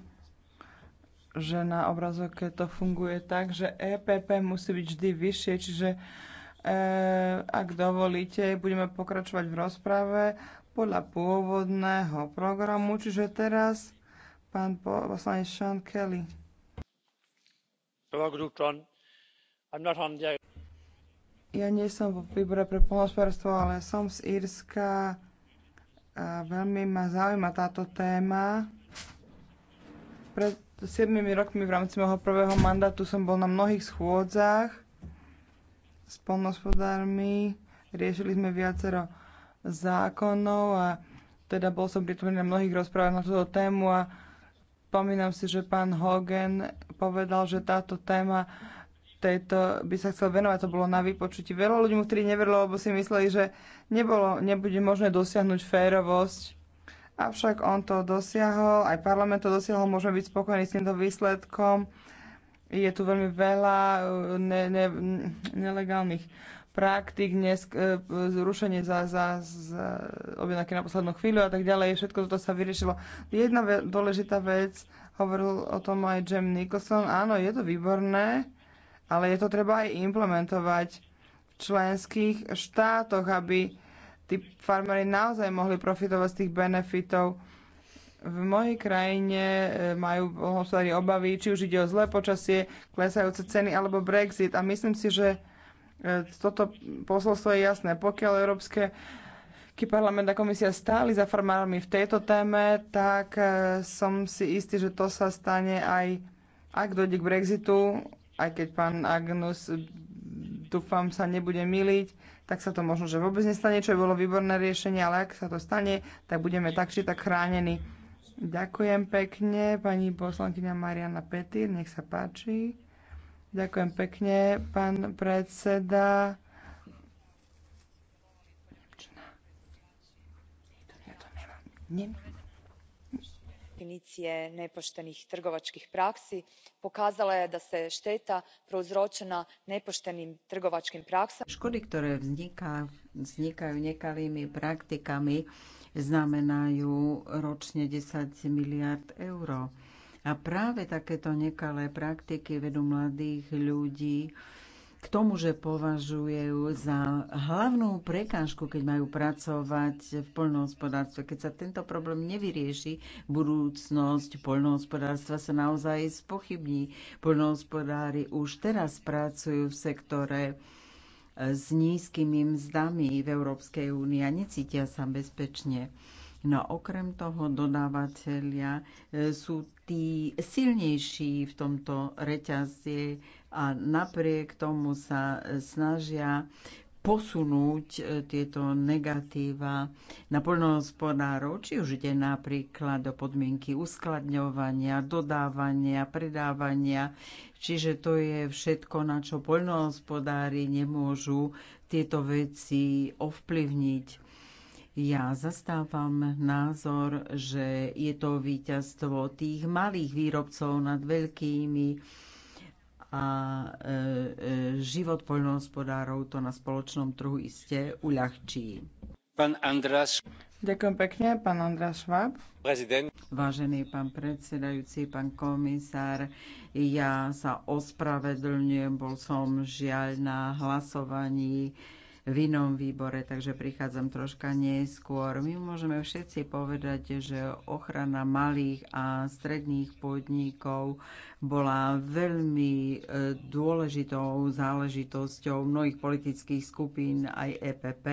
S4: že na obrazovke to funguje
S9: tak, že EPP musí byť vždy vyššie, čiže e, ak dovolíte, budeme pokračovať v rozprave podľa pôvodného programu, čiže teraz pán poslanec Sean Kelly. Ja nie som vo výbore pre polnospodárstvo, ale som z Írska a veľmi ma zaujíma táto téma. Pred 7 rokmi v rámci môjho prvého mandátu som bol na mnohých schôdzach s polnospodármi. Riešili sme viacero zákonov a teda bol som prítomný na mnohých rozprávach na túto tému a spomínam si, že pán Hogan povedal, že táto téma tejto by sa chcel venovať, to bolo na vypočutí. Veľa ľudí mu vtedy neverilo, lebo si mysleli, že nebolo, nebude možné dosiahnuť férovosť. Avšak on to dosiahol, aj parlament to dosiahol, môžeme byť spokojní s týmto výsledkom. Je tu veľmi veľa uh, ne, ne, nelegálnych praktik, nesk- uh, zrušenie za, za, za objednáky na poslednú chvíľu a tak ďalej. Všetko toto sa vyriešilo. Jedna ve- dôležitá vec, hovoril o tom aj Jem Nicholson, áno, je to výborné, ale je to treba aj implementovať v členských štátoch, aby tí farmery naozaj mohli profitovať z tých benefitov. V mojej krajine e, majú hospodári obavy, či už ide o zlé počasie, klesajúce ceny alebo Brexit. A myslím si, že e, toto posolstvo je jasné. Pokiaľ Európske ký parlament a komisia stáli za farmármi v tejto téme, tak e, som si istý, že to sa stane aj ak dojde k Brexitu aj keď pán Agnus, dúfam, sa nebude miliť, tak sa to možno, že vôbec nestane, čo je bolo výborné riešenie, ale ak sa to stane, tak budeme tak či tak chránení. Ďakujem pekne, pani poslankyňa Mariana Petýr, nech sa páči. Ďakujem pekne, pán predseda.
S10: Nie
S2: definicije nepoštenih trgovačkih praksi pokazala je da se šteta prouzročena nepoštenim
S4: trgovačkim praksama škody ktoré vzniká, vznikajú nekalými praktikami znamenajú ročne 10 miliard eur. A práve takéto nekalé praktiky vedú mladých ľudí k tomu, že považujú za hlavnú prekážku, keď majú pracovať v poľnohospodárstve. Keď sa tento problém nevyrieši, budúcnosť poľnohospodárstva sa naozaj spochybní. Poľnohospodári už teraz pracujú v sektore e, s nízkymi mzdami v Európskej únii a necítia sa bezpečne. No okrem toho dodávateľia e, sú tí silnejší v tomto reťazie a napriek tomu sa e, snažia posunúť e, tieto negatíva na poľnohospodárov, či už ide napríklad do podmienky uskladňovania, dodávania, predávania. Čiže to je všetko, na čo poľnohospodári nemôžu tieto veci ovplyvniť. Ja zastávam názor, že je to víťazstvo tých malých výrobcov nad veľkými a e, e, život poľnohospodárov to na spoločnom trhu iste uľahčí.
S6: Pán András.
S4: Ďakujem pekne, pán András Schwab. Prezident. Vážený pán predsedajúci, pán komisár, ja sa ospravedlňujem, bol som žiaľ na hlasovaní v inom výbore, takže prichádzam troška neskôr. My môžeme všetci povedať, že ochrana malých a stredných podnikov bola veľmi e, dôležitou záležitosťou mnohých politických skupín aj EPP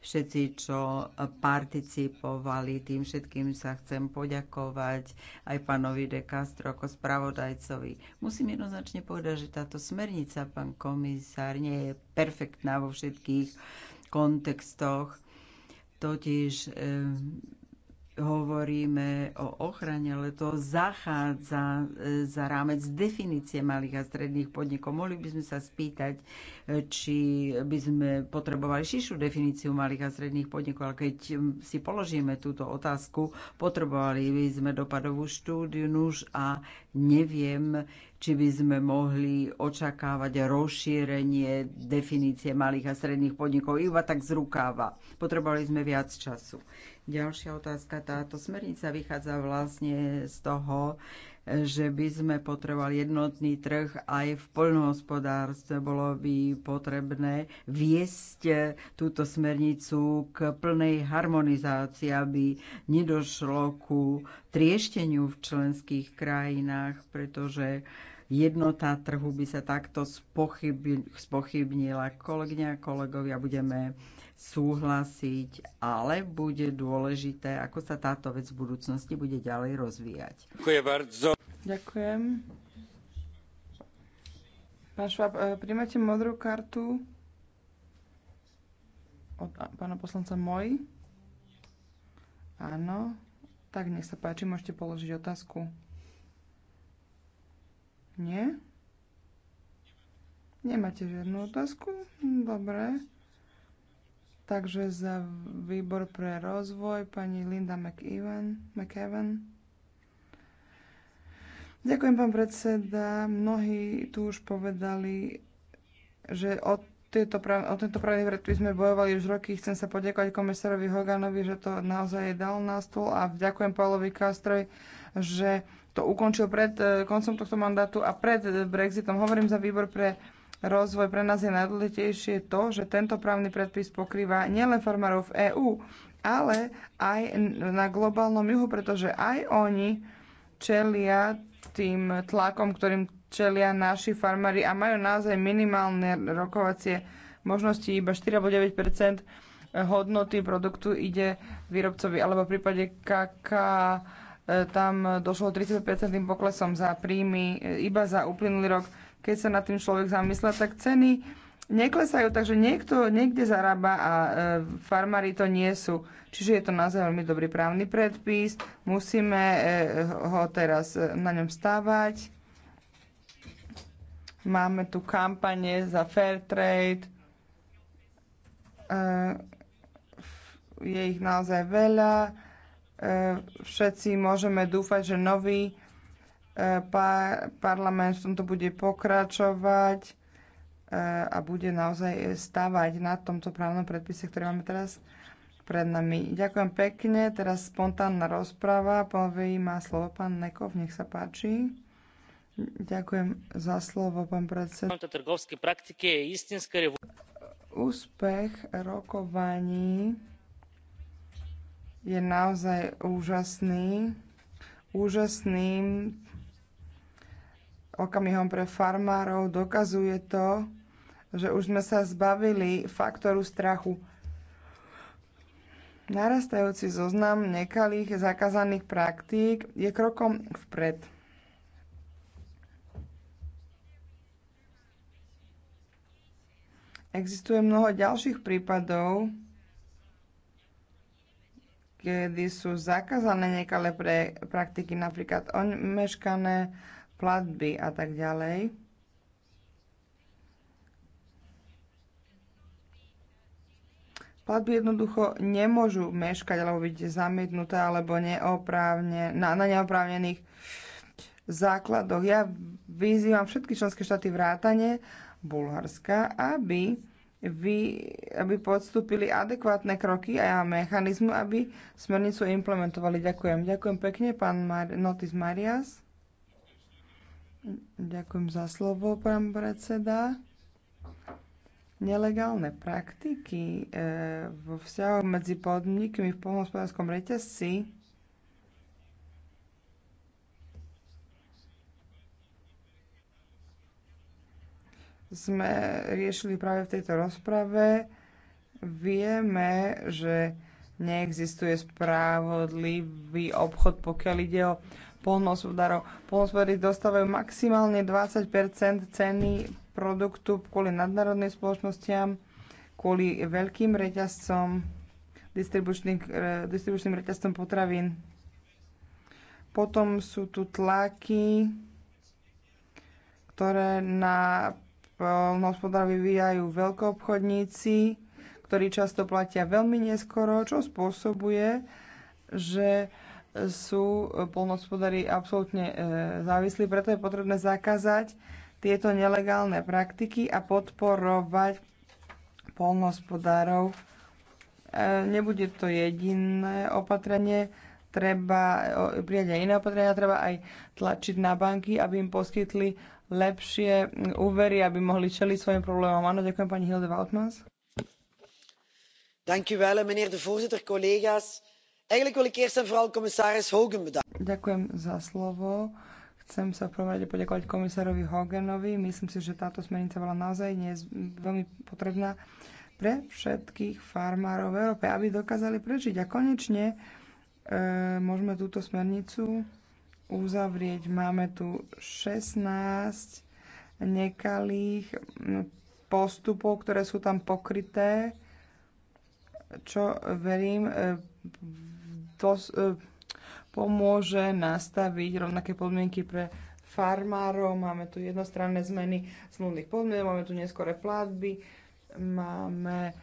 S4: všetci, čo participovali. Tým všetkým sa chcem poďakovať aj pánovi De Castro ako spravodajcovi. Musím jednoznačne povedať, že táto smernica, pán komisár, nie je perfektná vo všetkých kontextoch. Totiž eh, hovoríme o ochrane, ale to zachádza e, za rámec definície malých a stredných podnikov. Mohli by sme sa spýtať, e, či by sme potrebovali širšiu definíciu malých a stredných podnikov, ale keď si položíme túto otázku, potrebovali by sme dopadovú štúdiu nuž a neviem, či by sme mohli očakávať rozšírenie definície malých a stredných podnikov iba tak z rukáva. Potrebovali sme viac času. Ďalšia otázka. Táto smernica vychádza vlastne z toho, že by sme potrebovali jednotný trh aj v poľnohospodárstve. Bolo by potrebné viesť túto smernicu k plnej harmonizácii, aby nedošlo ku triešteniu v členských krajinách, pretože jednota trhu by sa takto spochybnila. Kolegyňa a kolegovia, budeme súhlasiť, ale bude dôležité, ako sa táto vec v budúcnosti bude ďalej rozvíjať.
S6: Ďakujem bardzo.
S4: Ďakujem.
S9: Pán Šváb, e, príjmete modrú kartu od pána poslanca Moj? Áno. Tak, nech sa páči, môžete položiť otázku. Nie? Nemáte žiadnu otázku? Dobre. Takže za výbor pre rozvoj pani Linda McEwan. McEwan. Ďakujem, pán predseda. Mnohí tu už povedali, že o tieto, o tento právny predpis sme bojovali už roky. Chcem sa poďakovať komisárovi Hoganovi, že to naozaj dal na stôl a ďakujem Pavlovi Kastroj, že to ukončil pred eh, koncom tohto mandátu a pred Brexitom. Hovorím za výbor pre rozvoj. Pre nás je najdôležitejšie to, že tento právny predpis pokrýva nielen farmárov v EÚ, ale aj na globálnom juhu, pretože aj oni čelia tým tlakom, ktorým čelia naši farmári a majú naozaj minimálne rokovacie možnosti, iba 4 alebo 9 hodnoty produktu ide výrobcovi, alebo v prípade kaká e, tam došlo 35% poklesom za príjmy e, iba za uplynulý rok keď sa nad tým človek zamyslel, tak ceny neklesajú, takže niekto niekde zarába a e, farmári to nie sú. Čiže je to naozaj veľmi dobrý právny predpis, musíme e, ho teraz e, na ňom stávať. Máme tu kampane za fair trade. E, je ich naozaj veľa. E, všetci môžeme dúfať, že nový E, parlament v tomto bude pokračovať e, a bude naozaj stavať na tomto právnom predpise, ktorý máme teraz pred nami. Ďakujem pekne. Teraz spontánna rozpráva. Prvý má slovo pán Nekov. Nech sa páči. Ďakujem za slovo, pán predseda.
S6: Úspech
S9: rokovaní je naozaj úžasný. Úžasným okamihom pre farmárov. Dokazuje to, že už sme sa zbavili faktoru strachu. Narastajúci zoznam nekalých zakázaných praktík je krokom vpred. Existuje mnoho ďalších prípadov, kedy sú zakázané nekalé praktiky, napríklad omeškané platby a tak ďalej. Platby jednoducho nemôžu meškať alebo byť zamietnuté alebo neoprávne, na, na neoprávnených základoch. Ja vyzývam všetky členské štáty vrátane Bulharska, aby, vy, aby podstúpili adekvátne kroky a mechanizmy, aby smernicu implementovali. Ďakujem. Ďakujem pekne, pán Mar- Notis Marias. Ďakujem za slovo, pán predseda. Nelegálne praktiky e, vo vzťahu medzi podnikmi v poľnohospodárskom reťazci sme riešili práve v tejto rozprave. Vieme, že neexistuje spravodlivý obchod, pokiaľ ide o polnohospodárov. dostávajú maximálne 20 ceny produktu kvôli nadnárodným spoločnostiam, kvôli veľkým reťazcom, distribučným, e, distribučným reťazcom potravín. Potom sú tu tlaky, ktoré na polnohospodárov vyvíjajú veľkoobchodníci, ktorí často platia veľmi neskoro, čo spôsobuje, že sú poľnohospodári absolútne e, závislí, preto je potrebné zakázať tieto nelegálne praktiky a podporovať poľnohospodárov. E, nebude to jediné opatrenie, treba prijať aj iné opatrenia, treba aj tlačiť na banky, aby im poskytli lepšie úvery, aby mohli čeliť svojim problémom. Áno, ďakujem pani Hilde Waltmans.
S4: Dank u wel, meneer de voorzitter, collega's
S9: Ďakujem za slovo. Chcem sa v prvom rade poďakovať komisárovi Hoganovi. Myslím si, že táto smernica bola naozaj dnes veľmi potrebná pre všetkých farmárov v Európe, aby dokázali prežiť. A konečne e, môžeme túto smernicu uzavrieť. Máme tu 16 nekalých postupov, ktoré sú tam pokryté, čo verím e, to e, pomôže nastaviť rovnaké podmienky pre farmárov, máme tu jednostranné zmeny smluvných podmienok, máme tu neskore platby, máme e,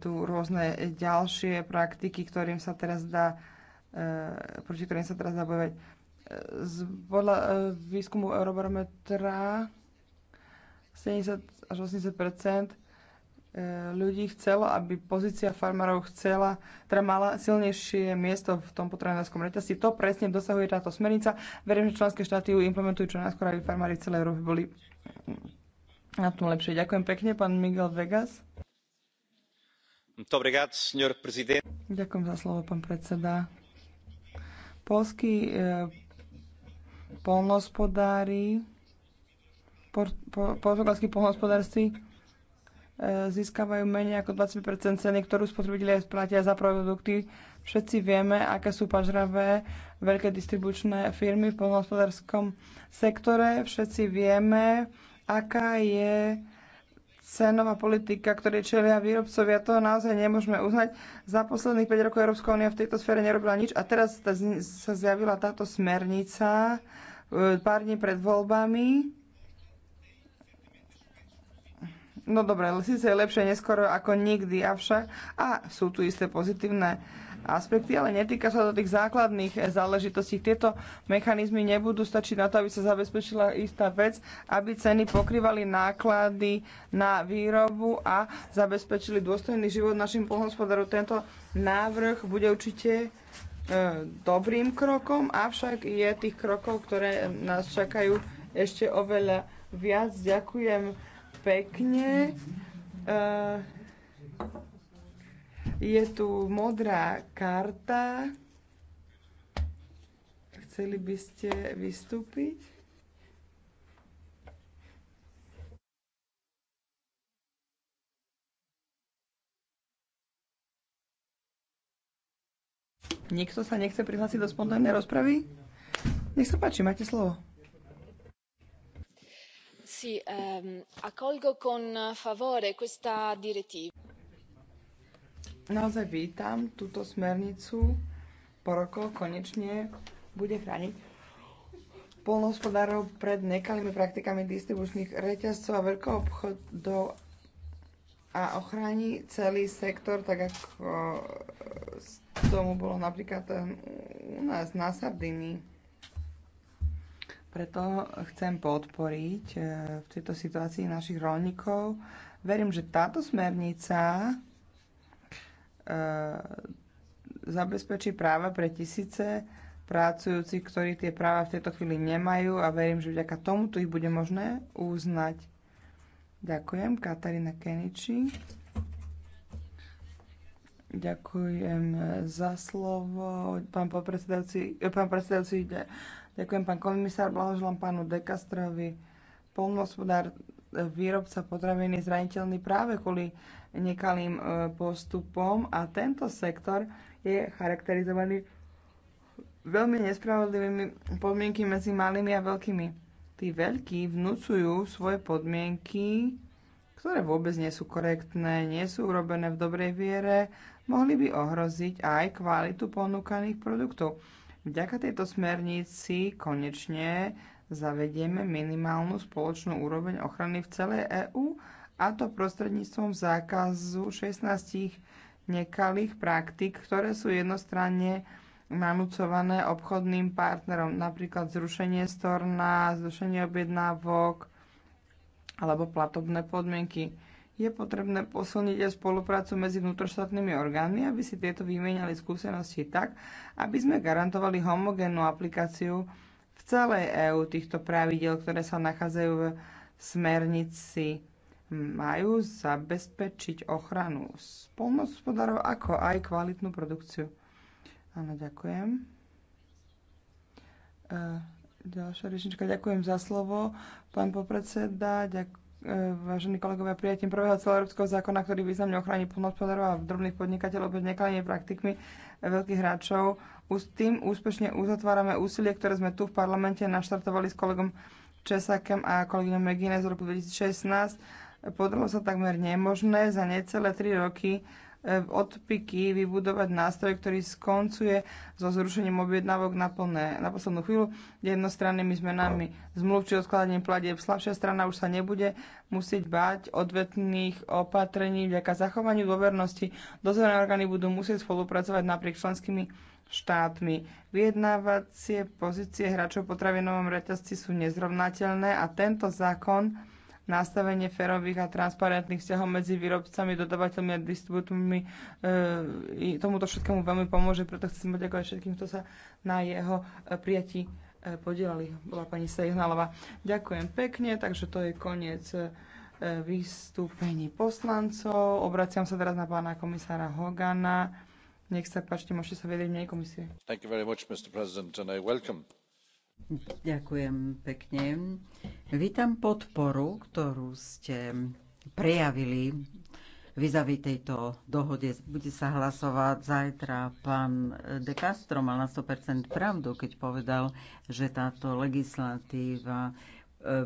S9: tu rôzne ďalšie praktiky, ktorým sa teraz dá, e, proti ktorým sa teraz dá bojovať. Podľa výskumu Eurobarometra 70 až 80 ľudí chcelo, aby pozícia farmárov chcela, teda mala silnejšie miesto v tom potravinárskom reťazci. To presne dosahuje táto smernica. Verím, že členské štáty ju implementujú čo najskôr, aby farmári celé Európy boli na tom lepšie. Ďakujem pekne, pán Miguel Vegas. Ďakujem za slovo, pán predseda. Polskí eh, polnospodári, portugalskí polnospodárství získavajú menej ako 20 ceny, ktorú spotrebitelia splatia za produkty. Všetci vieme, aké sú pažravé veľké distribučné firmy v poľnohospodárskom sektore. Všetci vieme, aká je cenová politika, ktorej čelia výrobcovia, to naozaj nemôžeme uznať. Za posledných 5 rokov Európska únia v tejto sfére nerobila nič a teraz sa zjavila táto smernica e, pár dní pred voľbami No dobre, síce je lepšie neskoro ako nikdy, avšak a sú tu isté pozitívne aspekty, ale netýka sa to tých základných záležitostí. Tieto mechanizmy nebudú stačiť na to, aby sa zabezpečila istá vec, aby ceny pokrývali náklady na výrobu a zabezpečili dôstojný život našim polnohospodárom. Tento návrh bude určite e, dobrým krokom, avšak je tých krokov, ktoré nás čakajú ešte oveľa viac. Ďakujem pekne. E, je tu modrá karta. Chceli by ste vystúpiť? Nikto sa nechce prihlásiť do spontánnej rozpravy? Nech sa páči, máte slovo.
S2: Ehm,
S9: Naozaj vítam túto smernicu. Po rokoch konečne bude chrániť polnohospodárov pred nekalými praktikami distribučných reťazcov a veľkoobchodov a ochráni celý sektor, tak ako tomu bolo napríklad u nás na Sardinii. Preto chcem podporiť e, v tejto situácii našich rolníkov. Verím, že táto smernica e, zabezpečí práva pre tisíce pracujúcich, ktorí tie práva v tejto chvíli nemajú a verím, že vďaka tomu tu ich bude možné uznať. Ďakujem, Katarína Keniči. Ďakujem za slovo. Pán predsedajúci, e, pán predsedajúci, Ďakujem, pán komisár, blahoželám pánu Dekastrovi, Polnohospodár e, výrobca potravín je zraniteľný práve kvôli nekalým e, postupom a tento sektor je charakterizovaný veľmi nespravodlivými podmienky medzi malými a veľkými. Tí veľkí vnúcujú svoje podmienky, ktoré vôbec nie sú korektné, nie sú urobené v dobrej viere, mohli by ohroziť aj kvalitu ponúkaných produktov. Vďaka tejto smernici konečne zavedieme minimálnu spoločnú úroveň ochrany v celej EÚ a to prostredníctvom zákazu 16 nekalých praktik, ktoré sú jednostranne nanúcované obchodným partnerom, napríklad zrušenie storna, zrušenie objednávok alebo platobné podmienky je potrebné posilniť aj spoluprácu medzi vnútroštátnymi orgánmi, aby si tieto vymieniali skúsenosti tak, aby sme garantovali homogénnu aplikáciu v celej EÚ týchto pravidel, ktoré sa nachádzajú v smernici majú zabezpečiť ochranu spolnohospodárov ako aj kvalitnú produkciu. Áno, ďakujem. E, ďalšia rečnička, ďakujem za slovo. Pán popredseda, ďakujem vážení kolegovia, prijatím prvého celoeurópskeho zákona, ktorý významne ochráni plnohospodárov a drobných podnikateľov pred nekalými praktikmi veľkých hráčov. S tým úspešne uzatvárame úsilie, ktoré sme tu v parlamente naštartovali s kolegom Česakem a kolegyňou Megine z roku 2016. Podarilo sa takmer nemožné za necelé tri roky E, odpiky vybudovať nástroj, ktorý skoncuje so zrušením objednávok na, plné, na poslednú chvíľu jednostrannými zmenami zmluv či odkladaním platieb. Slabšia strana už sa nebude musieť báť odvetných opatrení vďaka zachovaniu dôvernosti. Dozorné orgány budú musieť spolupracovať napriek členskými štátmi. Vyjednávacie pozície hráčov potravinovom reťazci sú nezrovnateľné a tento zákon nastavenie férových a transparentných vzťahov medzi výrobcami, dodavateľmi a distribútormi e, tomuto všetkému veľmi pomôže, preto chcem poďakovať všetkým, kto sa na jeho e, prijatí e, podielali. Bola pani Sejhnalová. Ďakujem pekne, takže to je koniec e, vystúpení poslancov. Obraciam sa teraz na pána komisára
S4: Hogana. Nech sa páčte, môžete sa vedieť v nej komisie.
S1: Thank you very much, Mr. President, and I welcome
S4: Ďakujem pekne. Vítam podporu, ktorú ste prejavili vizavi tejto dohode. Bude sa hlasovať zajtra. Pán De Castro mal na 100% pravdu, keď povedal, že táto legislatíva e,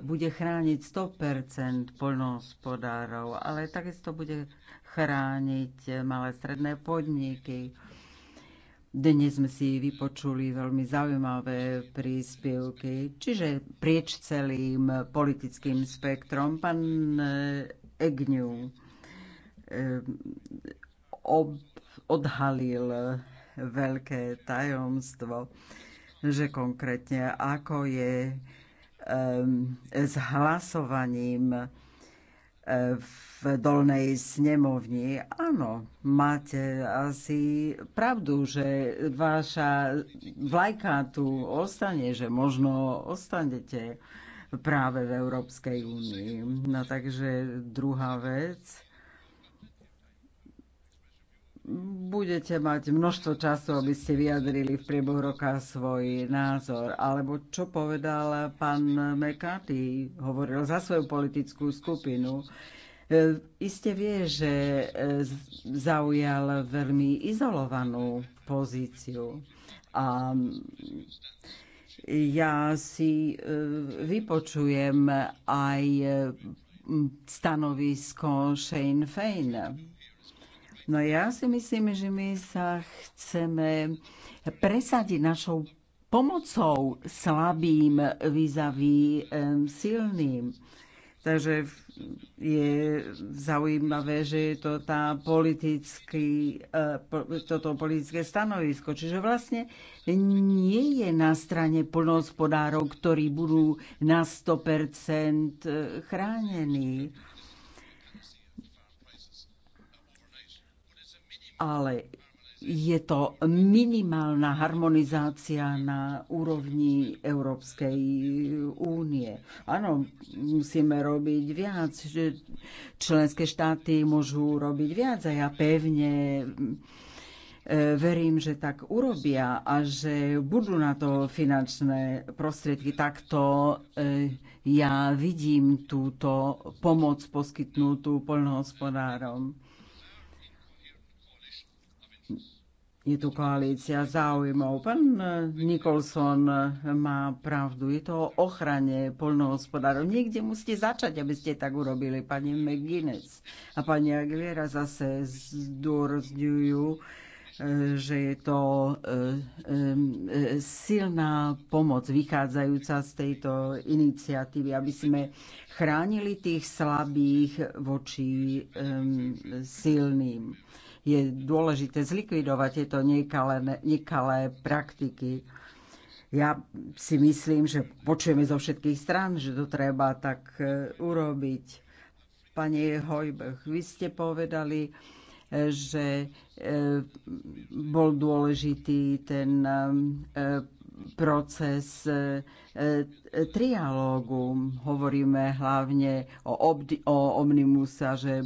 S4: bude chrániť 100% poľnohospodárov, ale takisto bude chrániť malé stredné podniky. Dnes sme si vypočuli veľmi zaujímavé príspevky, čiže prieč celým politickým spektrom. Pán e, Egňu e, odhalil veľké tajomstvo, že konkrétne ako je e, s hlasovaním v dolnej snemovni. Áno, máte asi pravdu, že vaša vlajka tu ostane, že možno ostanete práve v Európskej únii. No takže druhá vec budete mať množstvo času, aby ste vyjadrili v priebehu roka svoj názor. Alebo čo povedal pán McCarthy, hovoril za svoju politickú skupinu. E, iste vie, že e, zaujal veľmi izolovanú pozíciu. A ja si e, vypočujem aj stanovisko Shane Fein No ja si myslím, že my sa chceme presadiť našou pomocou slabým vizaví silným. Takže je zaujímavé, že je to tá politický, e, toto politické stanovisko. Čiže vlastne nie je na strane plnohospodárov, ktorí budú na 100% e, chránení. ale je to minimálna harmonizácia na úrovni Európskej únie. Áno, musíme robiť viac, že členské štáty môžu robiť viac a ja pevne e, verím, že tak urobia a že budú na to finančné prostriedky. Takto e, ja vidím túto pomoc poskytnutú poľnohospodárom. je tu koalícia záujmov. Pán eh, Nikolson eh, má pravdu. Je to o ochrane polnohospodárov. Niekde musíte začať, aby ste tak urobili. Pani McGuinness a pani Aguilera zase zdôrazňujú, eh, že je to silná pomoc vychádzajúca z tejto iniciatívy, aby sme chránili tých slabých voči silným je dôležité zlikvidovať tieto nekalé, nekalé praktiky. Ja si myslím, že počujeme zo všetkých strán, že to treba tak e, urobiť. Pane Hojbech, vy ste povedali, e, že e, bol dôležitý ten proces trialógu. Hovoríme hlavne o, obdi- o Omnimusa, že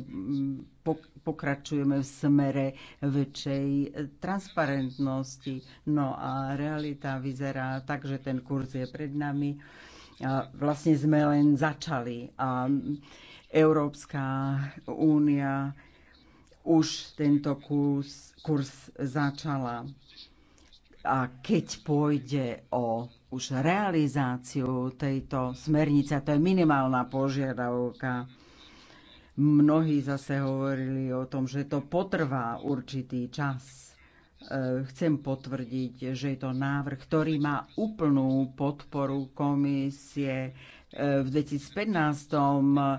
S4: pokračujeme v smere väčšej transparentnosti. No a realita vyzerá tak, že ten kurz je pred nami. A vlastne sme len začali a Európska únia už tento kurz, kurz začala. A keď pôjde o už realizáciu tejto smernice, to je minimálna požiadavka, Mnohí zase hovorili o tom, že to potrvá určitý čas. E, chcem potvrdiť, že je to návrh, ktorý má úplnú podporu komisie. E, v 2015 e,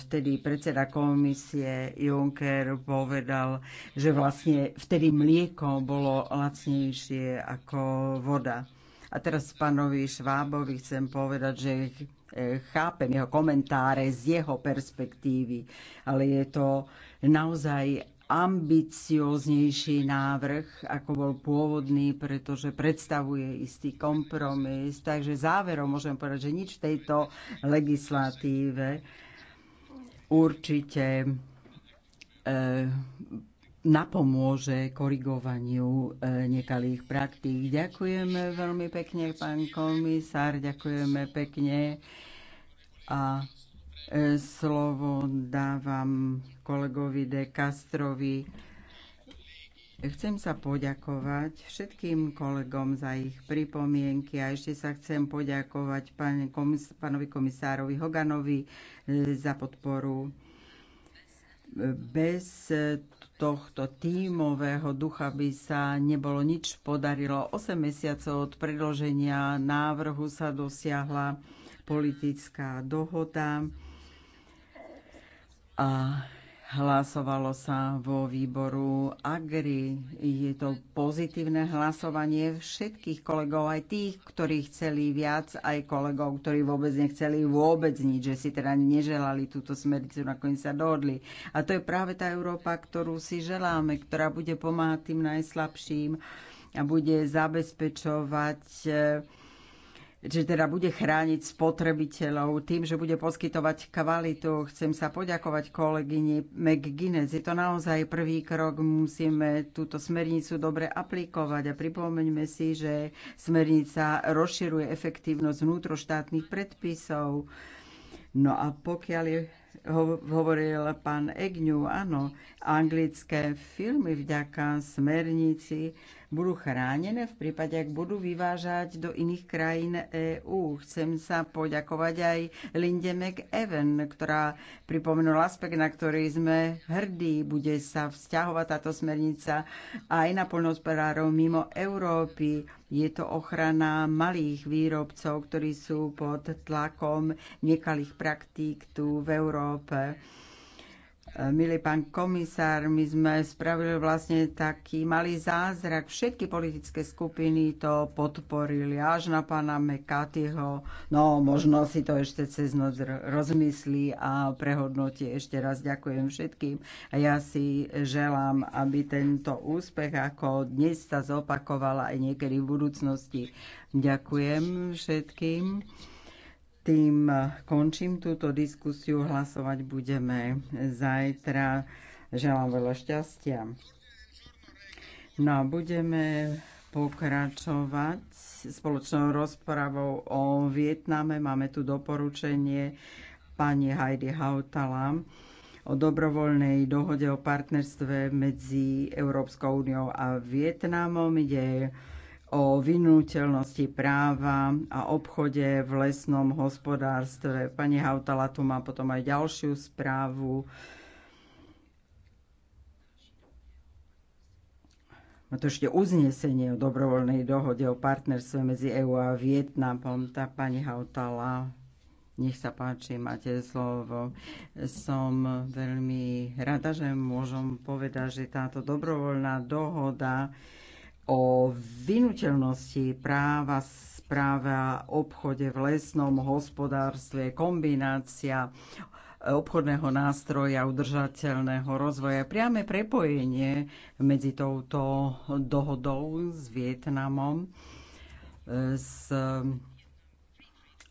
S4: vtedy predseda komisie Juncker povedal, že vlastne vtedy mlieko bolo lacnejšie ako voda. A teraz pánovi Švábovi chcem povedať, že E, chápem jeho komentáre z jeho perspektívy, ale je to naozaj ambicioznejší návrh, ako bol pôvodný, pretože predstavuje istý kompromis. Takže záverom môžem povedať, že nič v tejto legislatíve určite e, napomôže korigovaniu e, nekalých praktík. Ďakujeme veľmi pekne, pán komisár, ďakujeme pekne a e, slovo dávam kolegovi De Castrovi. Chcem sa poďakovať všetkým kolegom za ich pripomienky a ešte sa chcem poďakovať pán komis- pánovi komisárovi Hoganovi e, za podporu. Bez tohto tímového ducha by sa nebolo nič podarilo. 8 mesiacov od predloženia návrhu sa dosiahla politická dohoda a Hlasovalo sa vo výboru Agri. Je to pozitívne hlasovanie všetkých kolegov, aj tých, ktorí chceli viac, aj kolegov, ktorí vôbec nechceli vôbec nič, že si teda neželali túto smernicu, nakoniec sa dohodli. A to je práve tá Európa, ktorú si želáme, ktorá bude pomáhať tým najslabším a bude zabezpečovať eh, že teda bude chrániť spotrebiteľov tým, že bude poskytovať kvalitu. Chcem sa poďakovať kolegyni McGuinness. Je to naozaj prvý krok. Musíme túto smernicu dobre aplikovať a pripomeňme si, že smernica rozširuje efektívnosť vnútroštátnych predpisov. No a pokiaľ je hovoril pán Egňu, áno, anglické filmy vďaka smernici budú chránené v prípade, ak budú vyvážať do iných krajín EÚ. Chcem sa poďakovať aj Linde McEwen, ktorá pripomenula aspekt, na ktorý sme hrdí. Bude sa vzťahovať táto smernica aj na plnospodárov mimo Európy. Je to ochrana malých výrobcov, ktorí sú pod tlakom nekalých praktík tu v Európe. Milý pán komisár, my sme spravili vlastne taký malý zázrak. Všetky politické skupiny to podporili, až na pána Mekatyho. No, možno si to ešte cez noc rozmyslí a prehodnotí. Ešte raz ďakujem všetkým a ja si želám, aby tento úspech, ako dnes sa zopakovala aj niekedy v budúcnosti. Ďakujem všetkým tým eh, končím túto diskusiu. Hlasovať budeme zajtra. Želám veľa šťastia. No a budeme pokračovať spoločnou rozpravou o Vietname. Máme tu doporučenie pani Heidi Hautala o dobrovoľnej dohode o partnerstve medzi Európskou úniou a Vietnamom. Ide o vynúteľnosti práva a obchode v lesnom hospodárstve. Pani Hautala tu má potom aj ďalšiu správu. Má to ešte uznesenie o dobrovoľnej dohode o partnerstve medzi EÚ a Vietnamom. Tá pani Hautala nech sa páči, máte slovo. Som veľmi rada, že môžem povedať, že táto dobrovoľná dohoda o vynuteľnosti práva správa obchode v lesnom hospodárstve, kombinácia obchodného nástroja udržateľného rozvoja. Priame prepojenie medzi touto dohodou s Vietnamom s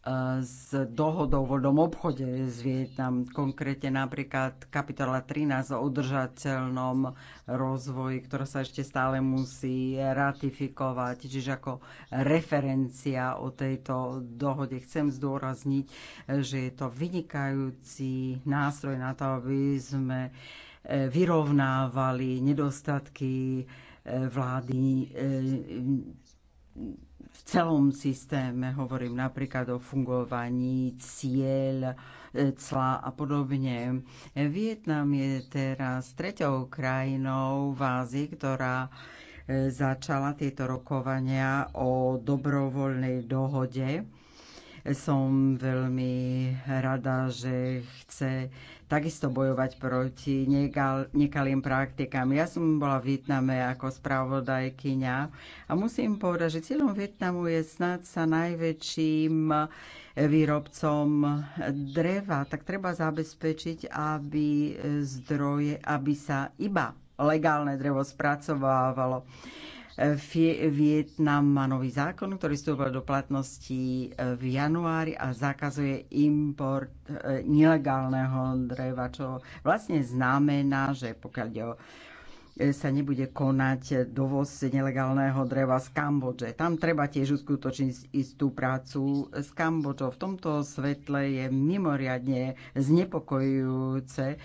S4: E, s dohodou o voľnom obchode s Vietnam, konkrétne napríklad kapitola 13 o udržateľnom rozvoji, ktorá sa ešte stále musí ratifikovať. Čiže ako referencia o tejto dohode chcem zdôrazniť, že je to vynikajúci nástroj na to, aby sme e, vyrovnávali nedostatky e, vlády v celom systéme, hovorím napríklad o fungovaní cieľ, e, cla a podobne. Vietnam je teraz treťou krajinou v Ázii, ktorá e, začala tieto rokovania o dobrovoľnej dohode. Som veľmi rada, že chce takisto bojovať proti nekal, nekalým praktikám. Ja som bola v Vietname ako spravodajkyňa a musím povedať, že cieľom Vietnamu je snad sa najväčším výrobcom dreva, tak treba zabezpečiť, aby zdroje, aby sa iba legálne drevo spracovávalo. Vietnam má nový zákon, ktorý vstúpil do platnosti e, v januári a zakazuje import e, nelegálneho dreva, čo vlastne znamená, že pokiaľ ide o e, sa nebude konať dovoz nelegálneho dreva z Kambodže. Tam treba tiež uskutočniť istú prácu s Kambodžou. V tomto svetle je mimoriadne znepokojujúce,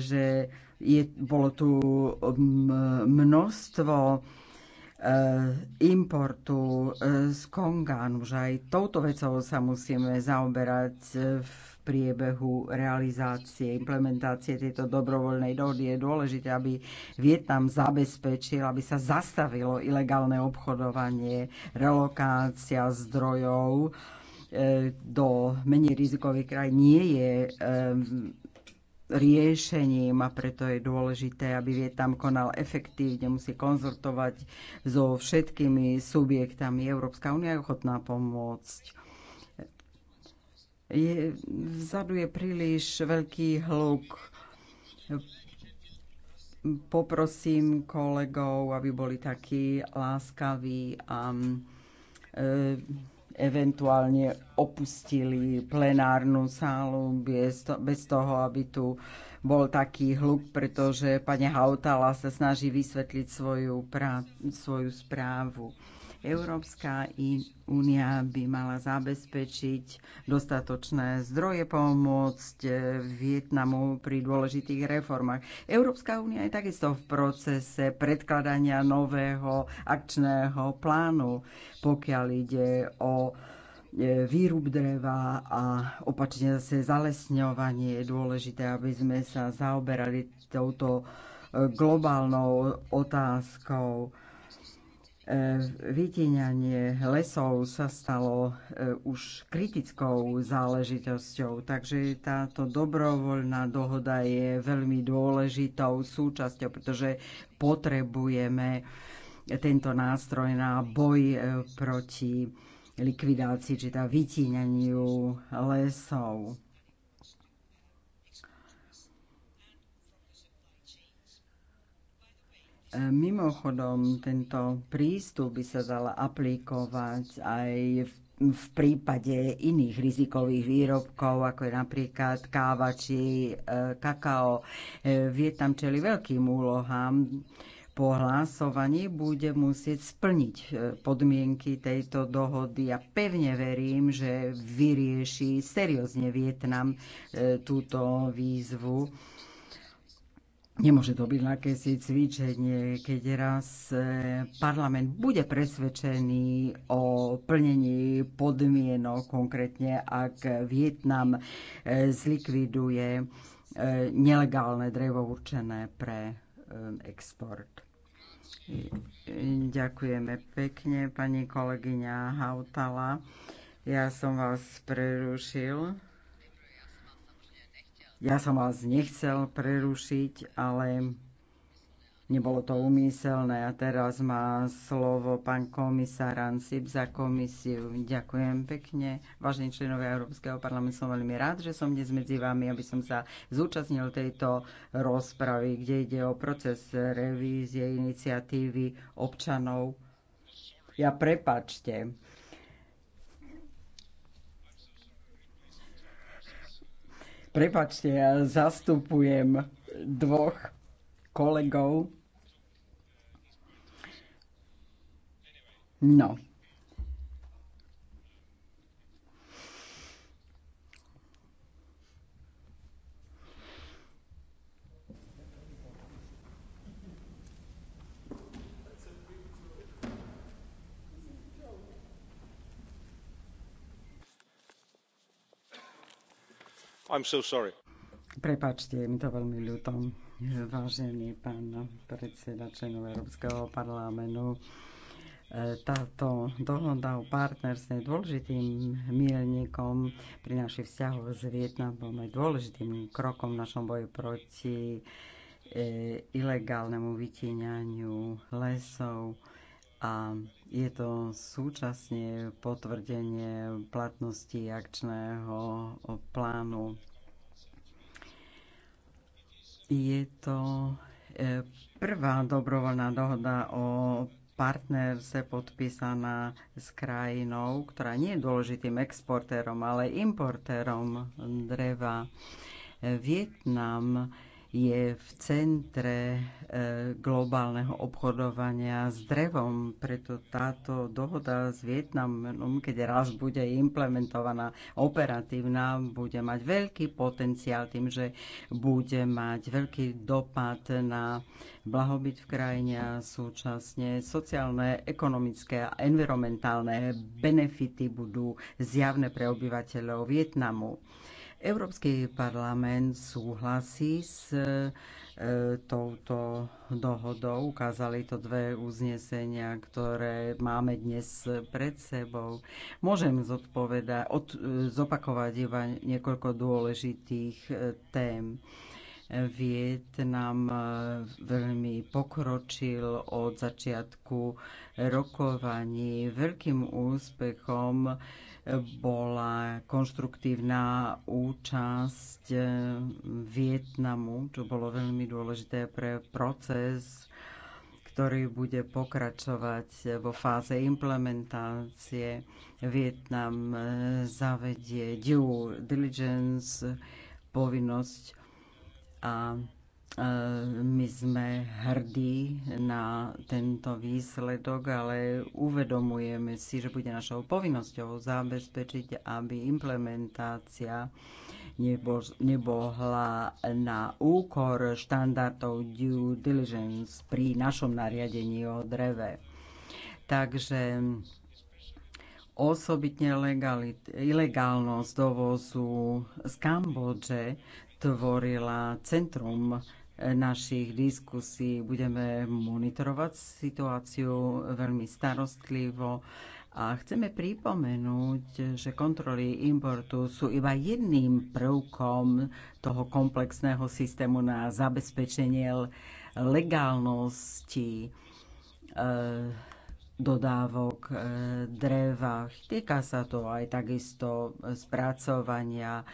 S4: že je, bolo tu množstvo Eh, importu eh, z Konga. Už aj touto vecou sa musíme zaoberať eh, v priebehu realizácie, implementácie tejto dobrovoľnej dohody je dôležité, aby Vietnam zabezpečil, aby sa zastavilo ilegálne obchodovanie, relokácia zdrojov do menej rizikových krajín nie je riešením a preto je dôležité, aby Vietnam konal efektívne, musí konzultovať so všetkými subjektami. Európska únia je ochotná pomôcť. Je, vzadu je príliš veľký hluk. Poprosím kolegov, aby boli takí láskaví a e, eventuálne opustili plenárnu sálu bez toho, aby tu bol taký hluk, pretože pani Hautala sa snaží vysvetliť svoju, prá- svoju správu. Európska únia by mala zabezpečiť dostatočné zdroje pomôcť e, Vietnamu pri dôležitých reformách. Európska únia je takisto v procese predkladania nového akčného plánu, pokiaľ ide o e, výrub dreva a opačne zase zalesňovanie je dôležité, aby sme sa zaoberali touto e, globálnou otázkou. E, Vytíňanie lesov sa stalo e, už kritickou záležitosťou, takže táto dobrovoľná dohoda je veľmi dôležitou súčasťou, pretože potrebujeme tento nástroj na boj e, proti likvidácii, či tá teda vytíňaniu lesov. E, mimochodom, tento prístup by sa dal aplikovať aj v v prípade iných rizikových výrobkov, ako je napríklad káva či e, kakao. E, Vietnam čeli veľkým úlohám. Po hlasovaní bude musieť splniť podmienky tejto dohody a pevne verím, že vyrieši seriózne Vietnam túto výzvu Nemôže to byť si cvičenie, keď raz e, parlament bude presvedčený o plnení podmienok, konkrétne ak Vietnam e, zlikviduje e, nelegálne drevo určené pre export. Ďakujeme pekne, pani kolegyňa Hautala. Ja som vás prerušil. Ja som vás nechcel prerušiť, ale nebolo to umyselné. A teraz má slovo pán komisár Ansip za komisiu. Ďakujem pekne. Vážení členovia Európskeho parlamentu, som veľmi rád, že som dnes medzi vami, aby som sa zúčastnil tejto rozpravy, kde ide o proces revízie iniciatívy občanov. Ja prepačte, Prepačte, ja zastupujem dvoch kolegov. No,
S6: I'm so sorry.
S4: Prepačte, je mi to veľmi ľúto. Vážený pán predseda členov Európskeho parlamentu, e, táto dohoda o partnerstve je dôležitým mielnikom pri našich vzťahoch s Vietnamom, aj dôležitým krokom v našom boji proti e, ilegálnemu vytíňaniu lesov a je to súčasne potvrdenie platnosti akčného plánu. Je to e, prvá dobrovoľná dohoda o se podpísaná s krajinou, ktorá nie je dôležitým exportérom, ale importérom dreva. Vietnam je v centre e, globálneho obchodovania s drevom, preto táto dohoda s Vietnamom, keď raz bude implementovaná operatívna, bude mať veľký potenciál tým, že bude mať veľký dopad na blahobyt v krajine a súčasne sociálne, ekonomické a environmentálne benefity budú zjavné pre obyvateľov Vietnamu. Európsky parlament súhlasí s e, touto dohodou. Ukázali to dve uznesenia, ktoré máme dnes pred sebou. Môžem zodpovedať, od, zopakovať iba niekoľko dôležitých e, tém. Vietnam e, veľmi pokročil od začiatku rokovaní. Veľkým úspechom bola konštruktívna účasť eh, Vietnamu, čo bolo veľmi dôležité pre proces, ktorý bude pokračovať eh, vo fáze implementácie. Vietnam eh, zavedie due diligence, povinnosť a Eh, my sme hrdí na tento výsledok, ale uvedomujeme si, že bude našou povinnosťou zabezpečiť, aby implementácia nebohla na úkor štandardov due diligence pri našom nariadení o dreve. Takže osobitne legalit, ilegálnosť dovozu z Kambodže tvorila centrum našich diskusí. Budeme monitorovať situáciu veľmi starostlivo a chceme pripomenúť, že kontroly importu sú iba jedným prvkom toho komplexného systému na zabezpečenie legálnosti e, dodávok e, dreva. Týka sa to aj takisto spracovania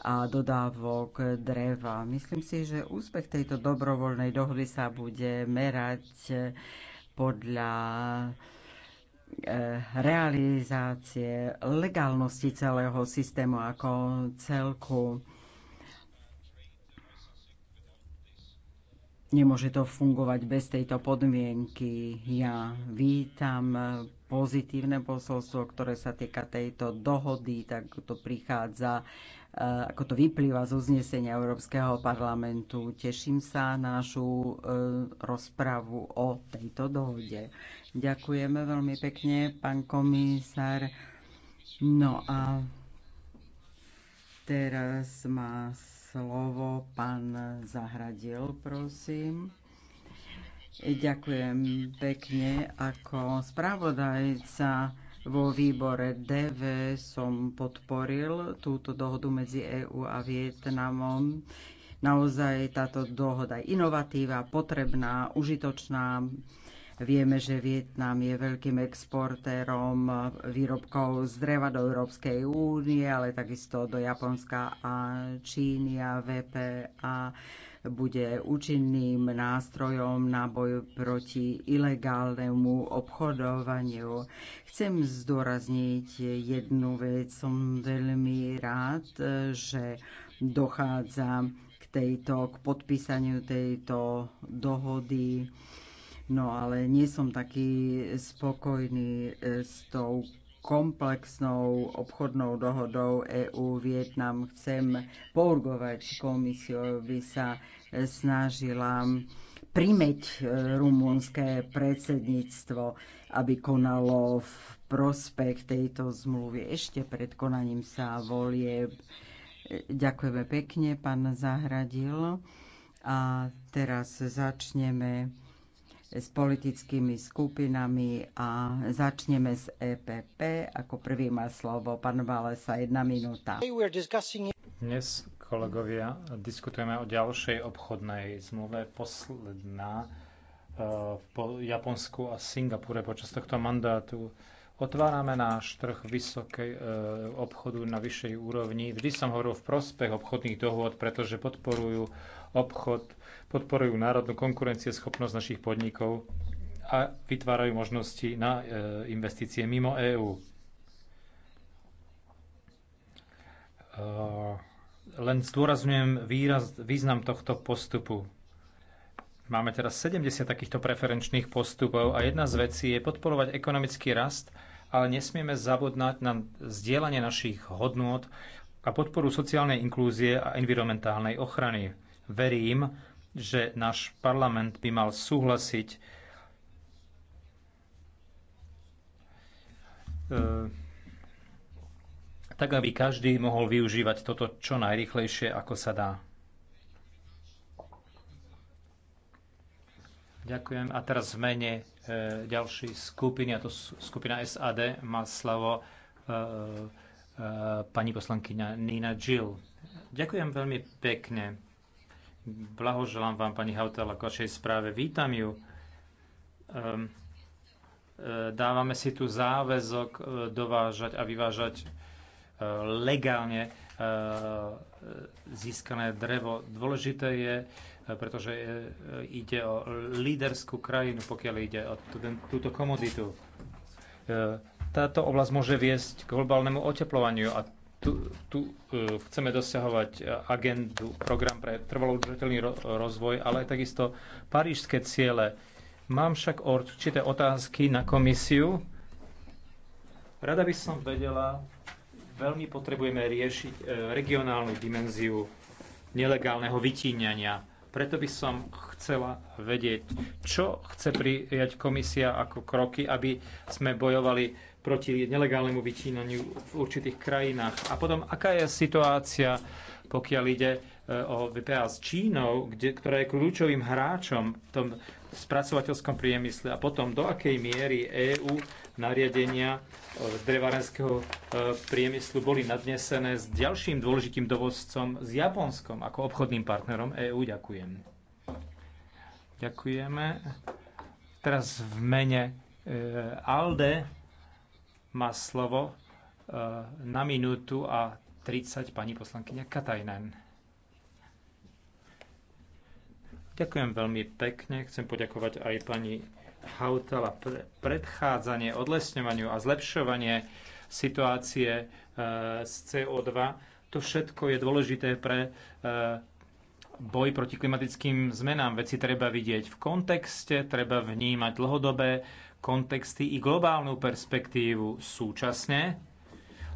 S4: a dodávok dreva. Myslím si, že úspech tejto dobrovoľnej dohody sa bude merať eh, podľa eh, realizácie legálnosti celého systému ako celku. Nemôže to fungovať bez tejto podmienky. Ja vítam pozitívne posolstvo, ktoré sa týka tejto dohody, tak to prichádza Eh, ako to vyplýva z uznesenia Európskeho parlamentu. Teším sa na našu eh, rozpravu o tejto dohode. Ďakujeme veľmi pekne, pán komisár. No a teraz má slovo pán Zahradil, prosím. Ďakujem pekne. Ako spravodajca vo výbore DV som podporil túto dohodu medzi EÚ a Vietnamom. Naozaj táto dohoda je inovatívna, potrebná, užitočná. Vieme, že Vietnam je veľkým exportérom výrobkov z dreva do Európskej únie, ale takisto do Japonska a Číny a VPA bude účinným nástrojom na boj proti ilegálnemu obchodovaniu. Chcem zdôrazniť jednu vec. Som veľmi rád, že dochádza k tejto, k podpísaniu tejto dohody. No ale nie som taký spokojný s tou komplexnou obchodnou dohodou EU-Vietnam. Chcem pourgovať komisiu, aby sa snažila primeť e, rumúnske predsedníctvo, aby konalo v prospech tejto zmluvy ešte pred konaním sa volie. Ďakujeme pekne, pán Zahradil. A teraz začneme s politickými skupinami a začneme s EPP. Ako prvý má slovo pán Valesa, jedna minúta.
S6: Dnes, kolegovia, diskutujeme o ďalšej obchodnej zmluve, posledná v eh, Japonsku a Singapúre počas tohto mandátu. Otvárame náš trh vysokej eh, obchodu na vyššej úrovni. Vždy som hovoril v prospech obchodných dohôd, pretože podporujú obchod podporujú národnú konkurencieschopnosť našich podnikov a vytvárajú možnosti na e, investície mimo EÚ. E, len zdôrazňujem výraz, význam tohto postupu. Máme teraz 70 takýchto preferenčných postupov a jedna z vecí je podporovať ekonomický rast, ale nesmieme zabudnať na zdieľanie našich hodnôt a podporu sociálnej inklúzie a environmentálnej ochrany. Verím, že náš parlament by mal súhlasiť e, tak, aby každý mohol využívať toto čo najrychlejšie, ako sa dá. Ďakujem. A teraz v mene e, ďalšej skupiny, a to skupina SAD, má slovo e, e, pani poslankyňa Nina Jill. Ďakujem veľmi pekne Blahoželám vám, pani Hautala, k vašej správe. Vítam ju. Ehm, e, dávame si tu záväzok e, dovážať a vyvážať e, legálne získané drevo. Dôležité je, pretože ide o líderskú krajinu, pokiaľ ide o túto komoditu. Táto oblasť môže viesť k globálnemu oteplovaniu a tu, tu e, chceme dosahovať e, agendu, program pre trvalo udržateľný rozvoj, ale aj takisto parížské ciele. Mám však určité otázky na komisiu. Rada by som vedela, veľmi potrebujeme riešiť e, regionálnu dimenziu nelegálneho vytíňania. Preto by som chcela vedieť, čo chce prijať komisia ako kroky, aby sme bojovali proti nelegálnemu vyčínaniu v určitých krajinách. A potom, aká je situácia, pokiaľ ide e, o VPA s Čínou, kde, ktorá je kľúčovým hráčom v tom spracovateľskom priemysle a potom do akej miery EÚ nariadenia z e, drevárenského e, priemyslu boli nadnesené s ďalším dôležitým dovozcom s Japonskom ako obchodným partnerom EÚ. Ďakujem. Ďakujeme. Teraz v mene ALDE má slovo eh, na minútu a 30 pani poslankyňa Katajnen. Ďakujem veľmi pekne. Chcem poďakovať aj pani Hautala pre predchádzanie, odlesňovaniu a zlepšovanie situácie eh, z CO2. To všetko je dôležité pre eh, boj proti klimatickým zmenám. Veci treba vidieť v kontexte, treba vnímať dlhodobé kontexty i globálnu perspektívu súčasne,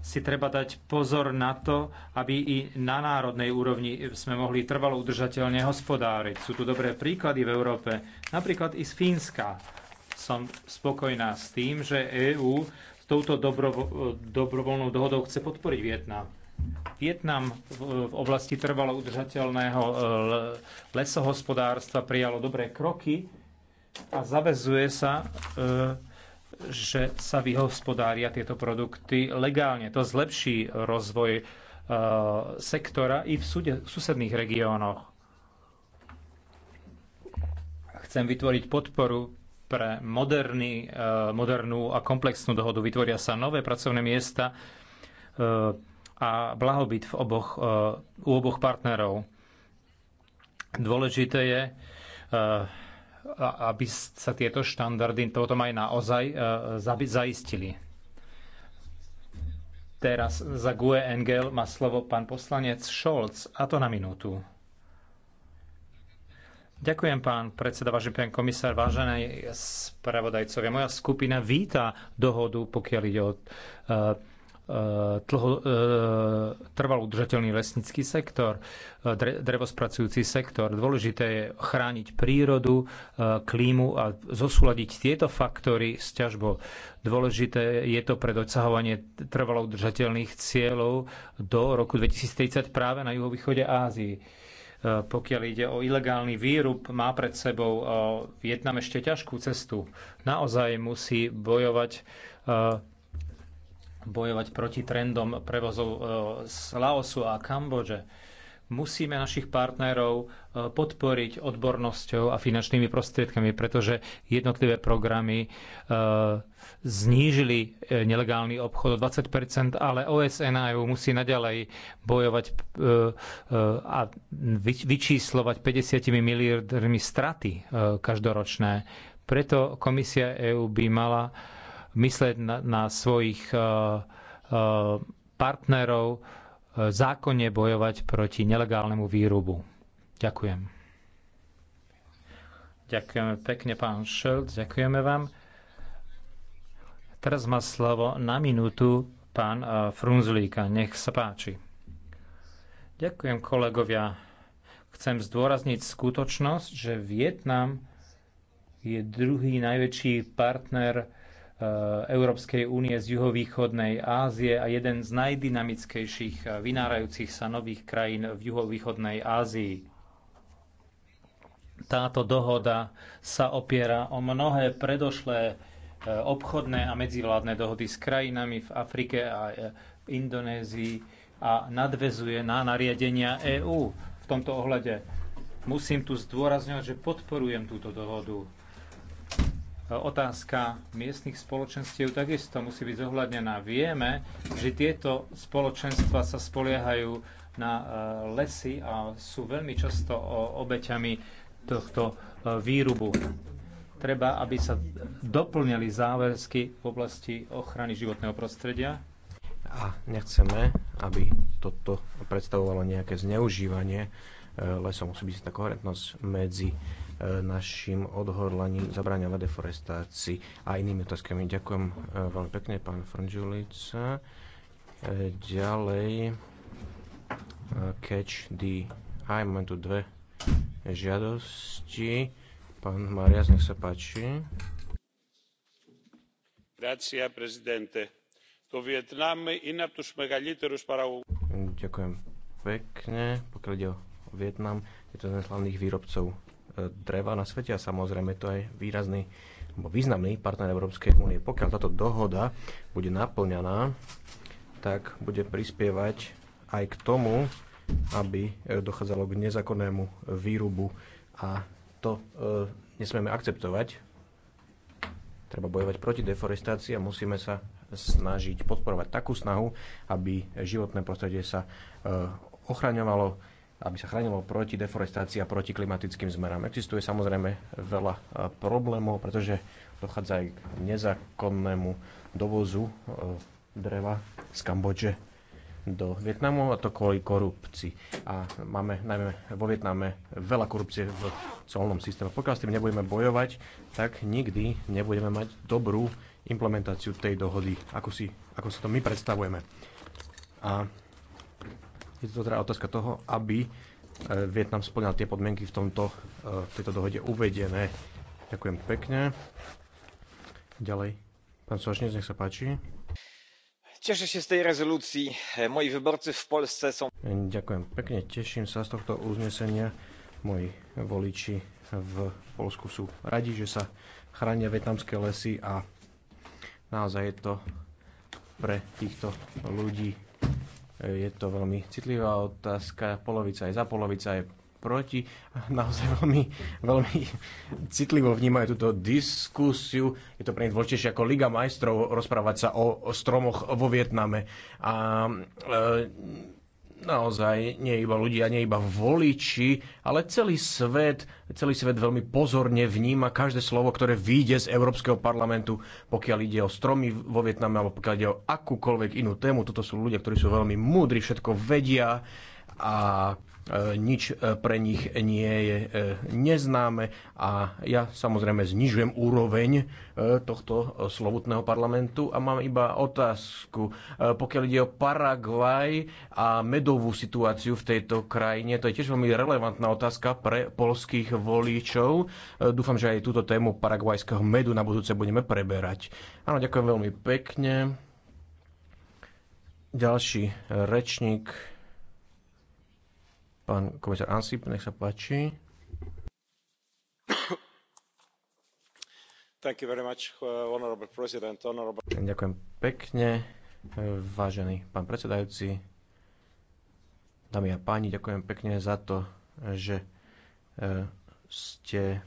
S6: si treba dať pozor na to, aby i na národnej úrovni sme mohli trvalo udržateľne hospodáriť. Sú tu dobré príklady v Európe, napríklad i z Fínska. Som spokojná s tým, že EÚ s touto dobrovo- dobrovoľnou dohodou chce podporiť Vietnam. Vietnam v oblasti trvalo udržateľného e, lesohospodárstva prijalo dobré kroky, a zavezuje sa, e, že sa vyhospodária tieto produkty legálne. To zlepší rozvoj e, sektora i v, susedných regiónoch. Chcem vytvoriť podporu pre moderný, e, modernú a komplexnú dohodu. Vytvoria sa nové pracovné miesta a blahobyt v oboch, u oboch partnerov. Dôležité je aby sa tieto štandardy potom aj naozaj e, zaistili. Teraz za GUE Engel má slovo pán poslanec Scholz, a to na minútu. Ďakujem, pán predseda, vážený pán komisár, vážené spravodajcovia. Moja skupina víta dohodu, pokiaľ ide o uh, tlho, eh, eh, trvalo udržateľný lesnický sektor, eh, drevospracujúci sektor. Dôležité je chrániť prírodu, klímu a zosúľadiť tieto faktory s ťažbou. Dôležité je to pre dosahovanie trvalo udržateľných cieľov do roku 2030 práve na juhovýchode Ázii. Pokiaľ ide o ilegálny výrub, má pred sebou Vietnam ešte ťažkú cestu. Naozaj musí bojovať bojovať proti trendom prevozov e, z Laosu a Kambodže. Musíme našich partnerov e, podporiť odbornosťou a finančnými prostriedkami, pretože jednotlivé programy e, znížili nelegálny obchod o 20 ale OSN a EU musí naďalej bojovať a vyčíslovať 50 miliardmi straty každoročné. Preto komisia EÚ by mala myslieť na, na svojich eh, eh, partnerov, eh, zákonne bojovať proti nelegálnemu výrubu. Ďakujem. Ďakujeme pekne, pán Šelt, ďakujeme vám. Teraz má slovo na minútu pán Frunzlíka. Nech sa páči. Ďakujem, kolegovia. Chcem zdôrazniť skutočnosť, že Vietnam je druhý najväčší partner Eh, Európskej únie z juhovýchodnej Ázie a jeden z najdynamickejších eh, vynárajúcich sa nových krajín v juhovýchodnej Ázii. Táto dohoda sa opiera o mnohé predošlé eh, obchodné a medzivládne dohody s krajinami v Afrike a v Indonézii a nadvezuje na nariadenia EÚ. V tomto ohľade musím tu zdôrazňovať, že podporujem túto dohodu otázka miestnych spoločenstiev takisto musí byť zohľadnená. Vieme, že tieto spoločenstva sa spoliehajú na e, lesy a sú veľmi často obeťami tohto e, výrubu. Treba, aby sa doplňali záväzky v oblasti ochrany životného prostredia.
S7: A nechceme, aby toto predstavovalo nejaké zneužívanie e, lesom. Musí byť tá koherentnosť medzi E, našim odhodlaním zabraňovať deforestácii a inými otázkami. Ďakujem e, veľmi pekne, pán Frunžulica. E, ďalej, catch the eye, máme tu dve žiadosti. Pán Marias, nech sa páči.
S1: Grazie, prezidente. To Vietnam je από τους μεγαλύτερους παραγωγούς.
S7: Ďakujem pekne. Pokiaľ ide o Vietnam, je to jeden z hlavných výrobcov dreva na svete a samozrejme to je výrazný alebo významný partner Európskej únie. Pokiaľ táto dohoda bude naplňaná, tak bude prispievať aj k tomu, aby e, dochádzalo k nezákonnému výrubu a to e, nesmieme akceptovať. Treba bojovať proti deforestácii a musíme sa snažiť podporovať takú snahu, aby životné prostredie sa e, ochraňovalo, aby sa chránilo proti deforestácii a proti klimatickým zmenám. Existuje samozrejme veľa e, problémov, pretože dochádza aj k nezákonnému dovozu e, dreva z Kambodže do Vietnamu a to kvôli korupcii. A máme najmä vo Vietname veľa korupcie v colnom systéme. Pokiaľ s tým nebudeme bojovať, tak nikdy nebudeme mať dobrú implementáciu tej dohody, ako si, ako si to my predstavujeme. A je to teda otázka toho, aby e, Vietnam splňal tie podmienky v, tomto, e, v tejto dohode uvedené. Ďakujem pekne. Ďalej. Pán Sošnec, nech sa páči.
S1: Teším sa z tej rezolúcii. Moji vyborci v Polsce są...
S7: Ďakujem pekne. Teším sa z tohto uznesenia. Moji voliči v Polsku sú radi, že sa chránia vietnamské lesy a naozaj je to pre týchto ľudí je to veľmi citlivá otázka, polovica je za, polovica je proti. Naozaj veľmi, veľmi citlivo vnímajú túto diskusiu. Je to pre nich dôležitejšie ako Liga majstrov rozprávať sa o, o stromoch vo Vietname. A e, naozaj nie iba ľudia, nie iba voliči, ale celý svet, celý svet veľmi pozorne vníma každé slovo, ktoré vyjde z Európskeho parlamentu, pokiaľ ide o stromy vo Vietname alebo pokiaľ ide o akúkoľvek inú tému. Toto sú ľudia, ktorí sú veľmi múdri, všetko vedia a E, nič e, pre nich nie je e, neznáme a ja samozrejme znižujem úroveň tohto slovutného parlamentu a mám iba otázku. Pokiaľ ide o Paraguaj a medovú situáciu v tejto krajine, to je tiež veľmi relevantná otázka pre polských voličov. Dúfam, že aj túto tému paraguajského medu na budúce budeme preberať. Áno, ďakujem veľmi pekne. Ďalší rečník Pán komisár Ansip, nech sa páči.
S6: Much, uh, honorable honorable...
S7: Ďakujem pekne, vážený pán predsedajúci, dámy a páni, ďakujem pekne za to, že uh, ste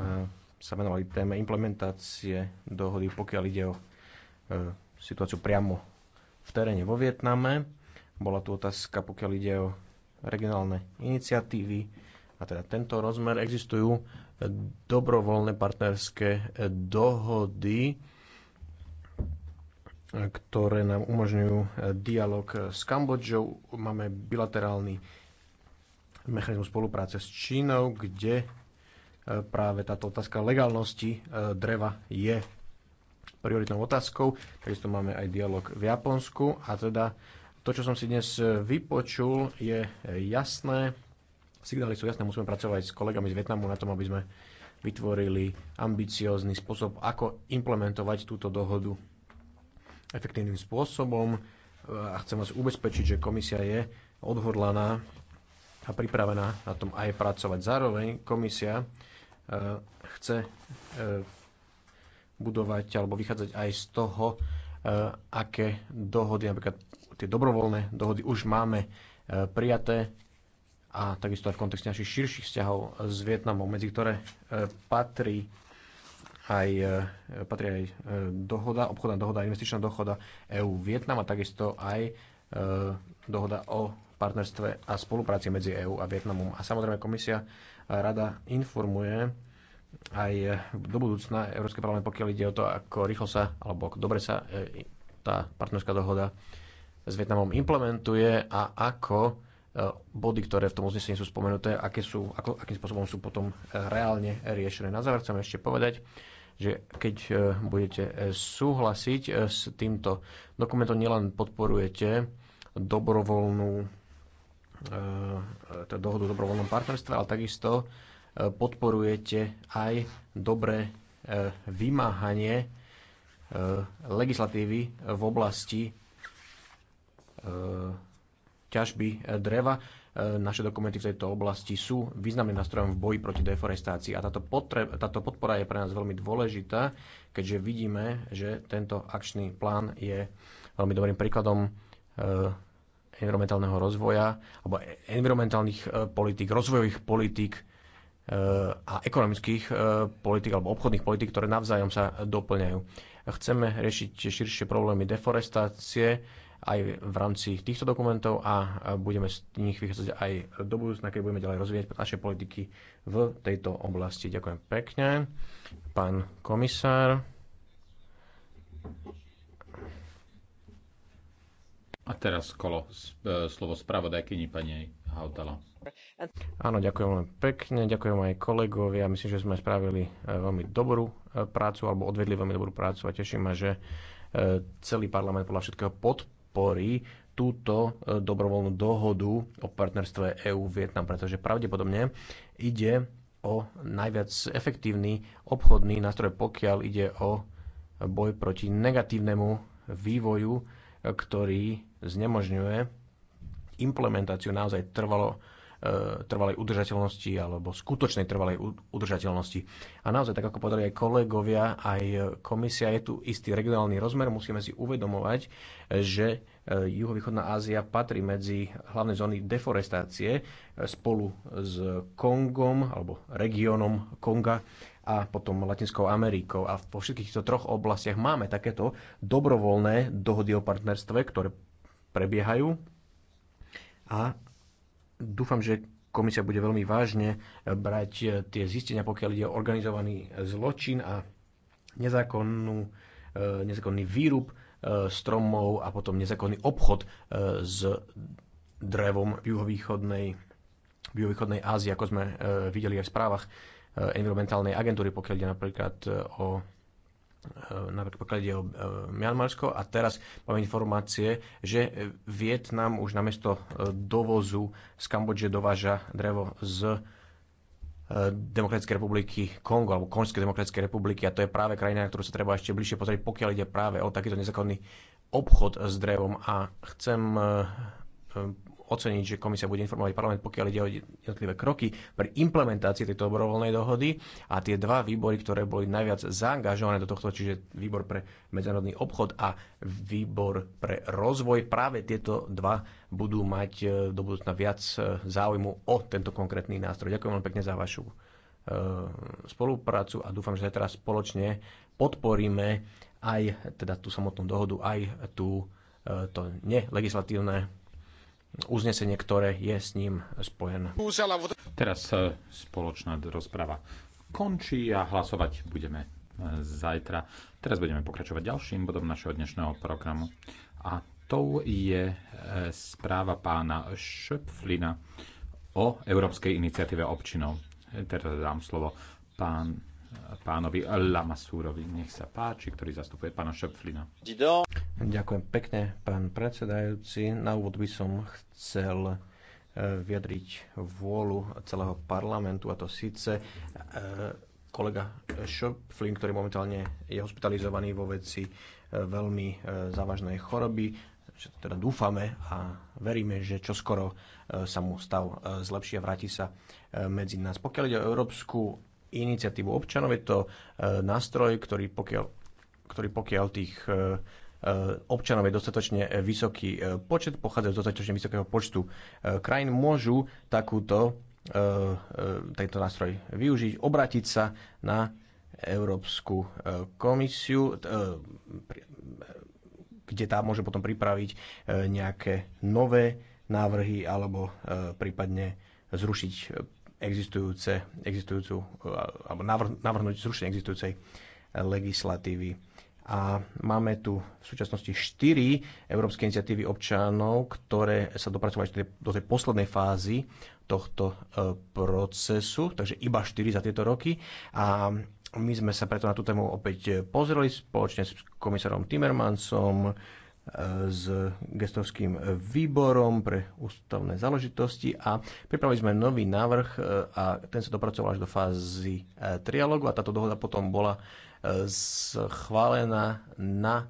S7: uh, sa venovali téme implementácie dohody, pokiaľ ide o situáciu priamo v teréne vo Vietname. Bola tu otázka, pokiaľ ide o regionálne iniciatívy, a teda tento rozmer, existujú dobrovoľné partnerské dohody, ktoré nám umožňujú dialog s Kambodžou. Máme bilaterálny mechanizmus spolupráce s Čínou, kde e, práve táto otázka legálnosti e, dreva je prioritnou otázkou. Takisto máme aj dialog v Japonsku a teda to, čo som si dnes e, vypočul, je e, jasné. Signály sú jasné, musíme pracovať s kolegami z Vietnamu na tom, aby sme vytvorili ambiciózny spôsob, ako implementovať túto dohodu efektívnym spôsobom e, a chcem vás ubezpečiť, že komisia je odhodlaná a pripravená na tom aj pracovať. Zároveň komisia chce budovať alebo vychádzať aj z toho, aké dohody napríklad tie dobrovoľné dohody už máme e, prijaté a takisto aj v kontexte našich širších vzťahov s Vietnamom, medzi ktoré e, patrí aj, e, patrí aj dohoda, obchodná dohoda, investičná dohoda EU-Vietnam a takisto aj dohoda o partnerstve a spolupráci medzi EÚ a Vietnamom. A samozrejme komisia rada informuje aj do budúcna Európsky parlament, pokiaľ ide o to, ako rýchlo sa, alebo ako dobre sa tá partnerská dohoda s Vietnamom implementuje a ako e, body, ktoré v tom uznesení sú spomenuté, aké sú, ako, akým spôsobom sú potom e, reálne riešené. Na záver chcem ešte povedať, že keď e, budete súhlasiť s týmto dokumentom, nielen podporujete dobrovoľnú teda dohodu o dobrovoľnom partnerstve, ale takisto podporujete aj dobré vymáhanie legislatívy v oblasti E, ťažby e, dreva. E, naše dokumenty v tejto oblasti sú významným nástrojom v boji proti deforestácii a táto, potreb, táto podpora je pre nás veľmi dôležitá, keďže vidíme, že tento akčný plán je veľmi dobrým príkladom environmentálneho rozvoja alebo environmentálnych politik, rozvojových politik a ekonomických politik alebo obchodných politik, ktoré navzájom sa doplňajú. Chceme riešiť širšie problémy deforestácie, aj v rámci týchto dokumentov a budeme z nich vychádzať aj do budúcna, keď budeme ďalej rozvíjať naše politiky v tejto oblasti. Ďakujem pekne. Pán komisár.
S10: A teraz kolo, e, slovo spravodajkyni pani Hautala.
S7: Áno, ďakujem veľmi pekne, ďakujem aj kolegovi a myslím, že sme spravili e, veľmi dobrú e, prácu alebo odvedli veľmi dobrú prácu a teším ma, že celý parlament podľa všetkého podporuje podporí túto e, dobrovoľnú dohodu o partnerstve EU-Vietnam, pretože pravdepodobne ide o najviac efektívny obchodný nástroj, pokiaľ ide o boj proti negatívnemu vývoju, e, ktorý znemožňuje implementáciu naozaj trvalo E, trvalej udržateľnosti alebo skutočnej trvalej udržateľnosti. A naozaj, tak ako povedali aj kolegovia, aj komisia, je tu istý regionálny rozmer. Musíme si uvedomovať, že e, juhovýchodná Ázia patrí medzi hlavné zóny deforestácie e, spolu s Kongom alebo regiónom Konga a potom Latinskou Amerikou. A vo všetkých týchto troch oblastiach máme takéto dobrovoľné dohody o partnerstve, ktoré prebiehajú a Dúfam, že komisia bude veľmi vážne brať eh, tie zistenia, pokiaľ ide o organizovaný eh, zločin a nezákonnú, eh, nezákonný výrub stromov a potom nezákonný obchod s drevom v juhovýchodnej, v juhovýchodnej Ázii, ako sme videli aj v správach environmentálnej agentúry, pokiaľ ide napríklad o Eh, napríklad pokiaľ ide o eh, Mianmarsko a teraz máme informácie, že eh, Vietnam už namiesto dovozu z Kambodže dováža drevo z Demokratickej republiky Kongo alebo Konžskej demokratickej republiky a to je práve krajina, na ktorú sa treba ešte bližšie pozrieť, pokiaľ ide práve o takýto nezákonný obchod s drevom a chcem oceniť, že komisia bude informovať parlament, pokiaľ ide o jednotlivé kroky pri implementácii tejto dobrovoľnej dohody a tie dva výbory, ktoré boli najviac zaangažované do tohto, čiže výbor pre medzinárodný obchod a výbor pre rozvoj, práve tieto dva budú mať e, do budúcna viac e, záujmu o tento konkrétny nástroj. Ďakujem veľmi pekne za vašu e, spoluprácu a dúfam, že teraz spoločne podporíme aj teda tú samotnú dohodu, aj tú, to nelegislatívne uznesenie, ktoré je s ním spojené. Teraz e, spoločná rozprava končí a hlasovať
S10: budeme e, zajtra. Teraz budeme pokračovať ďalším bodom našeho dnešného programu. A to je e, správa pána Šöpflina o Európskej iniciatíve občinov. Teraz dám slovo pán pánovi Lamasúrovi. Nech sa páči, ktorý zastupuje pána Šepflina.
S7: Ďakujem pekne, pán predsedajúci. Na úvod by som chcel e, vyjadriť vôľu celého parlamentu, a to síce e, kolega Šopflin, ktorý momentálne je hospitalizovaný vo veci e, veľmi závažnej choroby. Teda dúfame a veríme, že čoskoro sa mu stav zlepší a vráti sa medzi nás. Pokiaľ ide o Európsku iniciatívu občanov. Je to e, nástroj, ktorý pokiaľ, ktorý pokiaľ tých e, e, občanov je dostatočne vysoký počet, pochádza z dostatočne vysokého počtu krajín, môžu takúto, tento nástroj využiť, obrátiť sa na Európsku komisiu, kde tá môže potom pripraviť nejaké nové návrhy alebo prípadne zrušiť existujúce, existujúcu, eh, alebo navrhnúť zrušenie existujúcej legislatívy. A máme tu v súčasnosti štyri európske iniciatívy občanov, ktoré sa dopracovali do tej poslednej fázy tohto eh, procesu, takže iba štyri za tieto roky. A my sme sa preto na tú tému opäť pozreli spoločne s komisárom Timmermansom, s gestorským výborom pre ústavné záležitosti a pripravili sme nový návrh e, a ten sa dopracoval až do fázy e, trialogu a táto dohoda potom bola e, schválená na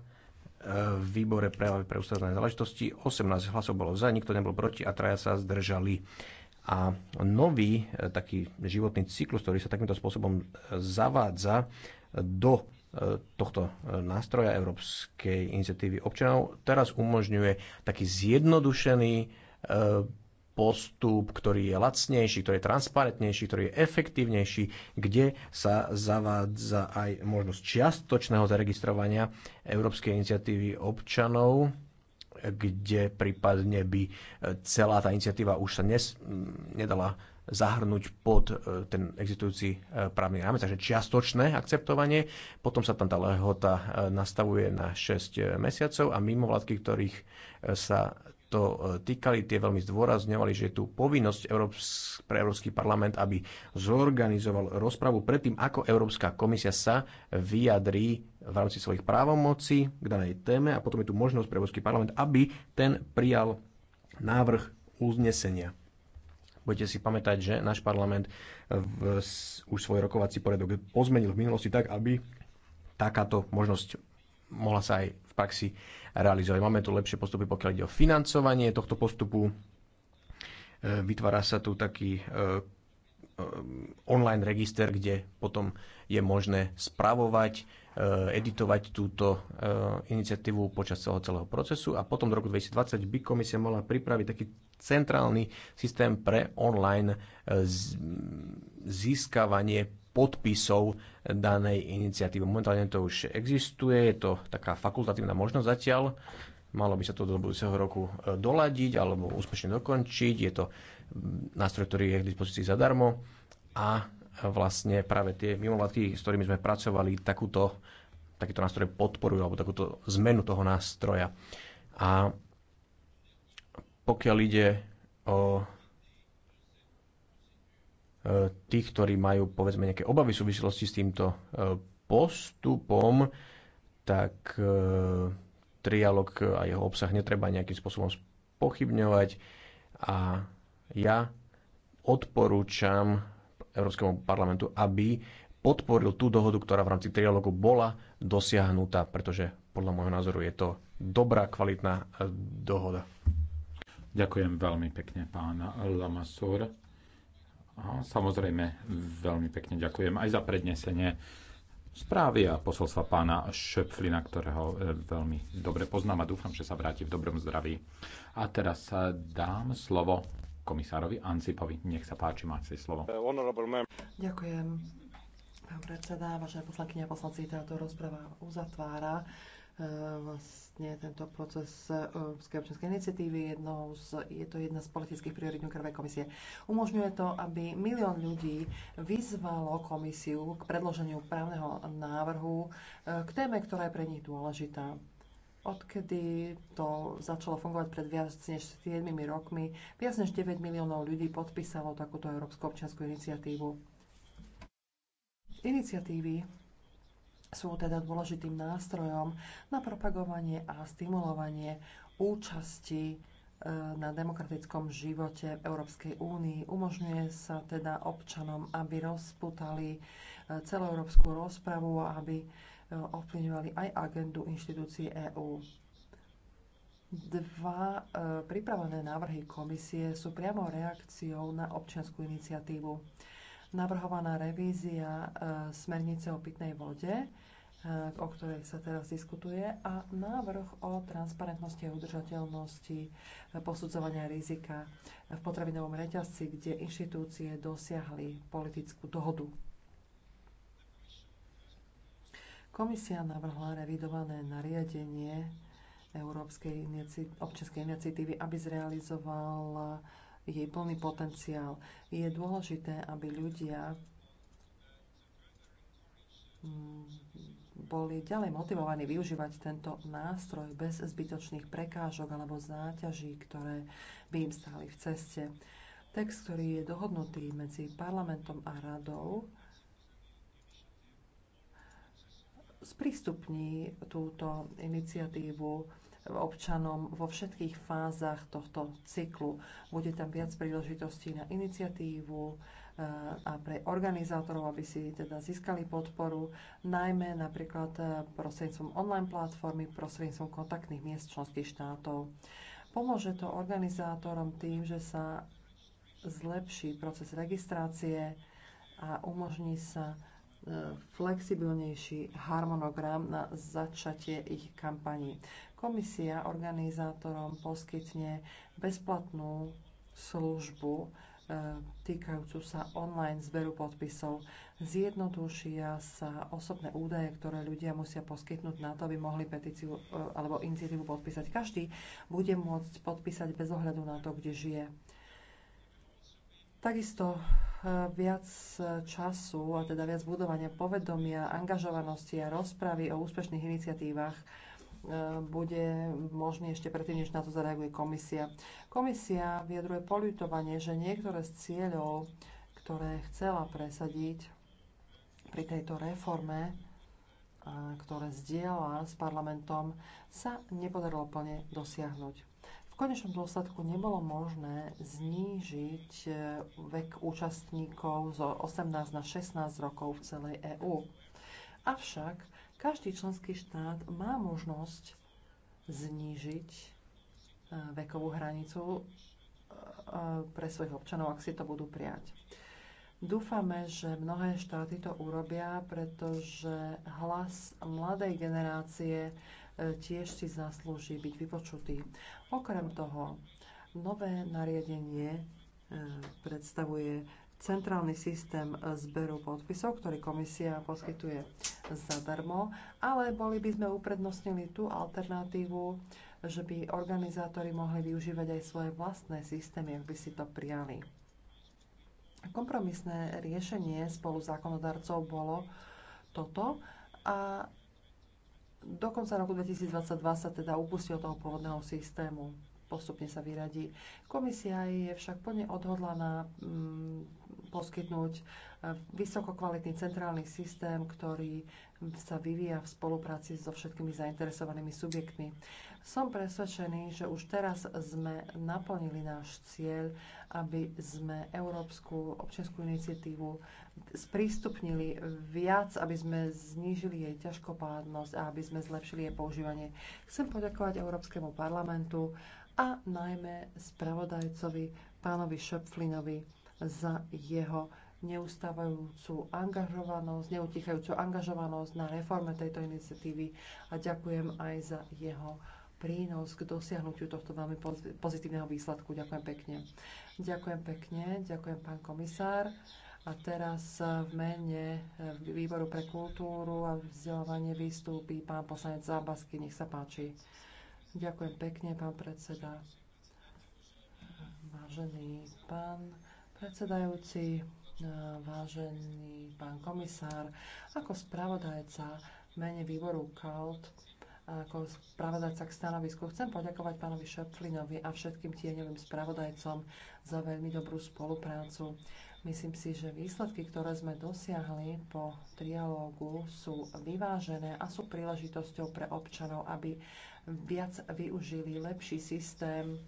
S7: výbore práve pre ústavné záležitosti. 18 hlasov bolo za, nikto nebol proti a traja sa zdržali. A nový taký životný cyklus, ktorý sa takýmto spôsobom zavádza do E, tohto e, nástroja Európskej iniciatívy občanov teraz umožňuje taký zjednodušený e, postup, ktorý je lacnejší, ktorý je transparentnejší, ktorý je efektívnejší, kde sa zavádza aj možnosť čiastočného zaregistrovania Európskej iniciatívy občanov, kde prípadne by celá tá iniciatíva už sa nes, nedala zahrnúť pod e, ten existujúci e, právny rámec, takže čiastočné akceptovanie. Potom sa tam tá lehota e, nastavuje na 6 mesiacov a mimovládky, ktorých sa to týkali, tie veľmi zdôrazňovali, že je tu povinnosť pre Európsky parlament, aby zorganizoval rozpravu predtým, ako Európska komisia sa vyjadrí v rámci svojich právomocí k danej téme a potom je tu možnosť pre Európsky parlament, aby ten prijal návrh uznesenia. Budete si pamätať, že náš parlament v, už svoj rokovací poriadok pozmenil v minulosti tak, aby takáto možnosť mohla sa aj v praxi realizovať. Máme tu lepšie postupy, pokiaľ ide o financovanie tohto postupu. E, vytvára sa tu taký e, Eh, online register, kde potom je možné spravovať, eh, editovať túto eh, iniciatívu počas celého, celého procesu a potom do roku 2020 by komisia mala pripraviť taký centrálny systém pre online získavanie podpisov danej iniciatívy. Momentálne to už existuje, je to taká fakultatívna možnosť zatiaľ, malo by sa to do budúceho roku doladiť alebo úspešne dokončiť. Je to nástroj, ktorý je k dispozícii zadarmo a vlastne práve tie mimovládky, s ktorými sme pracovali, takúto, takýto nástroj podporujú alebo takúto zmenu toho nástroja. A pokiaľ ide o e, tých, ktorí majú povedzme nejaké obavy v súvislosti s týmto e, postupom, tak e, trialog a jeho obsah netreba nejakým spôsobom pochybňovať a ja odporúčam Európskemu parlamentu, aby podporil tú dohodu, ktorá v rámci trialogu bola dosiahnutá, pretože podľa môjho názoru je to dobrá, kvalitná e, dohoda. Ďakujem veľmi pekne, pán Lamasur.
S10: A samozrejme, veľmi pekne ďakujem aj za prednesenie správy a posolstva pána Šöpflina, ktorého e, veľmi dobre poznám a dúfam, že sa vráti v dobrom zdraví. A teraz e, dám slovo komisárovi Ancipovi. Nech sa páči, máte slovo.
S8: Ďakujem, pán predseda, vážené poslankyňa a poslanci, táto rozprava uzatvára e, vlastne tento proces e, Európskej občianskej iniciatívy. Jednou z, je to jedna z politických priorít Junckerovej komisie. Umožňuje to, aby milión ľudí vyzvalo komisiu k predloženiu právneho návrhu e, k téme, ktorá je pre nich dôležitá Odkedy to začalo fungovať pred viac než 7 rokmi, viac než 9 miliónov ľudí podpísalo takúto Európsku občianskú iniciatívu. Iniciatívy sú teda dôležitým nástrojom na propagovanie a stimulovanie účasti e, na demokratickom živote v Európskej únii. Umožňuje sa teda občanom, aby rozputali e, európsku rozpravu a aby ovplyvňovali aj agendu inštitúcií EÚ. Dva e, pripravené návrhy komisie sú priamo reakciou na občianskú iniciatívu. Navrhovaná revízia e, smernice o pitnej vode e, o ktorej sa teraz diskutuje, a návrh o transparentnosti a udržateľnosti posudzovania rizika v potravinovom reťazci, kde inštitúcie dosiahli politickú dohodu. Komisia navrhla revidované nariadenie Európskej občianskej iniciatívy, aby zrealizoval jej plný potenciál. Je dôležité, aby ľudia mm, boli ďalej motivovaní využívať tento nástroj bez zbytočných prekážok alebo záťaží, ktoré by im stáli v ceste. Text, ktorý je dohodnutý medzi parlamentom a radou, sprístupní túto iniciatívu občanom vo všetkých fázach tohto cyklu. Bude tam viac príležitostí na iniciatívu e, a pre organizátorov, aby si teda získali podporu, najmä napríklad e, prostredníctvom online platformy, prostredníctvom kontaktných miest členských štátov. Pomôže to organizátorom tým, že sa zlepší proces registrácie a umožní sa flexibilnejší harmonogram na začatie ich kampaní. Komisia organizátorom poskytne bezplatnú službu e, týkajúcu sa online zberu podpisov. Zjednodušia sa osobné údaje, ktoré ľudia musia poskytnúť na to, aby mohli petíciu e, alebo iniciatívu podpísať. Každý bude môcť podpísať bez ohľadu na to, kde žije. Takisto eh, viac eh, času a teda viac budovania povedomia, angažovanosti a rozpravy o úspešných iniciatívach eh, bude možný ešte predtým, než na to zareaguje komisia. Komisia vyjadruje poľutovanie, že niektoré z cieľov, ktoré chcela presadiť pri tejto reforme, ktoré zdieľa s parlamentom, sa nepodarilo plne dosiahnuť. V konečnom dôsledku nebolo možné znížiť e, vek účastníkov zo 18 na 16 rokov v celej EÚ. Avšak každý členský štát má možnosť znížiť e, vekovú hranicu e, pre svojich občanov, ak si to budú prijať. Dúfame, že mnohé štáty to urobia, pretože hlas mladej generácie E, tiež si zaslúži byť vypočutý. Okrem toho, nové nariadenie e, predstavuje centrálny systém zberu podpisov, ktorý komisia poskytuje zadarmo, ale boli by sme uprednostnili tú alternatívu, že by organizátori mohli využívať aj svoje vlastné systémy, ak by si to prijali. Kompromisné riešenie spolu zákonodarcov bolo toto a do konca roku 2022 sa teda upustí od toho pôvodného systému. Postupne sa vyradí. Komisia je však plne odhodlaná mm, poskytnúť e, vysokokvalitný centrálny systém, ktorý sa vyvíja v spolupráci so všetkými zainteresovanými subjektmi. Som presvedčený, že už teraz sme naplnili náš cieľ, aby sme Európsku občianskú iniciatívu sprístupnili viac, aby sme znížili jej ťažkopádnosť a aby sme zlepšili jej používanie. Chcem poďakovať Európskemu parlamentu a najmä spravodajcovi pánovi Šöpflinovi za jeho neustávajúcu angažovanosť, neutichajúcu angažovanosť na reforme tejto iniciatívy a ďakujem aj za jeho prínos k dosiahnutiu tohto veľmi pozitívneho výsledku. Ďakujem pekne. Ďakujem pekne, ďakujem pán komisár. A teraz eh, v mene eh, Výboru pre kultúru a vzdelávanie vystúpi pán poslanec Zábasky. Nech sa páči. Ďakujem pekne, pán predseda. Vážený pán predsedajúci, eh, vážený pán komisár, ako spravodajca mene výboru KALT ako spravodajca k stanovisku. Chcem poďakovať pánovi Šeplinovi a všetkým tieňovým spravodajcom za veľmi dobrú spoluprácu. Myslím si, že výsledky, ktoré sme dosiahli po trialógu, sú vyvážené a sú príležitosťou pre občanov, aby viac využili lepší systém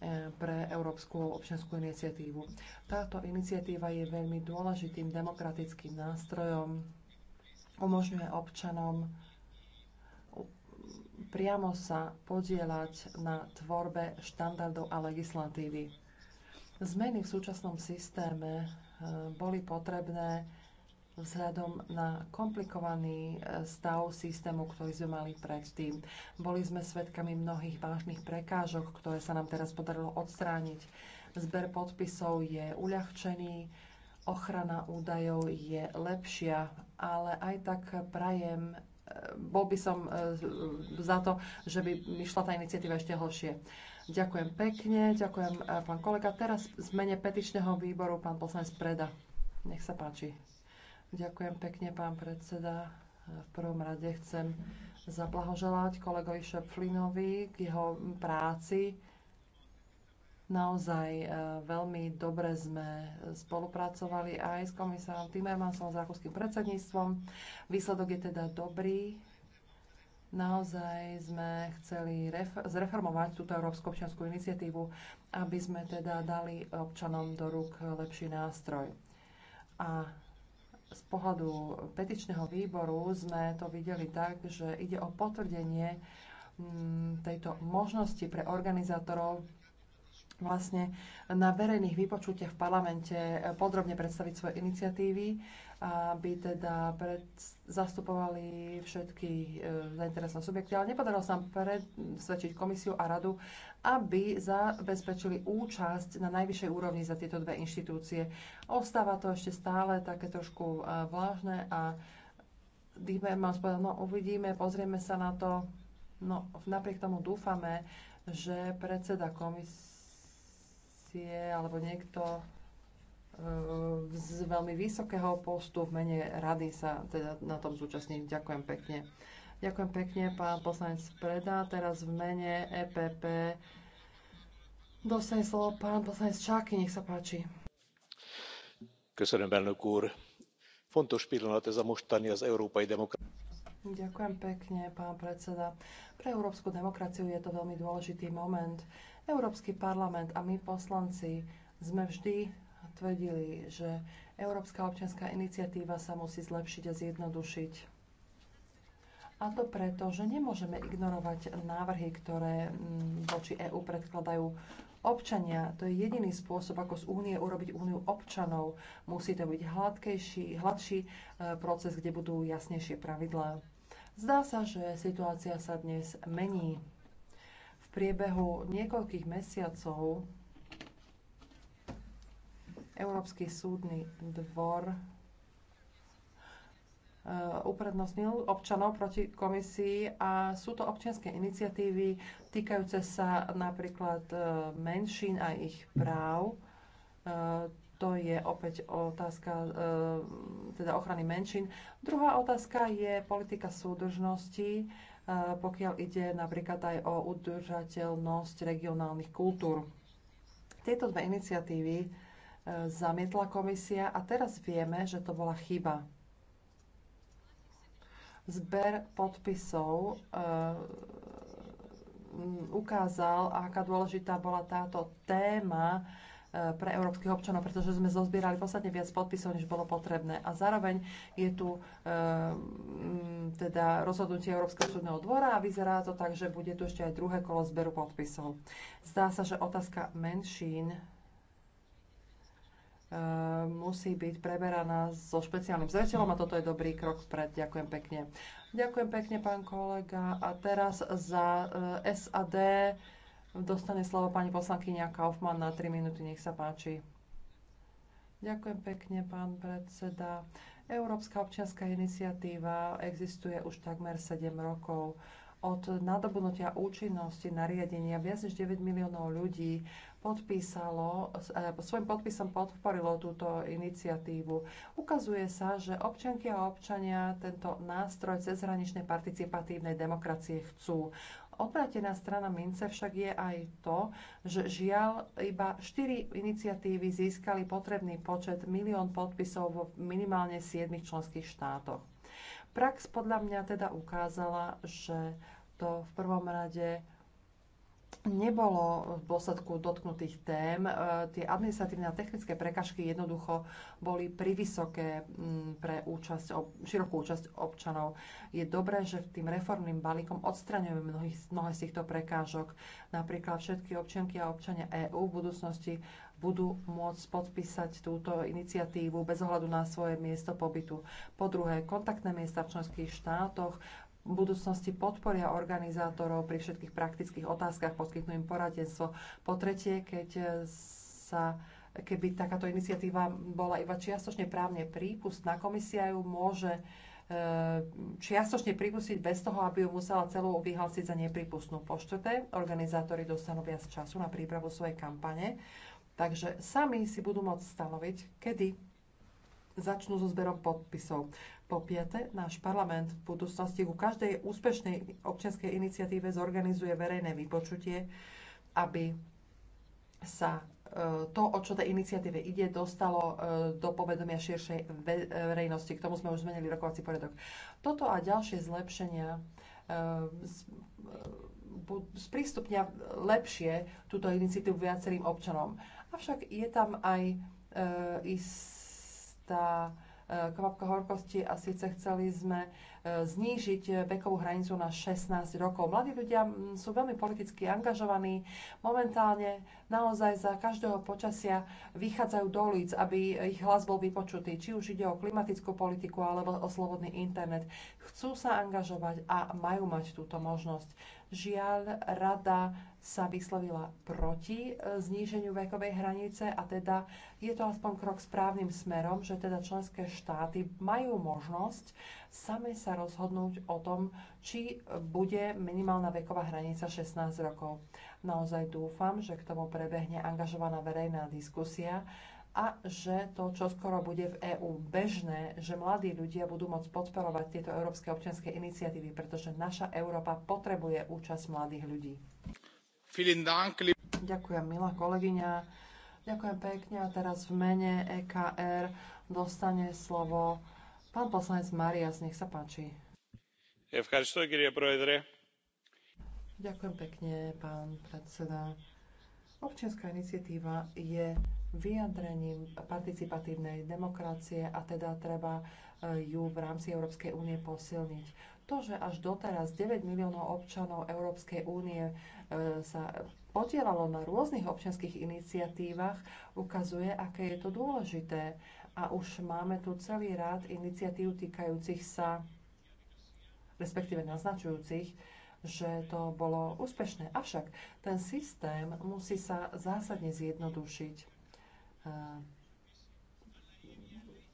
S8: eh, pre Európsku občianskú iniciatívu. Táto iniciatíva je veľmi dôležitým demokratickým nástrojom, umožňuje občanom priamo sa podielať na tvorbe štandardov a legislatívy. Zmeny v súčasnom systéme eh, boli potrebné vzhľadom na komplikovaný eh, stav systému, ktorý sme mali predtým. Boli sme svedkami mnohých vážnych prekážok, ktoré sa nám teraz podarilo odstrániť. Zber podpisov je uľahčený, ochrana údajov je lepšia, ale aj tak prajem bol by som e, za to, že by išla tá iniciatíva ešte hlšie. Ďakujem pekne, ďakujem e, pán kolega. Teraz v mene petičného výboru pán poslanec Preda. Nech sa páči. Ďakujem pekne, pán predseda. V prvom rade chcem zablahoželať kolegovi Šepflinovi k jeho práci Naozaj e, veľmi dobre sme e, spolupracovali aj s komisárom Timmermansom, s rakúskym predsedníctvom. Výsledok je teda dobrý. Naozaj sme chceli zreformovať túto Európsku občianskú iniciatívu, aby sme teda dali občanom do rúk lepší nástroj. A z pohľadu petičného výboru sme to videli tak, že ide o potvrdenie tejto možnosti pre organizátorov vlastne na verejných vypočutiach v parlamente eh, podrobne predstaviť svoje iniciatívy, aby teda pred, zastupovali všetky e, zainteresované subjekty, ale nepodarilo sa nám presvedčiť komisiu a radu, aby zabezpečili účasť na najvyššej úrovni za tieto dve inštitúcie. Ostáva to ešte stále také trošku e, vlážne a mám povedal, no uvidíme, pozrieme sa na to. No napriek tomu dúfame, že predseda komisie komisie alebo niekto e, z veľmi vysokého postu v mene rady sa teda na tom zúčastní. Ďakujem pekne. Ďakujem pekne, pán poslanec Preda. Teraz v mene EPP dostane slovo pán poslanec Čáky. Nech sa páči.
S7: Köszönöm, elnök úr. Fontos pillanat ez a mostani az európai demokrácia.
S8: Ďakujem pekne, pán predseda. Pre európsku demokraciu je to veľmi dôležitý moment. Európsky parlament a my poslanci sme vždy tvrdili, že Európska občianská iniciatíva sa musí zlepšiť a zjednodušiť. A to preto, že nemôžeme ignorovať návrhy, ktoré mm, voči EÚ predkladajú občania. To je jediný spôsob, ako z únie urobiť úniu občanov. Musí to byť hladkejší, hladší e, proces, kde budú jasnejšie pravidlá. Zdá sa, že situácia sa dnes mení priebehu niekoľkých mesiacov Európsky súdny dvor eh, uprednostnil občanov proti komisii a sú to občianske iniciatívy týkajúce sa napríklad eh, menšín a ich práv. Eh, to je opäť otázka teda ochrany menšín. Druhá otázka je politika súdržnosti Eh, pokiaľ ide napríklad aj o udržateľnosť regionálnych kultúr. Tieto dve iniciatívy eh, zamietla komisia a teraz vieme, že to bola chyba. Zber podpisov eh, ukázal, aká dôležitá bola táto téma Eh, pre európskych občanov, pretože sme zozbierali podstatne viac podpisov, než bolo potrebné. A zároveň je tu eh, teda rozhodnutie Európskeho súdneho dvora a vyzerá to tak, že bude tu ešte aj druhé kolo zberu podpisov. Zdá sa, že otázka menšín eh, musí byť preberaná so špeciálnym zreteľom a toto je dobrý krok vpred. Ďakujem pekne. Ďakujem pekne, pán kolega. A teraz za SAD Dostane slovo pani poslankyňa Kaufmann na 3 minúty, nech sa páči. Ďakujem pekne, pán predseda. Európska občianská iniciatíva existuje už takmer 7 rokov. Od nadobudnutia účinnosti nariadenia viac než 9 miliónov ľudí podpísalo, eh, svojim podpisom podporilo túto iniciatívu. Ukazuje sa, že občanky a občania tento nástroj cezhraničnej participatívnej demokracie chcú. Obrátená strana mince však je aj to, že žiaľ iba 4 iniciatívy získali potrebný počet milión podpisov vo minimálne 7 členských štátoch. Prax podľa mňa teda ukázala, že to v prvom rade nebolo v dôsledku dotknutých tém. E, tie administratívne a technické prekažky jednoducho boli privysoké mm, pre účasť, širokú účasť občanov. Je dobré, že tým reformným balíkom odstraňujeme mnohých, mnohé z týchto prekážok. Napríklad všetky občianky a občania EÚ v budúcnosti budú môcť podpísať túto iniciatívu bez ohľadu na svoje miesto pobytu. Po druhé, kontaktné miesta v členských štátoch v budúcnosti podporia organizátorov pri všetkých praktických otázkach, poskytnú im poradenstvo. Po tretie, keď sa keby takáto iniciatíva bola iba čiastočne právne prípustná, komisia ju môže e, čiastočne pripustiť bez toho, aby ju musela celú vyhlásiť za nepripustnú. Po štvrté, organizátori dostanú viac času na prípravu svojej kampane, takže sami si budú môcť stanoviť, kedy začnú so zberom podpisov. Po piate, náš parlament v budúcnosti ku každej úspešnej občianskej iniciatíve zorganizuje verejné vypočutie, aby sa e, to, o čo tej iniciatíve ide, dostalo e, do povedomia širšej verejnosti. K tomu sme už zmenili rokovací poriadok. Toto a ďalšie zlepšenia e, sprístupňa lepšie túto iniciatívu viacerým občanom. Avšak je tam aj istá kvapka horkosti a síce chceli sme znížiť vekovú hranicu na 16 rokov. Mladí ľudia mm, sú veľmi politicky angažovaní. Momentálne naozaj za každého počasia vychádzajú do ulic, aby ich hlas bol vypočutý. Či už ide o klimatickú politiku alebo o slobodný internet. Chcú sa angažovať a majú mať túto možnosť. Žiaľ, rada sa vyslovila proti e, zníženiu vekovej hranice a teda je to aspoň krok správnym smerom, že teda členské štáty majú možnosť same sa rozhodnúť o tom, či bude minimálna veková hranica 16 rokov. Naozaj dúfam, že k tomu prebehne angažovaná verejná diskusia a že to, čo skoro bude v EÚ bežné, že mladí ľudia budú môcť podporovať tieto európske občianske iniciatívy, pretože naša Európa potrebuje účasť mladých ľudí. Ďakujem, milá kolegyňa. Ďakujem pekne a teraz v mene EKR dostane slovo Pán poslanec Marias, nech sa páči. Ďakujem pekne, pán predseda. Občianská iniciatíva je vyjadrením participatívnej demokracie a teda treba eh, ju v rámci Európskej únie posilniť. To, že až doteraz 9 miliónov občanov Európskej únie eh, sa podielalo na rôznych občianských iniciatívach, ukazuje, aké je to dôležité a už máme tu celý rád iniciatív týkajúcich sa, respektíve naznačujúcich, že to bolo úspešné. Avšak ten systém musí sa zásadne zjednodušiť. E,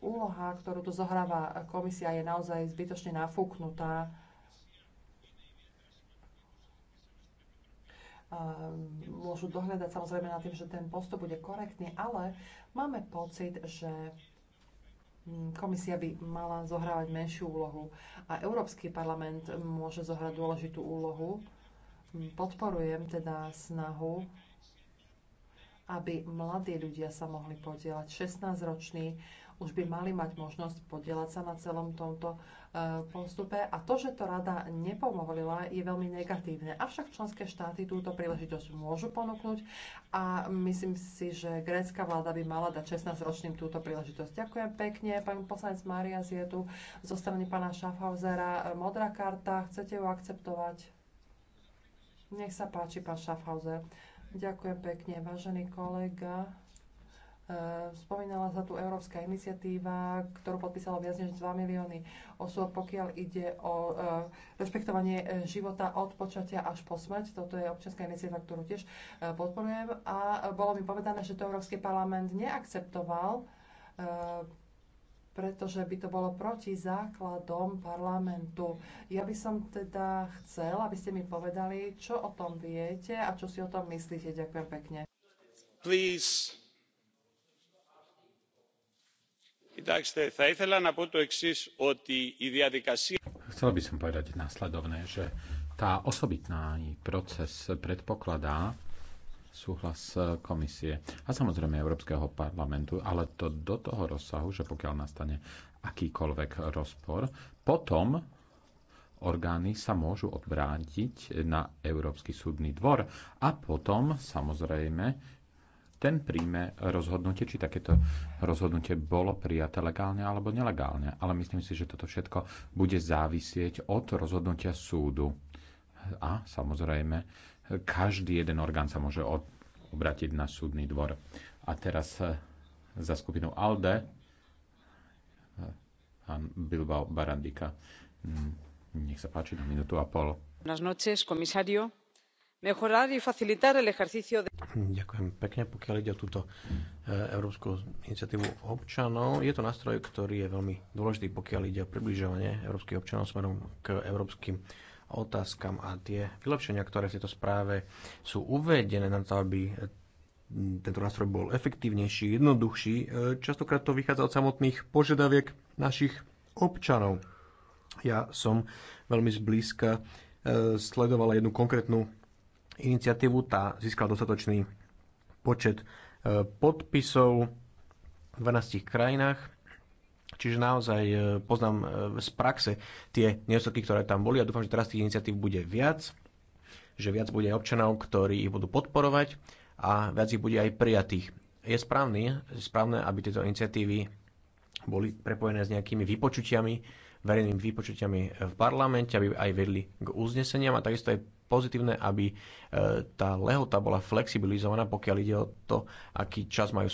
S8: úloha, ktorú tu zohráva komisia, je naozaj zbytočne nafúknutá. E, môžu dohľadať samozrejme na tým, že ten postup bude korektný, ale máme pocit, že komisia by mala zohrávať menšiu úlohu a Európsky parlament môže zohrať dôležitú úlohu. Podporujem teda snahu, aby mladí ľudia sa mohli podielať. 16-roční už by mali mať možnosť podielať sa na celom tomto e, postupe a to, že to rada nepovolila, je veľmi negatívne. Avšak členské štáty túto príležitosť môžu ponúknuť a myslím si, že grécka vláda by mala dať 16-ročným túto príležitosť. Ďakujem pekne. Pán poslanec Marias je tu zo strany pána Schaffhausera. Modrá karta, chcete ju akceptovať? Nech sa páči, pán Schaffhauser. Ďakujem pekne, vážený kolega. Eh, spomínala sa tu európska iniciatíva, ktorú podpísalo viac než 2 milióny osôb, pokiaľ ide o eh, rešpektovanie eh, života od počatia až po smrť. Toto je občianská iniciatíva, ktorú tiež podporujem. A bolo mi povedané, že to Európsky parlament neakceptoval, pretože by to bolo proti základom parlamentu. Ja by som teda chcel, aby ste mi povedali, čo o tom viete a čo si o tom myslíte. Ďakujem pekne.
S1: Please Chcela
S10: by som povedať následovné, že tá osobitný proces predpokladá súhlas e, komisie a samozrejme Európskeho parlamentu, ale to do toho rozsahu, že pokiaľ nastane akýkoľvek rozpor, potom orgány sa môžu obrátiť na Európsky súdny dvor a potom samozrejme ten príjme rozhodnutie, či takéto rozhodnutie bolo prijaté legálne alebo nelegálne. Ale myslím si, že toto všetko bude závisieť od rozhodnutia súdu. A samozrejme, každý jeden orgán sa môže obratiť na súdny dvor. A teraz eh, za skupinu ALDE a eh, Bilbao Barandika. Hm,
S7: nech sa páči na minútu a pol.
S4: Buenas noches, comisario mejorar y facilitar el ejercicio de...
S7: Ďakujem pekne, pokiaľ ide o túto e, európsku iniciatívu občanov. Je to nástroj, ktorý je veľmi dôležitý, pokiaľ ide o približovanie európskych občanov smerom k európskym otázkam a tie vylepšenia, ktoré v tejto správe sú uvedené na to, aby tento nástroj bol efektívnejší, jednoduchší. E, častokrát to vychádza od samotných požiadaviek našich občanov. Ja som veľmi zblízka e, sledovala jednu konkrétnu iniciatívu. Tá získala dostatočný počet e, podpisov v 12 krajinách. Čiže naozaj e, poznám e, z praxe tie nedostatky, ktoré tam boli a dúfam, že teraz tých iniciatív bude viac, že viac bude aj občanov, ktorí ich budú podporovať a viac ich bude aj prijatých. Je správny, správne, aby tieto iniciatívy boli prepojené s nejakými vypočutiami, verejnými vypočutiami v parlamente, aby aj vedli k uzneseniam a takisto aj pozitívne, aby e, tá lehota bola flexibilizovaná, pokiaľ ide o to, aký čas majú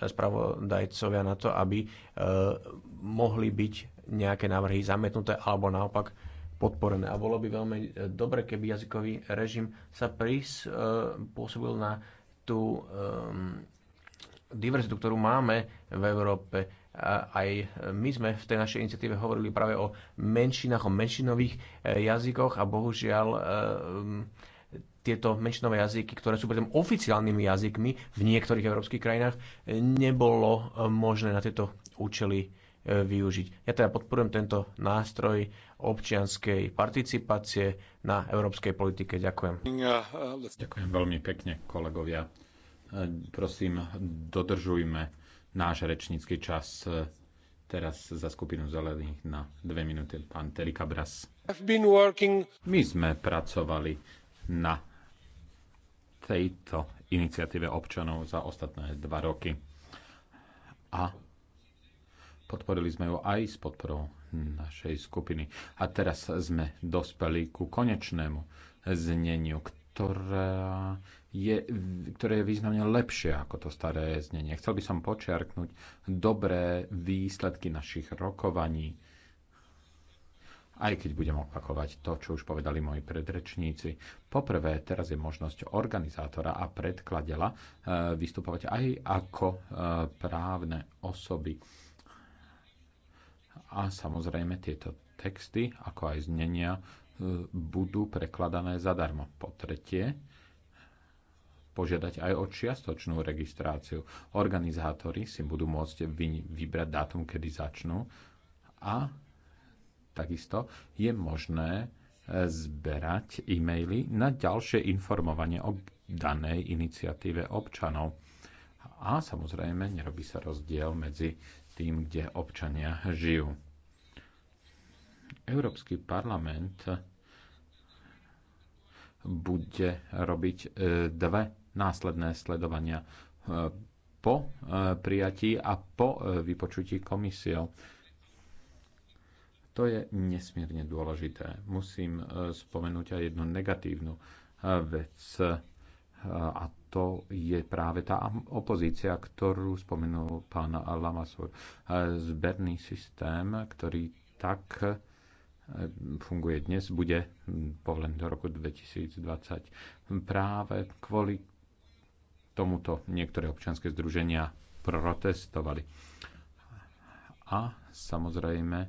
S7: spravodajcovia na to, aby e, mohli byť nejaké návrhy zametnuté alebo naopak podporené. A bolo by veľmi e, dobre, keby jazykový režim sa prispôsobil na tú diverzitu, ktorú máme v Európe aj my sme v tej našej iniciatíve hovorili práve o menšinách, o menšinových e, jazykoch a bohužiaľ e, tieto menšinové jazyky, ktoré sú potom oficiálnymi jazykmi v niektorých európskych krajinách, nebolo e, možné na tieto účely využiť. Ja teda podporujem tento nástroj občianskej participácie na európskej politike. Ďakujem.
S6: Ďakujem
S10: veľmi pekne, kolegovia. Prosím, dodržujme náš rečnícky čas e, teraz za skupinu zelených na dve minúty. Pán Terika Bras. My sme pracovali na tejto iniciatíve občanov za ostatné dva roky. A podporili sme ju aj s podporou našej skupiny. A teraz sme dospeli ku konečnému zneniu, ktorá je, ktoré je významne lepšie ako to staré znenie. Chcel by som počiarknúť dobré výsledky našich rokovaní, aj keď budem opakovať to, čo už povedali moji predrečníci. Poprvé, teraz je možnosť organizátora a predkladela eh, vystupovať aj ako eh, právne osoby. A samozrejme tieto texty, ako aj znenia, eh, budú prekladané zadarmo. Po tretie, požiadať aj o čiastočnú registráciu. Organizátori si budú môcť vybrať dátum, kedy začnú a takisto je možné e, zberať e-maily na ďalšie informovanie o danej iniciatíve občanov. A samozrejme, nerobí sa rozdiel medzi tým, kde občania žijú. Európsky parlament bude robiť e, dve následné sledovania e, po e, prijatí a po e, vypočutí komisiou. To je nesmierne dôležité. Musím spomenúť aj jednu negatívnu vec a to je práve tá opozícia, ktorú spomenul pán Lamasur. Zberný systém, ktorý tak funguje dnes, bude povolený do roku 2020. Práve kvôli tomuto niektoré občanské združenia protestovali. A samozrejme,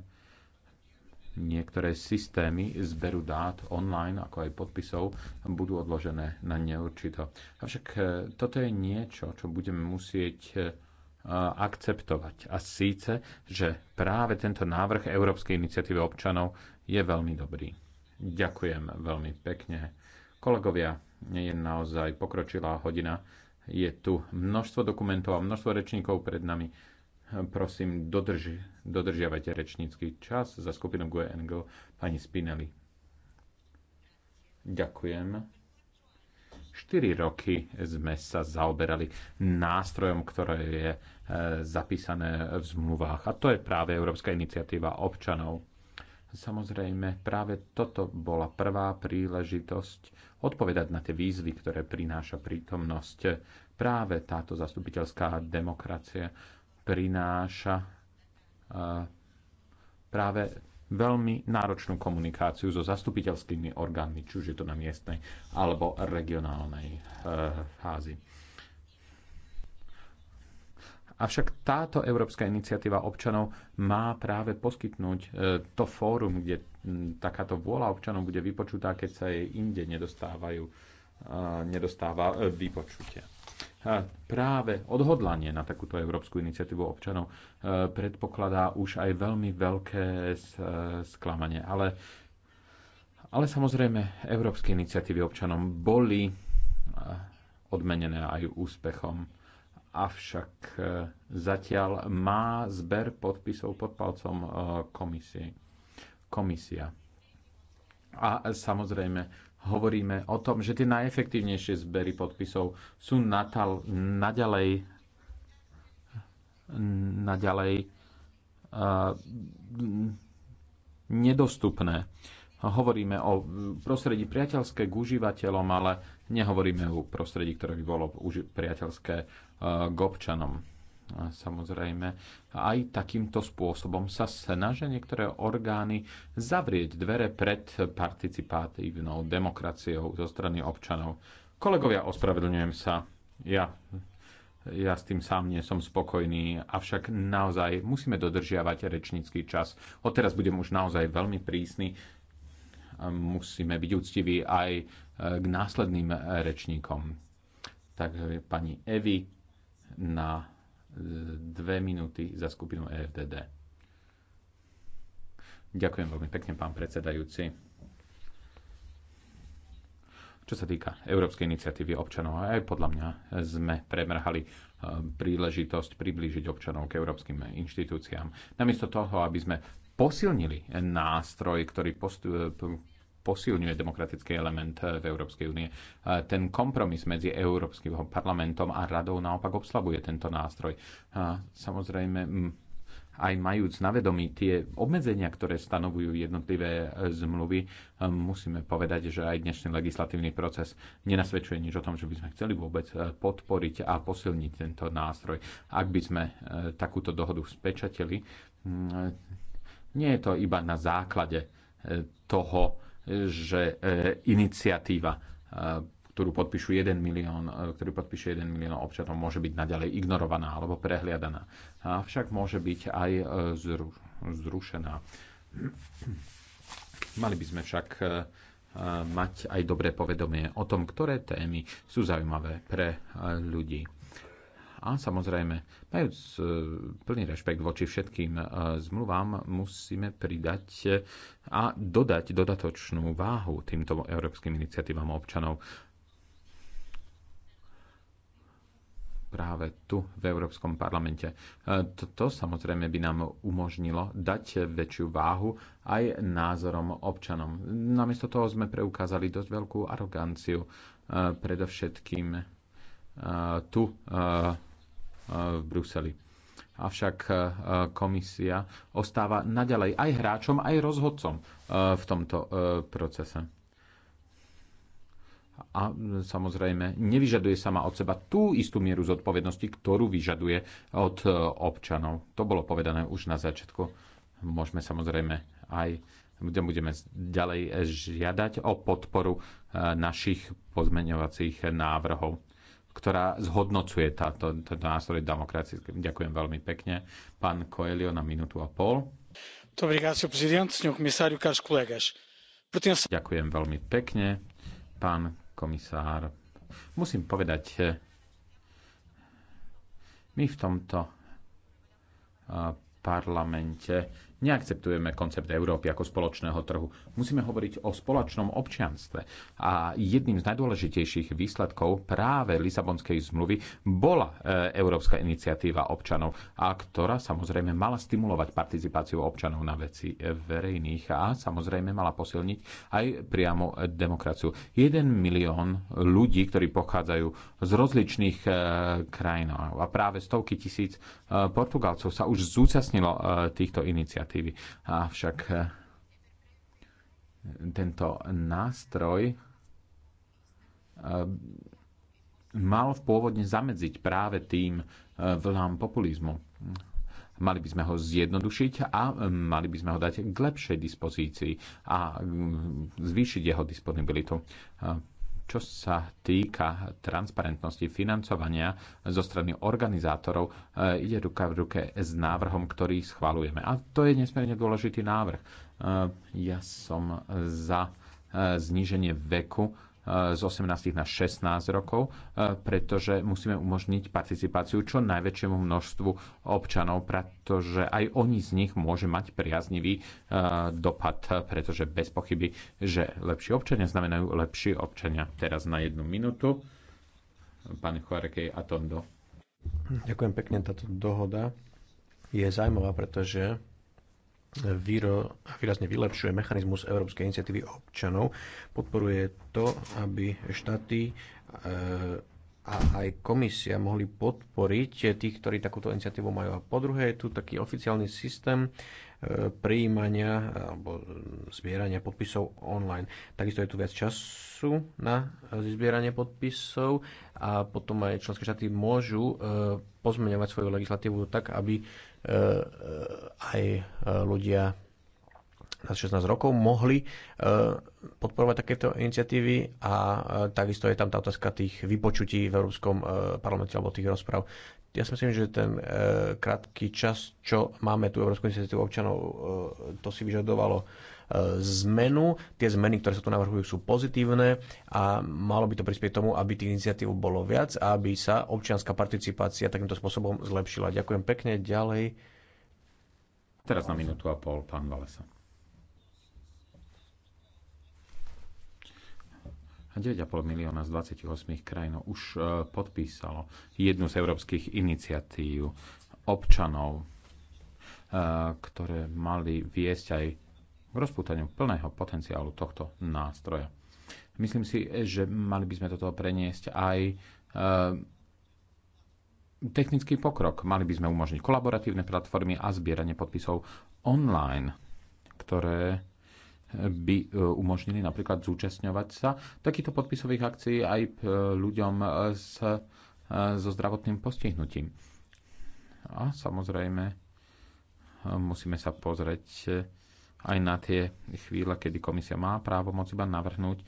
S10: niektoré systémy zberu dát online, ako aj podpisov, budú odložené na neurčito. Avšak e, toto je niečo, čo budeme musieť e, akceptovať. A síce, že práve tento návrh Európskej iniciatívy občanov je veľmi dobrý. Ďakujem veľmi pekne. Kolegovia, je naozaj pokročilá hodina je tu množstvo dokumentov a množstvo rečníkov pred nami. Prosím, dodrž, dodržiavajte rečnícky čas za skupinu GNG pani Spinelli. Ďakujem. 4 roky sme sa zaoberali nástrojom, ktoré je e, zapísané v zmluvách. A to je práve Európska iniciatíva občanov. Samozrejme, práve toto bola prvá príležitosť odpovedať na tie výzvy, ktoré prináša prítomnosť. Práve táto zastupiteľská demokracia prináša e, práve veľmi náročnú komunikáciu so zastupiteľskými orgánmi, či už je to na miestnej alebo regionálnej e, fázi Avšak táto európska iniciatíva občanov má práve poskytnúť e, to fórum, kde takáto vôľa občanov bude vypočutá, keď sa jej inde nedostávajú, nedostáva e, vypočutia. Práve odhodlanie na takúto európsku iniciatívu občanov e, predpokladá už aj veľmi veľké sklamanie. Ale, ale samozrejme, európske iniciatívy občanom boli odmenené aj úspechom avšak e, zatiaľ má zber podpisov pod palcom e, komisie. komisia. A samozrejme, hovoríme o tom, že tie najefektívnejšie zbery podpisov sú natal, naďalej, naďalej uh, nedostupné. Hovoríme o prostredí priateľské k užívateľom, ale nehovoríme o prostredí, ktoré by bolo priateľské k občanom. Samozrejme, aj takýmto spôsobom sa snažia niektoré orgány zavrieť dvere pred participatívnou demokraciou zo strany občanov. Kolegovia, ospravedlňujem sa. Ja, ja s tým sám nie som spokojný, avšak naozaj musíme dodržiavať rečnícky čas. Odteraz budem už naozaj veľmi prísny. Musíme byť úctiví aj e, k následným e, rečníkom. Takže pani Evi na e, dve minúty za skupinu EFDD. Ďakujem veľmi pekne, pán predsedajúci. Čo sa týka Európskej iniciatívy občanov, aj podľa mňa sme premrhali e, príležitosť priblížiť občanov k európskym inštitúciám. Namiesto toho, aby sme posilnili nástroj, ktorý posilňuje demokratický element eh, v Európskej únie. Ten kompromis medzi Európskym parlamentom a radou naopak obslabuje tento nástroj. Samozrejme, aj majúc na vedomí tie obmedzenia, ktoré stanovujú jednotlivé eh, zmluvy, eh, musíme povedať, že aj dnešný legislatívny proces nenasvedčuje nič o tom, že by sme chceli vôbec podporiť a posilniť tento nástroj. Ak by sme takúto dohodu spečateli, mm, nie je to iba na základe toho, že e, iniciatíva, e, ktorú podpíšu 1 milión, e, ktorú podpíše 1 milión občanov, môže byť naďalej ignorovaná alebo prehliadaná. Avšak môže byť aj zrušená. Mali by sme však mať aj dobré povedomie o tom, ktoré témy sú zaujímavé pre ľudí. A samozrejme, majúc e, plný rešpekt voči všetkým e, zmluvám, musíme pridať e, a dodať dodatočnú váhu týmto európskym iniciatívam občanov. práve tu v Európskom parlamente. Toto samozrejme by nám umožnilo dať väčšiu váhu aj názorom občanom. Namiesto toho sme preukázali dosť veľkú aroganciu, predovšetkým tu E, v Bruseli. Avšak e, komisia ostáva naďalej aj hráčom, aj rozhodcom e, v tomto procese. A samozrejme, nevyžaduje sama od seba tú istú mieru zodpovednosti, ktorú vyžaduje od občanov. To bolo povedané už na začiatku. Môžeme samozrejme aj kde budeme ďalej žiadať o podporu našich pozmeňovacích návrhov ktorá zhodnocuje táto, tento nástroj demokracie. Ďakujem veľmi pekne. Pán Coelho na minútu a pol. Ďakujem veľmi pekne, pán komisár. Musím povedať, my v tomto parlamente neakceptujeme koncept Európy ako spoločného trhu. Musíme hovoriť o spoločnom občianstve. A jedným z najdôležitejších výsledkov práve Lisabonskej zmluvy bola e, Európska iniciatíva občanov, a ktorá samozrejme mala stimulovať participáciu občanov na veci e, verejných a samozrejme mala posilniť aj priamo demokraciu. Jeden milión ľudí, ktorí pochádzajú z rozličných e, krajín a práve stovky tisíc Portugalcov sa už zúčastnilo týchto iniciatív legislatívy. Avšak eh, tento nástroj eh, mal pôvodne zamedziť práve tým eh, vlnám populizmu. Mali by sme ho zjednodušiť a mali by sme ho dať k lepšej dispozícii a mm, zvýšiť jeho disponibilitu čo sa týka transparentnosti financovania zo strany organizátorov, eh, ide ruka v ruke s návrhom, ktorý schvalujeme. A to je nesmierne dôležitý návrh. Eh, ja som za eh, zníženie veku z 18 na 16 rokov, e, pretože musíme umožniť participáciu čo najväčšiemu množstvu občanov, pretože aj oni z nich môže mať priaznivý e, dopad, pretože bez pochyby, že lepší občania znamenajú lepší občania. Teraz na jednu minútu. Pán Chuarekej Atondo.
S7: Ďakujem pekne. Táto dohoda je zaujímavá, pretože výrazne vylepšuje mechanizmus Európskej iniciatívy občanov. Podporuje to, aby štáty eh, a aj komisia mohli podporiť tých, ktorí takúto iniciatívu majú. A po druhé je tu taký oficiálny systém prijímania alebo zbierania podpisov online. Takisto je tu viac času na zbieranie podpisov a potom aj členské štáty môžu e, pozmeňovať svoju legislatívu tak, aby e, e, aj ľudia na 16 rokov mohli podporovať takéto iniciatívy a takisto je tam tá otázka tých vypočutí v Európskom parlamente alebo tých rozpráv. Ja si myslím, že ten e, krátky čas, čo máme tu Európsku iniciatívu občanov, e, to si vyžadovalo e, zmenu. Tie zmeny, ktoré sa tu navrhujú, sú pozitívne a malo by to prispieť tomu, aby tých iniciatív bolo viac a aby sa občianská participácia takýmto spôsobom zlepšila. Ďakujem pekne. Ďalej. Teraz na minútu a pol, pán Valesa.
S10: a 9,5 milióna z 28 krajín už e, podpísalo jednu z európskych iniciatív občanov, e, ktoré mali viesť aj k rozputaniu plného potenciálu tohto nástroja. Myslím si, že mali by sme do toho preniesť aj e, technický pokrok. Mali by sme umožniť kolaboratívne platformy a zbieranie podpisov online, ktoré by e, umožnili napríklad zúčastňovať sa takýchto podpisových akcií aj e, ľuďom s, e, so zdravotným postihnutím. A samozrejme musíme sa pozrieť aj na tie chvíle, kedy komisia má právo moc iba navrhnúť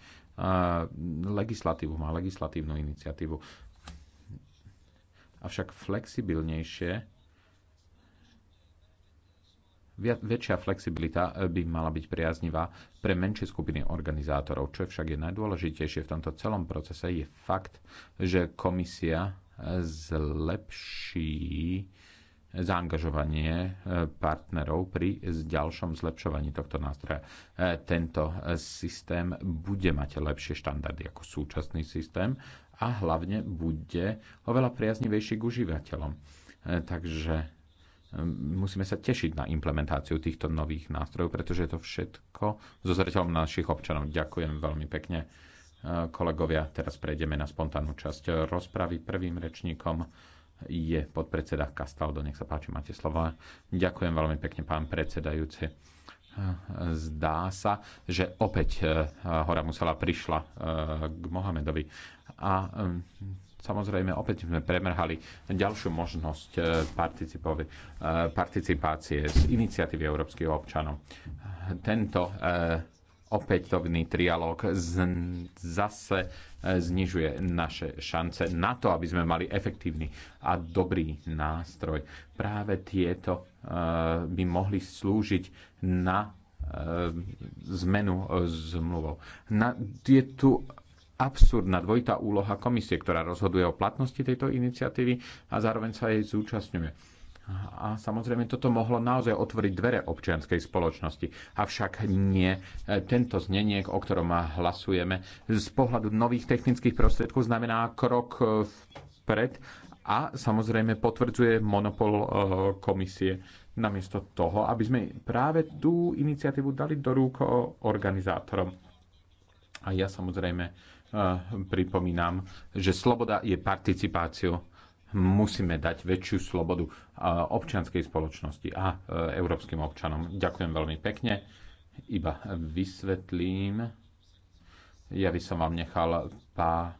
S10: legislatívu, má legislatívnu iniciatívu. Avšak flexibilnejšie Väčšia flexibilita eh, by mala byť priaznivá pre menšie skupiny organizátorov. Čo však je najdôležitejšie v tomto celom procese je fakt, že komisia eh, zlepší eh, zaangažovanie partnerov pri ďalšom zlepšovaní tohto nástroja. Tento systém bude mať lepšie štandardy ako súčasný systém a hlavne bude oveľa priaznivejší k užívateľom. Takže Ehm, musíme sa tešiť na implementáciu týchto nových nástrojov, pretože je to všetko so zreteľom našich občanov. Ďakujem veľmi pekne, eh, kolegovia. Teraz prejdeme na spontánnu časť rozpravy. Prvým rečníkom je podpredseda Kastaldo. Nech sa páči, máte slovo. Ďakujem veľmi pekne, pán predsedajúci. Eh, zdá sa, že opäť eh, Hora Musela prišla k Mohamedovi. A ehm, samozrejme opäť sme premrhali ďalšiu možnosť e, e, participácie z iniciatívy európskych občanov. Tento e, opätovný trialóg zase znižuje naše šance na to, aby sme mali efektívny a dobrý nástroj. Práve tieto by mohli slúžiť na zmenu zmluvou. Na, je tu absurdná dvojitá úloha komisie, ktorá rozhoduje o platnosti tejto iniciatívy a zároveň sa jej zúčastňuje. A samozrejme, toto mohlo naozaj otvoriť dvere občianskej spoločnosti. Avšak nie. E, tento zneniek, o ktorom hlasujeme, z pohľadu nových technických prostriedkov znamená krok e, vpred a samozrejme potvrdzuje monopol e, komisie namiesto toho, aby sme práve tú iniciatívu dali do rúk organizátorom. A ja samozrejme pripomínam, že sloboda je participáciou. Musíme dať väčšiu slobodu občianskej spoločnosti a e, európskym občanom. Ďakujem veľmi pekne. Iba vysvetlím. Ja by som vám nechal pár,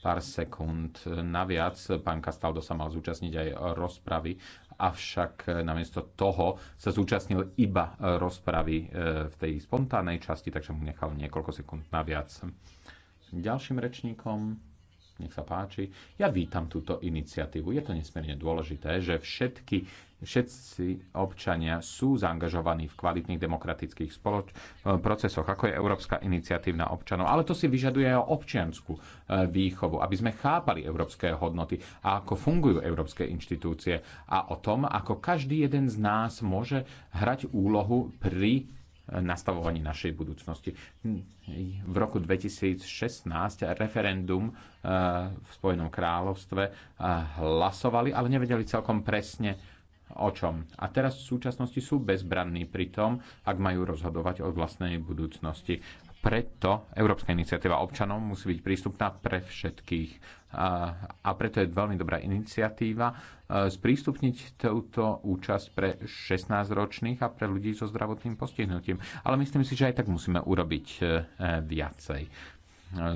S10: pár sekúnd naviac. Pán Kastaldo sa mal zúčastniť aj rozpravy, avšak e, namiesto toho sa zúčastnil iba e, rozpravy v tej spontánnej časti, takže mu nechal niekoľko sekúnd naviac. Ďalším rečníkom, nech sa páči, ja vítam túto iniciatívu. Je to nesmierne dôležité, že všetky, všetci občania sú zaangažovaní v kvalitných demokratických spoloč- eh, procesoch, ako je Európska iniciatívna občanov. Ale to si vyžaduje aj občianskú eh, výchovu, aby sme chápali európske hodnoty a ako fungujú európske inštitúcie a o tom, ako každý jeden z nás môže hrať úlohu pri nastavovaní našej budúcnosti. V roku 2016 referendum eh, v Spojenom kráľovstve eh, hlasovali, ale nevedeli celkom presne o čom. A teraz v súčasnosti sú bezbranní pri tom, ak majú rozhodovať o vlastnej budúcnosti. Preto Európska iniciatíva občanov musí byť prístupná pre všetkých. A preto je veľmi dobrá iniciatíva e, sprístupniť túto účasť pre 16-ročných a pre ľudí so zdravotným postihnutím. Ale myslím si, že aj tak musíme urobiť e, viacej. E,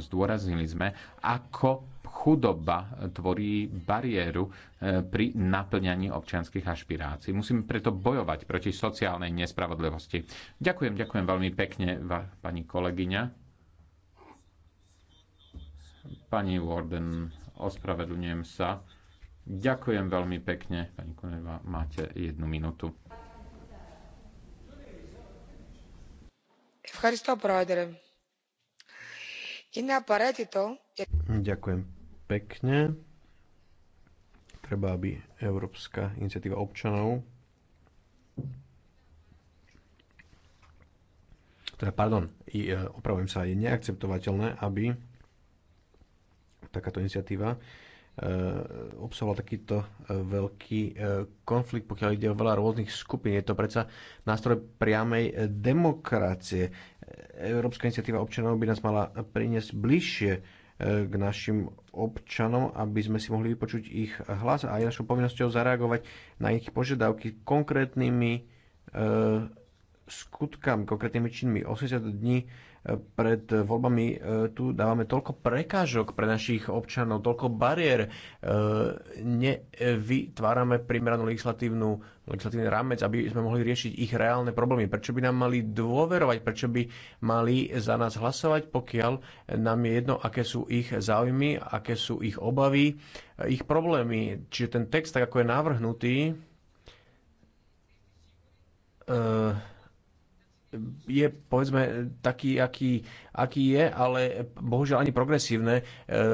S10: zdôraznili sme, ako chudoba tvorí bariéru e, pri naplňaní občianských ašpirácií. Musíme preto bojovať proti sociálnej nespravodlivosti. Ďakujem, ďakujem veľmi pekne, pani kolegyňa. Pani Warden, ospravedlňujem sa. Ďakujem veľmi pekne. Pani Kuneva, máte jednu minútu.
S7: Ďakujem, pekne. Treba, aby Európska iniciatíva občanov teda pardon, e, opravujem sa, je neakceptovateľné, aby takáto iniciatíva e, obsahovala takýto e, veľký konflikt, pokiaľ ide o veľa rôznych skupín. Je to predsa nástroj priamej demokracie. Európska iniciatíva občanov by nás mala priniesť bližšie k našim občanom, aby sme si mohli vypočuť ich hlas a aj našou povinnosťou zareagovať na ich požiadavky konkrétnymi eh, skutkami, konkrétnymi činmi. 80 dní pred voľbami e, tu dávame toľko prekážok pre našich občanov, toľko bariér, e, nevytvárame primeranú legislatívnu, legislatívny rámec, aby sme mohli riešiť ich reálne problémy. Prečo by nám mali dôverovať, prečo by mali za nás hlasovať, pokiaľ nám je jedno, aké sú ich záujmy, aké sú ich obavy, e, ich problémy. Čiže ten text, tak ako je navrhnutý, uh, je povedzme taký, aký, aký je, ale bohužiaľ ani progresívne e,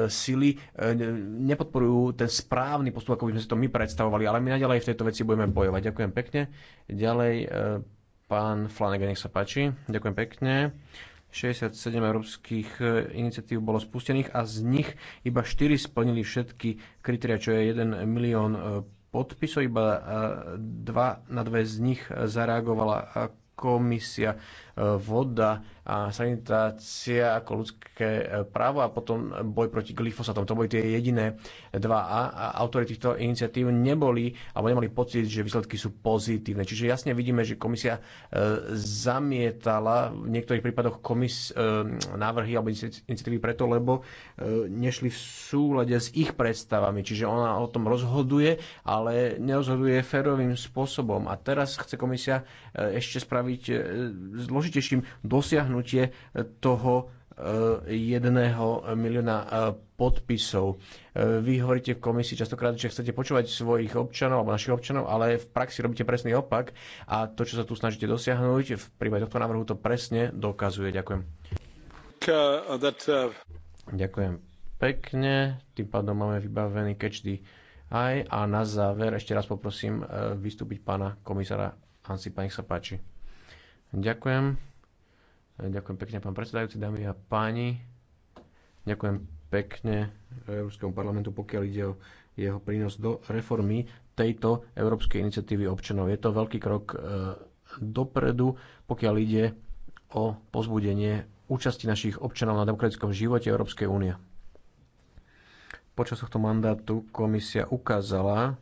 S7: sily e, nepodporujú ten správny postup, ako by sme si to my predstavovali, ale my naďalej v tejto veci budeme bojovať. Ďakujem pekne. Ďalej e, pán Flanagan, nech sa páči. Ďakujem pekne. 67 európskych e, iniciatív bolo spustených a z nich iba 4 splnili všetky kritéria, čo je 1 milión e, podpisov, iba 2 e, na dve z nich zareagovala komisia voda a sanitácia ako ľudské e, právo a potom boj proti glyfosatom. To boli tie jediné dva a, a autory týchto iniciatív neboli alebo nemali pocit, že výsledky sú pozitívne. Čiže jasne vidíme, že komisia e, zamietala v niektorých prípadoch komis, e, návrhy alebo iniciatívy preto, lebo nešli v súlade s ich predstavami. Čiže ona o tom rozhoduje, ale nerozhoduje férovým spôsobom. A teraz chce komisia ešte spraviť zložitú zložitejším dosiahnutie e, toho e, jedného e, milióna podpisov. Vy hovoríte v komisii častokrát, že chcete počúvať svojich občanov alebo našich občanov, ale v praxi robíte presný opak a to, čo sa tu snažíte dosiahnuť, v prípade tohto návrhu to presne dokazuje. Ďakujem.
S1: Uh,
S7: Ďakujem pekne. Tým pádom máme vybavený catch the eye a na záver ešte raz poprosím vystúpiť pána komisára Hansipa, nech sa páči. Ďakujem. Ďakujem pekne, pán predsedajúci, dámy a páni. Ďakujem pekne Európskemu parlamentu, pokiaľ ide o jeho prínos do reformy tejto Európskej iniciatívy občanov. Je to veľký krok e, dopredu, pokiaľ ide o pozbudenie účasti našich občanov na demokratickom živote Európskej únie. Počas tohto mandátu komisia ukázala,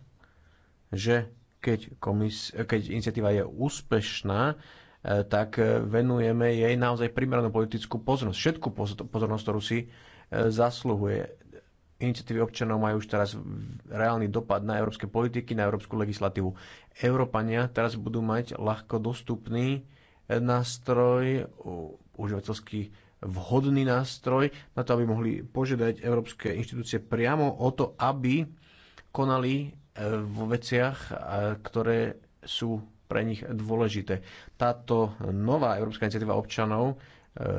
S7: že keď, komis- keď iniciatíva je úspešná, E, tak e, venujeme jej naozaj primeranú politickú pozornosť. Všetku pozornosť, ktorú si e, zasluhuje. Iniciatívy občanov majú už teraz reálny dopad na európske politiky, na európsku legislatívu. Európania teraz budú mať ľahko dostupný nástroj, užívateľský vhodný nástroj na to, aby mohli požiadať európske inštitúcie priamo o to, aby konali vo veciach, ktoré sú pre nich dôležité. Táto nová Európska iniciatíva občanov e,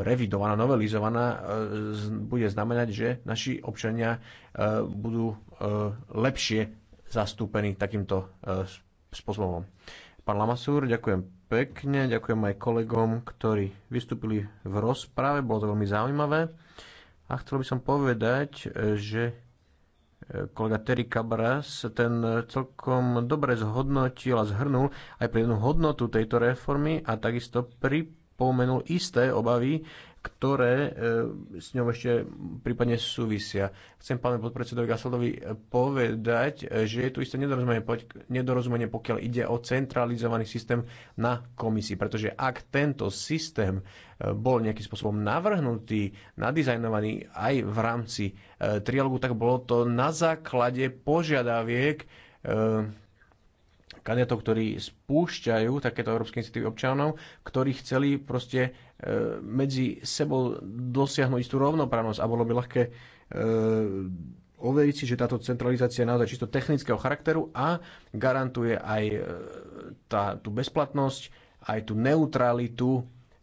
S7: revidovaná, novelizovaná, e, bude znamenať, že naši občania e, budú lepšie zastúpení takýmto spôsobom. Pán Lamasúr, ďakujem pekne, ďakujem aj kolegom, ktorí vystúpili v rozprave, bolo to veľmi zaujímavé. A chcel by som povedať, že kolega Terry Cabras, ten celkom dobre zhodnotil a zhrnul aj jednu hodnotu tejto reformy a takisto pripomenul isté obavy ktoré e, s ňou ešte prípadne súvisia. Chcem pánu podpredsedovi Gasoldovi e, povedať, e, že je tu isté nedorozumenie, nedorozumenie, pokiaľ ide o centralizovaný systém na komisii, pretože ak tento systém bol nejakým spôsobom navrhnutý, nadizajnovaný aj v rámci trialogu, tak bolo to na základe požiadaviek kandidátov, ktorí spúšťajú takéto európske iniciatívy občanov, ktorí chceli proste Eh, medzi sebou dosiahnuť tú rovnoprávnosť a bolo by ľahké eh, overiť si, že táto centralizácia je naozaj čisto technického charakteru a garantuje aj eh, tá, tú bezplatnosť, aj tú neutralitu,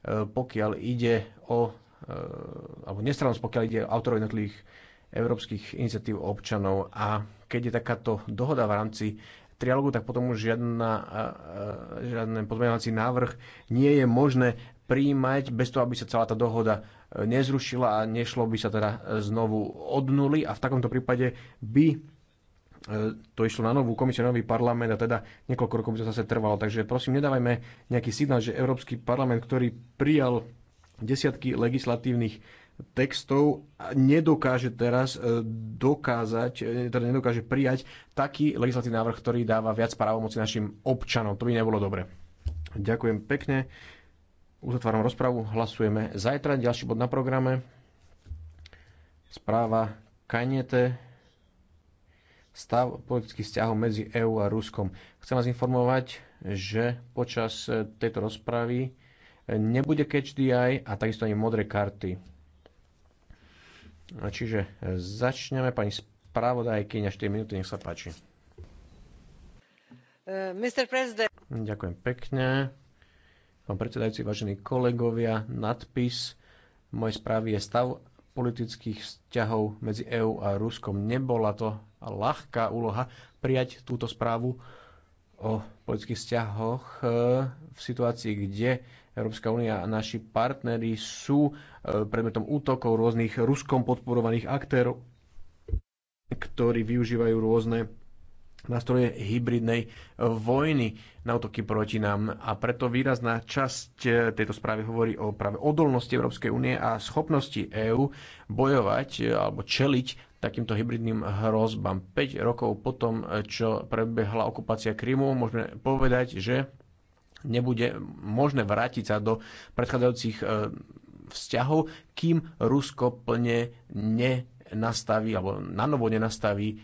S7: pokiaľ ide o alebo nestrannosť, pokiaľ ide o autorov jednotlivých európskych iniciatív občanov a keď je takáto dohoda v rámci trialogu, tak potom už žiadna, žiadny pozmeňovací návrh nie je možné príjmať bez toho, aby sa celá tá dohoda e, nezrušila a nešlo by sa teda e, znovu od nuly a v takomto prípade by e, to išlo na novú komisiu, nový parlament a teda niekoľko rokov by to zase trvalo. Takže prosím, nedávajme nejaký signál, že Európsky parlament, ktorý prijal desiatky legislatívnych textov nedokáže teraz dokázať, teda nedokáže prijať taký legislatívny návrh, ktorý dáva viac právomoci našim občanom. To by nebolo dobre. Ďakujem pekne. Uzatváram rozpravu, hlasujeme zajtra. Ďalší bod na programe. Správa Kanete. Stav politických vzťahov medzi EÚ a Ruskom. Chcem vás informovať, že počas e, tejto rozpravy e, nebude catch the eye a takisto ani modré karty. Čiže e, začneme pani spravodajkyňa 4 minúty, nech sa páči. Uh, Ďakujem pekne Pán predsedajúci, vážení kolegovia, nadpis mojej správy je stav politických vzťahov medzi EÚ a Ruskom. Nebola to ľahká úloha prijať túto správu o politických vzťahoch e, v situácii, kde Európska únia a naši partnery sú e, predmetom útokov rôznych ruskom podporovaných aktérov, ktorí využívajú rôzne nástroje hybridnej vojny na útoky proti nám. A preto výrazná časť e, tejto správy hovorí o práve odolnosti Európskej únie a schopnosti EÚ bojovať e, alebo čeliť takýmto hybridným hrozbám. 5 rokov potom, e, čo prebehla okupácia Krymu, môžeme povedať, že nebude možné vrátiť sa do predchádzajúcich vzťahov, kým Rusko plne nenastaví alebo nanovo nenastaví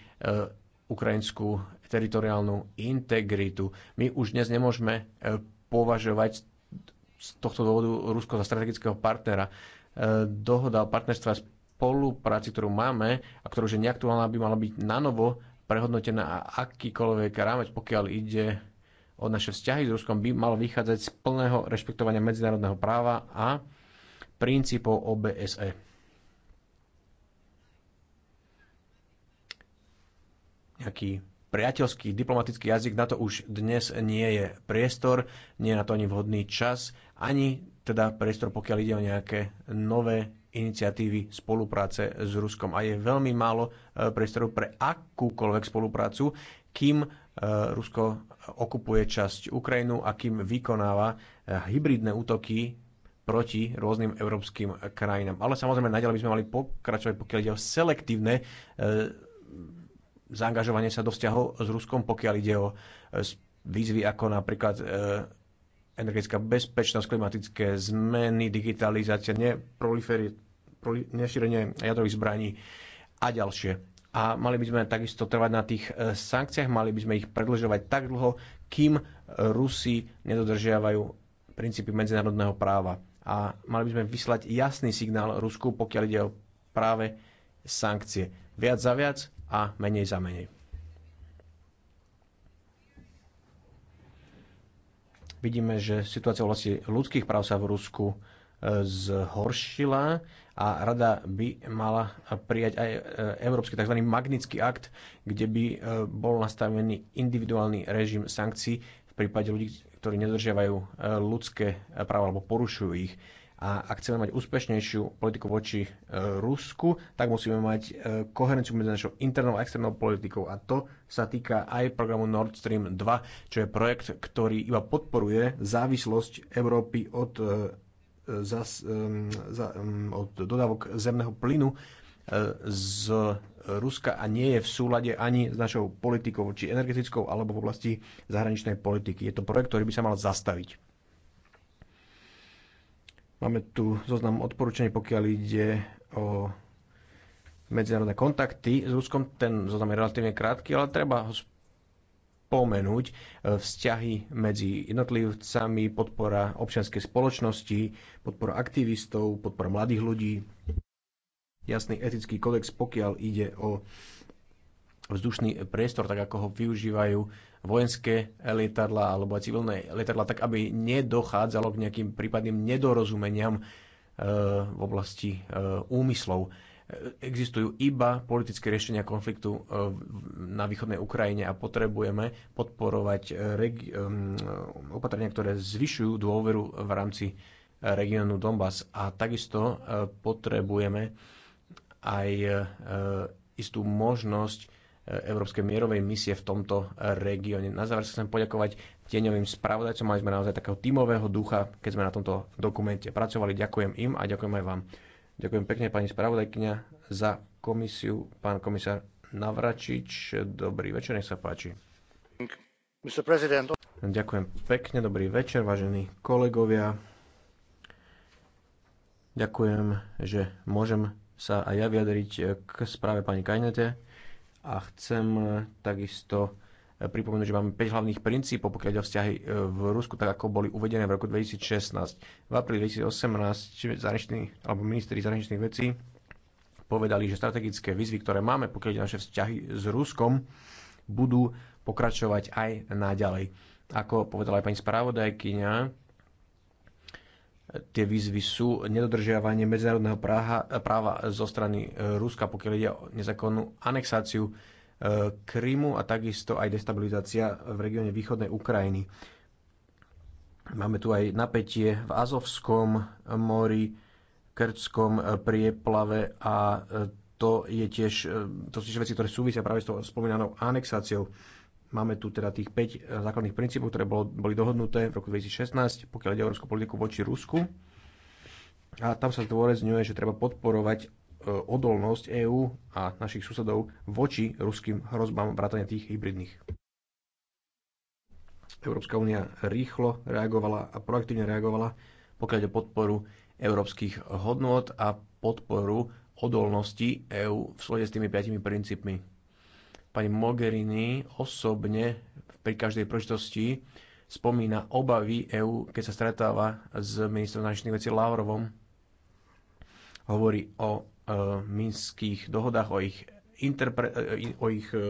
S7: ukrajinskú teritoriálnu integritu. My už dnes nemôžeme e, považovať z tohto dôvodu Rusko za strategického partnera. E, dohoda o partnerstve a spolupráci, ktorú máme a ktorú je neaktuálna, by mala byť nanovo prehodnotená a akýkoľvek rámec, pokiaľ ide o naše vzťahy s Ruskom, by mal vychádzať z plného rešpektovania medzinárodného práva a princípov OBSE. nejaký priateľský diplomatický jazyk, na to už dnes nie je priestor, nie je na to ani vhodný čas, ani teda priestor, pokiaľ ide o nejaké nové iniciatívy spolupráce s Ruskom. A je veľmi málo e, priestoru pre akúkoľvek spoluprácu, kým e, Rusko okupuje časť Ukrajinu a kým vykonáva e, hybridné útoky proti rôznym európskym krajinám. Ale samozrejme, naďalej by sme mali pokračovať, pokiaľ ide o selektívne zaangažovanie sa do vzťahov s Ruskom, pokiaľ ide o e, výzvy ako napríklad e, energetická bezpečnosť, klimatické zmeny, digitalizácia, nešírenie jadrových zbraní a ďalšie. A mali by sme takisto trvať na tých e, sankciách, mali by sme ich predlžovať tak dlho, kým Rusi nedodržiavajú princípy medzinárodného práva. A mali by sme vyslať jasný signál Rusku, pokiaľ ide o práve sankcie. Viac za viac, a menej za menej. Vidíme, že situácia v oblasti ľudských práv sa v Rusku e, zhoršila a rada by mala prijať aj e, európsky tzv. magnický akt, kde by e, bol nastavený individuálny režim sankcií v prípade ľudí, ktorí nedržiavajú ľudské práva alebo porušujú ich. A ak chceme mať úspešnejšiu politiku voči e, Rusku, tak musíme mať e, koherenciu medzi našou internou a externou politikou. A to sa týka aj programu Nord Stream 2, čo je projekt, ktorý iba podporuje závislosť Európy od, e, za, za, od dodávok zemného plynu z Ruska a nie je v súlade ani s našou politikou, či energetickou, alebo v oblasti zahraničnej politiky. Je to projekt, ktorý by sa mal zastaviť. Máme tu zoznam odporúčaní, pokiaľ ide o medzinárodné kontakty s Ruskom. Ten zoznam je relatívne krátky, ale treba ho spomenúť. E, vzťahy medzi jednotlivcami, podpora občianskej spoločnosti, podpora aktivistov, podpora mladých ľudí, jasný etický kodex, pokiaľ ide o vzdušný priestor, tak ako ho využívajú vojenské lietadla alebo civilné lietadla, tak aby nedochádzalo k nejakým prípadným nedorozumeniam e, v oblasti e, úmyslov. E, existujú iba politické riešenia konfliktu na východnej Ukrajine a potrebujeme podporovať opatrenia, ktoré zvyšujú dôveru v rámci regiónu Donbass. A takisto potrebujeme aj istú možnosť Európskej mierovej misie v tomto regióne. Na záver sa chcem poďakovať tieňovým spravodajcom. Mali sme naozaj takého tímového ducha, keď sme na tomto dokumente pracovali. Ďakujem im a ďakujem aj vám. Ďakujem pekne pani spravodajkyňa za komisiu, pán komisár Navračič. Dobrý večer, nech sa páči. Ďakujem pekne, dobrý večer, vážení kolegovia. Ďakujem, že môžem sa aj ja vyjadriť k správe pani Kajnete a chcem e, takisto e, pripomenúť, že máme 5 hlavných princípov, pokiaľ ide o vzťahy e, v Rusku, tak ako boli uvedené v roku 2016. V apríli 2018 alebo ministri zahraničných vecí povedali, že strategické výzvy, ktoré máme, pokiaľ ide naše vzťahy s Ruskom, budú pokračovať aj naďalej. Ako povedala aj pani spravodajkyňa, tie výzvy sú nedodržiavanie medzinárodného práva, práva zo strany e, Ruska, pokiaľ ide o nezákonnú anexáciu e, Krymu a takisto aj destabilizácia v regióne východnej Ukrajiny. Máme tu aj napätie v Azovskom mori, Krtskom e, prieplave a to je tiež, to sú tiež veci, ktoré súvisia práve s tou spomínanou anexáciou Máme tu teda tých 5 e, základných princípov, ktoré bolo, boli dohodnuté v roku 2016, pokiaľ ide o európsku politiku voči Rusku. A tam sa zdôrazňuje, že treba podporovať e, odolnosť EÚ a našich susedov voči ruským hrozbám vrátane tých hybridných. Európska únia rýchlo reagovala a proaktívne reagovala, pokiaľ ide o podporu európskych hodnôt a podporu odolnosti EÚ v slode s tými piatimi princípmi Pani Mogherini osobne pri každej prožitosti spomína obavy EÚ, keď sa stretáva s ministrom zahraničných vecí Lavrovom. Hovorí o e, minských dohodách, o ich, interpre, e, o ich e, e,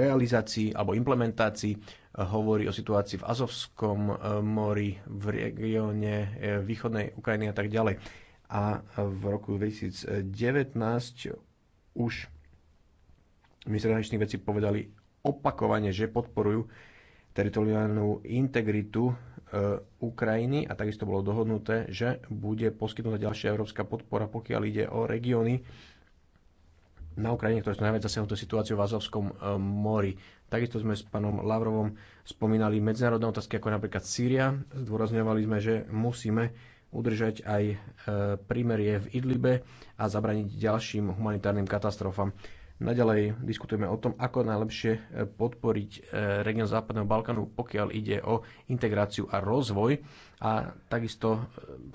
S7: realizácii alebo implementácii. Hovorí o situácii v Azovskom e, mori, v regióne e, východnej Ukrajiny a tak ďalej. A v roku 2019 už ministri zahraničných vecí povedali opakovane, že podporujú teritoriálnu integritu e, Ukrajiny a takisto bolo dohodnuté, že bude poskytnutá ďalšia európska podpora, pokiaľ ide o regióny na Ukrajine, ktoré sú najviac zasiahnuté situáciou v Azovskom e, mori. Takisto sme s pánom Lavrovom spomínali medzinárodné otázky, ako napríklad Sýria. Zdôrazňovali sme, že musíme udržať aj e, prímerie v Idlibe a zabraniť ďalším humanitárnym katastrofám. Naďalej diskutujeme o tom, ako najlepšie e, podporiť e, región Západného Balkánu, pokiaľ ide o integráciu a rozvoj. A takisto e,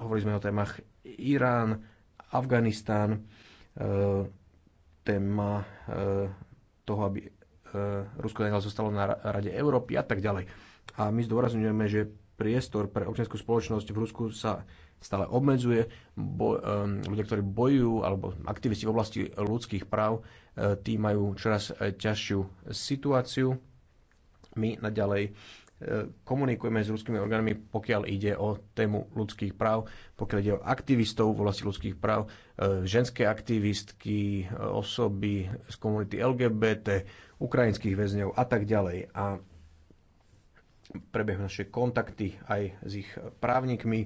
S7: hovorili sme o témach Irán, Afganistán, téma toho, aby Rusko naďalej zostalo na Rade Európy a tak ďalej. A my zdôrazňujeme, že priestor pre občianskú spoločnosť v Rusku sa stále obmedzuje. Bo, um, ľudia, ktorí bojujú, alebo aktivisti v oblasti ľudských práv, uh, tí majú čoraz eh, ťažšiu situáciu. My naďalej komunikujeme s ľudskými orgánmi, pokiaľ ide o tému ľudských práv, pokiaľ ide o aktivistov v oblasti ľudských práv, ženské aktivistky, osoby z komunity LGBT, ukrajinských väzňov a tak ďalej. A prebiehajú naše kontakty aj s ich právnikmi,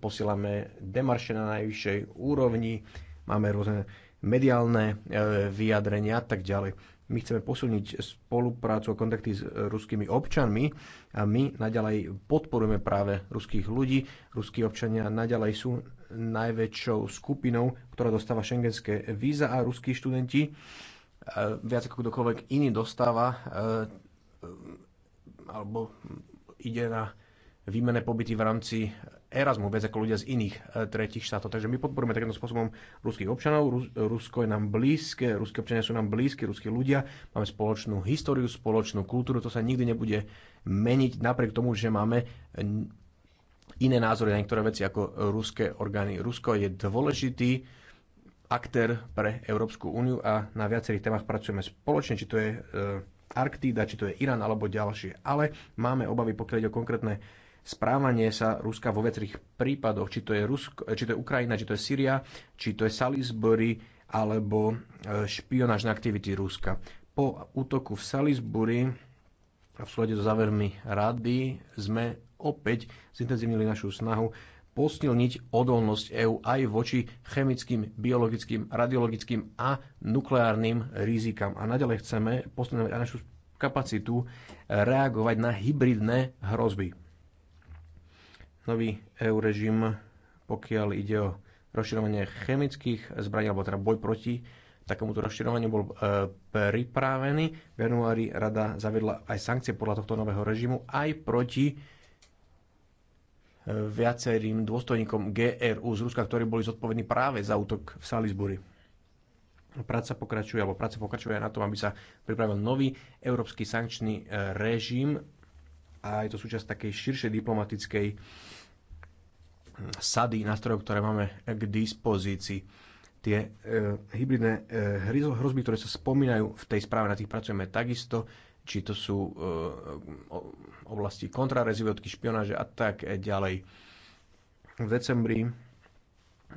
S7: posielame demarše na najvyššej úrovni, máme rôzne mediálne e, vyjadrenia a tak ďalej. My chceme posilniť spoluprácu a kontakty s ruskými občanmi a my naďalej podporujeme práve ruských ľudí. Ruskí občania naďalej sú najväčšou skupinou, ktorá dostáva šengenské víza a ruskí študenti e, viac ako kdokoľvek iný dostáva e, alebo ide na výmene pobyty v rámci Erasmus viac ako ľudia z iných e, tretich štátov. Takže my podporujeme takýmto spôsobom ruských občanov. Rus, Rusko je nám blízke, ruské občania sú nám blízke, ruskí ľudia, máme spoločnú históriu, spoločnú kultúru, to sa nikdy nebude meniť napriek tomu, že máme iné názory na niektoré veci ako ruské orgány. Rusko je dôležitý aktér pre Európsku úniu a na viacerých témach pracujeme spoločne, či to je e, Arktída, či to je Irán alebo ďalšie. Ale máme obavy, pokiaľ ide o konkrétne správanie sa Ruska vo viacerých prípadoch, či to, je Rusko, či to je Ukrajina, či to je Syria, či to je Salisbury alebo e, špionážne aktivity Ruska. Po útoku v Salisbury a v súlade so závermi rady sme opäť zintenzívnili našu snahu posilniť odolnosť EÚ aj voči chemickým, biologickým, radiologickým a nukleárnym rizikám. A naďalej chceme posilniť aj našu kapacitu reagovať na hybridné hrozby nový EU režim, pokiaľ ide o rozširovanie chemických zbraní, alebo teda boj proti takémuto rozširovaniu bol e, pripravený. V januári rada zaviedla aj sankcie podľa tohto nového režimu aj proti e, viacerým dôstojníkom GRU z Ruska, ktorí boli zodpovední práve za útok v Salisbury. Práca pokračuje, alebo práca pokračuje na tom, aby sa pripravil nový európsky sankčný e, režim a je to súčasť takej širšej diplomatickej sady nástrojov, ktoré máme k dispozícii. Tie e, hybridné e, hrozby, ktoré sa spomínajú v tej správe, na tých pracujeme takisto, či to sú e, oblasti kontrarezivotky, špionáže a tak ďalej. V decembri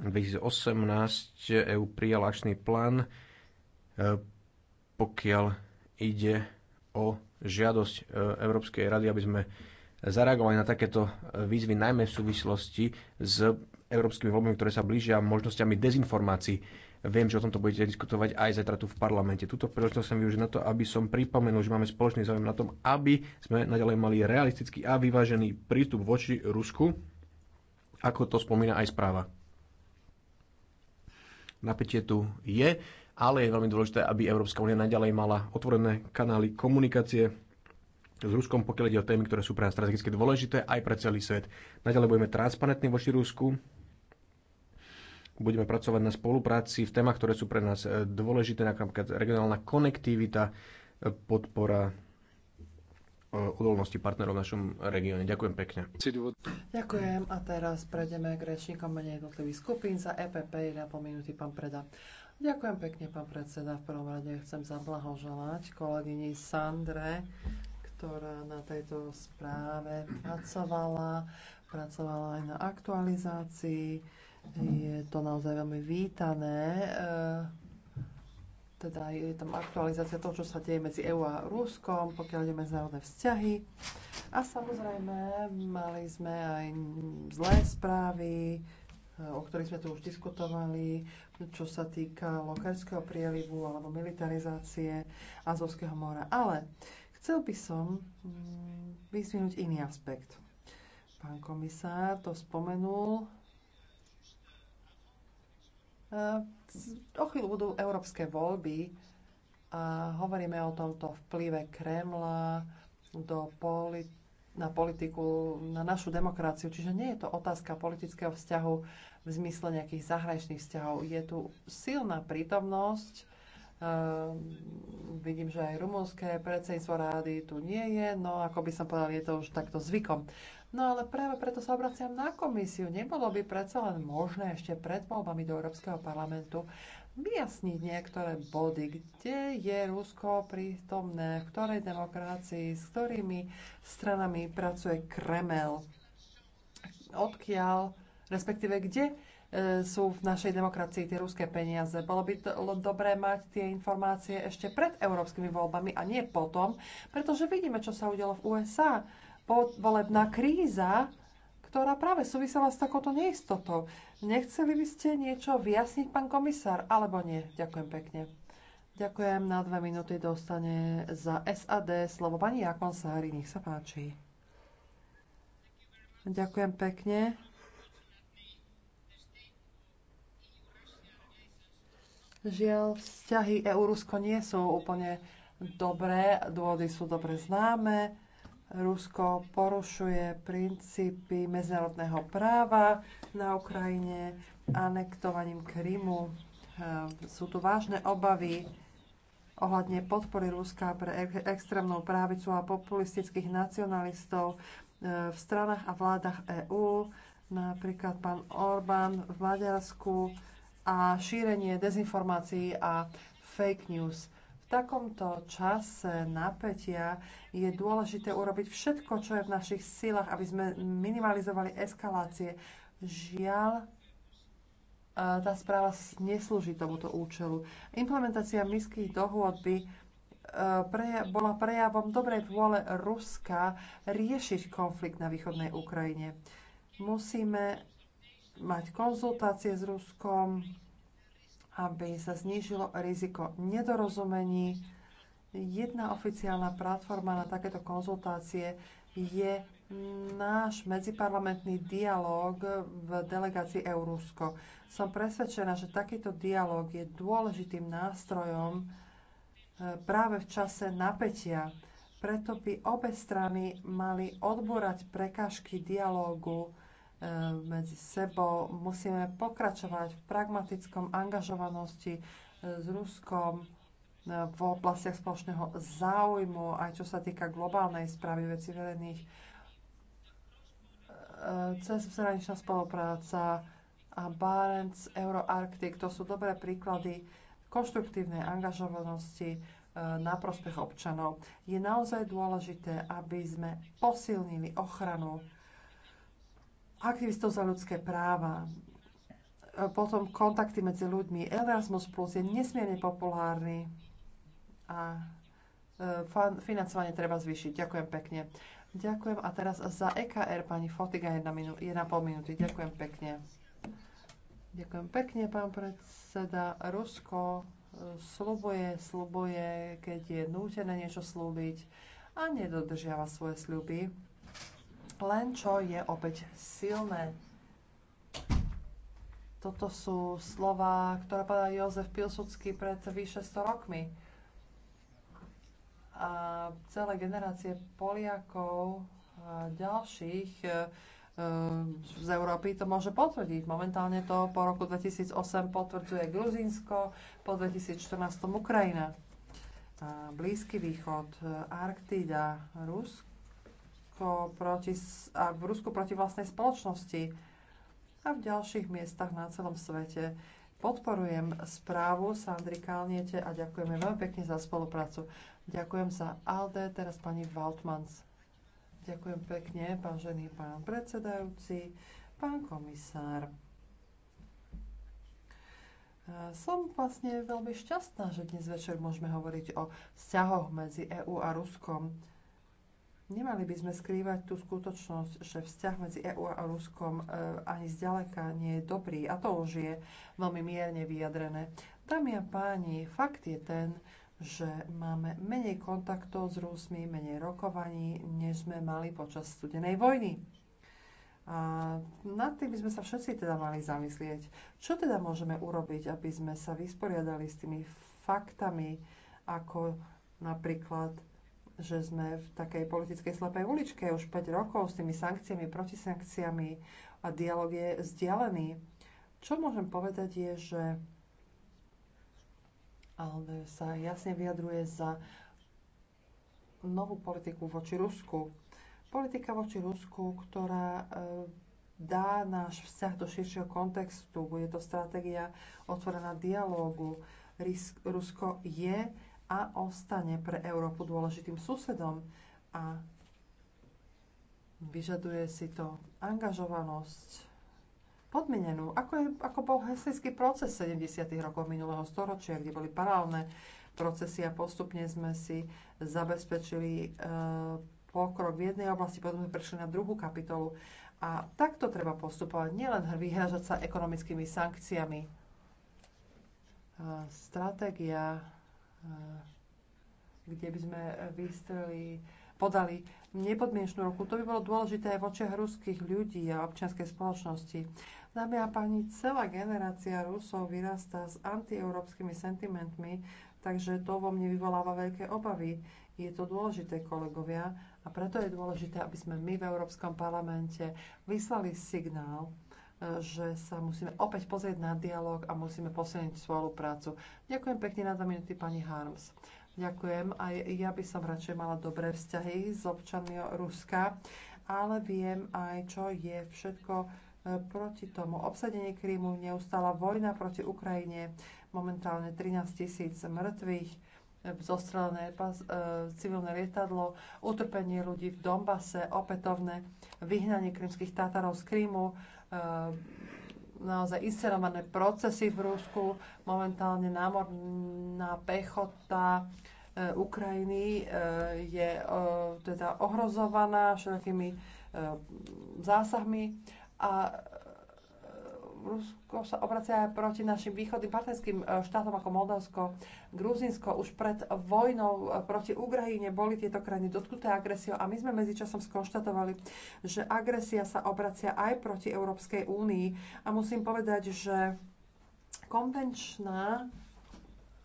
S7: 2018 EU prijal akčný plán, e, pokiaľ ide o žiadosť e, Európskej rady, aby sme zareagovali na takéto e, výzvy, najmä v súvislosti s európskymi voľbami, ktoré sa blížia možnosťami dezinformácií. Viem, že o tomto budete diskutovať aj zajtra tu v parlamente. Tuto príležitosť som využil na to, aby som pripomenul, že máme spoločný záujem na tom, aby sme naďalej mali realistický a vyvážený prístup voči Rusku, ako to spomína aj správa. Napätie tu je, ale je veľmi dôležité, aby Európska únia naďalej mala otvorené kanály komunikácie s Ruskom, pokiaľ ide o témy, ktoré sú pre nás strategicky dôležité aj pre celý svet. Naďalej budeme transparentní voči Rusku, budeme pracovať na spolupráci v témach, ktoré sú pre nás e, dôležité, napríklad regionálna konektivita, e, podpora e, odolnosti partnerov v našom regióne. Ďakujem pekne.
S8: Ďakujem a teraz prejdeme k rečníkom menej jednotlivých skupín. Za EPP je na minúty pán Preda. Ďakujem pekne, pán predseda. V prvom rade chcem zablahoželať kolegyni Sandre, ktorá na tejto správe pracovala. Pracovala aj na aktualizácii. Je to naozaj veľmi vítané. Eh, teda je tam aktualizácia toho, čo sa deje medzi EU a Ruskom, pokiaľ ide medzinárodné vzťahy. A samozrejme, mali sme aj zlé správy, o ktorých sme tu už diskutovali, čo sa týka lokárskeho prielivu alebo militarizácie Azovského mora. Ale chcel by som mm, vyzvinúť iný aspekt. Pán komisár to spomenul. E, o chvíľu budú európske voľby a hovoríme o tomto vplyve Kremla do politi- na politiku, na našu demokraciu. Čiže nie je to otázka politického vzťahu v zmysle nejakých zahraničných vzťahov. Je tu silná prítomnosť. Uh, vidím, že aj rumúnske predsedníctvo rády tu nie je, no ako by som povedal, je to už takto zvykom. No ale práve preto sa obraciam na komisiu. Nebolo by predsa len možné ešte pred voľbami do Európskeho parlamentu vyjasniť niektoré body, kde je Rusko prítomné, v ktorej demokracii, s ktorými stranami pracuje Kremel, odkiaľ respektíve kde e, sú v našej demokracii tie ruské peniaze. Bolo by to dobré mať tie informácie ešte pred európskymi voľbami a nie potom, pretože vidíme, čo sa udialo v USA. Volebná kríza, ktorá práve súvisela s takouto neistotou. Nechceli by ste niečo vyjasniť, pán komisár, alebo nie? Ďakujem pekne. Ďakujem. Na dve minúty dostane za SAD slovo pani Jakon Sári. Nech sa páči. Ďakujem pekne. Žiaľ, vzťahy EU-Rusko nie sú úplne dobré, dôvody sú dobre známe. Rusko porušuje princípy medzinárodného práva na Ukrajine anektovaním Krymu. Ehm, sú tu vážne obavy ohľadne podpory Ruska pre extrémnu právicu a populistických nacionalistov ehm, v stranách a vládach EÚ. Napríklad pán Orbán v Maďarsku a šírenie dezinformácií a fake news. V takomto čase napätia je dôležité urobiť všetko, čo je v našich silách, aby sme minimalizovali eskalácie. Žiaľ, e, tá správa neslúži tomuto účelu. Implementácia minských dohôd by e, bola prejavom dobrej vôle Ruska riešiť konflikt na východnej Ukrajine. Musíme mať konzultácie s Ruskom, aby sa znížilo riziko nedorozumení. Jedna oficiálna platforma na takéto konzultácie je náš medziparlamentný dialog v delegácii Eurusko. Som presvedčená, že takýto dialog je dôležitým nástrojom e, práve v čase napätia. Preto by obe strany mali odborať prekážky dialógu Eh, medzi sebou. Musíme pokračovať v pragmatickom angažovanosti eh, s Ruskom eh, v oblastiach spoločného záujmu, aj čo sa týka globálnej správy veci verejných, cez vzraničná spolupráca a Barents Euroarctic, to sú dobré príklady konštruktívnej angažovanosti na prospech občanov. Je naozaj dôležité, aby sme posilnili ochranu aktivistov za ľudské práva, e, potom kontakty medzi ľuďmi. Erasmus Plus je nesmierne populárny a e, financovanie treba zvýšiť. Ďakujem pekne. Ďakujem a teraz za EKR pani Fotiga 1,5 minúty. Ďakujem pekne. Ďakujem pekne, pán predseda. Rusko e, slubuje, slubuje, keď je nútené niečo slúbiť a nedodržiava svoje sľuby len čo je opäť silné. Toto sú slova, ktoré povedal Jozef Pilsudský pred vyše 100 rokmi. A celé generácie Poliakov a ďalších e, z Európy to môže potvrdiť. Momentálne to po roku 2008 potvrdzuje Gruzínsko, po 2014 Ukrajina, Blízky východ, Arktída, Rusko Rusko proti, a v Rusku proti vlastnej spoločnosti a v ďalších miestach na celom svete. Podporujem správu Sandry Kalniete a ďakujeme veľmi pekne za spoluprácu. Ďakujem za ALDE, teraz pani Waltmans. Ďakujem pekne, vážený pán predsedajúci, pán komisár. Som vlastne veľmi šťastná, že dnes večer môžeme hovoriť o vzťahoch medzi EÚ a Ruskom. Nemali by sme skrývať tú skutočnosť, že vzťah medzi EÚ a Ruskom e, ani zďaleka nie je dobrý a to už je veľmi mierne vyjadrené. Dámy a páni, fakt je ten, že máme menej kontaktov s Rusmi, menej rokovaní, než sme mali počas studenej vojny. A nad tým by sme sa všetci teda mali zamyslieť. Čo teda môžeme urobiť, aby sme sa vysporiadali s tými faktami, ako napríklad že sme v takej politickej slepej uličke už 5 rokov s tými sankciami, protisankciami a dialog je vzdialený. Čo môžem povedať je, že ale sa jasne vyjadruje za novú politiku voči Rusku. Politika voči Rusku, ktorá e, dá náš vzťah do širšieho kontextu. Bude to stratégia otvorená dialógu. Rusko je a ostane pre Európu dôležitým susedom a vyžaduje si to angažovanosť podmienenú, ako, je, ako bol hesejský proces 70. rokov minulého storočia, kde boli paralelné procesy a postupne sme si zabezpečili e, pokrok v jednej oblasti, potom sme prešli na druhú kapitolu. A takto treba postupovať, nielen vyhražať sa ekonomickými sankciami. E, stratégia Eh, kde by sme eh, vystreli, podali nepodmienečnú ruku. To by bolo dôležité aj v očiach ruských ľudí a občianskej spoločnosti. Dámy a páni, celá generácia Rusov vyrastá s antieurópskymi sentimentmi, takže to vo mne vyvoláva veľké obavy. Je to dôležité, kolegovia, a preto je dôležité, aby sme my v Európskom parlamente vyslali signál, že sa musíme opäť pozrieť na dialog a musíme posilniť prácu. Ďakujem pekne na 2 minúty pani Harms. Ďakujem. Aj ja by som radšej mala dobré vzťahy s občanmi Ruska, ale viem aj, čo je všetko e, proti tomu. Obsadenie Krímu, neustála vojna proti Ukrajine, momentálne 13 tisíc mŕtvych, e, zostrelené e, civilné lietadlo, utrpenie ľudí v Dombase, opätovné vyhnanie krymských Tatarov z Krímu, Ehm, naozaj iscelované procesy v Rusku. Momentálne námorná pechota eh, Ukrajiny eh, je eh, teda ohrozovaná všetkými zásahmi a Rusko sa obracia aj proti našim východným partnerským e, štátom ako Moldavsko, Gruzinsko. Už pred vojnou e, proti Ukrajine boli tieto krajiny dotknuté agresiou a my sme medzičasom skonštatovali, že agresia sa obracia aj proti Európskej únii. A musím povedať, že konvenčná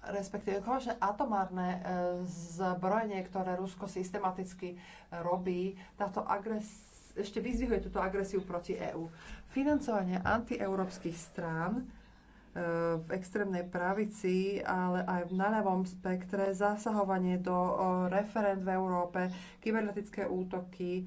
S8: respektíve konečne atomárne e, zbrojenie, ktoré Rusko systematicky robí. Táto agres, ešte vyzvihuje túto agresiu proti EÚ. Financovanie antieurópskych strán e, v extrémnej pravici, ale aj v ľavom spektre, zasahovanie do e, referend v Európe, kybernetické útoky, e,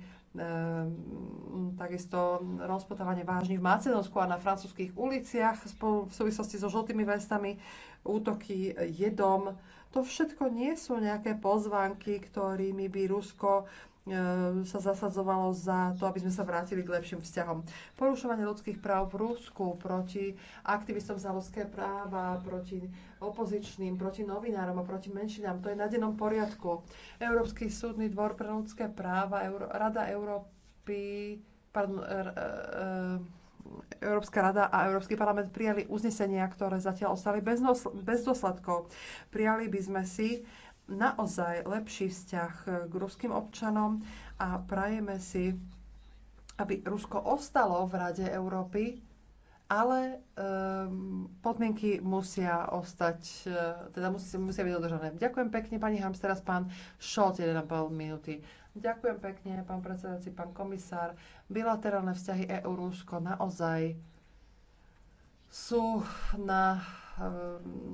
S8: takisto rozpotávanie vážny v Macedónsku a na francúzských uliciach v súvislosti so žltými vestami, útoky jedom. To všetko nie sú nejaké pozvanky, ktorými by Rusko E, sa zasadzovalo za to, aby sme sa vrátili k lepším vzťahom. Porušovanie ľudských práv v Rusku proti aktivistom za ľudské práva, proti opozičným, proti novinárom a proti menšinám, to je na dennom poriadku. Európsky súdny dvor pre ľudské práva, Euró- Rada Európy, pardon, e, e, Európska rada a Európsky parlament prijali uznesenia, ktoré zatiaľ ostali bez, nos- bez dosledkov. Prijali by sme si naozaj lepší vzťah eh, k ruským občanom a prajeme si, aby Rusko ostalo v Rade Európy, ale um, podmienky musia ostať, eh, teda musia, musia byť dodržané. Ďakujem pekne, pani Hams, teraz pán Šolt, 1,5 minúty. Ďakujem pekne, pán predsedajúci, pán komisár. Bilaterálne vzťahy EU-Rusko naozaj sú na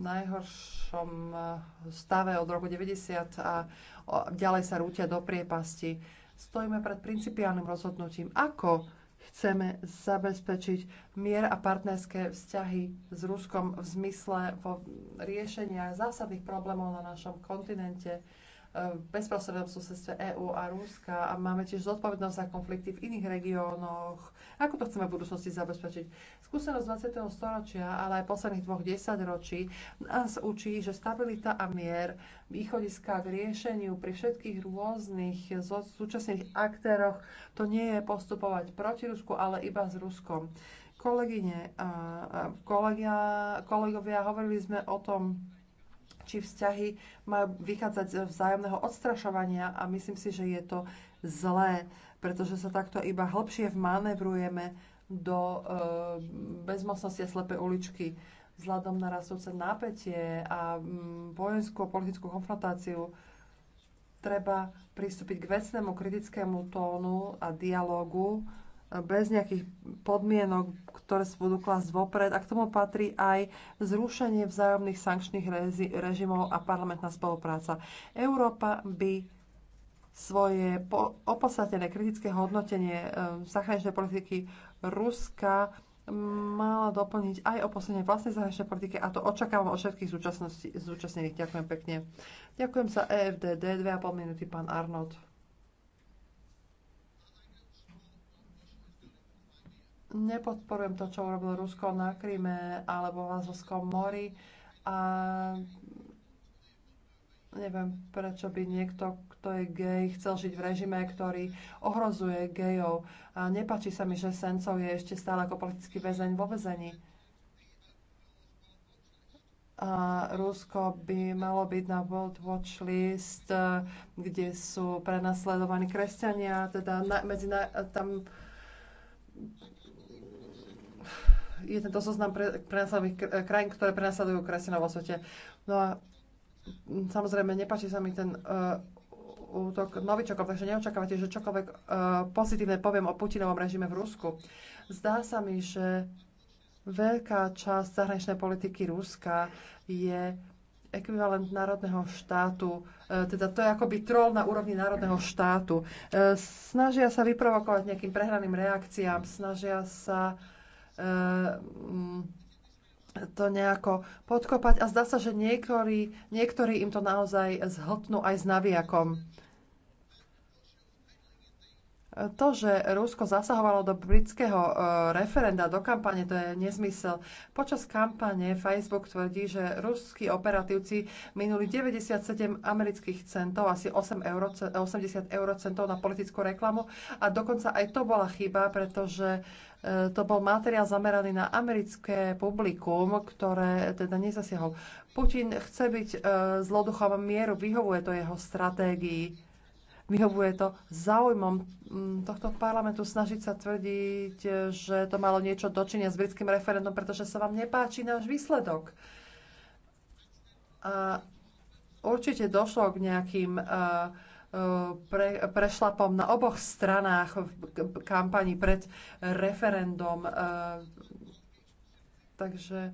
S8: najhoršom eh, stave od roku 90 a ďalej sa rútia do priepasti. Stojíme pred principiálnym rozhodnutím, ako chceme zabezpečiť mier a partnerské vzťahy s Ruskom v zmysle vo riešenia zásadných problémov na našom kontinente v bezprostrednom susedstve EÚ a Rúska a máme tiež zodpovednosť za konflikty v iných regiónoch. Ako to chceme v budúcnosti zabezpečiť? Skúsenosť 20. storočia, ale aj posledných dvoch desaťročí nás učí, že stabilita a mier, východiska k riešeniu pri všetkých rôznych súčasných aktéroch, to nie je postupovať proti Rusku, ale iba s Ruskom. Kolegyne, kolegovia, hovorili sme o tom, či vzťahy majú vychádzať z vzájomného odstrašovania a myslím si, že je to zlé, pretože sa takto iba hlbšie vmanevrujeme do e, bezmocnosti a slepej uličky. Vzhľadom na rastúce napätie a mm, vojenskú a politickú konfrontáciu treba pristúpiť k vecnému kritickému tónu a dialógu, bez nejakých podmienok, ktoré sa budú klásť vopred. A k tomu patrí aj zrušenie vzájomných sankčných režimov a parlamentná spolupráca. Európa by svoje opodstatnené kritické hodnotenie e, zahraničnej politiky Ruska mala doplniť aj o poslednej vlastnej zahraničnej politike a to očakávam od všetkých zúčastnených. Ďakujem pekne. Ďakujem za EFDD. pol minúty, pán Arnold. nepodporujem to, čo urobilo Rusko na Kryme alebo v Azovskom mori a neviem, prečo by niekto, kto je gej, chcel žiť v režime, ktorý ohrozuje gejov. A nepačí sa mi, že Sencov je ešte stále ako politický väzeň vo väzení. A Rusko by malo byť na World Watch List, kde sú prenasledovaní kresťania, teda na, medzi na, tam je tento zoznam pre, eh, krajín, ktoré prenasledujú kresťanov vo svete. No a samozrejme, nepáči sa mi ten uh, útok novičokov, takže neočakávate, že čokoľvek uh, pozitívne poviem o Putinovom režime v Rusku. Zdá sa mi, že veľká časť zahraničnej politiky Ruska je ekvivalent národného štátu, teda to je akoby trol na úrovni národného štátu. Snažia sa vyprovokovať nejakým prehraným reakciám, snažia sa Ehm, to nejako podkopať a zdá sa, že niektorí, niektorí im to naozaj zhltnú aj s naviakom. Ehm, to, že Rusko zasahovalo do britského ehm, referenda, do kampane, to je nezmysel. Počas kampane Facebook tvrdí, že ruskí operatívci minuli 97 amerických centov, asi 8 euro, 80 eurocentov na politickú reklamu a dokonca aj to bola chyba, pretože to bol materiál zameraný na americké publikum, ktoré teda nezasiahol. Putin chce byť zloduchom e, mieru, vyhovuje to jeho stratégii, vyhovuje to záujmom tohto parlamentu snažiť sa tvrdiť, že to malo niečo dočinia s britským referendum, pretože sa vám nepáči náš výsledok. A určite došlo k nejakým e, E, pre, prešlapom na oboch stranách v kampani pred referendum. E, takže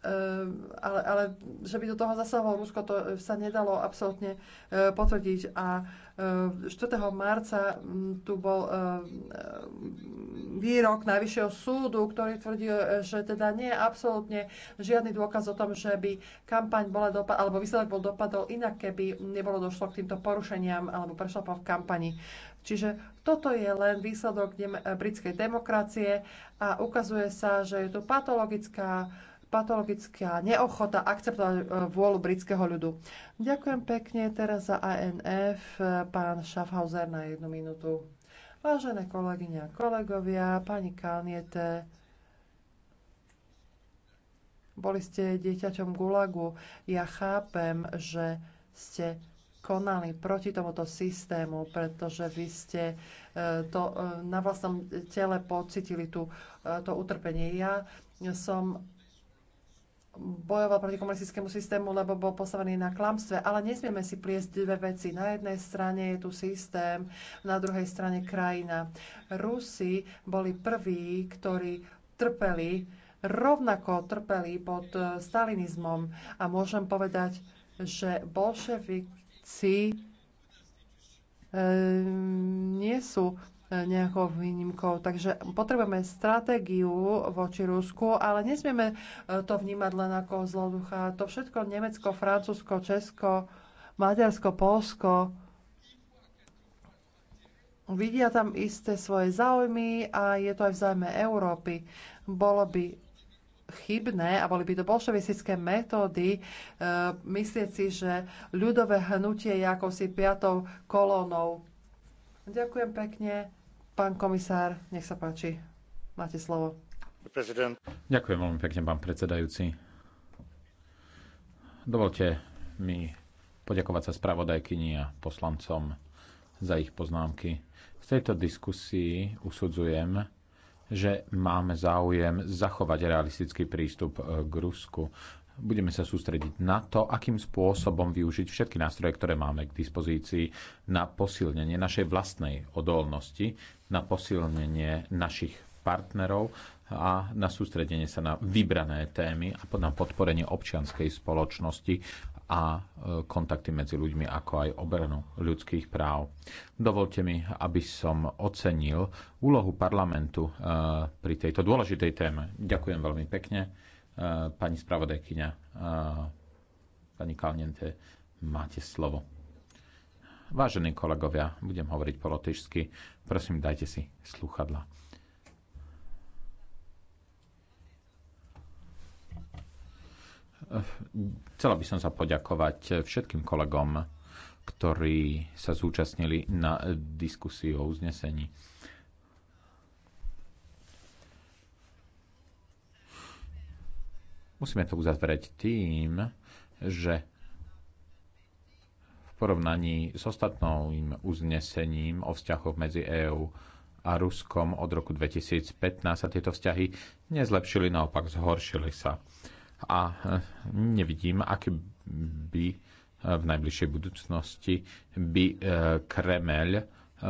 S8: Ehm, ale, ale že by do toho zasahovalo Rusko, to sa nedalo absolútne eh, potvrdiť. A 4. Eh, marca hm, tu bol ehm, výrok Najvyššieho súdu, ktorý tvrdil, že teda nie je absolútne žiadny dôkaz o tom, že by kampaň bola dopad, alebo výsledok bol dopadol inak, keby nebolo došlo k týmto porušeniam alebo prešlapom v kampani. Čiže toto je len výsledok britskej demokracie a ukazuje sa, že je tu patologická patologická neochota akceptovať e, vôľu britského ľudu. Ďakujem pekne teraz za ANF, e, pán Schaffhauser na jednu minútu. Vážené kolegyne a kolegovia, pani Kalniete, boli ste dieťaťom Gulagu. Ja chápem, že ste konali proti tomuto systému, pretože vy ste e, to na vlastnom tele pocitili tú, to utrpenie. Ja som bojoval proti komunistickému systému, lebo bol postavený na klamstve. Ale nesmieme si pliesť dve veci. Na jednej strane je tu systém, na druhej strane krajina. Rusi boli prví, ktorí trpeli, rovnako trpeli pod eh, stalinizmom. A môžem povedať, že bolševici e, nie sú nejakou výnimkou. Takže potrebujeme stratégiu voči Rusku, ale nesmieme e, to vnímať len ako zloducha. To všetko Nemecko, Francúzsko, Česko, Maďarsko, Polsko vidia tam isté svoje záujmy a je to aj v záujme Európy. Bolo by chybné a boli by to bolševistické metódy e, myslieť si, že ľudové hnutie je akousi piatou kolónou. Ďakujem pekne. Pán komisár, nech sa páči, máte slovo. Prezident.
S6: Ďakujem
S10: veľmi pekne, pán predsedajúci. Dovolte mi poďakovať sa spravodajkyni a poslancom za ich poznámky. V tejto diskusii usudzujem, že máme záujem zachovať realistický prístup k Rusku budeme sa sústrediť na to, akým spôsobom využiť všetky nástroje, ktoré máme k dispozícii na posilnenie našej vlastnej odolnosti, na posilnenie našich partnerov a na sústredenie sa na vybrané témy a na podporenie občianskej spoločnosti a e, kontakty medzi ľuďmi, ako aj obranu ľudských práv. Dovolte mi, aby som ocenil úlohu parlamentu e, pri tejto dôležitej téme. Ďakujem veľmi pekne. Eh, pani spravodajkyňa, eh, pani Kalniente, máte slovo. Vážení kolegovia, budem hovoriť po lotyšsky. Prosím, dajte si sluchadla. Eh, chcela by som sa poďakovať všetkým kolegom, ktorí sa zúčastnili na diskusii o uznesení. Musíme to uzavrieť tým, že v porovnaní s ostatným uznesením o vzťahoch medzi EÚ a Ruskom od roku 2015 sa tieto vzťahy nezlepšili, naopak zhoršili sa. A hm, nevidím, aký by hm, v najbližšej budúcnosti by hm, Kremeľ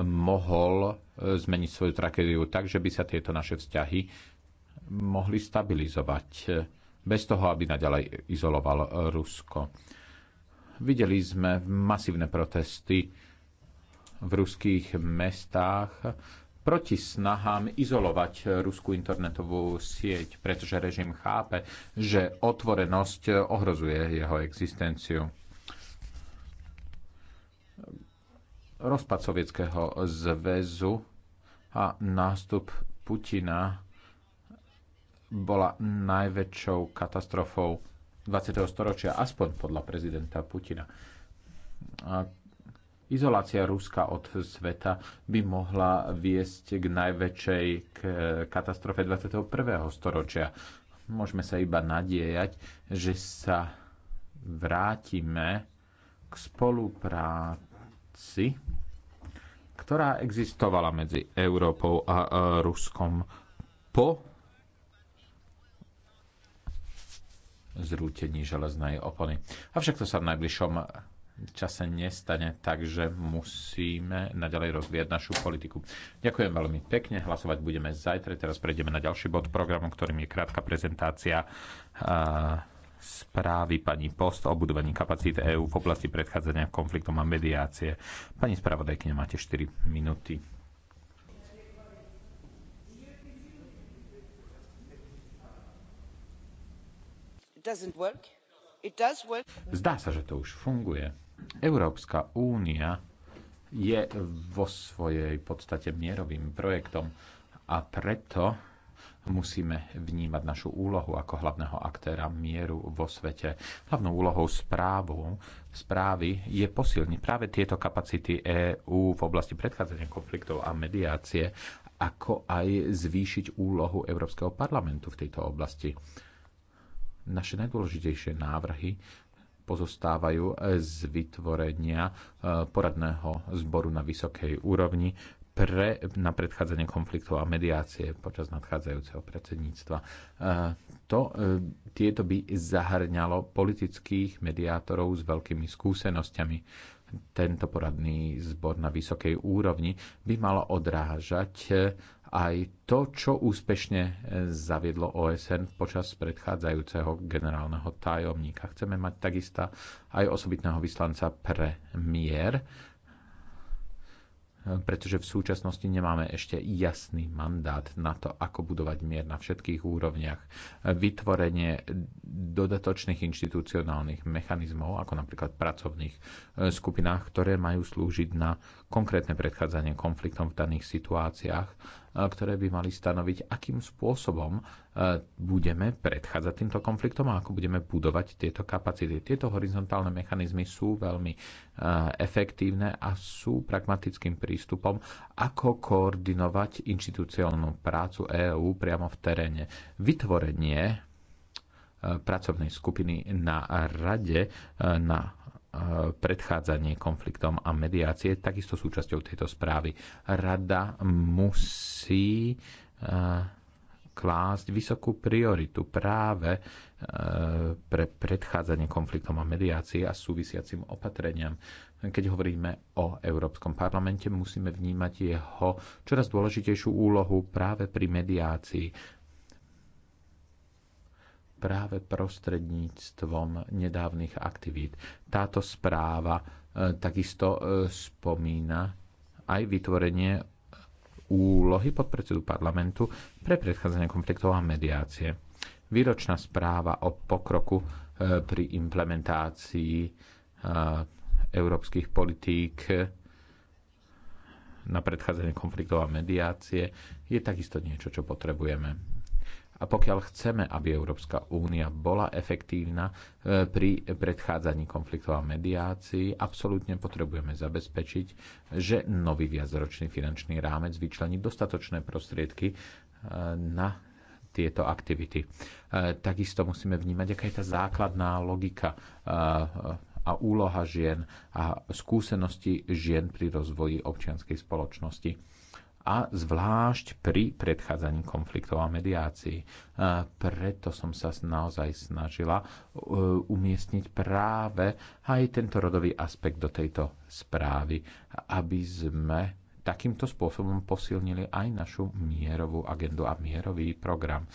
S10: mohol zmeniť svoju tragédiu tak, že by sa tieto naše vzťahy mohli stabilizovať bez toho, aby naďalej izoloval Rusko. Videli sme masívne protesty v ruských mestách proti snahám izolovať ruskú internetovú sieť, pretože režim chápe, že otvorenosť ohrozuje jeho existenciu. Rozpad Sovietskeho zväzu a nástup Putina bola najväčšou katastrofou 20. storočia, aspoň podľa prezidenta Putina. A izolácia Ruska od sveta by mohla viesť k najväčšej katastrofe 21. storočia. Môžeme sa iba nadiejať, že sa vrátime k spolupráci, ktorá existovala medzi Európou a Ruskom po zrútení železnej opony. Avšak to sa v najbližšom čase nestane, takže musíme naďalej rozvíjať našu politiku. Ďakujem veľmi pekne, hlasovať budeme zajtra. Teraz prejdeme na ďalší bod programu, ktorým je krátka prezentácia správy pani Post o budovaní kapacít EÚ v oblasti predchádzania konfliktom a mediácie. Pani spravodajkyňa, máte 4 minúty. Zdá sa, že to už funguje. Európska únia je vo svojej podstate mierovým projektom a preto musíme vnímať našu úlohu ako hlavného aktéra mieru vo svete. Hlavnou úlohou správu, správy je posilniť práve tieto kapacity EÚ v oblasti predchádzania konfliktov a mediácie, ako aj zvýšiť úlohu Európskeho parlamentu v tejto oblasti. Naše najdôležitejšie návrhy pozostávajú z vytvorenia e, poradného zboru na vysokej úrovni pre, na predchádzanie konfliktov a mediácie počas nadchádzajúceho predsedníctva. E, to, e, tieto by zahrňalo politických mediátorov s veľkými skúsenosťami. Tento poradný zbor na vysokej úrovni by mal odrážať aj to, čo úspešne e, zaviedlo OSN počas predchádzajúceho generálneho tajomníka. Chceme mať takisto aj osobitného vyslanca pre mier, e, pretože v súčasnosti nemáme ešte jasný mandát na to, ako budovať mier na všetkých úrovniach. Vytvorenie dodatočných inštitucionálnych mechanizmov, ako napríklad pracovných e, skupinách, ktoré majú slúžiť na konkrétne predchádzanie konfliktom v daných situáciách, e, ktoré by mali stanoviť, akým spôsobom e, budeme predchádzať týmto konfliktom a ako budeme budovať tieto kapacity. Tieto horizontálne mechanizmy sú veľmi e, efektívne a sú pragmatickým prístupom, ako koordinovať inštitúciálnu prácu EÚ priamo v teréne. Vytvorenie pracovnej skupiny na rade na E, predchádzanie konfliktom a mediácie, takisto súčasťou tejto správy. Rada musí e, klásť vysokú prioritu práve e, pre predchádzanie konfliktom a mediácie a súvisiacim opatreniam. Keď hovoríme o Európskom parlamente, musíme vnímať jeho čoraz dôležitejšiu úlohu práve pri mediácii práve prostredníctvom nedávnych aktivít. Táto správa e, takisto e, spomína aj vytvorenie úlohy podpredsedu parlamentu pre predchádzanie konfliktov a mediácie. Výročná správa o pokroku e, pri implementácii európskych politík na predchádzanie konfliktov a mediácie je takisto niečo, čo potrebujeme a pokiaľ chceme, aby Európska únia bola efektívna e, pri predchádzaní konfliktov a mediácii, absolútne potrebujeme zabezpečiť, že nový viacročný finančný rámec vyčlení dostatočné prostriedky e, na tieto aktivity. E, takisto musíme vnímať, aká je tá základná logika a úloha žien a skúsenosti žien pri rozvoji občianskej spoločnosti a zvlášť pri predchádzaní konfliktov a mediácii. Preto som sa naozaj snažila e, umiestniť práve aj tento rodový aspekt do tejto správy, aby sme takýmto spôsobom posilnili aj našu mierovú agendu a mierový program.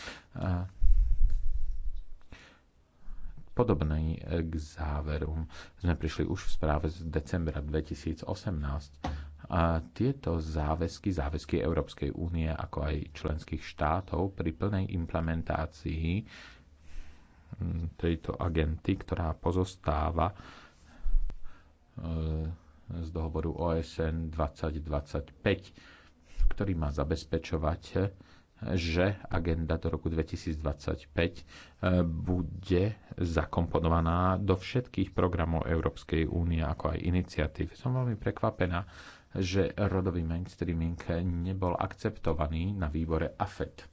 S10: Podobný e, k záveru sme prišli už v správe z decembra 2018 a tieto záväzky, záväzky Európskej únie ako aj členských štátov pri plnej implementácii mm, tejto agenty, ktorá pozostáva e, z dohovoru OSN 2025, ktorý má zabezpečovať, že agenda do roku 2025 e, bude zakomponovaná do všetkých programov Európskej únie, ako aj iniciatív. Som veľmi prekvapená, že rodový mainstreaming nebol akceptovaný na výbore AFET.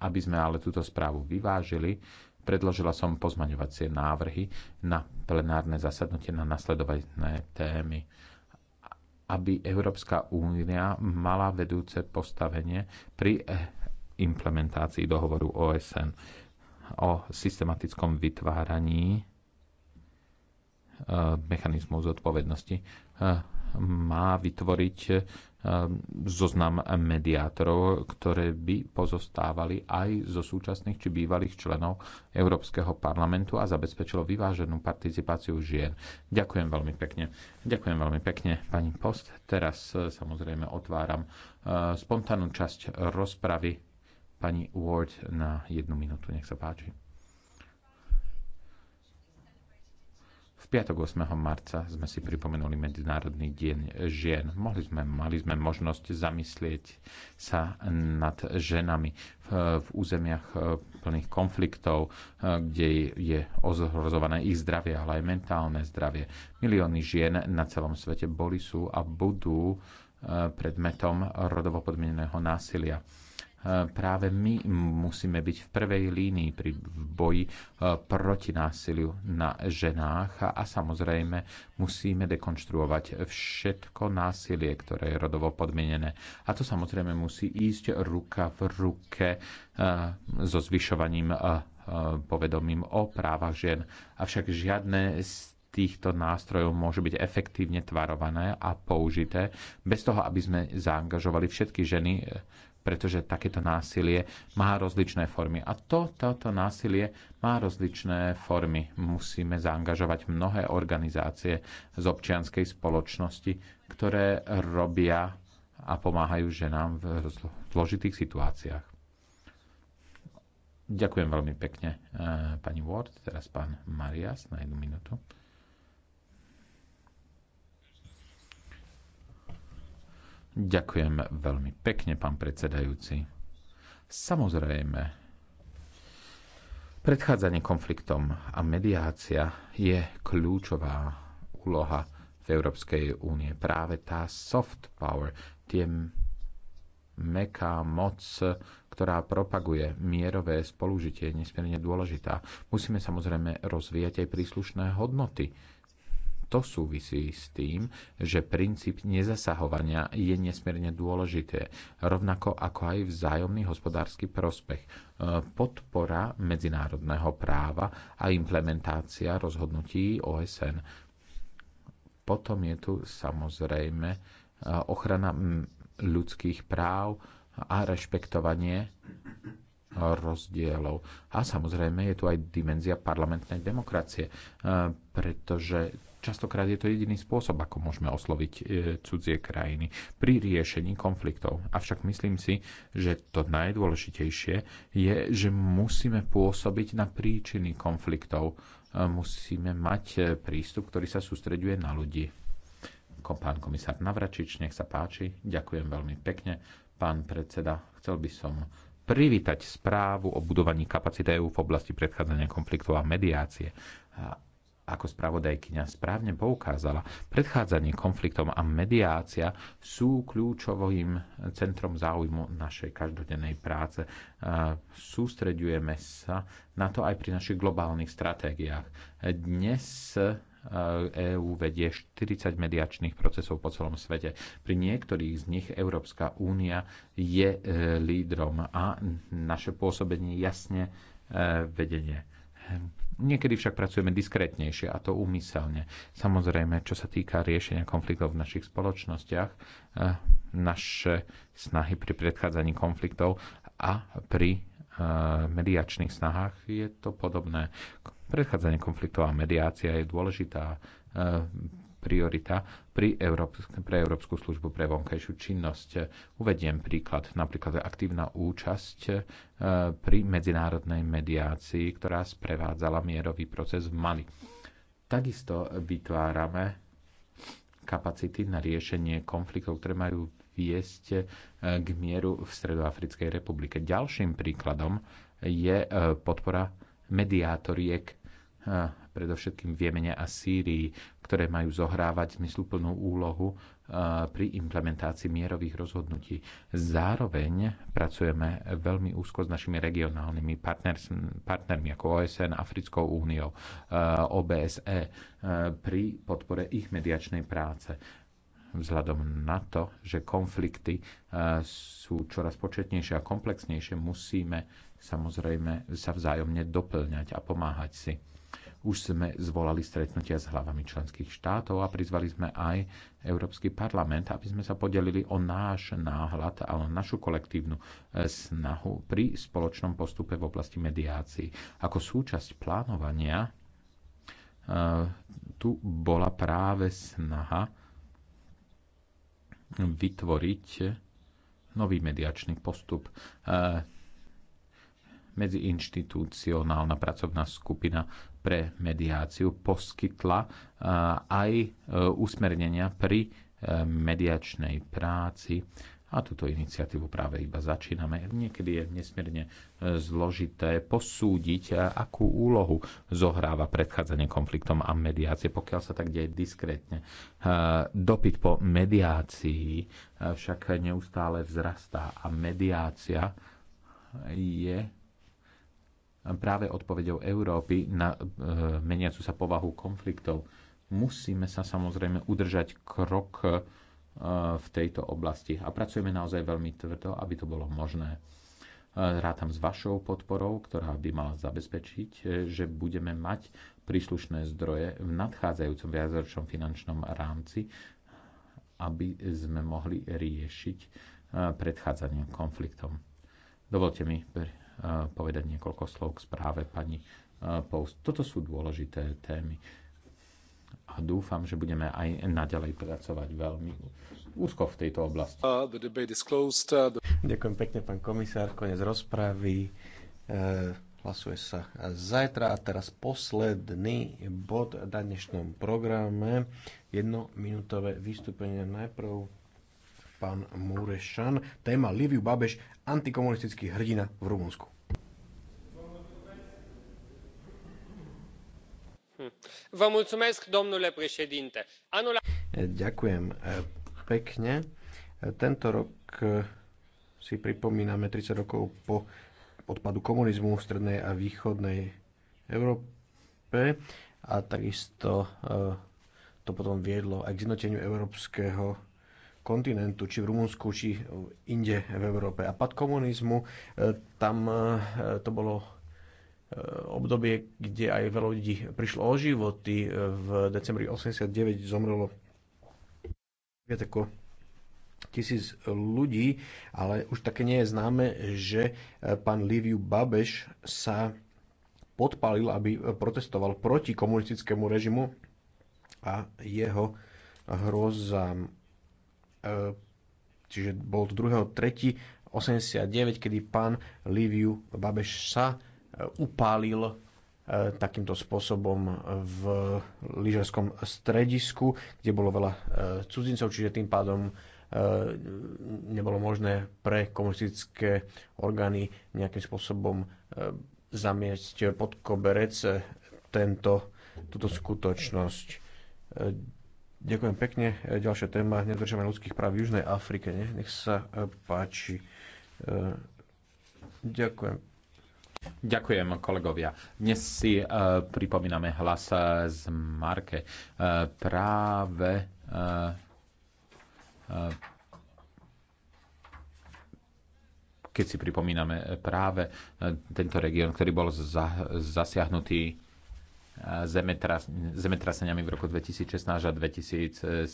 S10: Aby sme ale túto správu vyvážili, predložila som pozmaňovacie návrhy na plenárne zasadnutie na nasledovné témy aby Európska únia mala vedúce postavenie pri implementácii dohovoru OSN o systematickom vytváraní e, mechanizmov zodpovednosti má vytvoriť e, zoznam mediátorov, ktoré by pozostávali aj zo súčasných či bývalých členov Európskeho parlamentu a zabezpečilo vyváženú participáciu žien. Ďakujem veľmi pekne. Ďakujem veľmi pekne, pani Post. Teraz e, samozrejme otváram e, spontánnu časť rozpravy pani Ward na jednu minútu. Nech sa páči. V piatok 8. marca sme si pripomenuli Medzinárodný deň žien. Mohli sme, mali sme možnosť zamyslieť sa nad ženami v, v územiach eh, plných konfliktov, eh, kde je ozhrozované ich zdravie, ale aj mentálne zdravie. Milióny žien na celom svete boli, sú a budú eh, predmetom rodovo podmieneného násilia E, práve my musíme byť v prvej línii pri boji e, proti násiliu na ženách a samozrejme musíme dekonštruovať všetko násilie, ktoré je rodovo podmienené. A to samozrejme musí ísť ruka v ruke e, so zvyšovaním povedomím o právach žien. Avšak žiadne z týchto nástrojov môžu byť efektívne tvarované a použité, bez toho, aby sme zaangažovali všetky ženy pretože takéto násilie má rozličné formy. A to, toto násilie má rozličné formy. Musíme zaangažovať mnohé organizácie z občianskej spoločnosti, ktoré robia a pomáhajú ženám v zložitých situáciách. Ďakujem veľmi pekne, eh, pani Ward. Teraz pán Marias na jednu minútu. Ďakujem veľmi pekne, pán predsedajúci. Samozrejme, Predchádzanie konfliktom a mediácia je kľúčová úloha v Európskej únie. Práve tá soft power, tie meká moc, ktorá propaguje mierové spolužitie, je nesmierne dôležitá. Musíme samozrejme rozvíjať aj príslušné hodnoty to súvisí s tým, že princíp nezasahovania je nesmierne dôležité, rovnako ako aj vzájomný hospodársky prospech, e, podpora medzinárodného práva a implementácia rozhodnutí OSN. Potom je tu samozrejme e, ochrana ľudských práv a rešpektovanie rozdielov. A samozrejme je tu aj dimenzia parlamentnej demokracie, e, pretože Častokrát je to jediný spôsob, ako môžeme osloviť e, cudzie krajiny pri riešení konfliktov. Avšak myslím si, že to najdôležitejšie je, že musíme pôsobiť na príčiny konfliktov. E, musíme mať e, prístup, ktorý sa sústreďuje na ľudí. Pán komisár Navračič, nech sa páči. Ďakujem veľmi pekne. Pán predseda, chcel by som privítať správu o budovaní kapacity EU v oblasti predchádzania konfliktov a mediácie ako spravodajkyňa správne poukázala, predchádzanie konfliktom a mediácia sú kľúčovým centrom záujmu našej každodennej práce. Sústreďujeme sa na to aj pri našich globálnych stratégiách. Dnes EÚ e vedie 40 mediačných procesov po celom svete. Pri niektorých z nich Európska únia je e, lídrom a naše pôsobenie jasne e, vedenie Niekedy však pracujeme diskrétnejšie a to úmyselne. Samozrejme, čo sa týka riešenia konfliktov v našich spoločnostiach, eh, naše snahy pri predchádzaní konfliktov a pri eh, mediačných snahách je to podobné. Predchádzanie konfliktov a mediácia je dôležitá eh, priorita pri Európsk- pre Európsku službu pre vonkajšiu činnosť. Uvediem príklad, napríklad aktívna účasť e, pri medzinárodnej mediácii, ktorá sprevádzala mierový proces v Mali. Takisto vytvárame kapacity na riešenie konfliktov, ktoré majú viesť e, k mieru v Stredoafrickej republike. Ďalším príkladom je e, podpora mediátoriek predovšetkým v Jemene a Sýrii, ktoré majú zohrávať zmysluplnú úlohu eh, pri implementácii mierových rozhodnutí. Zároveň pracujeme veľmi úzko s našimi regionálnymi partnermi ako OSN, Africkou úniou, eh, OBSE eh, pri podpore ich mediačnej práce vzhľadom na to, že konflikty sú čoraz početnejšie a komplexnejšie, musíme samozrejme sa vzájomne doplňať a pomáhať si. Už sme zvolali stretnutia s hlavami členských štátov a prizvali sme aj Európsky parlament, aby sme sa podelili o náš náhľad a o našu kolektívnu e, snahu pri spoločnom postupe v oblasti mediácií. Ako súčasť plánovania e, tu bola práve snaha vytvoriť nový mediačný postup. E, medziinštitucionálna pracovná skupina pre mediáciu poskytla eh, aj eh, usmernenia pri eh, mediačnej práci. A túto iniciatívu práve iba začíname. Niekedy je nesmierne zložité posúdiť, akú úlohu zohráva predchádzanie konfliktom a mediácie, pokiaľ sa tak deje diskrétne. Dopyt po mediácii však neustále vzrastá a mediácia je práve odpovedou Európy na e, meniacu sa povahu konfliktov. Musíme sa samozrejme udržať krok e, v tejto oblasti a pracujeme naozaj veľmi tvrdo, aby to bolo možné. E, rátam s vašou podporou, ktorá by mala zabezpečiť, že budeme mať príslušné zdroje v nadchádzajúcom viacročnom finančnom rámci, aby sme mohli riešiť predchádzanie konfliktom. Dovolte mi povedať niekoľko slov k správe pani e, Post. Toto sú dôležité témy a dúfam, že budeme aj naďalej pracovať veľmi úzko v tejto oblasti.
S5: Uh, uh,
S7: Ďakujem pekne, pán komisár. Konec rozpravy. E, hlasuje sa zajtra a teraz posledný bod na dnešnom programe. Jednominútové vystúpenie najprv pán Múrešan. Téma Liviu Babeš, antikomunistický hrdina v Rumunsku.
S6: domnule președinte anul.
S7: ďakujem e, pekne e, tento rok e, si pripomíname 30 rokov po odpadu komunizmu v strednej a východnej Európe a takisto to potom viedlo aj k zjednoteniu európskeho kontinentu, či v Rumunsku, či inde v Európe. A pad komunizmu, e, tam e, to bolo e, obdobie, kde aj veľa ľudí prišlo o životy. V decembri 89 zomrelo viac ako tisíc ľudí, ale už také nie je známe, že pán Liviu Babeš sa podpalil, aby protestoval proti komunistickému režimu a jeho hrozám Eh, čiže bol to 2.3. 89, kedy pán Liviu Babeš sa eh, upálil eh, takýmto spôsobom v lyžerskom stredisku, kde bolo veľa cudzincov, čiže tým pádom nebolo možné pre komunistické orgány nejakým spôsobom zamiesť pod koberec tento, túto skutočnosť. Ďakujem pekne. E, ďalšia téma, nedržanie ľudských práv v Južnej Afrike. Ne? Nech sa e, páči. E, ďakujem.
S10: Ďakujem, kolegovia. Dnes si uh, pripomíname hlas z Marke. Uh, práve uh, uh, keď si pripomíname práve tento región, ktorý bol za, zasiahnutý zemetras zemetraseniami v roku 2016 a 2017.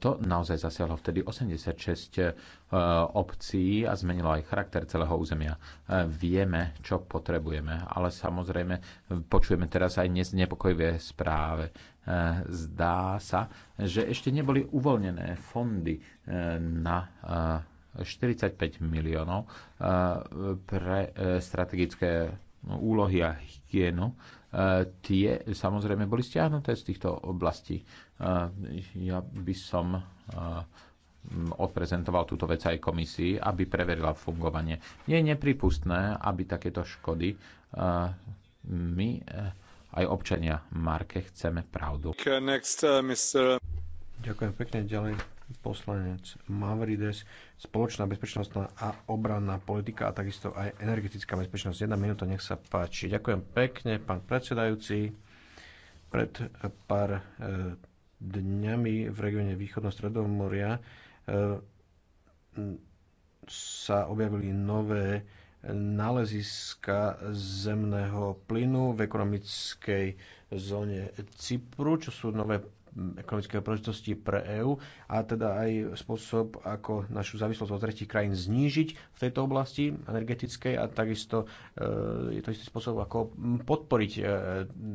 S10: To naozaj zasiahlo vtedy 86 e, obcí a zmenilo aj charakter celého územia. E, vieme, čo potrebujeme, ale samozrejme počujeme teraz aj nepokojivé správy. E, zdá sa, že ešte neboli uvoľnené fondy na 45 miliónov pre strategické No, úlohy a hygienu, e, tie samozrejme boli stiahnuté z týchto oblastí. E, ja by som e, odprezentoval túto vec aj komisii, aby preverila fungovanie. Nie je nepripustné, aby takéto škody my aj občania Marke chceme pravdu.
S6: Next, uh,
S7: Ďakujem pekne ďalej poslanec Mavrides, spoločná bezpečnostná a obranná politika a takisto aj energetická bezpečnosť. Jedna minúta, nech sa páči. Ďakujem pekne, pán predsedajúci. Pred pár e, dňami v regióne Východno-Stredomoria e, sa objavili nové náleziska zemného plynu v ekonomickej zóne Cypru, čo sú nové ekonomické príležitosti pre EÚ a teda aj spôsob, ako našu závislosť od tretich krajín znížiť v tejto oblasti energetickej a takisto e, je to istý spôsob, ako podporiť e,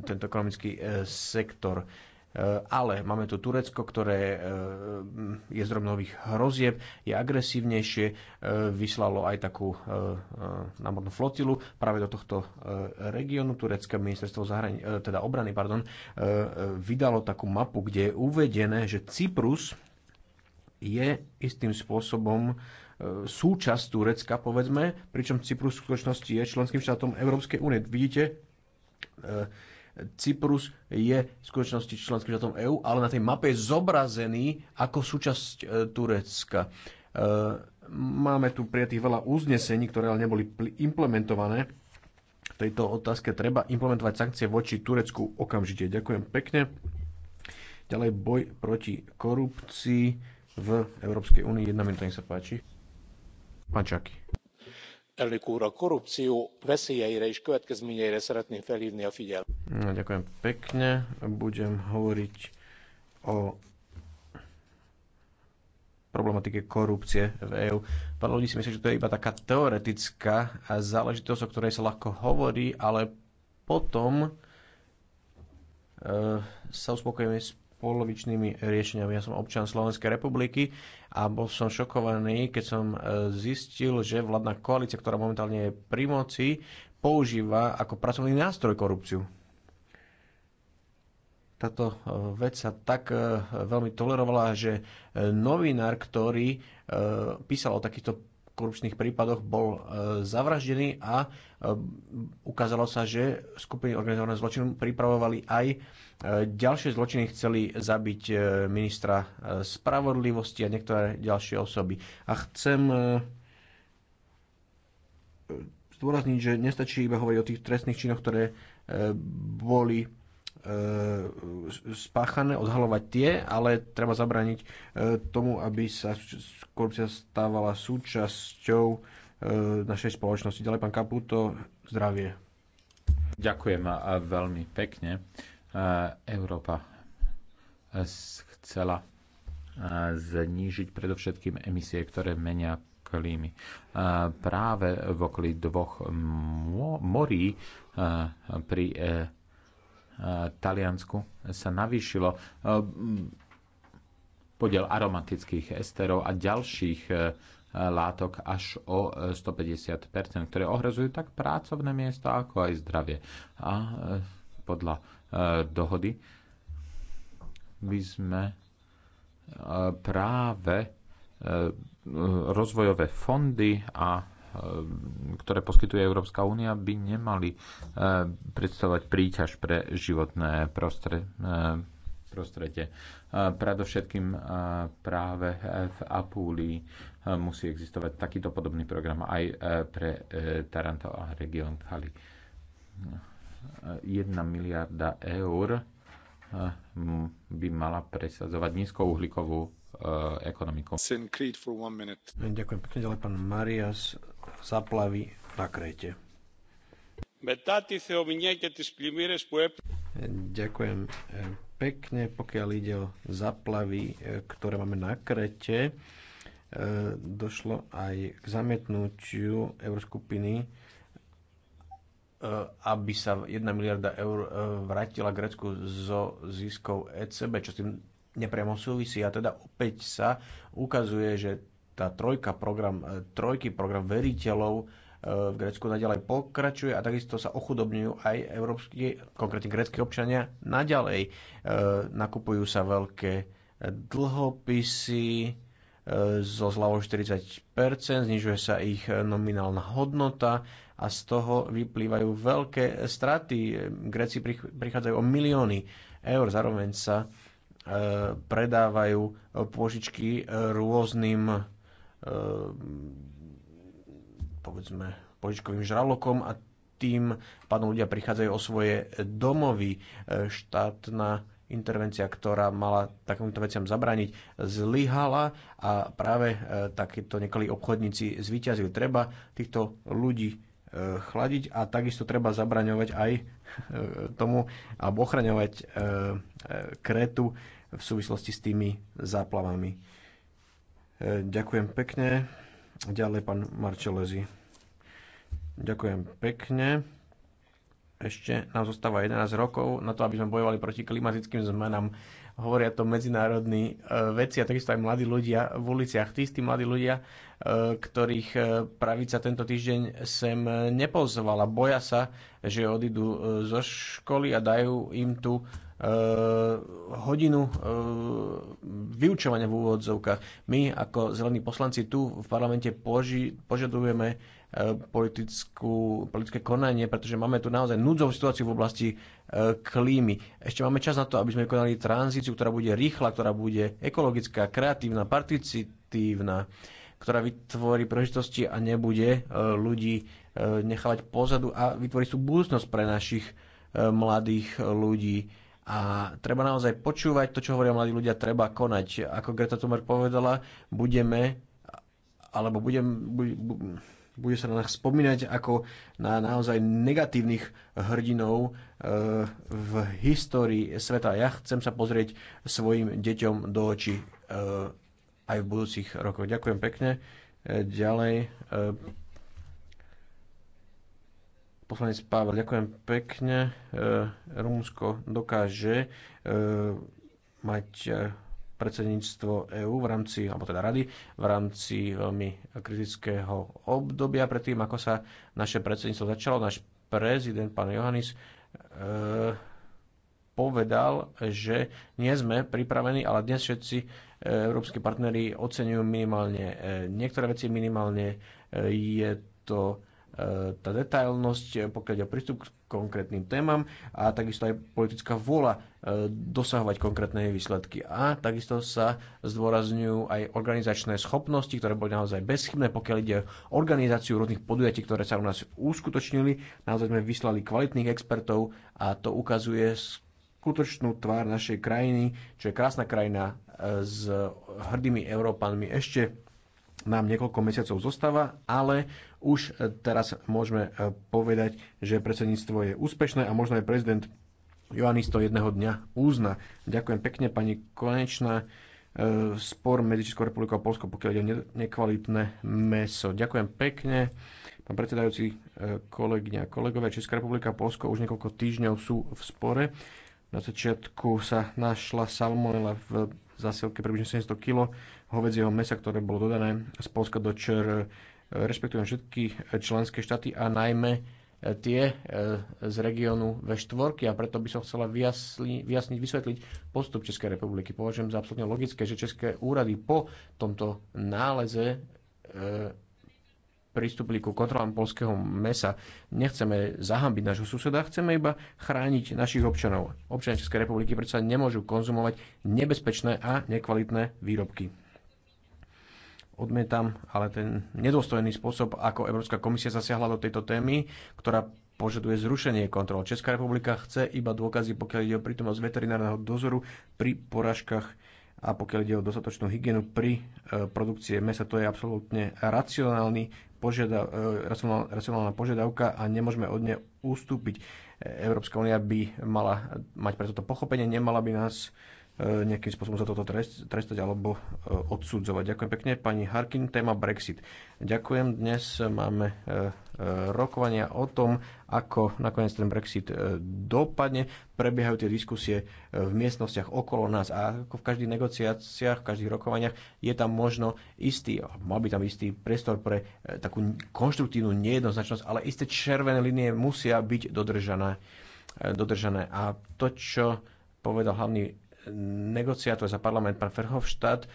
S7: tento ekonomický e, sektor Eh, ale máme tu Turecko, ktoré eh, je zdrom nových hrozieb, je agresívnejšie, eh, vyslalo aj takú námornú flotilu práve do tohto regiónu. Turecké ministerstvo zahrani- teda obrany pardon, vydalo takú mapu, kde je uvedené, že Cyprus je istým spôsobom súčasť Turecka, povedzme, pričom Cyprus v skutočnosti je členským štátom Európskej únie. Vidíte, Cyprus je v skutočnosti členským štátom EÚ, ale na tej mape je zobrazený ako súčasť e, Turecka. E, máme tu prijatých veľa uznesení, ktoré ale neboli implementované. V tejto otázke treba implementovať sankcie voči Turecku okamžite. Ďakujem pekne. Ďalej boj proti korupcii v Európskej únii. Jedna minúta, nech sa páči. Pán Čaky
S6: elnök úr! a korupció veszélyeire és következményeire szeretném felhvni a figyelmet.
S7: No, ďakujem pekne. Budem hovoriť o problematike korupcie v EÚ. Pán ľudí si myslí, že to je iba taká teoretická záležitosť, o ktorej sa ľahko hovorí, ale potom e, sa uspokojíme s polovičnými riešeniami. Ja som občan Slovenskej republiky a bol som šokovaný, keď som e, zistil, že vládna koalícia, ktorá momentálne je pri moci, používa ako pracovný nástroj korupciu táto e, vec sa tak e, veľmi tolerovala, že novinár, ktorý písal o takýchto korupčných prípadoch bol e, zavraždený a e, ukázalo sa, že skupiny organizovaného zločinu pripravovali aj e, ďalšie zločiny, chceli zabiť ministra spravodlivosti a niektoré ďalšie osoby. A chcem zdôrazniť, že nestačí iba hovoriť o tých trestných činoch, ktoré boli e, spáchané, odhalovať tie, ale treba zabraniť e, tomu, aby sa korupcia stávala súčasťou e, našej spoločnosti. Ďalej, pán Kaputo, zdravie.
S10: Ďakujem a veľmi pekne. E, Európa e, chcela e, znížiť predovšetkým emisie, ktoré menia klímy. E, práve v okolí dvoch morí pri Taliansku sa navýšilo eh, podiel aromatických esterov a ďalších eh, látok až o 150%, eh, ktoré ohrozujú tak pracovné miesta, ako aj zdravie. A podľa dohody by sme práve rozvojové fondy a Eh, ktoré poskytuje Európska únia, by nemali eh, predstavovať príťaž pre životné eh, prostredie. Predovšetkým práve v Apúlii musí existovať takýto podobný program aj pre Taranto a region Kali. 1 miliarda eur by mala presadzovať nízkouhlíkovú ekonomiku.
S7: Ďakujem pekne, ďalej pán Marias Záplavy na Kréte. Ďakujem pekne, pokiaľ ide o zaplavy, ktoré máme na Krete. E, došlo aj k zamietnutiu Euroskupiny, e, aby sa 1 miliarda eur e, vrátila Grécku zo ziskov ECB, čo s tým nepriamo súvisí. A teda opäť sa ukazuje, že tá trojka program, e, trojky program veriteľov e, v Grécku naďalej pokračuje a takisto sa ochudobňujú aj európsky, konkrétne grécky občania naďalej. E, nakupujú sa veľké dlhopisy so zľavou 40%, znižuje sa ich nominálna hodnota a z toho vyplývajú veľké straty. Gréci prichádzajú o milióny eur, zároveň sa predávajú pôžičky rôznym Ehm, povedzme požičkovým žralokom a tým pádom ľudia prichádzajú o svoje domovy. Ehm, štátna intervencia, ktorá mala takýmto veciam zabrániť, zlyhala a práve ehm, takíto nekalí obchodníci zvíťazili. Treba týchto ľudí chladiť a takisto treba zabraňovať aj tomu alebo ochraňovať kretu v súvislosti s tými záplavami. Ďakujem pekne. Ďalej pán Marčelezi. Ďakujem pekne. Ešte nám zostáva 11 rokov na to, aby sme bojovali proti klimatickým zmenám. Hovoria to medzinárodní e, veci a takisto aj mladí ľudia v uliciach. Tí istí mladí ľudia, e, ktorých e, pravica tento týždeň sem nepozvala. Boja sa, že odídu zo školy a dajú im tu Eh, hodinu eh, vyučovania v úvodzovkách. My ako zelení poslanci tu v parlamente poži- požadujeme eh, politickú, politické konanie, pretože máme tu naozaj núdzovú situáciu v oblasti klímy. Ešte máme čas na to, aby sme konali tranzíciu, ktorá bude rýchla, ktorá bude ekologická, kreatívna, participatívna, ktorá vytvorí príležitosti a nebude ľudí nechávať pozadu a vytvorí tú budúcnosť pre našich mladých ľudí. A treba naozaj počúvať to, čo hovoria mladí ľudia, treba konať. Ako Greta Thunberg povedala, budeme, alebo budem, bude, bude sa na nás spomínať ako na naozaj negatívnych hrdinov e, v histórii sveta. Ja chcem sa pozrieť svojim deťom do očí e, aj v budúcich rokoch. Ďakujem pekne. E, ďalej Poslanec Pavel, ďakujem pekne. E, Rumunsko dokáže e, mať e, predsedníctvo EÚ v rámci, alebo teda rady, v rámci veľmi kritického obdobia. Predtým, ako sa naše predsedníctvo začalo, náš prezident, pán Johannis, povedal, že nie sme pripravení, ale dnes všetci európsky partnery oceňujú minimálne niektoré veci, minimálne je to tá detailnosť, pokiaľ ide o prístup k konkrétnym témam a takisto aj politická vôľa e, dosahovať konkrétne výsledky. A takisto sa zdôrazňujú aj organizačné schopnosti, ktoré boli naozaj bezchybné, pokiaľ ide o organizáciu rôznych podujatí, ktoré sa u nás uskutočnili. Naozaj sme vyslali kvalitných expertov a to ukazuje skutočnú tvár našej krajiny, čo je krásna krajina e, s hrdými Európanmi. Ešte nám niekoľko mesiacov zostáva, ale už e, teraz môžeme e, povedať, že predsedníctvo je úspešné a možno aj prezident Johannis to jedného dňa uzna. Ďakujem pekne, pani Konečná. E, spor medzi Českou republikou a Polskou, pokiaľ ide o nekvalitné meso. Ďakujem pekne. Pán predsedajúci, kolegyne a kolegovia, Česká republika a Polsko už niekoľko týždňov sú v spore. Na začiatku sa našla salmonela v zásielke približne 700 kg hovedzieho mesa, ktoré bolo dodané z Polska do ČR rešpektujem všetky členské štáty a najmä e, tie e, z regiónu V4 a preto by som chcela vyjasni, vyjasniť, vysvetliť postup Českej republiky. Považujem za absolútne logické, že české úrady po tomto náleze e, pristúpili ku kontrolám polského mesa. Nechceme zahambiť nášho suseda, chceme iba chrániť našich občanov. Občania Českej republiky predsa nemôžu konzumovať nebezpečné a nekvalitné výrobky odmietam, ale ten nedôstojný spôsob, ako Európska komisia zasiahla do tejto témy, ktorá požaduje zrušenie kontrol. Česká republika chce iba dôkazy, pokiaľ ide o prítomnosť veterinárneho dozoru pri poražkách a pokiaľ ide o dostatočnú hygienu pri e, produkcie mesa. To je absolútne racionálny požiada, e, racionál, racionálna požiadavka a nemôžeme od nej ustúpiť. E, Európska únia by mala mať pre toto pochopenie, nemala by nás E, nejakým spôsobom za toto trest, trestať alebo e, odsudzovať. Ďakujem pekne. Pani Harkin, téma Brexit. Ďakujem. Dnes máme e, rokovania o tom, ako nakoniec ten Brexit dopadne. Prebiehajú tie diskusie v miestnostiach okolo nás a ako v každých negociáciách, v každých rokovaniach je tam možno istý, mal by tam istý priestor pre takú konštruktívnu nejednoznačnosť, ale isté červené linie musia byť dodržané. dodržané. A to, čo povedal hlavný negociátor za parlament, pán Ferhofštát, eh,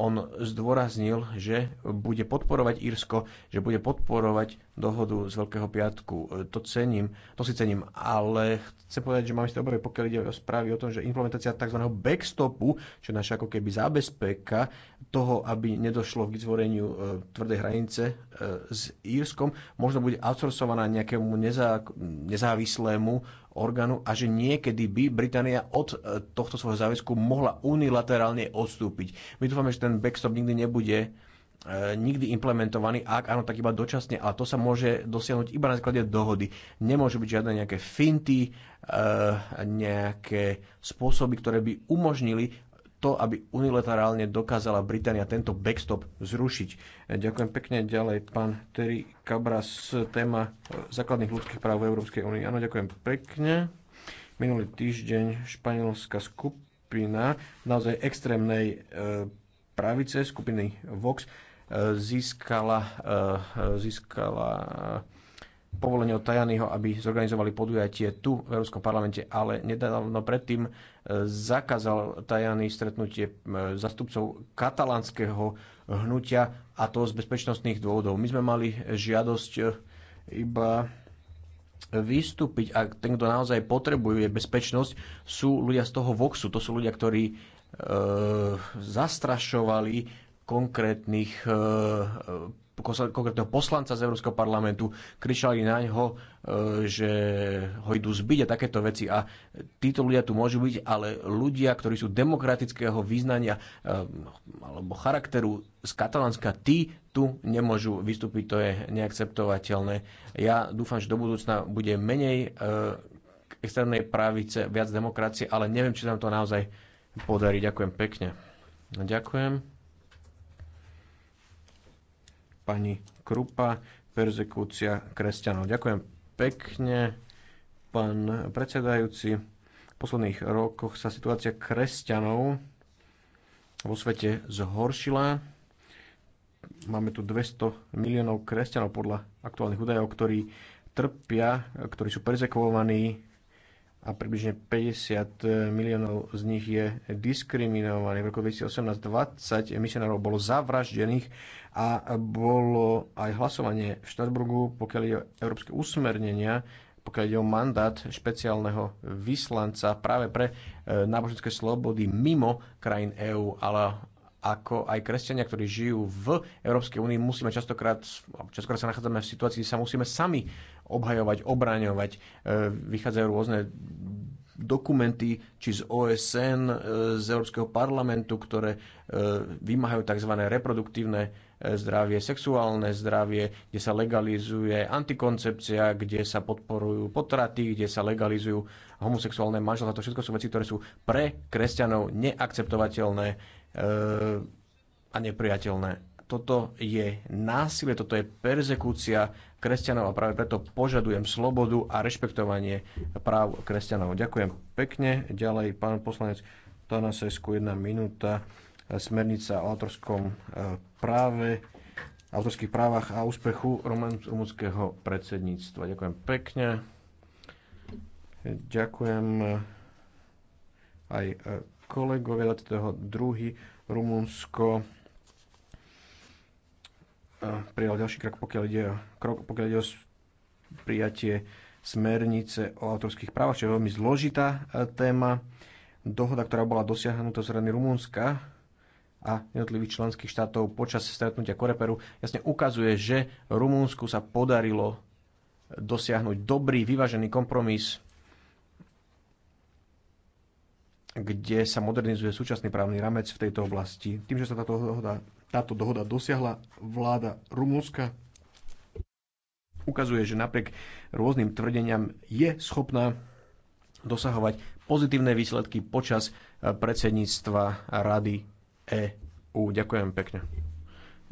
S7: on zdôraznil, že bude podporovať Írsko, že bude podporovať dohodu z Veľkého piatku. Eh, to cením, to si cením, ale chcem povedať, že máme si obavy, pokiaľ ide o správy o tom, že implementácia tzv. backstopu, čo je naša ako keby zábezpeka toho, aby nedošlo k vytvoreniu eh, tvrdej hranice s Írskom, možno bude outsourcovaná nejakému nezá, nezávislému orgánu a že niekedy by Británia od e, tohto svojho záväzku mohla unilaterálne odstúpiť. My dúfame, že ten backstop nikdy nebude e, nikdy implementovaný, ak áno, tak iba dočasne, ale to sa môže dosiahnuť iba na základe dohody. Nemôžu byť žiadne nejaké finty, e, nejaké spôsoby, ktoré by umožnili to, aby unilaterálne dokázala Británia tento backstop zrušiť. Ďakujem pekne. Ďalej pán Terry Cabras, téma základných ľudských práv v Európskej únii. Áno, ďakujem pekne. Minulý týždeň španielská skupina naozaj extrémnej e, pravice, skupiny Vox, e, získala, e, získala povolenie od Tajanyho, aby zorganizovali podujatie tu v Európskom parlamente, ale nedávno predtým e, zakázal Tajany stretnutie e, zastupcov katalánskeho hnutia a to z bezpečnostných dôvodov. My sme mali žiadosť e, iba vystúpiť a ten, kto naozaj potrebuje bezpečnosť, sú ľudia z toho Voxu. To sú ľudia, ktorí e, zastrašovali konkrétnych e, konkrétneho poslanca z Európskeho parlamentu, kričali na ňo, e, že ho idú zbiť a takéto veci. A títo ľudia tu môžu byť, ale ľudia, ktorí sú demokratického význania e, alebo charakteru z Katalánska, tí tu nemôžu vystúpiť, to je neakceptovateľné. Ja dúfam, že do budúcna bude menej e, extrémnej právice, viac demokracie, ale neviem, či nám to naozaj podarí. Ďakujem pekne. Ďakujem pani Krupa, persekúcia kresťanov. Ďakujem pekne, pán predsedajúci. V posledných rokoch sa situácia kresťanov vo svete zhoršila. Máme tu 200 miliónov kresťanov podľa aktuálnych údajov, ktorí trpia, ktorí sú perzekvovaní a približne 50 miliónov z nich je diskriminovaných. V roku 2018 20 misionárov bolo zavraždených a bolo aj hlasovanie v Štrasburgu, pokiaľ je európske usmernenia, pokiaľ ide o mandát špeciálneho vyslanca práve pre e, náboženské slobody mimo krajín EÚ, ale ako aj kresťania, ktorí žijú v Európskej únii, musíme častokrát, častokrát sa nachádzame v situácii, kde sa musíme sami obhajovať, obraňovať. E, vychádzajú rôzne dokumenty, či z OSN, e, z Európskeho parlamentu, ktoré vymáhajú tzv. reproduktívne zdravie, sexuálne zdravie, kde sa legalizuje antikoncepcia, kde sa podporujú potraty, kde sa legalizujú homosexuálne manželstva. To všetko sú veci, ktoré sú pre kresťanov neakceptovateľné e, a nepriateľné toto je násilie, toto je perzekúcia kresťanov a práve preto požadujem slobodu a rešpektovanie práv kresťanov. Ďakujem pekne. Ďalej pán poslanec Tanasesku, jedna minúta smernica o autorskom e, práve, autorských právach a úspechu rumunského predsedníctva. Ďakujem pekne. Ďakujem e, aj e, toho druhý Rumunsko prijal ďalší krok, pokiaľ ide, krok, pokiaľ ide o prijatie smernice o autorských právach, čo je veľmi zložitá téma. Dohoda, ktorá bola dosiahnutá z strany Rumunska, a jednotlivých členských štátov počas stretnutia Koreperu jasne ukazuje, že Rumúnsku sa podarilo dosiahnuť dobrý, vyvážený kompromis, kde sa modernizuje súčasný právny ramec v tejto oblasti. Tým, že sa táto dohoda, táto dohoda dosiahla, vláda Rumúnska ukazuje, že napriek rôznym tvrdeniam je schopná dosahovať pozitívne výsledky počas predsedníctva Rady EU. Ďakujem pekne.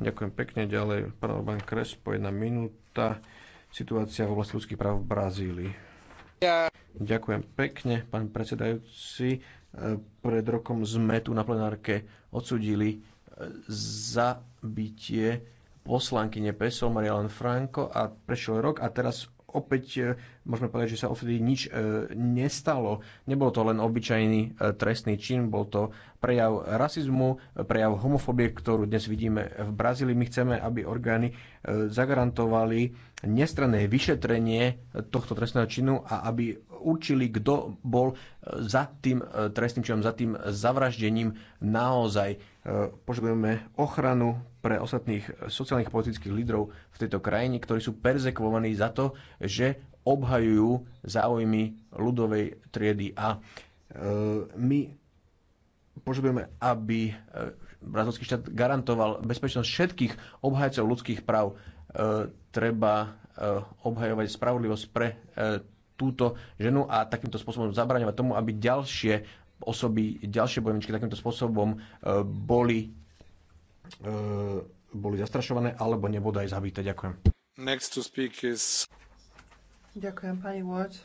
S7: Ďakujem pekne. Ďalej, pán Orbán Krespo, jedna minúta. Situácia v oblasti ľudských práv v Brazílii. Ja. Ďakujem pekne, pán predsedajúci. E, pred rokom sme tu na plenárke odsudili e, zabitie poslankyne PSO Marielan Franco a prešiel rok a teraz opäť e, môžeme povedať, že sa vtedy nič e, nestalo. Nebol to len obyčajný e, trestný čin, bol to prejav rasizmu, prejav homofobie, ktorú dnes vidíme v Brazílii. My chceme, aby orgány e, zagarantovali nestranné vyšetrenie tohto trestného činu a aby určili, kto bol za tým trestným činom, za tým zavraždením naozaj. Požadujeme ochranu pre ostatných sociálnych politických lídrov v tejto krajine, ktorí sú perzekvovaní za to, že obhajujú záujmy ľudovej triedy A. E, my požadujeme, aby e, bratovský štát garantoval bezpečnosť všetkých obhajcov ľudských práv. E, treba obhajovať spravodlivosť pre túto ženu a takýmto spôsobom zabraňovať tomu, aby ďalšie osoby, ďalšie bojovničky takýmto spôsobom boli, boli zastrašované alebo nebodaj zabité. Ďakujem.
S6: Next to speak
S1: is...
S8: Ďakujem, pani Watch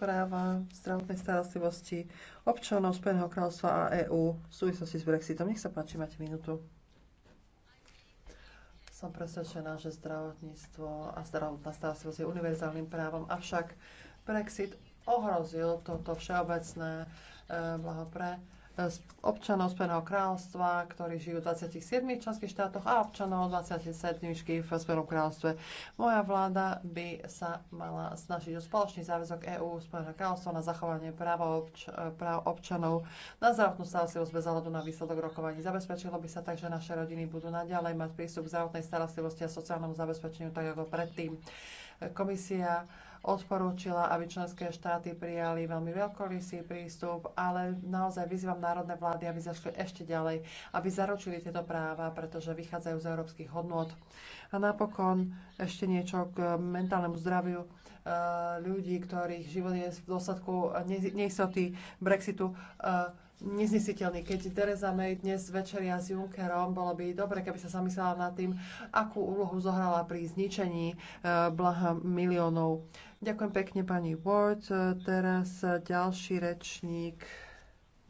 S8: práva zdravotnej starostlivosti občanov Spojeného kráľovstva a EÚ v súvislosti s Brexitom. Nech sa páči, máte minútu. Som presvedčená, že zdravotníctvo a zdravotná starostlivosť je univerzálnym právom, avšak Brexit ohrozil toto všeobecné eh, blahopre. pre občanov Spojeného kráľovstva, ktorí žijú v 27 členských štátoch a občanov 27 v Spojenom kráľovstve. Moja vláda by sa mala snažiť o spoločný záväzok EÚ Spojeného kráľovstva na zachovanie práva obč- práv občanov na zdravotnú starostlivosť bez hľadu na výsledok rokovaní. Zabezpečilo by sa tak, že naše rodiny budú naďalej mať prístup k zdravotnej starostlivosti a sociálnemu zabezpečeniu tak ako predtým. Komisia odporúčila, aby členské štáty prijali veľmi veľkorysý prístup, ale naozaj vyzývam národné vlády, aby zašli ešte ďalej, aby zaručili tieto práva, pretože vychádzajú z európskych hodnot. A napokon ešte niečo k mentálnemu zdraviu eh, ľudí, ktorých život je v dôsledku neistoty Brexitu eh, neznesiteľný. Keď Teresa May dnes večeria s Junckerom, bolo by dobre, keby sa zamyslela nad tým, akú úlohu zohrala pri zničení e, blaha miliónov. Ďakujem pekne pani Ward. E, teraz ďalší rečník.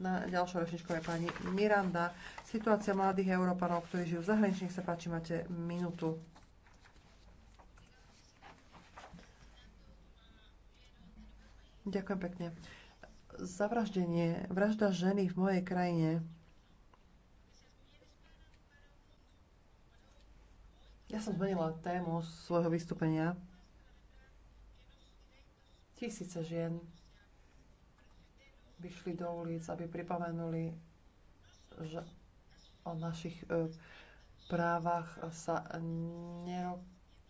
S8: Na ďalšou rečničkou je pani Miranda. Situácia mladých Európanov, ktorí žijú v zahraničí. Nech sa páči, máte minútu. Ďakujem pekne zavraždenie, vražda ženy v mojej krajine. Ja som zmenila tému svojho vystúpenia. Tisíce žien vyšli do ulic, aby pripomenuli, že o našich e, právach sa nerok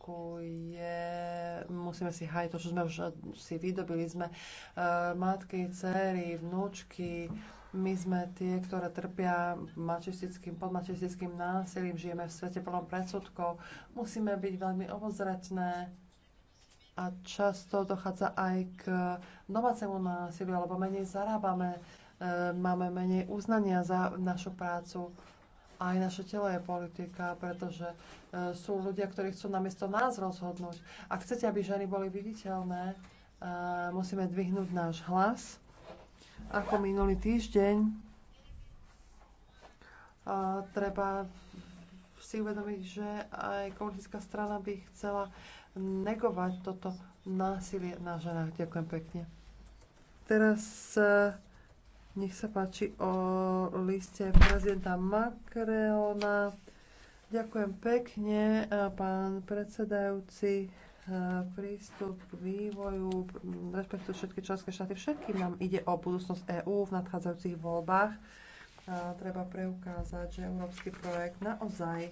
S8: blokuje. Musíme si hájiť to, čo sme už eh, si vydobili. Sme eh, matky, dcery, vnúčky. My sme tie, ktoré trpia mačistickým, podmačistickým násilím. Žijeme v svete plnom predsudkov. Musíme byť veľmi obozretné a často dochádza aj k eh, domácemu násiliu, alebo menej zarábame, máme menej uznania za našu prácu a aj naše telo je politika, pretože e, sú ľudia, ktorí chcú namiesto nás rozhodnúť. Ak chcete, aby ženy boli viditeľné, e, musíme dvihnúť náš hlas. Ako minulý týždeň e, treba si uvedomiť, že aj ekologická strana by chcela negovať toto násilie na ženách. Ďakujem pekne. Teraz nech sa páči o liste prezidenta Macrona. Ďakujem pekne, pán predsedajúci. Prístup k vývoju, rešpektujú všetky členské štáty. Všetkým nám ide o budúcnosť EÚ v nadchádzajúcich voľbách. treba preukázať, že európsky projekt naozaj e,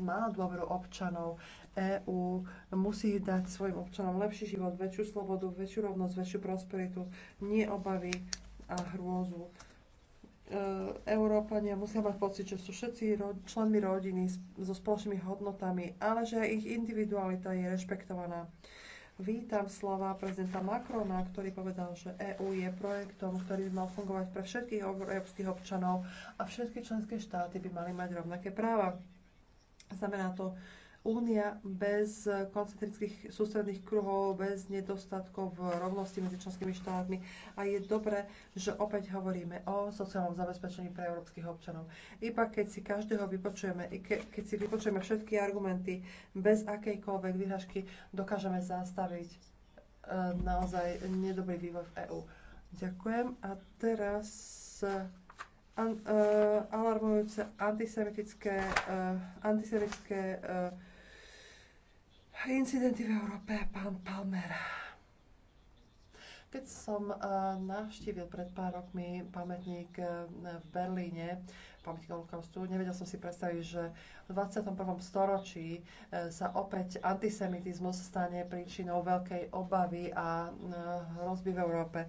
S8: má dôveru občanov. EÚ musí dať svojim občanom lepší život, väčšiu slobodu, väčšiu rovnosť, väčšiu prosperitu, nie obavy, a hrôzu. E, Európania musia mať pocit, že sú všetci ro- členmi rodiny so spoločnými hodnotami, ale že ich individualita je rešpektovaná. Vítam slova prezidenta Macrona, ktorý povedal, že EÚ je projektom, ktorý by mal fungovať pre všetkých európskych občanov a všetky členské štáty by mali mať rovnaké práva. Znamená to, Únia bez koncentrických sústredných kruhov, bez nedostatkov v rovnosti medzi členskými štátmi. A je dobré, že opäť hovoríme o sociálnom zabezpečení pre európskych občanov. Iba keď si každého vypočujeme, ke, keď si vypočujeme všetky argumenty bez akejkoľvek vyhražky, dokážeme zastaviť e, naozaj nedobrý vývoj v EÚ. Ďakujem. A teraz e, an, uh, alarmujúce antisemitické, uh, antisemitické uh, Incidenty v Európe, pán Palmer. Keď som eh, navštívil pred pár rokmi pamätník eh, v Berlíne, pamätník holokaustu, nevedel som si predstaviť, že v 21. storočí eh, sa opäť antisemitizmus stane príčinou veľkej obavy a hrozby v Európe.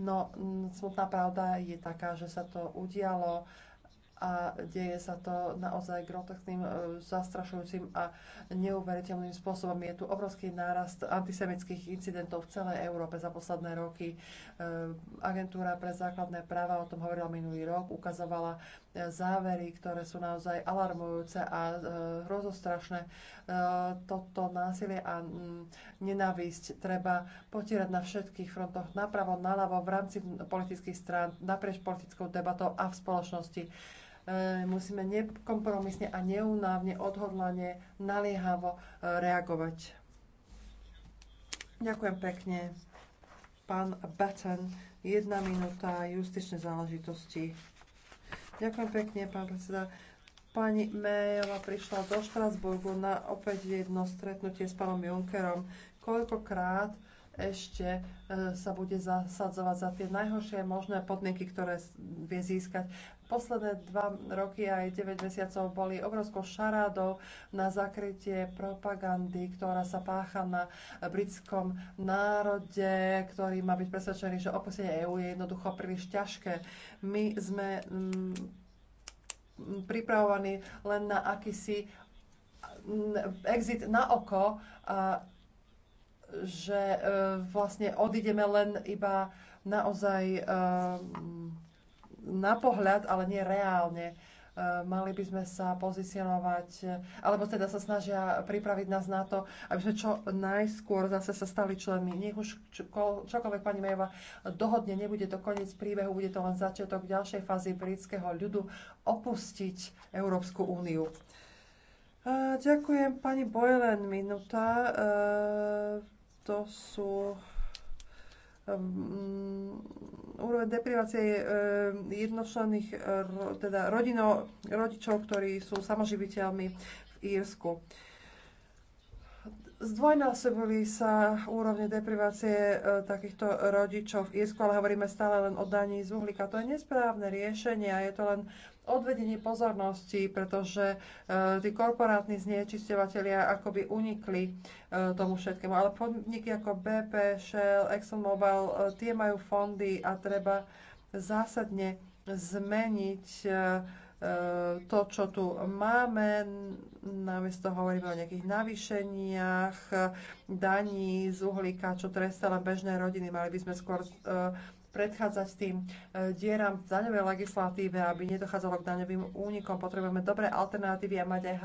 S8: No, smutná pravda je taká, že sa to udialo a deje sa to naozaj grotesným, e, zastrašujúcim a neuveriteľným spôsobom. Je tu obrovský nárast antisemických incidentov v celej Európe za posledné roky. E, agentúra pre základné práva o tom hovorila minulý rok, ukazovala e, závery, ktoré sú naozaj alarmujúce a hrozostrašné. Toto násilie a nenávisť treba potierať na všetkých frontoch, napravo, nalavo, v rámci politických strán, naprieč politickou debatou a v spoločnosti. E, musíme nekompromisne a neunávne, odhodlane, naliehavo e, reagovať. Ďakujem pekne. Pán Batten, jedna minúta, justičné záležitosti. Ďakujem pekne, pán predseda. Pani Mejova prišla do Štrasburgu na opäť jedno stretnutie s pánom Junckerom. Koľkokrát ešte e, sa bude zasadzovať za tie najhoršie možné podmienky, ktoré vie získať. Posledné dva roky aj 9 mesiacov boli obrovskou šarádou na zakrytie propagandy, ktorá sa pácha na britskom národe, ktorý má byť presvedčený, že opustenie EÚ je jednoducho príliš ťažké. My sme mm, pripravovaní len na akýsi mm, exit na oko a že e, vlastne odídeme len iba naozaj e, na pohľad, ale nie reálne. E, mali by sme sa pozicionovať, alebo teda sa snažia pripraviť nás na to, aby sme čo najskôr zase sa stali členmi. Nech už čokoľvek pani Mejova dohodne, nebude to koniec príbehu, bude to len začiatok ďalšej fázy britského ľudu opustiť Európsku úniu. Ďakujem pani Boylen, minúta to sú um, úroveň deprivácie e, jednočlenných e, teda rodino, rodičov, ktorí sú samoživiteľmi v Írsku. Zdvojnásobili sa úrovne deprivácie e, takýchto rodičov v Írsku, ale hovoríme stále len o daní z uhlíka. To je nesprávne riešenie a je to len odvedenie pozornosti, pretože e, tí korporátni znečisťovateľia akoby unikli e, tomu všetkému. Ale podniky ako BP, Shell, ExxonMobil, e, tie majú fondy a treba zásadne zmeniť to, čo tu máme, namiesto hovoríme o nejakých navýšeniach, daní z uhlíka, čo trestá len bežné rodiny. Mali by sme skôr predchádzať tým e, dieram v daňovej legislatíve, aby nedochádzalo k daňovým únikom. Potrebujeme dobré alternatívy a mať aj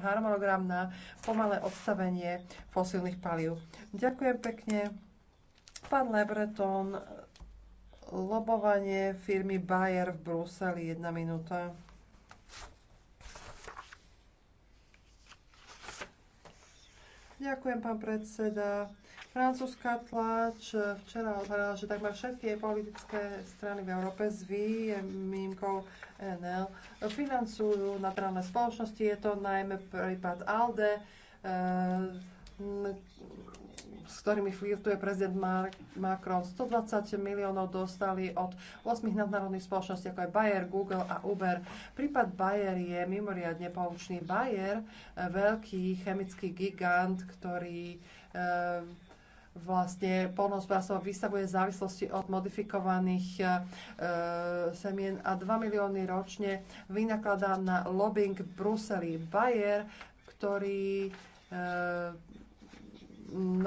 S8: harmonogram na pomalé odstavenie fosílnych palív. Ďakujem pekne. Pán Lebreton, lobovanie firmy Bayer v Bruseli, jedna minúta. Ďakujem, pán predseda. Francúzska tlač eh, včera odhľadala, že takmer všetky politické strany v Európe s výnimkou NL financujú naturálne spoločnosti. Je to najmä prípad ALDE, eh, s ktorými flirtuje prezident Macron. 120 miliónov dostali od 8 nadnárodných spoločností, ako je Bayer, Google a Uber. Prípad Bayer je mimoriadne poučný. Bayer, eh, veľký chemický gigant, ktorý vlastne polnohospodárstvo vystavuje závislosti od modifikovaných e, e semien a 2 milióny ročne vynakladá na lobbying Bruseli. Bayer, ktorý e,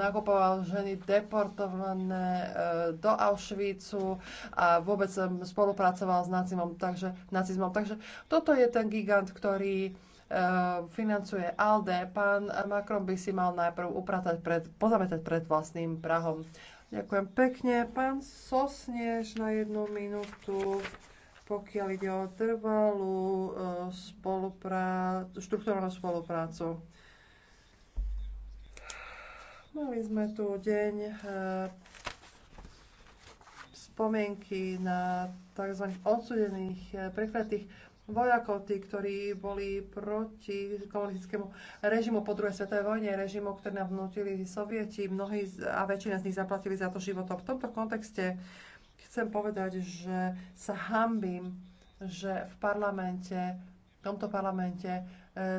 S8: nakupoval ženy deportované e, do Auschwitzu a vôbec e, spolupracoval s nacizmom. Takže, nacizmom. takže toto je ten gigant, ktorý Eh, financuje ALDE, pán Macron by si mal najprv upratať pred, pozametať pred vlastným prahom. Ďakujem pekne. Pán Sosnež na jednu minútu, pokiaľ ide o trvalú eh, spoluprácu, štruktúrnu spoluprácu. Mali sme tu deň eh, spomienky na tzv. odsudených, prekvetých vojakov, tí, ktorí boli proti komunistickému režimu po druhej svetovej vojne, režimu, ktorý nám vnútili sovieti, mnohí a väčšina z nich zaplatili za to životom. V tomto kontexte chcem povedať, že sa hambím, že v parlamente, v tomto parlamente e,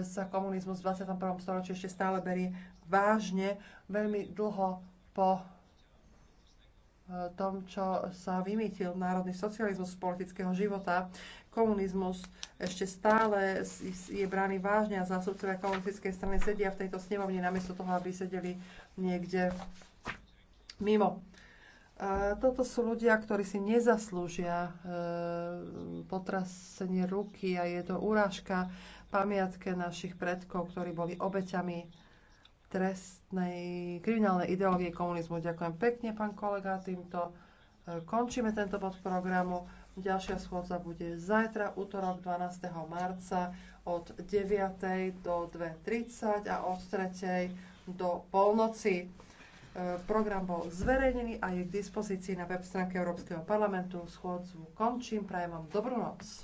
S8: sa komunizmus v 21. storočí ešte stále berie vážne, veľmi dlho po e, tom, čo sa vymýtil národný socializmus z politického života komunizmus ešte stále je braný vážne a zástupcovia komunistickej strany sedia v tejto snemovni namiesto toho, aby sedeli niekde mimo. Toto sú ľudia, ktorí si nezaslúžia e, potrasenie ruky a je to urážka pamiatke našich predkov, ktorí boli obeťami trestnej kriminálnej ideológie komunizmu. Ďakujem pekne, pán kolega, týmto e, končíme tento bod programu. Ďalšia schôdza bude zajtra, útorok 12. marca od 9. do 2.30 a od 3. do polnoci. E, program bol zverejnený a je k dispozícii na web stránke Európskeho parlamentu. Schôdzu končím, prajem vám dobrú noc.